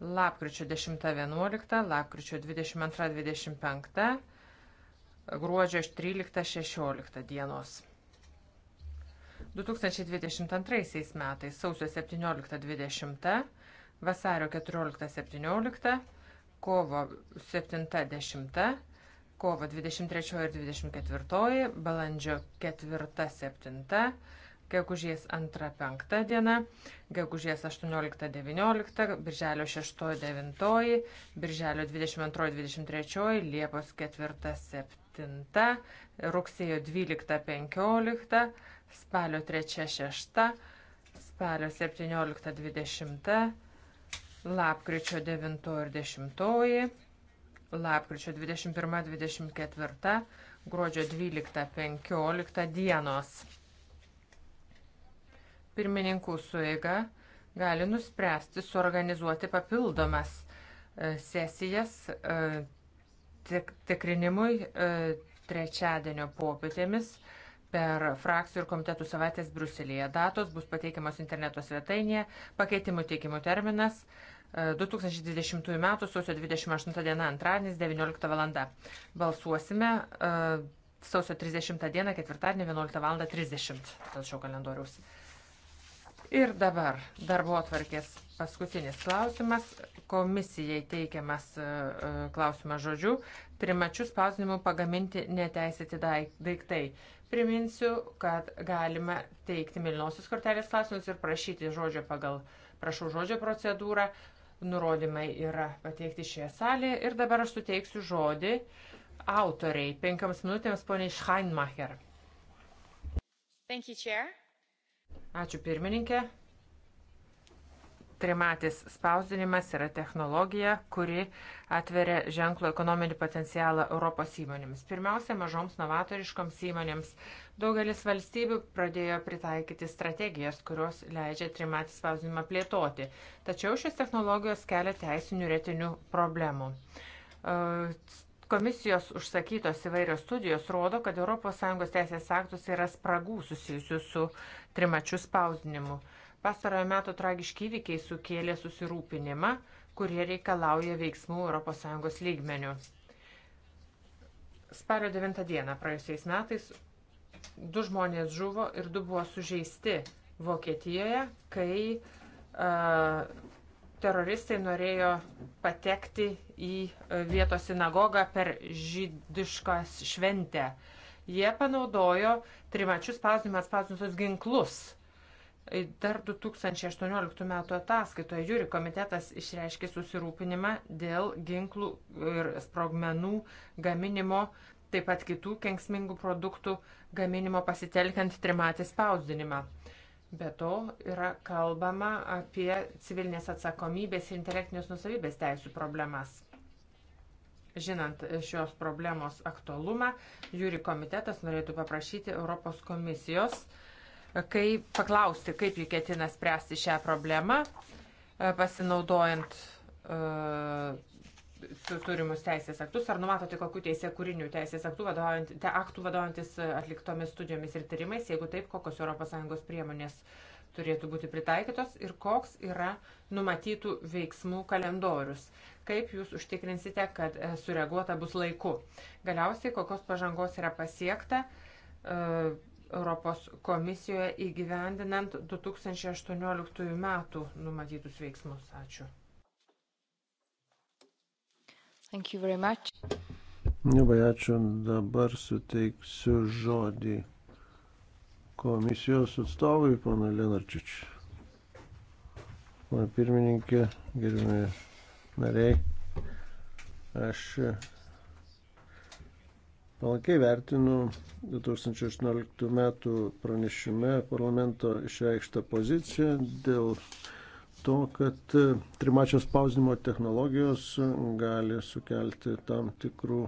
lapkričio 10-11, lapkričio 22-25, gruodžio 13-16 dienos. 2022 metais sausio 17-20, vasario 14-17, kovo 7-10, kovo 23 ir 24, balandžio 4-7, gegužės 2-5 diena, gegužės 18-19, birželio 6-9, birželio 22-23, liepos 4-7, rugsėjo 12-15, spalio 3-6, spalio 17-20, lapkričio 9 ir 10, lapkričio 21-24, gruodžio 12-15 dienos pirmininkų suėga gali nuspręsti suorganizuoti papildomas e, sesijas e, tikrinimui e, trečiadienio popietėmis per frakcijų ir komitetų savaitės Bruselėje. Datos bus pateikiamos interneto svetainėje, pakeitimų teikimo terminas 2020 m. sausio 28 d. antradienis 19 val. Balsuosime sausio 30 d. ketvirtadienį 11 val. 30 dėl šio kalendoriaus. Ir dabar darbo atvarkės paskutinis klausimas. Komisijai teikiamas e, e, klausimas žodžiu. Trimačių spausdinimų pagaminti neteisėti daiktai. Priminsiu, kad galima teikti milinosios kortelės klausimus ir prašyti žodžio pagal prašau žodžio procedūrą. Nurodymai yra pateikti šioje salėje. Ir dabar aš suteiksiu žodį autoriai penkiams minutėms poniai Scheinmacher. Thank you, Chair. Ačiū pirmininkė. Trimatis spausdinimas yra technologija, kuri atveria ženklo ekonominį potencialą Europos įmonėms. Pirmiausia, mažoms novatoriškoms įmonėms daugelis valstybių pradėjo pritaikyti strategijas, kurios leidžia trimatį spausdinimą plėtoti. Tačiau šios technologijos kelia teisinių retinių problemų Komisijos užsakytos įvairios studijos rodo, kad ES teisės aktus yra spragų susijusių su trimačių spausdinimu. Pastarojo metu tragiški įvykiai sukėlė susirūpinimą, kurie reikalauja veiksmų ES lygmenių. Spalio 9 dieną praėjusiais metais du žmonės žuvo ir du buvo sužeisti Vokietijoje, kai uh, teroristai norėjo patekti į e, vietos sinagogą per žydišką šventę. Jie panaudojo trimačius spausdinimą atspausdintus ginklus. E, dar 2018 m. ataskaitoje Jūri komitetas išreiškė susirūpinimą dėl ginklų ir sprogmenų gaminimo, taip pat kitų kengsmingų produktų gaminimo pasitelkiant trimatį spausdinimą. Be to yra kalbama apie civilinės atsakomybės ir intelektinės nusavybės teisų problemas. Žinant šios problemos aktualumą, jūri komitetas norėtų paprašyti Europos komisijos, e, kai paklausti, kaip jį ketina spręsti šią problemą, e, pasinaudojant uh, turimus teisės aktus, ar numatote kokiu teisė kūrinių teisės aktų, vadovaujant, te aktų vadovantis e, atliktomis studijomis ir tyrimais, jeigu taip, kokios ES priemonės turėtų būti pritaikytos ir koks yra numatytų veiksmų kalendorius. Kaip jūs užtikrinsite, kad e, sureaguota bus laiku. Galiausiai, kokios pažangos yra pasiekta. Uh, Europos komisijoje įgyvendinant 2018 metų numatytus veiksmus. Ačiū. Labai ačiū. Dabar suteiksiu žodį komisijos atstovui, pana Lenarčič. Pana pirmininkė, gerbimi nariai, aš palankiai vertinu 2018 metų pranešime parlamento išreikštą poziciją dėl to, kad e, trimačios spausdinimo technologijos gali sukelti tam tikrų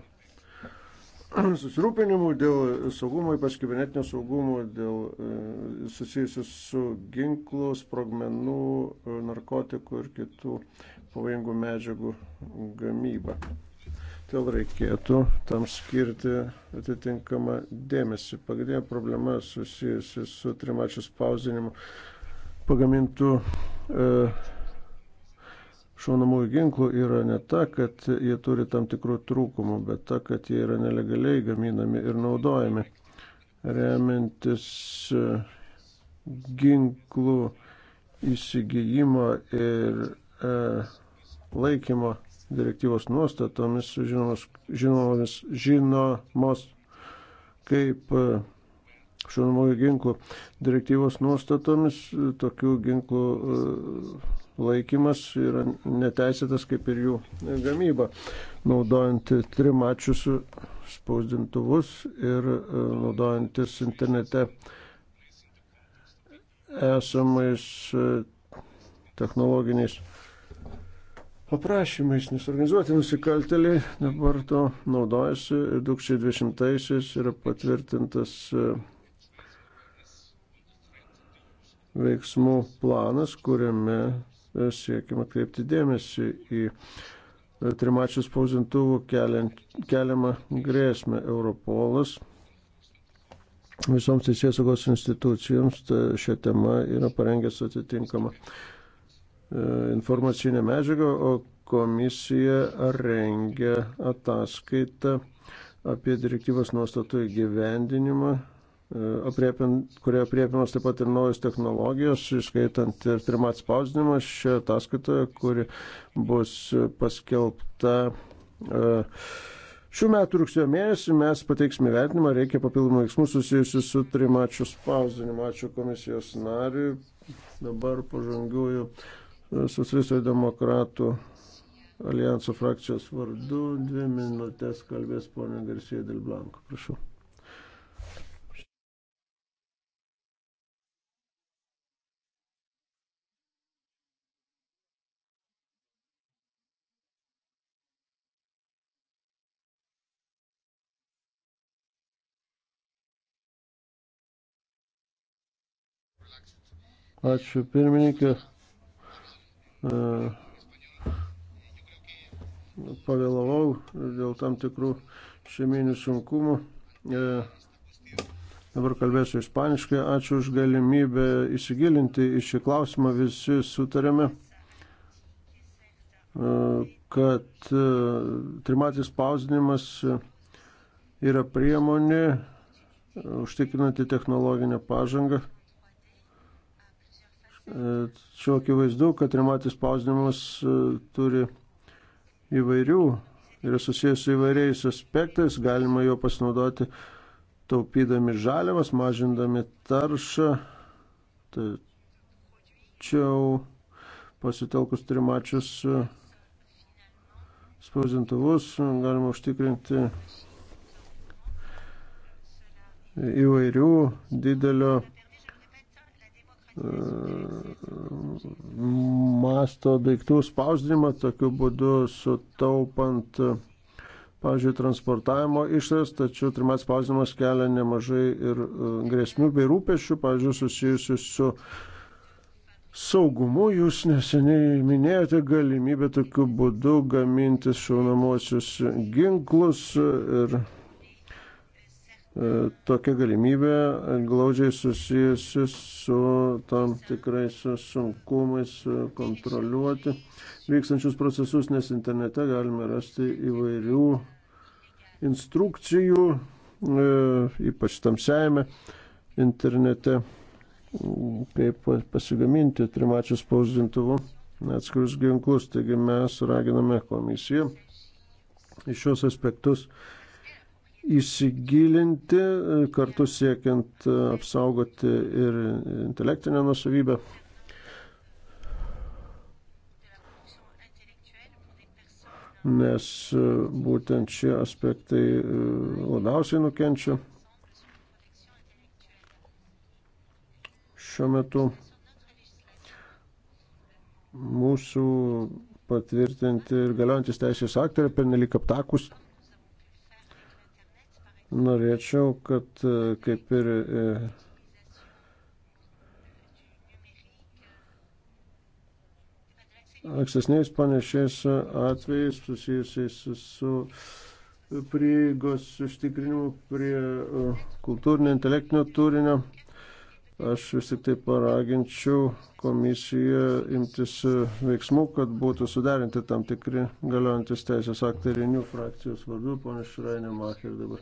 susirūpinimų dėl saugumo, ypač kibernetinio saugumo, dėl e, susijusius su ginklų, sprogmenų, e, narkotikų ir kitų pavojingų medžiagų gamyba. Todėl reikėtų tam skirti atitinkamą dėmesį. Pagrindinė problema susijusi su trimačių spausdinimu pagamintų e, šaunamųjų ginklų yra ne ta, kad jie turi tam tikrų trūkumų, bet ta, kad jie yra nelegaliai gaminami ir naudojami. Remiantis e, ginklų įsigijimo ir e, laikymo direktyvos nuostatomis žinomos, žinomos, žinomos kaip e, šunamųjų ginklų direktyvos nuostatomis. Tokių ginklų e, laikymas yra neteisėtas kaip ir jų gamyba, naudojant trimačius spausdintuvus ir e, naudojantis internete esamais e, technologiniais paprašymais, nes organizuoti nusikaltėliai dabar to naudojasi ir 2020-aisiais yra patvirtintas veiksmų planas, kuriame e, siekime kreipti dėmesį į e, trimačių spausintuvų keliamą grėsmę Europolas. Visoms teisėsaugos institucijoms šią temą yra parengęs atitinkamą e, informacinę medžiagą, o komisija rengia ataskaitą apie direktyvos nuostatų įgyvendinimą kurie apriepiamas taip pat ir naujos technologijos, išskaitant ir trimat spausdinimą šioje ataskaitoje, kuri bus paskelbta e, šių metų rugsėjo mėnesį, mes pateiksime vertinimą, reikia papildomų veiksmų susijusių su trimačių spausdinimu. Ačiū komisijos nariui, dabar pažangiųjų e, socialistų demokratų alijanso frakcijos vardu. Dvi minutės kalbės ponė Garsija Dėl Blanko, prašau. Ačiū pirmininkė. E, pavėlavau dėl tam tikrų šeiminių sunkumų. E, dabar kalbėsiu ispaniškai. Ačiū už galimybę įsigilinti į šį klausimą. Visi sutarėme, e, kad trimatis spausdinimas yra priemonė užtikrinanti technologinę pažangą Tačiau akivaizdu, kad trimatis spausdinimas e, turi įvairių, yra susijęs su įvairiais aspektais, galima jo pasinaudoti taupydami žaliavas, mažindami taršą. Tačiau pasitelkus trimačius e, spausdintuvus galima užtikrinti įvairių didelio masto daiktų spausdinimą, tokiu būdu sutaupant, pavyzdžiui, transportavimo išlaidas, tačiau trimas spausdinimas kelia nemažai ir e, grėsmių bei rūpešių, pavyzdžiui, susijusių su saugumu. Jūs neseniai minėjote galimybę tokiu būdu gaminti šaunamosius ginklus ir E, tokia galimybė glaudžiai susijusi su tam tikrais sunkumais e, kontroliuoti vykstančius procesus, nes internete galime rasti įvairių instrukcijų, e, ypač tamsiajame internete, kaip pasigaminti trimačių spausdintuvų atskirius ginklus. Taigi mes raginame komisiją iš šios aspektus įsigilinti, e, kartu siekiant e, apsaugoti ir intelektinę nusavybę. Nes e, būtent šie aspektai labiausiai nukenčia šiuo metu mūsų patvirtinti ir galiojantis teisės aktai yra pernelik aptakus norėčiau, kad e, kaip ir e, ankstesniais panašiais atvejais susijusiais su prieigos užtikrinimu prie e, kultūrinio intelektinio turinio. Aš vis tik tai paraginčiau komisiją imtis veiksmų, kad būtų suderinti tam tikri galiojantis teisės aktai renių frakcijos vardu, ponė Šrainė Macher dabar.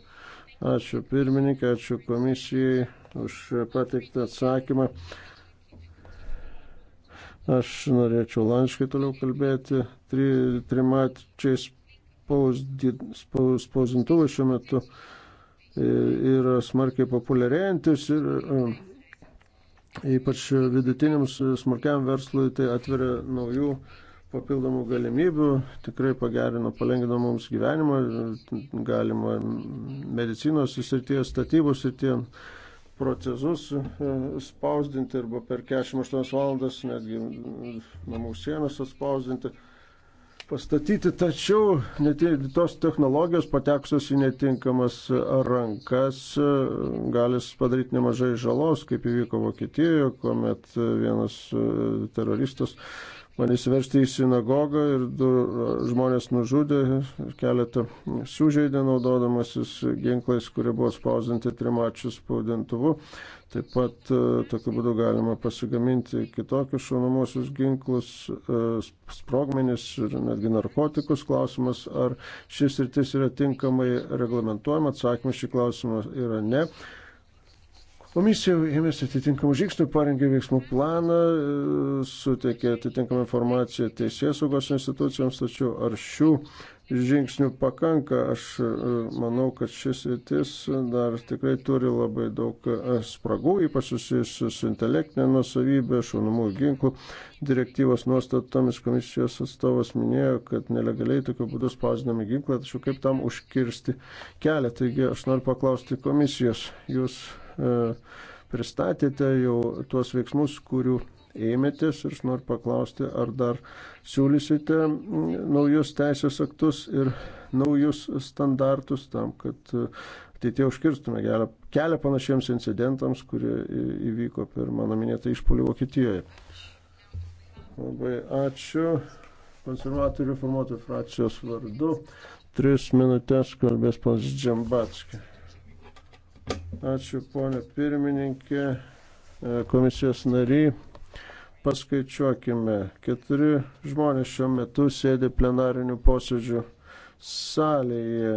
Ačiū pirmininkai, ačiū komisijai už pateiktą atsakymą. Aš norėčiau laniškai toliau kalbėti. Tri, trimačiai spausdintuvai šiuo metu yra smarkiai populiarėjantis ir e, ypač vidutiniams smarkiam verslui tai atveria naujų uh, papildomų galimybių, tikrai pagerino, palengvino mums gyvenimą, galima medicinos srityje, statybų srityje procesus e, spausdinti arba per 48 valandas netgi namų sienas atspausdinti, pastatyti, tačiau net tos technologijos patekusios į netinkamas rankas e, gali padaryti nemažai žalos, kaip įvyko Vokietijoje, kuomet vienas e, teroristas man įsiveršti į sinagogą ir du žmonės nužudė ir keletą sužeidė naudodamasis ginklais, kurie buvo spausdinti trimačių spaudintuvu. Taip pat e, tokiu būdu galima pasigaminti kitokius šaunamosius ginklus, e, sprogmenis ir netgi narkotikus. Klausimas, ar šis rytis yra tinkamai reglamentuojama, atsakymas šį klausimą yra ne. Komisija ėmėsi atitinkamų žingsnių, parengė veiksmų planą, e, suteikė atitinkamą informaciją teisės saugos institucijoms, tačiau ar šių žingsnių pakanka, aš e, manau, kad šis rytis dar tikrai turi labai daug e, spragų, ypač susijusių su intelektinė nusavybė, šaunamų ginklų. Direktyvos nuostatomis komisijos atstovas minėjo, kad nelegaliai tokiu būdu spausdinami ginklai, tačiau kaip tam užkirsti kelią. Taigi aš noriu paklausti komisijos, jūs E, pristatėte jau tuos veiksmus, kurių ėmėtės ir aš noriu paklausti, ar dar siūlysite naujus teisės aktus ir naujus standartus tam, kad e, ateitie užkirstume kelią panašiems incidentams, kurie įvyko per mano minėtą išpolį Vokietijoje. Labai ačiū konservatorių formuotojų frakcijos vardu. Tris minutės kalbės pas Džambatskį. Ačiū, ponė pirmininkė, e, komisijos nariai. Paskaičiuokime, keturi žmonės šiuo metu sėdi plenarinių posėdžių salėje.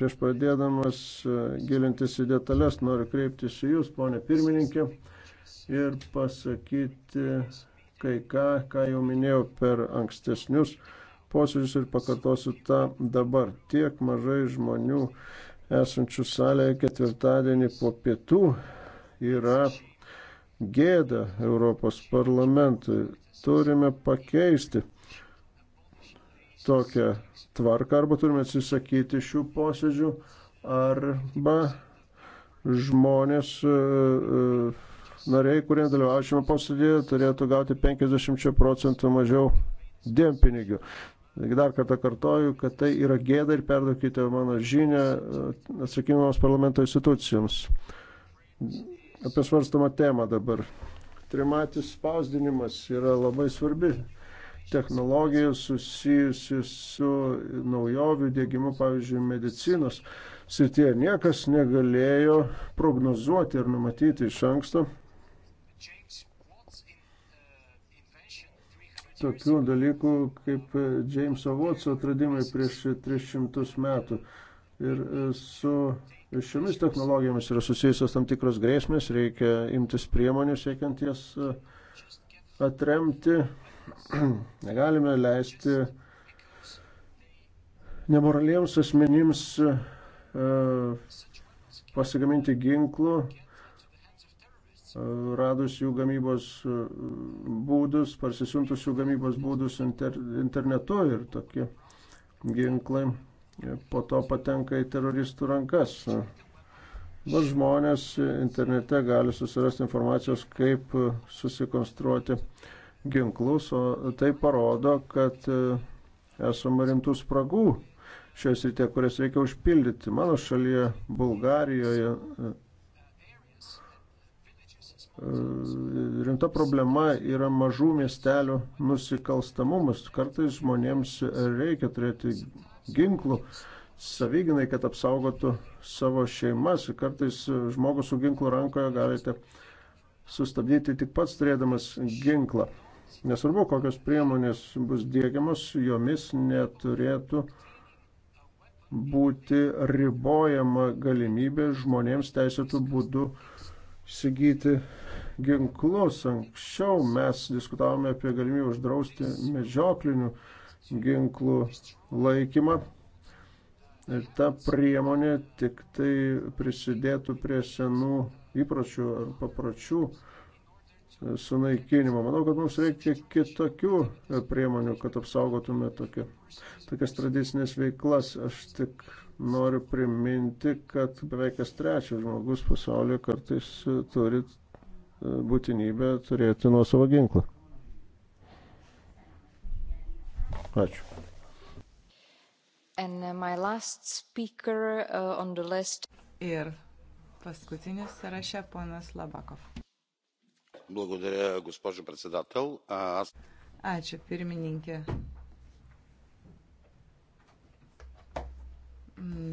Prieš pradėdamas e, gilintis į detalės, noriu kreiptis į Jūs, ponė pirmininkė, ir pasakyti kai ką, ką jau minėjau per ankstesnius posėdžius ir pakartosiu tą dabar. Tiek mažai žmonių esančių salėje ketvirtadienį po pietų yra gėda Europos parlamentui. Turime pakeisti tokią tvarką arba turime atsisakyti šių posėdžių arba žmonės, e, e, nariai, kurie dalyvauja šiame posėdėje, turėtų gauti 50 procentų mažiau dienpinigių. Dar kartą kartoju, kad tai yra gėda ir perduokite mano žinę e, atsakingoms parlamento institucijoms. Apie svarstamą temą dabar. Trimatis spausdinimas yra labai svarbi technologija susijusi su naujovių dėgymu, pavyzdžiui, medicinos srityje. Niekas negalėjo prognozuoti ir numatyti iš anksto tokių dalykų kaip e, Jameso Watso atradimai prieš 300 metų. Ir e, su šiomis technologijomis yra susijusios tam tikros grėsmės, reikia imtis priemonių siekiant jas e, atremti. Negalime leisti nemoraliems asmenims pasigaminti ginklų radus jų gamybos e, būdus, parsisintus jų gamybos būdus inter, internetu ir tokie ginklai e, po to patenka į teroristų rankas. Bet žmonės internete gali susirasti informacijos, kaip e, susikonstruoti ginklus, o tai parodo, kad esame rimtų spragų šioje srityje, kurias reikia užpildyti. Mano šalyje, Bulgarijoje, rimta problema yra mažų miestelių nusikalstamumas. Kartais žmonėms reikia turėti ginklų savyginai, kad apsaugotų savo šeimas. Kartais žmogus su ginklu rankoje galite sustabdyti tik pats turėdamas ginklą. Nesvarbu, kokios priemonės bus dėgiamos, jomis neturėtų būti ribojama galimybė žmonėms teisėtų būdų uh, įsigyti ginklus. Anksčiau mes diskutavome apie galimybę uždrausti medžioklinių ginklų laikymą. Ir ta priemonė tik tai prisidėtų prie senų įpročių ar papročių sunaikinimo. Manau, kad mums reikia kitokių priemonių, kad apsaugotume tokia, tokias tradicinės veiklas. Aš tik noriu priminti, kad beveik kas trečias žmogus pasaulyje kartais turi e, būtinybę turėti nuo savo ginklą. Ačiū. Uh, speaker, uh, Ir paskutinis sąraše ponas Labakov. Благодаря, госпожо председател. Аз... Ačiū, pirmininkė.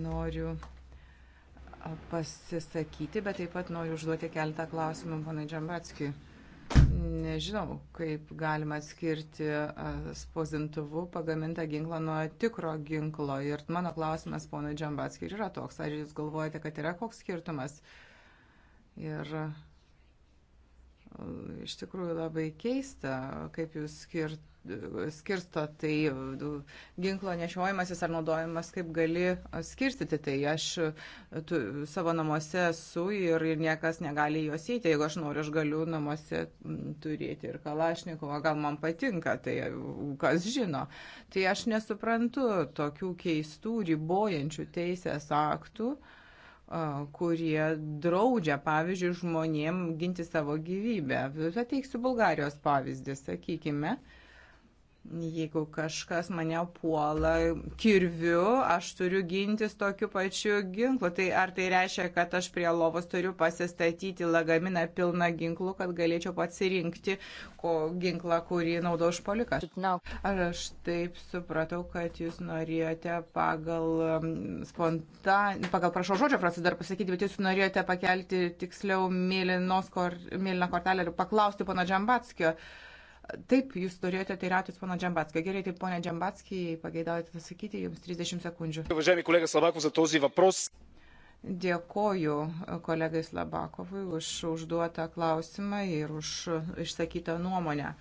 Noriu pasisakyti, bet taip pat noriu užduoti keletą klausimų ponai Džambatskijui. Nežinau, kaip galima atskirti spausdintuvų pagamintą ginklą nuo tikro ginklo. Ir mano klausimas ponai Džambatskijui yra toks. Ar jūs galvojate, kad yra koks skirtumas? Ir iš tikrųjų labai keista, kaip jūs skirt, skirsto tai ginklo nešiojimasis ar naudojimas, kaip gali skirstyti. Tai aš tu, savo namuose esu ir, ir niekas negali juos įti. Jeigu aš noriu, aš galiu namuose turėti ir kalašnikovą, gal man patinka, tai kas žino. Tai aš nesuprantu tokių keistų, ribojančių teisės aktų. Uh, kurie draudžia, pavyzdžiui, žmonėm ginti savo gyvybę. Pateiksiu Bulgarijos pavyzdį, sakykime, uh, Jeigu kažkas mane puola kirviu, aš turiu gintis tokiu pačiu ginklu. Tai ar tai reiškia, kad aš prie lovos turiu pasistatyti lagaminą pilną ginklų, kad galėčiau pasirinkti ko, ginklą, kurį naudo užpolikas? Ar aš taip supratau, kad jūs norėjote pagal um, spontan... pagal prašau žodžio prasį dar pasakyti, bet jūs norėjote pakelti tiksliau mėlyną kor... kortelę ir paklausti pono Džambatskio. Uh, Taip, jūs turėjote teirautis pono Džambatskio. Gerai, tai pone Džambatskijai, pageidaujate pasakyti, jums 30 sekundžių. Važiavim kolega Slabakov za tozį vapros. Dėkoju kolegai Slabakovui už užduotą klausimą ir už išsakytą nuomonę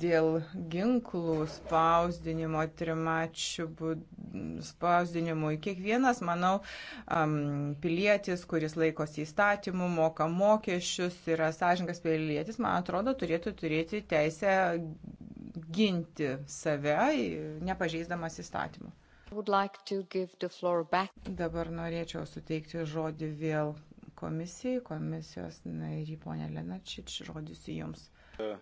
dėl ginklų spausdinimo, trimačių spausdinimo. Kiekvienas, manau, pilietis, kuris laikosi įstatymų, moka mokesčius, yra sąžininkas pilietis, man atrodo, turėtų turėti teisę ginti save, nepažeisdamas įstatymų. Like Dabar norėčiau suteikti žodį vėl komisijai, komisijos nariai ponė Lenačič, žodis jums. Uh,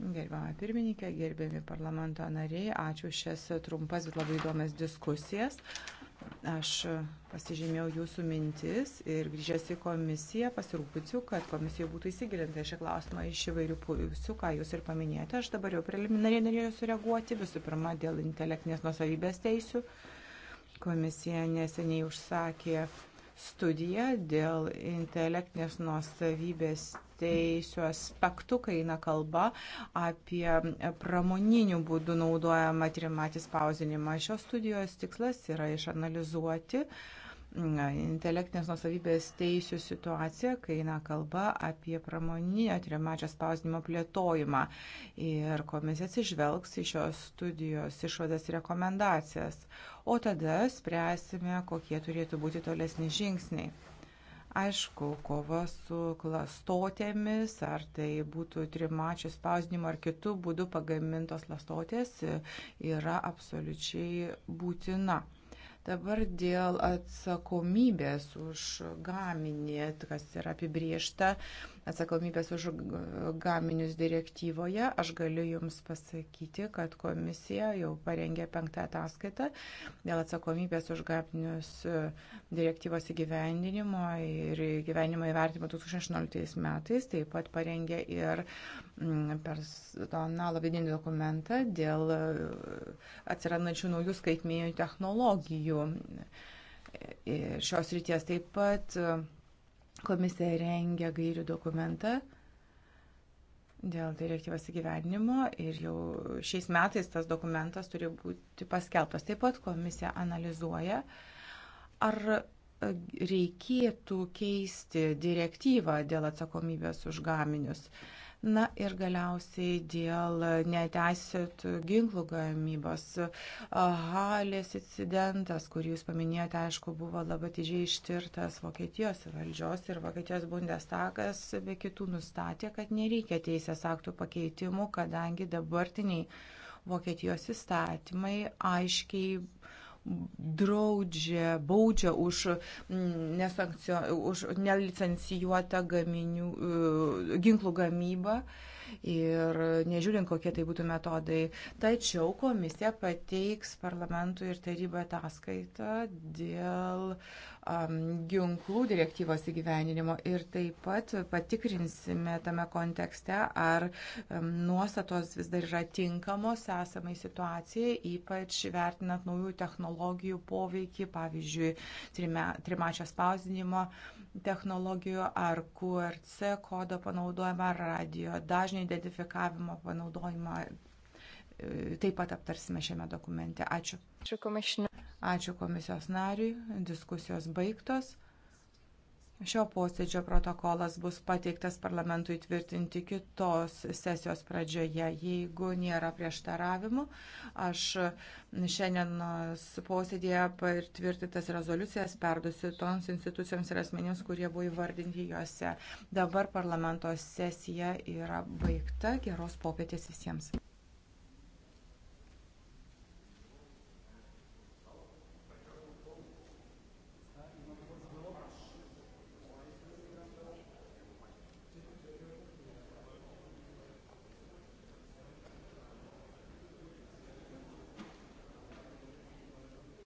Gerbiamą pirmininkę, gerbiami parlamento nariai, ačiū šias trumpas, bet labai įdomias diskusijas. Aš pasižymėjau jūsų mintis ir grįžęs į komisiją pasirūpinsiu, kad komisijoje būtų įsigilinta šį klausimą iš įvairių pusių, ką jūs ir paminėjote. Aš dabar jau preliminariai norėjau sureaguoti visų pirma dėl intelektinės nusavybės teisių. Komisija neseniai užsakė uh, studiją dėl intelektinės nuosavybės teisų aspektų, kai eina kalba apie pramoninių būdų naudojamą trimatį spausdinimą. Šios studijos tikslas yra išanalizuoti uh, intelektinės nusavybės teisų situacija, kai eina kalba apie pramoninio trimačio spausdinimo plėtojimą. Ir komisija atsižvelgs į šios studijos išvadas ir rekomendacijas. O tada spręsime, kokie turėtų būti tolesni žingsniai. Aišku, kova su klastotėmis, ar tai būtų trimačių spausdinimo ar kitų būdų pagamintos klastotės, yra absoliučiai būtina. Dabar dėl atsakomybės už gaminį, kas yra apibriešta atsakomybės už gaminius direktyvoje, aš galiu Jums pasakyti, kad komisija jau parengė penktą ataskaitą dėl atsakomybės už gaminius direktyvos įgyvendinimo ir įgyvendinimo įvertimo 2016 metais, taip pat parengė ir mm, personalo vidinį dokumentą dėl atsirandančių naujų skaitminių technologijų. Ir šios ryties taip pat Komisija rengia gairių dokumentą dėl direktyvos įgyvenimo ir jau šiais metais tas dokumentas turi būti paskelbtas. Taip pat komisija analizuoja, ar reikėtų keisti direktyvą dėl atsakomybės už gaminius. Uh, Na ir galiausiai dėl neteisėtų ginklų gamybos. Halės incidentas, kurį jūs paminėjote, aišku, buvo labai didžiai ištirtas Vokietijos valdžios ir Vokietijos bundestagas be kitų nustatė, kad nereikia teisės aktų pakeitimų, kadangi dabartiniai Vokietijos įstatymai aiškiai draudžia, baudžia už, mm, už nelicencijuotą gaminių, e, ginklų gamybą ir nežiūrint, kokie tai būtų metodai. Tačiau komisija pateiks parlamentui ir tarybai ataskaitą dėl um, ginklų direktyvos įgyveninimo ir taip pat patikrinsime tame kontekste, ar um, nuostatos vis dar yra tinkamos esamai situacijai, ypač vertinant naujų technologijų poveikį, pavyzdžiui, trimačio spausdinimo um, technologijų ar QRC kodo panaudojimą, ar radio dažnio identifikavimo panaudojimą. E, taip pat aptarsime šiame dokumente. Ačiū. Ačiū komisijos nariui. Diskusijos baigtos. Šio posėdžio protokolas bus pateiktas parlamentui tvirtinti kitos sesijos pradžioje. Jeigu nėra prieštaravimų, aš šiandienos posėdėje patvirtintas rezoliucijas perdusiu toms institucijoms ir asmenims, kurie buvo įvardinti juose. Dabar parlamento sesija yra baigta. Geros popietės visiems.